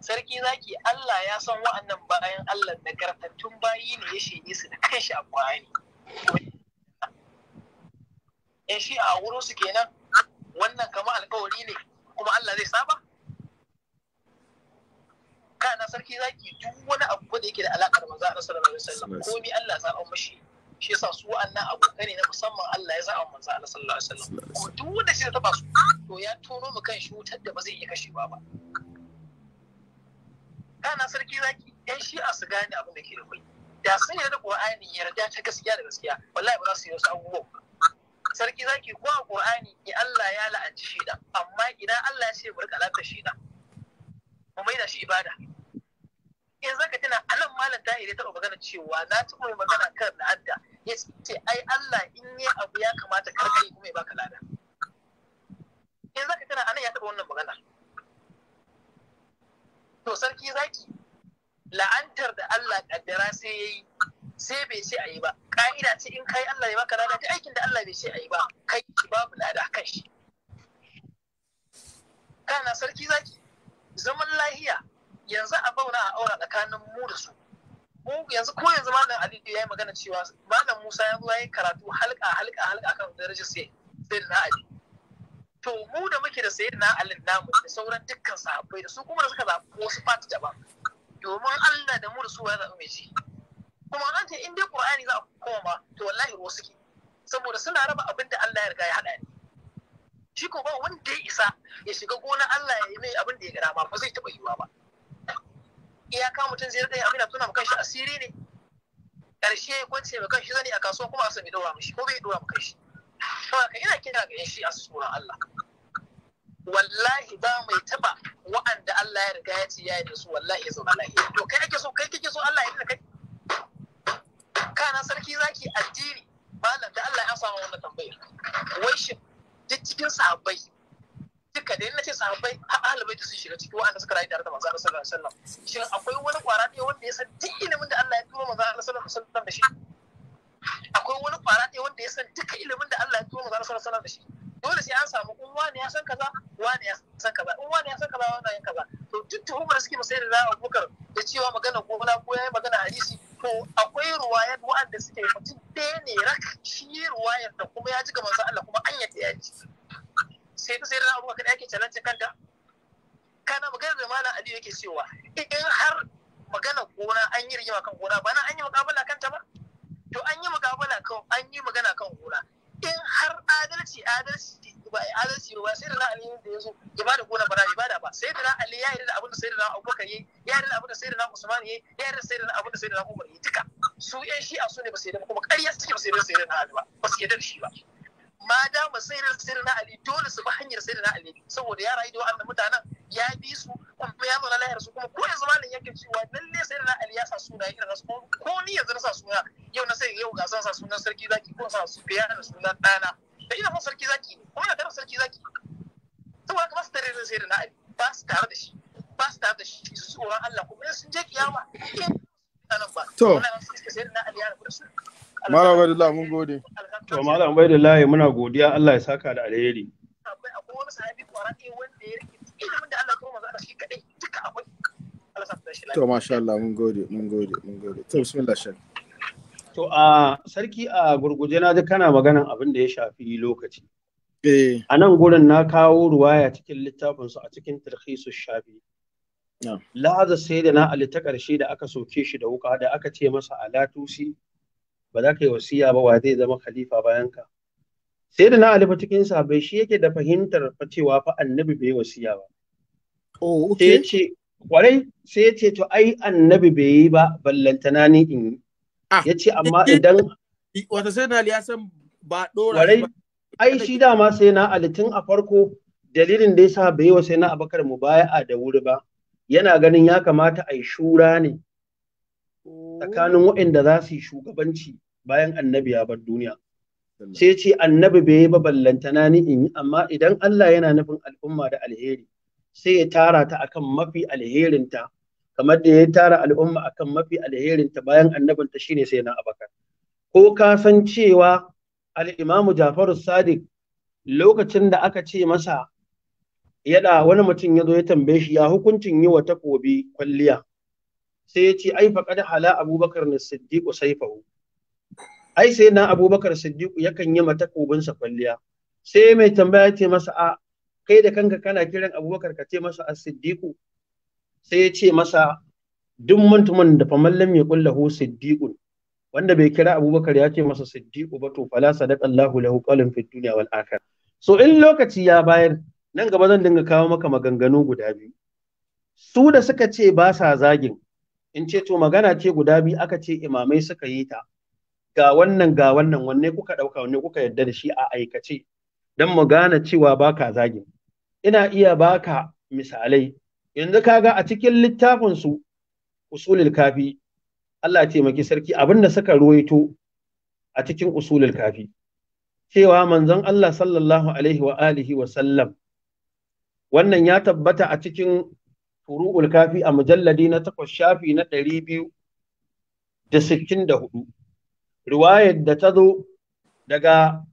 sarki zaki Allah ya san wa'annan bayan Allah na karfantun bayi ne ya shige su da kanshi a Qur'ani in shi a wurin su kenan wannan kama alkawari ne kuma Allah zai saba kana sarki zaki duk wani abu da yake da alaƙa da manzo Allah sallallahu alaihi wasallam komai Allah ya zaɓa mashi shi yasa su annan abokai ne na musamman Allah ya zaɓa manzo Allah sallallahu alaihi wasallam ko duk wanda shi ta ba su to ya tono mu kan shi wutar da ba zai iya kashewa ba kana sarki zaki shi shi'a su gane abin da ke da kai da sun yarda Qur'ani yarda ta gaskiya da gaskiya wallahi ba za su yi wasu abubuwan ba sarki zaki ko a Qur'ani Allah ya la'anci shida amma idan Allah ya ce bar rika shi da mu maida shi ibada in zaka a anan malam ta ya taɓa magana cewa na taɓa mai magana kan la'adda ya ce ai Allah in yi abu ya kamata kar kai kuma ya baka lada in zaka a anan ya taɓa wannan magana to sarki zaki la'antar da Allah kaddara sai yayi sai bai ce ayi ba ka'ida ce in kai Allah ya baka lada ta aikin da Allah bai ce ayi ba kai babu lada kan shi kana sarki zaki zaman lahiya yanzu a bauna a aura tsakanin mu da su yanzu ko yanzu malam aliyu ya yi magana cewa malam musa ya zo ya yi karatu halka halka halka kan darajar sai sai na ali to mu da muke da sayyidina ali namu da sauran dukkan sahabbai da su kuma da suka zaɓi wasu fata jaba domin allah da mu da su ya zaɓi mai shi kuma an ce in dai qur'ani za a koma to wallahi ruwa suke saboda suna raba abin da allah ya riga ya haɗa ne shi ko ba wanda ya isa ya shiga gonar Allah ya yi mai abin da ya gara ba ba zai taɓa yiwa ba iyaka mutum zai rika abin da tuna ma shi asiri ne ƙarshe ya kwance ma kanshi zani a kasuwa kuma asa bai dora mishi ko bai dora ma kanshi ka ina kira ga shi a tsoron Allah wallahi ba mai taɓa wa'anda Allah ya riga ya ce ya yi da su wallahi ya zama lahiya to kai ake so kai kake so Allah ya yi kai kana sarki zaki addini malam da Allah ya samu wannan tambayar wai shi duk cikin sahabbai duka da yana ce sahabbai a ahlul da sun shiga ciki wa'anda suka rayu tare da manzo Allah sallallahu alaihi wasallam shin akwai wani kwara ne wanda ya san duk ilimin da Allah ya turo manzo Allah sallallahu alaihi wasallam da shi akwai wani kwara ne wanda ya san duka ilimin da Allah ya turo manzo Allah sallallahu alaihi wasallam da shi dole sai an samu in wani ya san kaza wani ya san kaza in wani ya san kaza wani ya san kaza to duk tuhumar suke musayar da Abubakar da cewa magana gona ko yayi magana hadisi to akwai ruwayar wa'anda suke mutum ɗaya ne rak shi ruwayar da kuma ya ji ga manzo Allah kuma an yadda ya ji sai ta sayar da abubuwa kaɗai ake challenge kanta kana magana da malam Ali yake cewa in har magana gona an yi rigima kan gona ba na an yi mukabala kanta ba to an yi mukabala kan an yi magana kan gona in har adalci adalci ba ai adalci ba sai da na ali ya zo ya da gona bara ya da ba sai da na ali ya yarda abin da sai da na abubakar yayi ya yarda abin da sai da na usman yayi ya yarda sai da na abin da sai da na umar yayi duka su yan shi'a su ne ba sai da kuma ƙarya suke ba sai da sai da na ali ba ba su yarda da shi ba ma da mu sai da sai da na ali dole su bi hanyar sai da na ali saboda ya rayu da wannan mutanen ya bi su kuma ya zauna lahiyar su kuma ko yanzu ma nan yake cewa lalle sai da na ali ya sa suna irin nasu ko ni yanzu na sa suna yau na sai yau ga san sa sunan sarki zaki ko sa su fiya da sunan ɗana da ina son sarki zaki kuma na tare sarki zaki saboda haka sai na da shi da shi Allah kuma sun je kiyama to Malam Ubaidullah mun gode. To Malam Ubaidullah muna godiya Allah ya saka da alheri. da Allah To masha Allah mun gode mun gode mun gode. To bismillah shekara. To a sarki a gurguje na ji kana maganan abin da ya shafi lokaci. Eh. A nan gurin na kawo ruwaya cikin littafinsu a cikin tarhisu shafi. La'aza sai da na alita ta ƙarshe da aka soke shi da wuka da aka ce masa alatusi ba za ka yi wasiya ba wa zai zama khalifa bayan ka. Sai da na alifa cikin sabai shi yake da fahimtar fa cewa fa annabi bai wasiya ba. Oh, okay. Sai ce kwarai sai ce to ai annabi bai yi ba ballantana ni in Ah, ya ce amma idan wata sai na ya san ba ai shi dama sai na alitin a farko dalilin da yasa bai wa sai na abakar mu baya da wuri ba yana ganin ya kamata a yi shura ne tsakanin waɗanda za su yi shugabanci bayan annabi ya bar duniya sai ce annabi bai ba ballantana ni in yi amma idan Allah yana nufin al'umma da alheri sai ya tara ta akan mafi alherinta kamar da ya tara al'umma akan mafi alherin ta bayan annabin ta shine sai na abakar ko ka san cewa al-imamu Jafaru Sadiq lokacin da aka ce masa yaɗa wani mutum ya zo ya tambaye shi ya hukuncin yi wa takobi kwalliya sai ya ce ai faqad hala abubakar ne siddiqu saifahu ai sai na abubakar siddiqu yakan yi mata takobinsa kwalliya sai mai tambaya ce masa a kai da kanka kana kiran abubakar ka ce masa as-siddiqu sai ya ce masa duk mutumin da fa famallam ya kulla hu siddiqun wanda bai kira abubakar ya ce masa siddiqu ba to fala sadaqallahu lahu qalan fi dunya wal akhir so in lokaci ya bayar nan gaba zan dinga kawo maka maganganu guda biyu su da suka ce ba sa zagin in ce to magana ce guda biyu aka ce imamai suka yi ta ga wannan ga wannan wanne kuka ɗauka wanne kuka yarda da shi a aikace dan mu gane cewa baka zagin ina iya baka misalai yanzu ka ga a cikin littafin su usulul kafi Allah taimaki sarki abinda suka ruwaito a cikin usulul kafi cewa manzon Allah sallallahu alaihi wa alihi wa sallam wannan ya tabbata a cikin furu'ul kafi a mujalladi na takwas shafi na ɗari biyu da sittin da hudu riwayar da ta zo daga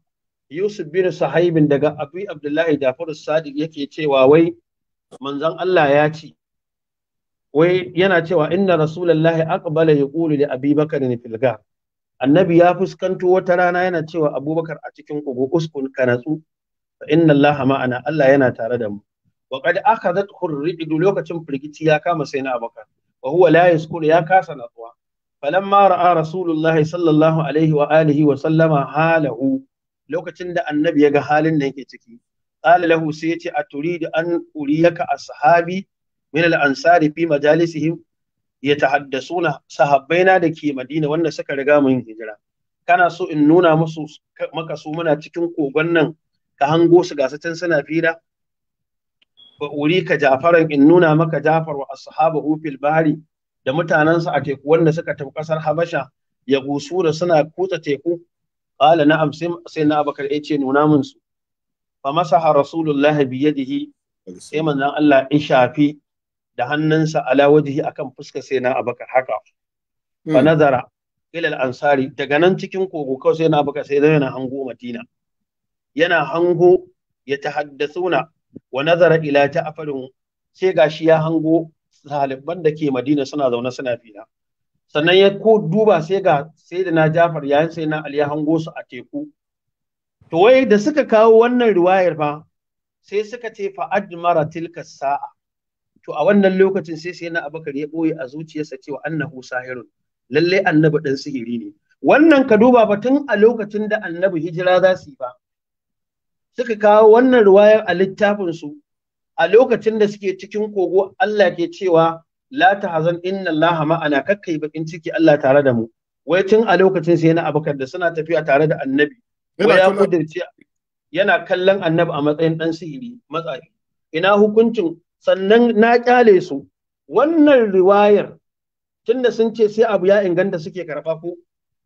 Yusuf bin Sahibin daga Abu Abdullahi Jafaru Sadiq yake cewa wai manzon Allah ya ce wai yana cewa inna rasulullahi aqbala yaqulu li da fil filga. annabi ya fuskanto wata rana yana cewa abubakar a cikin kugo uskun kanatsu. fa inna allaha ma'ana Allah yana tare da mu wa qad akhadat hurridu lokacin firgici ya kama sai na abubakar wa huwa la yaskul ya kasa natsuwa falamma ra'a rasulullahi sallallahu alaihi wa alihi wa sallama halahu lokacin da annabi ya ga halin da yake ciki qala lahu sai yace a turidu an uriyaka ashabi min al-ansari fi majalisihim yatahaddasuna sahabbaina da ke Madina wanda suka riga mun hijira kana so in nuna musu maka su muna cikin kogon nan ka hango su gasu can suna fira wa urika jafaran in nuna maka jafar wa ashabahu fil bahri da mutanensa a teku wanda suka tafi kasar habasha ya gusu da suna kutsa teku qala na'am sai na abakar yace ce nuna min su fa masaha ya biyadihi sai manzon Allah in shafi da hannunsa ala wajihi akan fuskar sai na abakar haka hmm. fa nazara ila ansari daga nan cikin kogo kawai sai na abakar sai yana hango madina yana hango ya tahaddasuna wa nazara ila ta'afarin sai gashi ya hango saliban da ke Madina suna zaune suna fina sannan ya ko duba sai ga sai da na Jafar yayin sai na Ali ya hango su a teku to wai da suka kawo wannan riwayar fa sai suka ce fa admara tilka sa'a to a wannan lokacin sai sai na abakar ya boye a zuciyarsa cewa annahu sahirun lalle annabi dan sihiri ne wannan ka duba fa tun a lokacin da annabi hijira za su yi ba suka kawo wannan riwayar a littafin su a lokacin da suke cikin kogo Allah ke cewa la tahzan inna Allah ma'ana kakkai bakin ciki Allah tare da mu wai tun a lokacin sai na abakar da suna tafiya tare da annabi ya kudirce yana kallon annabi a matsayin dan sihiri matsafi ina hukuncin sannan na kyale su wannan riwayar tunda sun ce sai abu ya inganta suke karɓa ko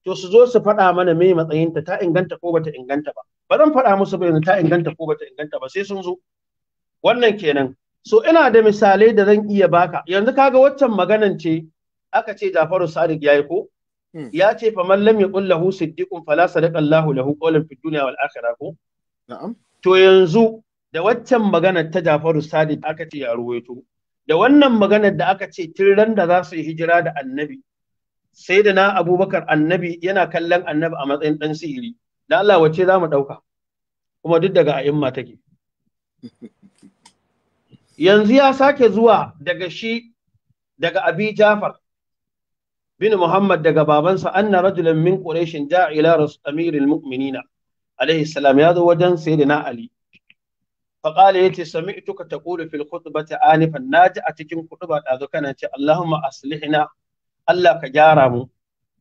to su zo su faɗa mana me matsayinta ta inganta ko bata inganta ba ba zan faɗa musu ba ta inganta ko bata inganta ba sai sun zo wannan kenan so ina da misalai da zan iya baka yanzu kaga waccan maganan ce aka ce Jafaru Sadiq yayi ko Hmm. ya ce fa man lam yaqul lahu siddiqun fala sadaqa Allahu lahu qawlan fid dunya wal akhirah ko na'am to yanzu da waccan maganar ta Jafaru Sadiq aka ce ya ruwaito da wannan maganar da aka ce tun ran da za su yi hijira da annabi sai da na abubakar annabi yana kallon annabi a matsayin ɗan sihiri da Allah wace za mu ɗauka kuma duk daga a'imma take yanzu ya sake zuwa daga shi daga abi jafar bin Muhammad daga babansa anna rajulan min Quraysh ja'a ila amiril mu'minina alaihi salam ya zo wajen sayyidina Ali فقال ta سمعتك تقول في الخطبة آنفا ناجع a خطبة أذكنا اللهم ka gyara mu.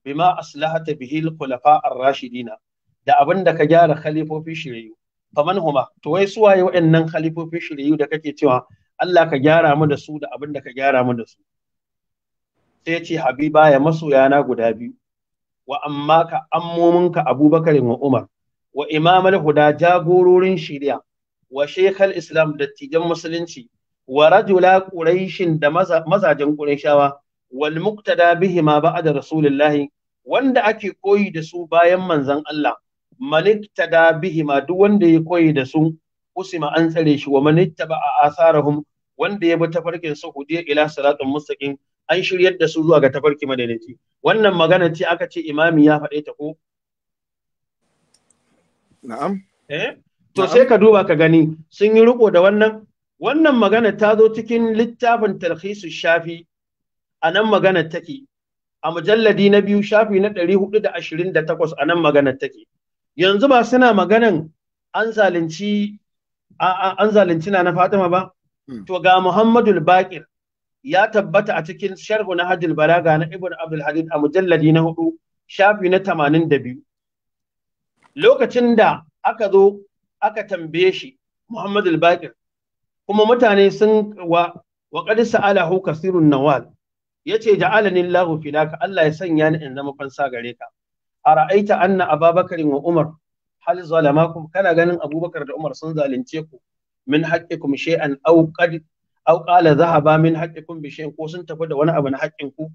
Bima أصلحت به الخلفاء الراشدين da abin da ka gyara khalifofi shiriyu faman huma to wai suwaye waɗannan khalifofi shiriyu da kake cewa Allah ka gyara mu da su da abin ka gyara mu da su sai ya ce habiba ya masoyana guda biyu wa amma ka ammominka abubakar wa umar wa imamar huda jagororin shirya wa shekhal islam dattijan musulunci wa rajula quraishin da mazajen qurayshawa wal muqtada bihi ma da rasulillah wanda ake koyi da su bayan manzon Allah da bihi ma duk wanda ya koyi da su usima an tsare shi wa manittaba asarahum wanda ya bi tafarkin su hudiya ila siratul mustaqim an shiryar da su zuwa ga tafarki madaidaici wannan magana ce aka ce imami ya faɗe ta ko na'am eh to sai ka duba ka gani sun yi riko da wannan wannan magana ta zo cikin littafin talhisu shafi a nan magana take a mujalladi na biyu shafi na 428 a nan magana take yanzu ba suna maganan an zalunci an zalunci na na Fatima ba hmm. to ga Muhammadul Baqir ya tabbata a cikin sharhu na hajjul balaga na ibn abdul hadid a mujalladi na hudu shafi na tamanin da biyu lokacin da aka zo aka tambaye shi muhammad al-baqir kuma mutane sun wa wa qad sa'alahu kasirun nawal yace ja'alani Allahu filaka Allah ya sanya ni in zama fansa gare ka ara'aita anna ababakarin wa umar hal zalamakum kana ganin abubakar da umar sun zalunce ku min haqqikum shay'an aw qad aw qala dhahaba min haqqikum bi ko sun tafi da wani abu na haƙƙin ku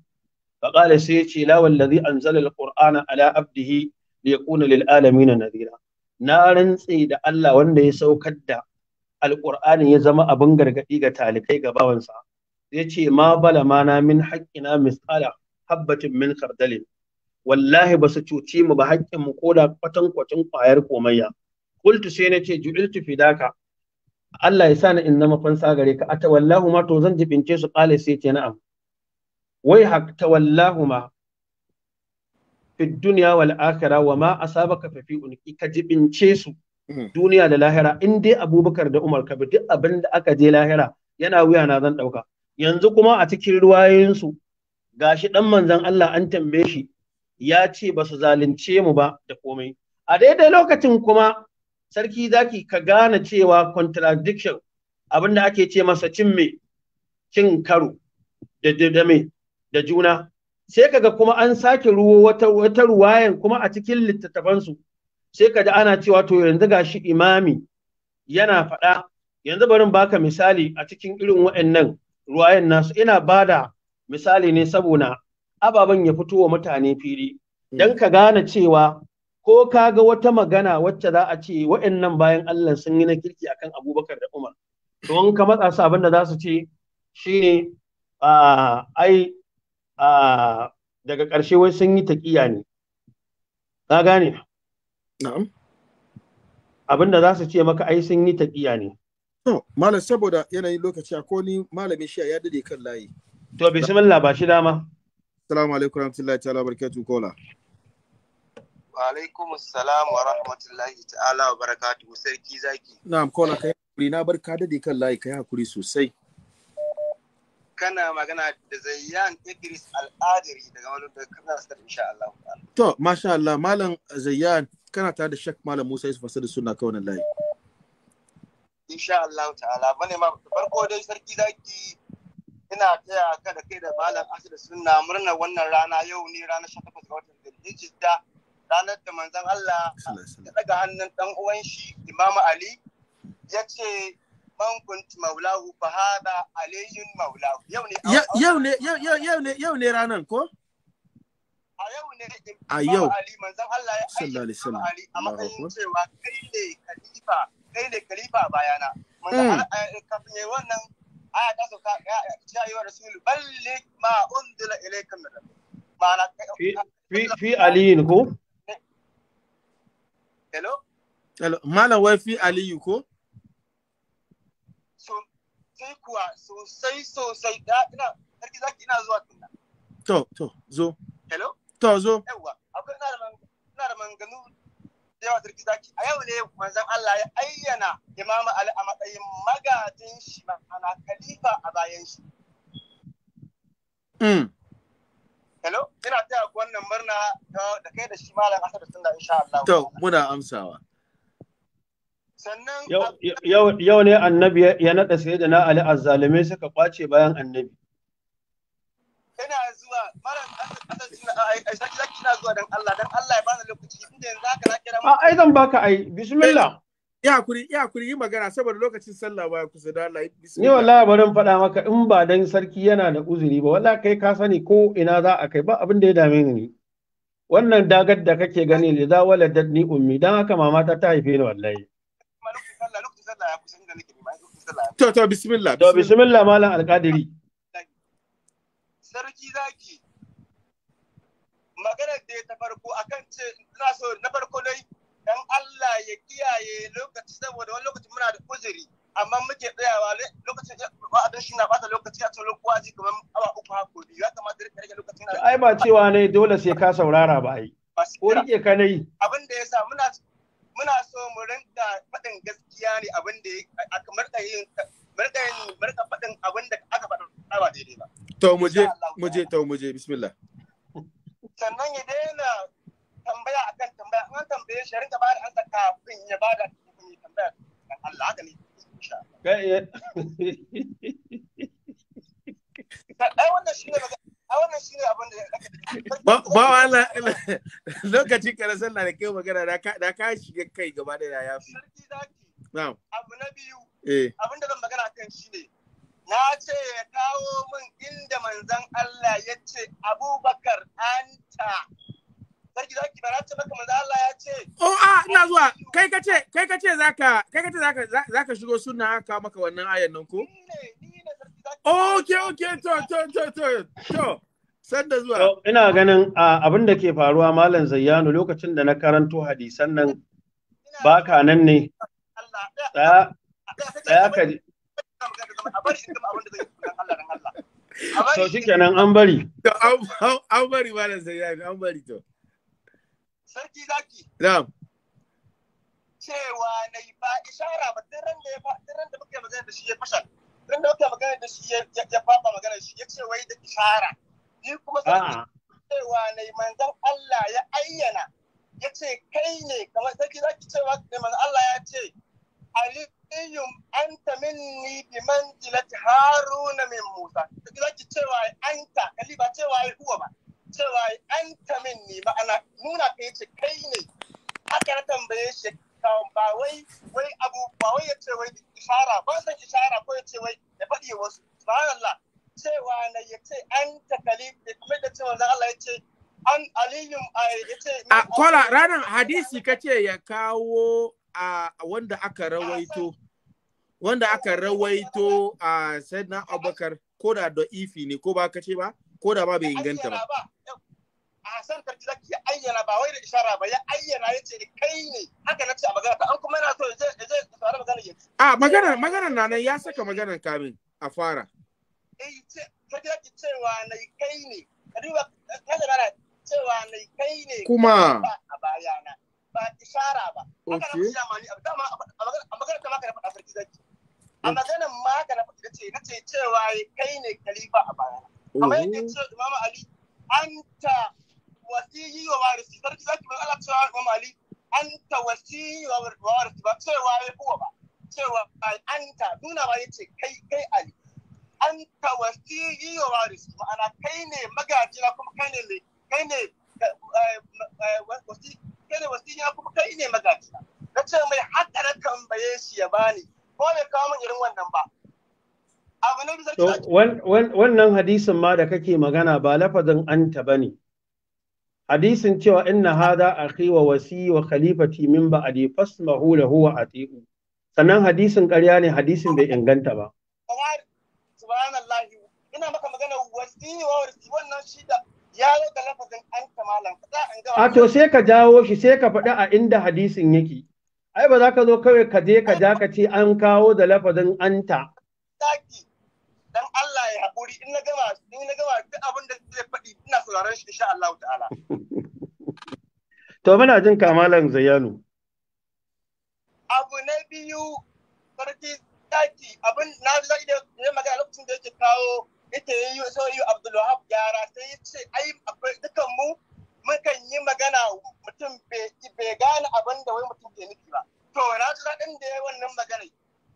fa qala sai yace la wallazi anzala alqur'ana ala abdihi liyakuna lil alamin nadira na rantse da Allah wanda ya saukar da alqur'ani ya zama abin gargaɗi ga talibai ga bawansa yace ma bala mana min haqqina misala habbatin min khardalin wallahi ba su cuci mu ba haƙƙin mu ko da kwatan kwatan ƙwayar komayya qultu sai nace ju'iltu fidaka Allah ya sani ni in zama fansa gare ka tawallahu ma to zan jibince su qala sai ce na'am wai hak tawallahu ma fi dunya wal akhirah wa ma asabaka fa fi unki ka jibince su hmm. duniya da lahira in dai Abubakar da Umar ka bi duk abin da aka je lahira yana wuya na zan dauka yanzu kuma a cikin su gashi dan manzon Allah an tambaye shi ya ce ba su zalunce mu ba da komai a daidai lokacin kuma sarki zaki ka gane cewa contradiction abinda da ake ce masa cin me cin karo da dame da juna sai kaga kuma an sake ruwo wata wata ruwayan kuma a cikin littattafansu sai kaga ana cewa to yanzu gashi imami yana faɗa yanzu barin baka misali a cikin irin waɗannan ruwayan nasu ina bada misali ne saboda ababen ya fito wa mutane fili hmm. dan ka gane cewa ko ka ga wata magana wacce za a ce wa'annan bayan Allah sun yi na kirki akan Abubakar da Umar to in ka matsa su abin da za su ce shine a ai a daga ƙarshe wai sun yi taƙiya ne ka gane na'am abin da za su ce maka ai sun yi taƙiya ne to malam saboda yanayin lokaci akwai ni malamin shi ya dade kan layi to bismillah ba shi dama assalamu alaikum warahmatullahi ta'ala barakatuh kola alaikum assalam wa rahmatullahi ta'ala wa barakatuhu sarki zaki na'am kola kai hakuri na barka da dai kan layi kai hakuri sosai kana magana da Zayyan Idris al daga wani da kana sa insha Allah to masha Allah malam Zayyan kana ta da shak malam Musa Yusuf Asadu suna kawai layi insha Allah ta'ala bane ma farko dai sarki zaki ina taya ka da kai da malam Asadu suna murna wannan rana yau ne ranar 18 ga watan Zulhijja ranar da manzan Allah ya daga hannun dan uwan shi Imam Ali ya ce man kunt maulahu fa hada aliyun maulahu yau ne yau ne yau ne yau ne ranar ko a yau ne a yau ya wannan aya ta sauka ya fi eh, fi aliyin ko hello hello malam wafi aliyu ko sosai kuwa sosai sosai da ina sarki zaki ina zuwa tunna to to zo hello to zo yawa akwai ina da ina da manganu da yawa sarki zaki a yau ne manzon Allah ya ayyana Imam Ali a matsayin magajin shi ana khalifa a bayan shi mm hello ina taya ku wannan murna da kai da shi malam asar da sunna insha Allah to muna amsawa sannan yau ne annabi ya naɗa sai da na Ali azzalume suka kwace bayan annabi ina zuwa malam asar zaki zaki kina zuwa dan Allah dan Allah ya bani lokaci inda yanzu haka na kira a ai zan baka ai bismillah ya kuri ya kuri yi magana saboda lokacin sallah ba kusa da Allah ni wallahi barin faɗa maka in ba dan sarki yana da uzuri ba wallahi kai ka sani ko ina za a kai ba abin da ya dame ni wannan dagar da kake gani li za waladat ni ummi dan haka mama ta ta haife ni wallahi to to bismillah to bismillah malam alkadiri sarki zaki maganar da ta farko akan ce ina so na farko dai dan Allah ya kiyaye lokaci saboda wani lokaci muna da uzuri amma muke tsayawa lokacin wa'adin shi na bata lokaci a cikin ji kamar awa uku hako biyu ya kamata rike rike lokacin da ai ba cewa ne dole sai ka saurara ba ai ko rike ka nayi abin da yasa muna muna so mu rinka faɗin gaskiya ne abin da a kamar da yin barka yin barka faɗin abin da aka faɗa ba daidai ba to mu je mu je to mu je bismillah sannan ya daina tambaya akan tambaya an tambaye shi rinka ba da saka kafin ya ba da hukumi tambaya dan Allah haka ne eh. ai wannan shine ai wannan shine abin ba wala lokaci kare sallah da kai magana da ka shiga kai gaba da ya yafi abu na biyu eh. abin da zan magana kan ne na ce ya kawo min inda manzan Allah ya ce Abubakar ta sarki zaki oh a ina zuwa kai kace kai kace zaka kai shigo sunna aka maka wannan ayan nan ko okay okay to to to to to ina ganin abin da ke faruwa malam zayyano lokacin da na karanto hadisan nan ka nan ne tsaya ka an bari an bari to sarki zaki na'am cewa na yi ba ishara ba duk ran da ya fa ran da muke magana da shi ya fasha duk da muke magana da shi ya ya fafa magana shi ya ce wai da ishara ni kuma sarki ah. cewa na yi manzon Allah ya ayyana ya ce kai ne kamar sarki zaki cewa ne manzon Allah ya ce aliyun anta minni bi manzilati haruna min musa sarki zaki cewa anta kalli ba cewa huwa ba cewa an tamin ne ma'ana nuna ka yace kai ne haka na tambaye shi um, ba wai wai abu ba wai yace wai ishara ba san ishara ko yace wai ya faɗi wasu subhanallah cewa na yace ce an takali da kuma da cewa dan Allah yace an aliyum ai yace a kola ranan hadisi kace ya kawo a wanda aka rawaito wanda aka rawaito a sayyidina abubakar ko da da ifi ne ko ba ka ce ba ko da ba bai inganta ba a san karti zaki ya ayyana ba wai da ishara ba ya ayyana ya ce kai ne haka na ce a magana ta an kuma yana so ya je ya fara magana ya a magana magana na nan ya saka magana kamin a fara eh ce karti zaki cewa na kai ne ka kadiba kada na cewa na kai ne kuma a bayana ba ishara ba haka na ce ma ni a magana ta maka na faɗa sarki zaki a maganar ma haka na faɗa ce na ce cewa kai ne kalifa a bayana kamar yadda ce Imam Ali ta wasiyyi wa warisi sarki zaki mai Allah cewa Imam Ali An ta wasiyyi wa warisi ba cewa ya kuwa ba cewa an ta. nuna ba ya ce kai kai Ali An ta wasiyyi wa warisi ma'ana kai ne magajina kuma kai ne kai ne eh, eh, kai ne wasiyya kuma kai ne magajina na ce mai haka na tambaye shi ya bani ko bai kawo min irin wannan ba wannan hadisin ma da kake magana ba lafazin anta ne. hadisin cewa inna hada kai wa wasi wa khalifati min ba'di fasmahu huwa a ati'u sannan hadisin ƙarya ne hadisin bai inganta ba a to sai ka jawo shi sai ka faɗi a inda hadisin yake ai ba za ka zo kawai ka je ka ja ka ce an kawo da lafazin anta dan Allah ya haƙuri in na gama in na gama duk abin da zai faɗi ina sauraron shi insha Allah ta'ala to muna jin kamalan Zayyano abu na biyu sarki taki abin na ji zaki da ne magana lokacin da yake kawo yake yi so yi Abdul Wahab gyara sai ya ce ai akwai dukan mu mukan yi magana mutum bai gane abin da wai mutum ke nufi ba to na ji daɗin da ya wannan magana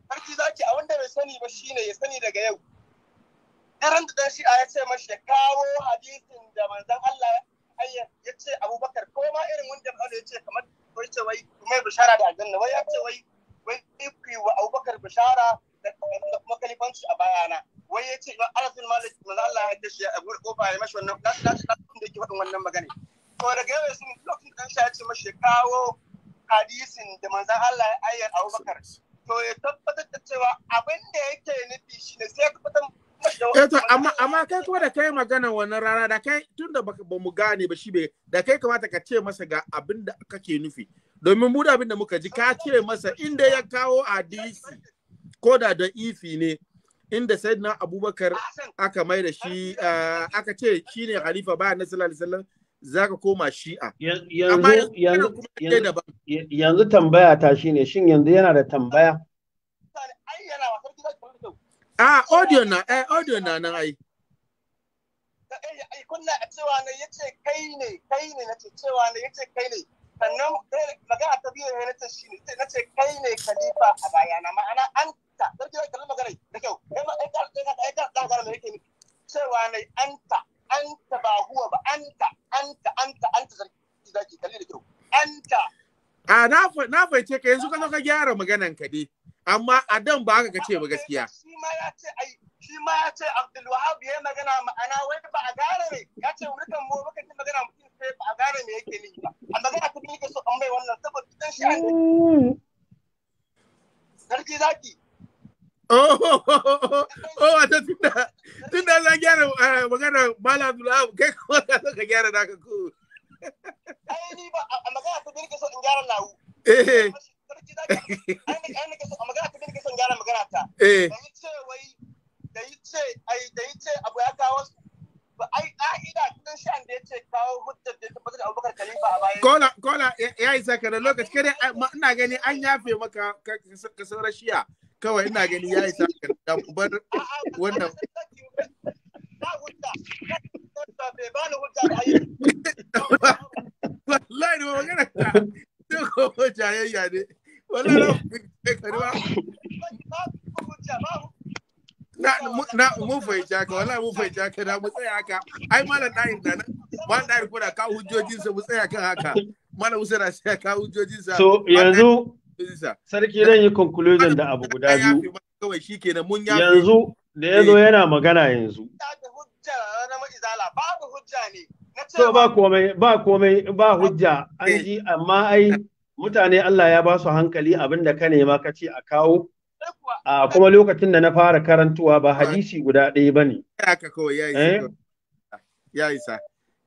sarki zaki abin da bai sani ba shine ya sani daga yau irin da dan shi'a ya ce mashi ya kawo hadisin da manzan Allah ya ce Abubakar ko ma irin wanda Bello ya ce kamar wai ce wai mai bishara da aljanna wai ya ce wai wai ku wa Abubakar bishara da kuma kalifanci a bayana wai ya ce Imam Anas bin Malik manzon Allah ya ce ya bude kofa ya mashi wannan da da da yake faɗin wannan magana to daga yau sun lokacin dan shi'a ya ce mashi ya kawo hadisin da manzan Allah ya ayyana Abubakar to ya tabbatar da cewa abin da yake nufi shine sai ka fitan Eto, eh amma amma kai kuma da kai magana wannan rana da kai tun da ba mu gane ba shi da kai kamata ka ce masa ga abin da kake nufi. Domin mu da abin da muka ji ka ce masa inda ya kawo hadisi ko da da ifi ne inda sayyidina Abubakar aka mai da shi eh, aka ce halifa ba na sallallahu alaihi wasallam koma shi'a. Yanzu yanzu tambaya ta shine shin yanzu yana da tambaya Ah, audio na, eh, audio na nan ai. Eh, eh, kunna a cewa ne ya ce kai ne, kai ne, na ce cewa ne ya ce kai ne. Sannan eh, magana ta biyu ne na ce shi ne, na ce kai ne khalifa a bayana, ma'ana an ta, ɗauki wai kalli magana da kyau, ya ma ɗan ƙarfi na ɗan ƙarfi na yake nufi. Cewa ne an ta, an ta ba huwa ba, an ta, an ta, an ta, an ta sarki zaki, kalli da kyau, an ta. Ah, na fahimce ka yanzu ka zo ka gyara maganan ka dai. amma a dan ba haka kace ba gaskiya shi ma ya ce ya ce Abdul Wahab ya magana ma'ana wai ba a gane ne ya ce wurin mu muka ji magana mutum sai ba a gane me yake ni ba a magana so an wannan saboda dan shi Sarki zaki oh, oh, oh, oh, oh, za gyara eh, magana kai kuma ka gyara ku. Ai ni ba a magana ta so in gyara lawu. Eh. eh. ji daɗi ai yi so magana ta son gyara magana ta wai da ai da ya kawo su a baya ka da lokaci yafe maka ka saurar shiya kawai ina gani ya isa ka da bar wannan ba hujja ba jayayya ne na na mun fahimci haka wallahi mun fahimci haka da mu tsaya haka ai malam ɗayin da malam ɗayin ko da ka hujjojinsa mu tsaya kan haka malam usaina sai ka hujjojinsa so yanzu sarki zan yi conclusion da abu guda biyu yanzu da ya zo eh. yana magana yanzu so ba komai ba komai ba hujja an eh. ji amma ai mutane Allah ya ba su hankali abin da ka nema ka ce a kawo a kuma lokacin da na fara karantuwa ba hadisi guda ɗaya ba ne. Ya isa. Eh?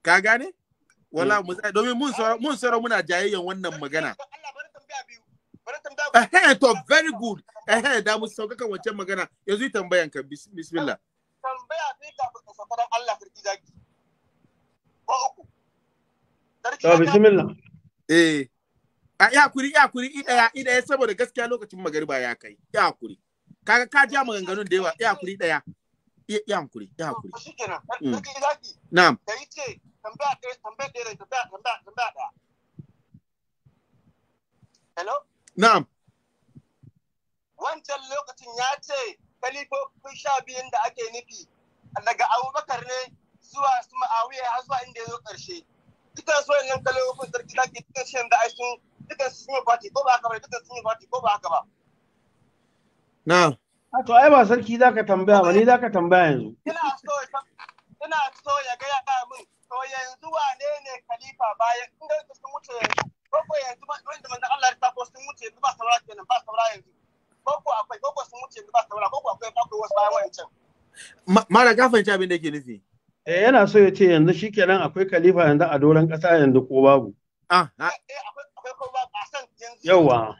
Ka gane? Wala mu domin mun sauran muna jayayyan wannan magana. Eh to very good. Eh da mu sauka kan wancan magana. Yanzu tambayan ka bismillah. Tambaya ka fita safaran Allah sarki zaki. Ba uku. To bismillah. Eh a ya kuri ya kuri idaya idaya saboda gaskiya lokacin magariba ya kai ya kuri kaga ka ja maganganun da yawa ya kuri daya ya hankuri ya na'am da tambaya tambaya tambaya tambaya tambaya hello na'am wancan lokacin ya ce kalifofin sha biyun da ake nufi daga abubakar ne zuwa su ma'awiya har zuwa inda ya zo ƙarshe ita so yin kalifofin sarki zaki cikin shi da ai sun sun yi party ko ba haka ba sun yi party ko ba haka ba na a to ai ba sarki zaka tambaya ba ni zaka tambaya yanzu ina so ina so ya ga ya min to yanzu wane ne khalifa bayan in ga sun mutu yanzu ko ko yanzu ba wanda manzo Allah ya sako sun mutu yanzu ba saura kenan ba saura yanzu ko ko akwai ko ko sun mutu yanzu ba saura ko ko akwai akwai wasu bayan wancan mara ka fahimci abin da yake nufi eh yana so ya ce yanzu shikenan akwai khalifa yanzu a doron kasa yanzu ko babu ah eh akwai akwai kuma kasan yanzu yawa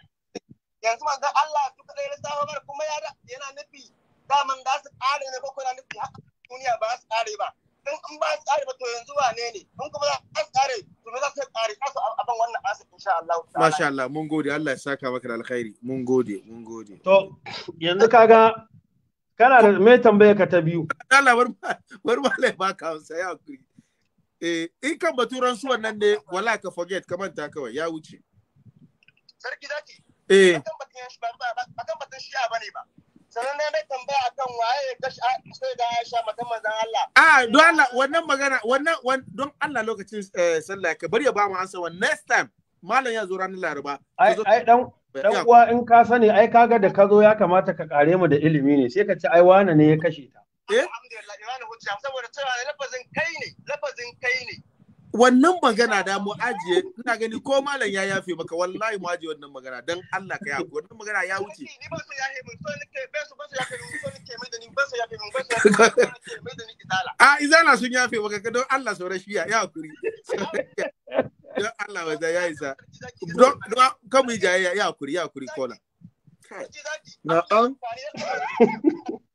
yanzu manzo Allah su kadai lissafa bar kuma ya yana nufi daman za su kare ne ko kuma nufi haka duniya ba za su kare ba in an ba su kare ba to yanzu wane ne in kuma za su kare to me za su kare za su abin wannan asa insha Allah masha Allah mun gode Allah ya saka maka da alkhairi mun gode mun gode to yanzu kaga kana da me tambaye ka ta biyu Allah bar bar baka sai hakuri eh in kan baturan su wannan ne wala ka forget ka manta kawai ya wuce sarki zaki eh Bakan batun shi'a ne ba sannan na mai tambaya akan waye ga sai ga Aisha matan manzon Allah ah don Allah wannan magana wannan don Allah lokacin eh, sallah ka bari ya ba mu ansa wa next time malam ya zo ranar Laraba ai ai dan dan uwa in ka sani ai kaga da ka zo ya kamata ka kare mu da ilimi ne sai ka ci ai wane ne ya kashe ta Eh? Wannan magana da mu ajiye ina gani ko malam ya yafe maka wallahi mu ajiye wannan magana dan Allah ka yafe wannan magana ya wuce. Ni ba su yafe mun so ni ke ba su ba su yafe mun so ni ke mai da ni ba su yafe mun ba su yafe mun da ni izala. Ah izala sun yafe maka ka don Allah sauran shiya ya hakuri. Don Allah wa zai yayi sa Don ka mu jayayya ya ya hakuri ya hakuri kola. na an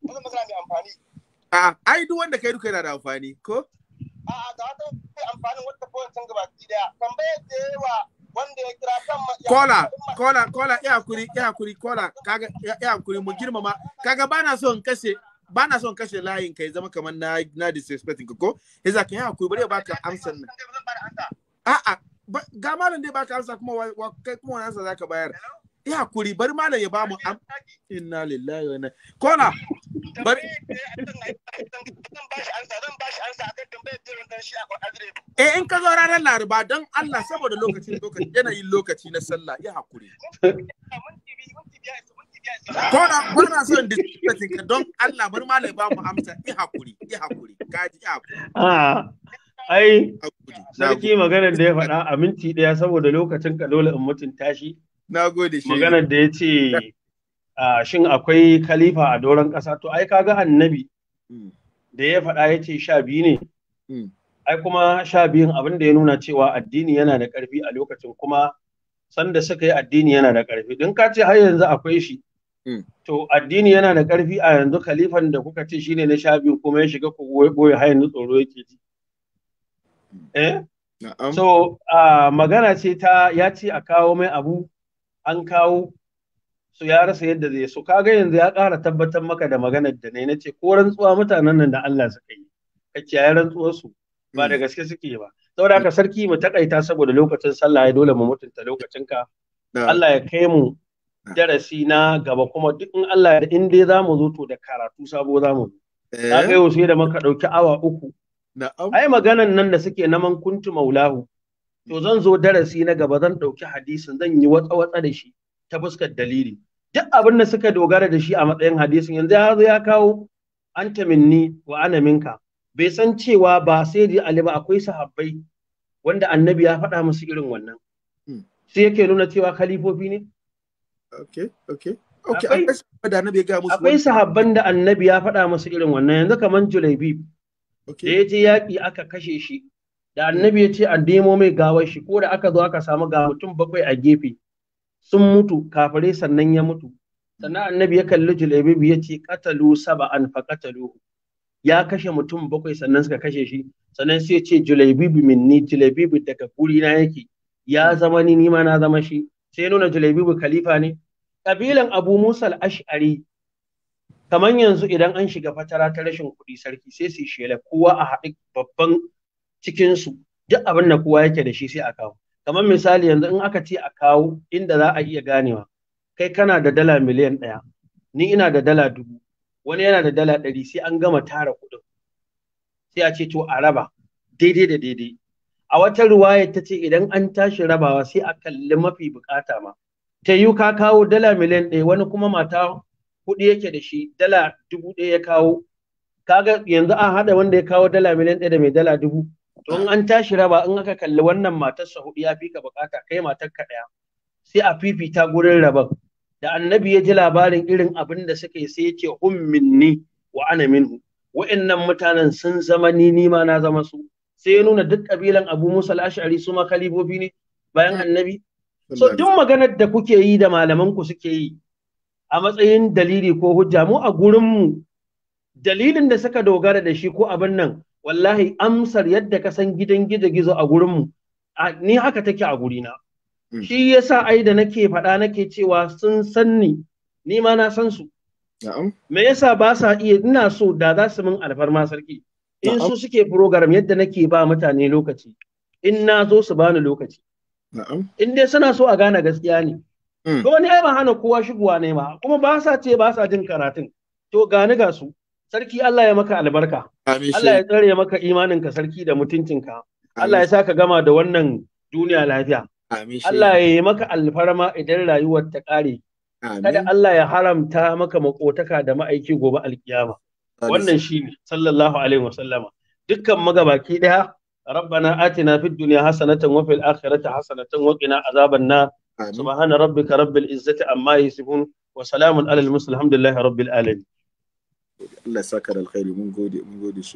Wannan magana mai amfani. A'a, ai duk wanda kai duka yana da amfani, ko? A'a, da wata kai amfanin wata kowace sun gaba ki daya. Tambayar da yawa wanda ya kira kan Kola, kola, kola, ya hakuri, ya hakuri, kola, kaga ya hakuri mu girmama. Kaga bana so in kashe ba na son kashe layin kai zama kamar na na disrespecting ka ko yasa ka yi hakuri bari ya baka amsar nan a'a ga malam dai baka amsa kuma wa kai kuma wani amsa ka bayar ya hakuri bari malam ya bamu am inna lillahi wa inna kona bari eh in ka zo ranar laraba don Allah saboda lokacin lokaci yanayin lokaci na sallah ya hakuri kona kona son discussing ka don Allah bari malam ya bamu amsa ya hakuri ya hakuri kaji ya hakuri ah, ai sarki maganar da ya faɗa a minti ɗaya saboda lokacin ka dole in mutunta shi Na gode shi. Maganar da ya ce shin akwai kalifa a doron ƙasa to ai kaga annabi hmm. da ya faɗa ya ce sha biyu ne. Hmm. Ai kuma sha biyun abin da ya nuna cewa addini yana da ƙarfi a lokacin kuma sanda suka yi addini yana da ƙarfi. Don ka ce har yanzu akwai shi. Hmm. To addini yana da ƙarfi a yanzu kalifan da kuka ce shi ne na sha biyu kuma ya shiga ya boye har yanzu tsoro yake ji. Eh? So magana ce ta ya ce a kawo mai abu an kawo su ya rasa yadda zai so kaga yanzu ya ƙara tabbatar maka da maganar da ne na ce ko rantsuwa mutanen nan da Allah suka yi ka kiyaye rantsuwar su ba da hmm. gaske suke ba saboda haka sarki mu takaita saboda lokacin sallah ya dole mu mutunta lokacin ka Allah ya kai mu darasi na gaba kuma duk in Allah ya in dai zamu zo to da karatu sabo zamu zo ka eh. kai wasu da maka dauki awa uku ai maganan nan da suke naman kuntu maulahu to zan zo darasi na gaba zan ɗauki hadisin zan yi watsa-watsa da shi ta fuskar dalili duk abin da suka dogara da shi a matsayin hadisin yanzu ya zo ya kawo an minni wa ana minka bai san cewa ba sai da ali ba akwai sahabbai wanda annabi ya faɗa musu irin wannan hmm. sai yake nuna cewa khalifofi ne okay okay akwai sahabban da annabi ya faɗa musu irin wannan yanzu kamar julaibi da ya je yaƙi aka kashe shi da annabi ya ce a demo mai gawar shi ko da aka zo aka samu ga mutum bakwai a gefe sun mutu kafare sannan ya mutu sannan annabi ya kalli julabibi ya ce katalu saba'an fa kataluhu ya kashe mutum bakwai sannan suka kashe shi sannan sai ya ce min minni julabibi daga na yake ya zama ni nima na zama shi sai nuna julabibi khalifa ne kabilan abu musal ash'ari kamar yanzu idan an shiga fatara ta rashin kuɗi sarki sai su shela kowa a haɗi babban cikin su duk abin da kowa yake da shi sai a kawo kamar misali yanzu in aka ce a kawo inda za a iya ganewa kai kana da dala miliyan ɗaya ni ina da dala dubu wani yana da dala ɗari sai an gama tara kuɗin sai a ce to a raba daidai da daidai a wata ruwaya ta ce idan an tashi rabawa sai a kalli mafi bukata ma ta yi ka kawo dala miliyan ɗaya wani kuma mata kuɗi yake da shi dala dubu ɗaya ya kawo kaga yanzu an haɗa wanda ya kawo dala miliyan ɗaya da mai dala dubu to an tashi raba in aka kalli wannan matar sa hudu ya fi ka bukata kai matar ka daya sai a fifita gurin raban da annabi ya ji labarin irin abin da suke sai ya ce hum minni wa ana minhu wa'annan mutanen sun zama ni ni ma na zama su sai ya nuna duk kabilan Abu Musa al-Ash'ari su ma kalibobi ne bayan annabi so duk maganar da kuke yi da malaman ku suke yi a matsayin dalili ko hujja mu a gurin mu dalilin da suka dogara da shi ko abin nan wallahi amsar yadda ka san gidan gida gizo a gurinmu ni haka take a gurina hmm. shi yasa ai da nake faɗa nake cewa sun san ni ni ma na san su me yasa ba sa iya ina so da za su min alfarma sarki in su suke program yadda nake ba mutane lokaci in na zo su bani lokaci in dai suna so a gane gaskiya ne hmm. to wani ai ba hana kowa shigowa ne ma kuma ba sa ce ba sa jin karatun to gani ga su sarki Allah ya maka albarka Allah ya tsare maka imaninka sarki da mutuncinka. Allah ya sa ka gama da wannan duniya lafiya. Allah ya yi maka alfarma idan rayuwar ta ƙare. Kada Allah ya haramta maka makotaka da ma'aiki gobe alkiyama. Wannan shi ne sallallahu alaihi wasallama. Dukkan magabaki ɗaya a آتنا في الدنيا حسنة وفي الآخرة حسنة وقنا عذاب النار سبحان ربك رب العزة عما يصفون wa salamun alal الحمد لله Rabbil العالمين Allah ya saka da alkhairi mun gode mun gode shi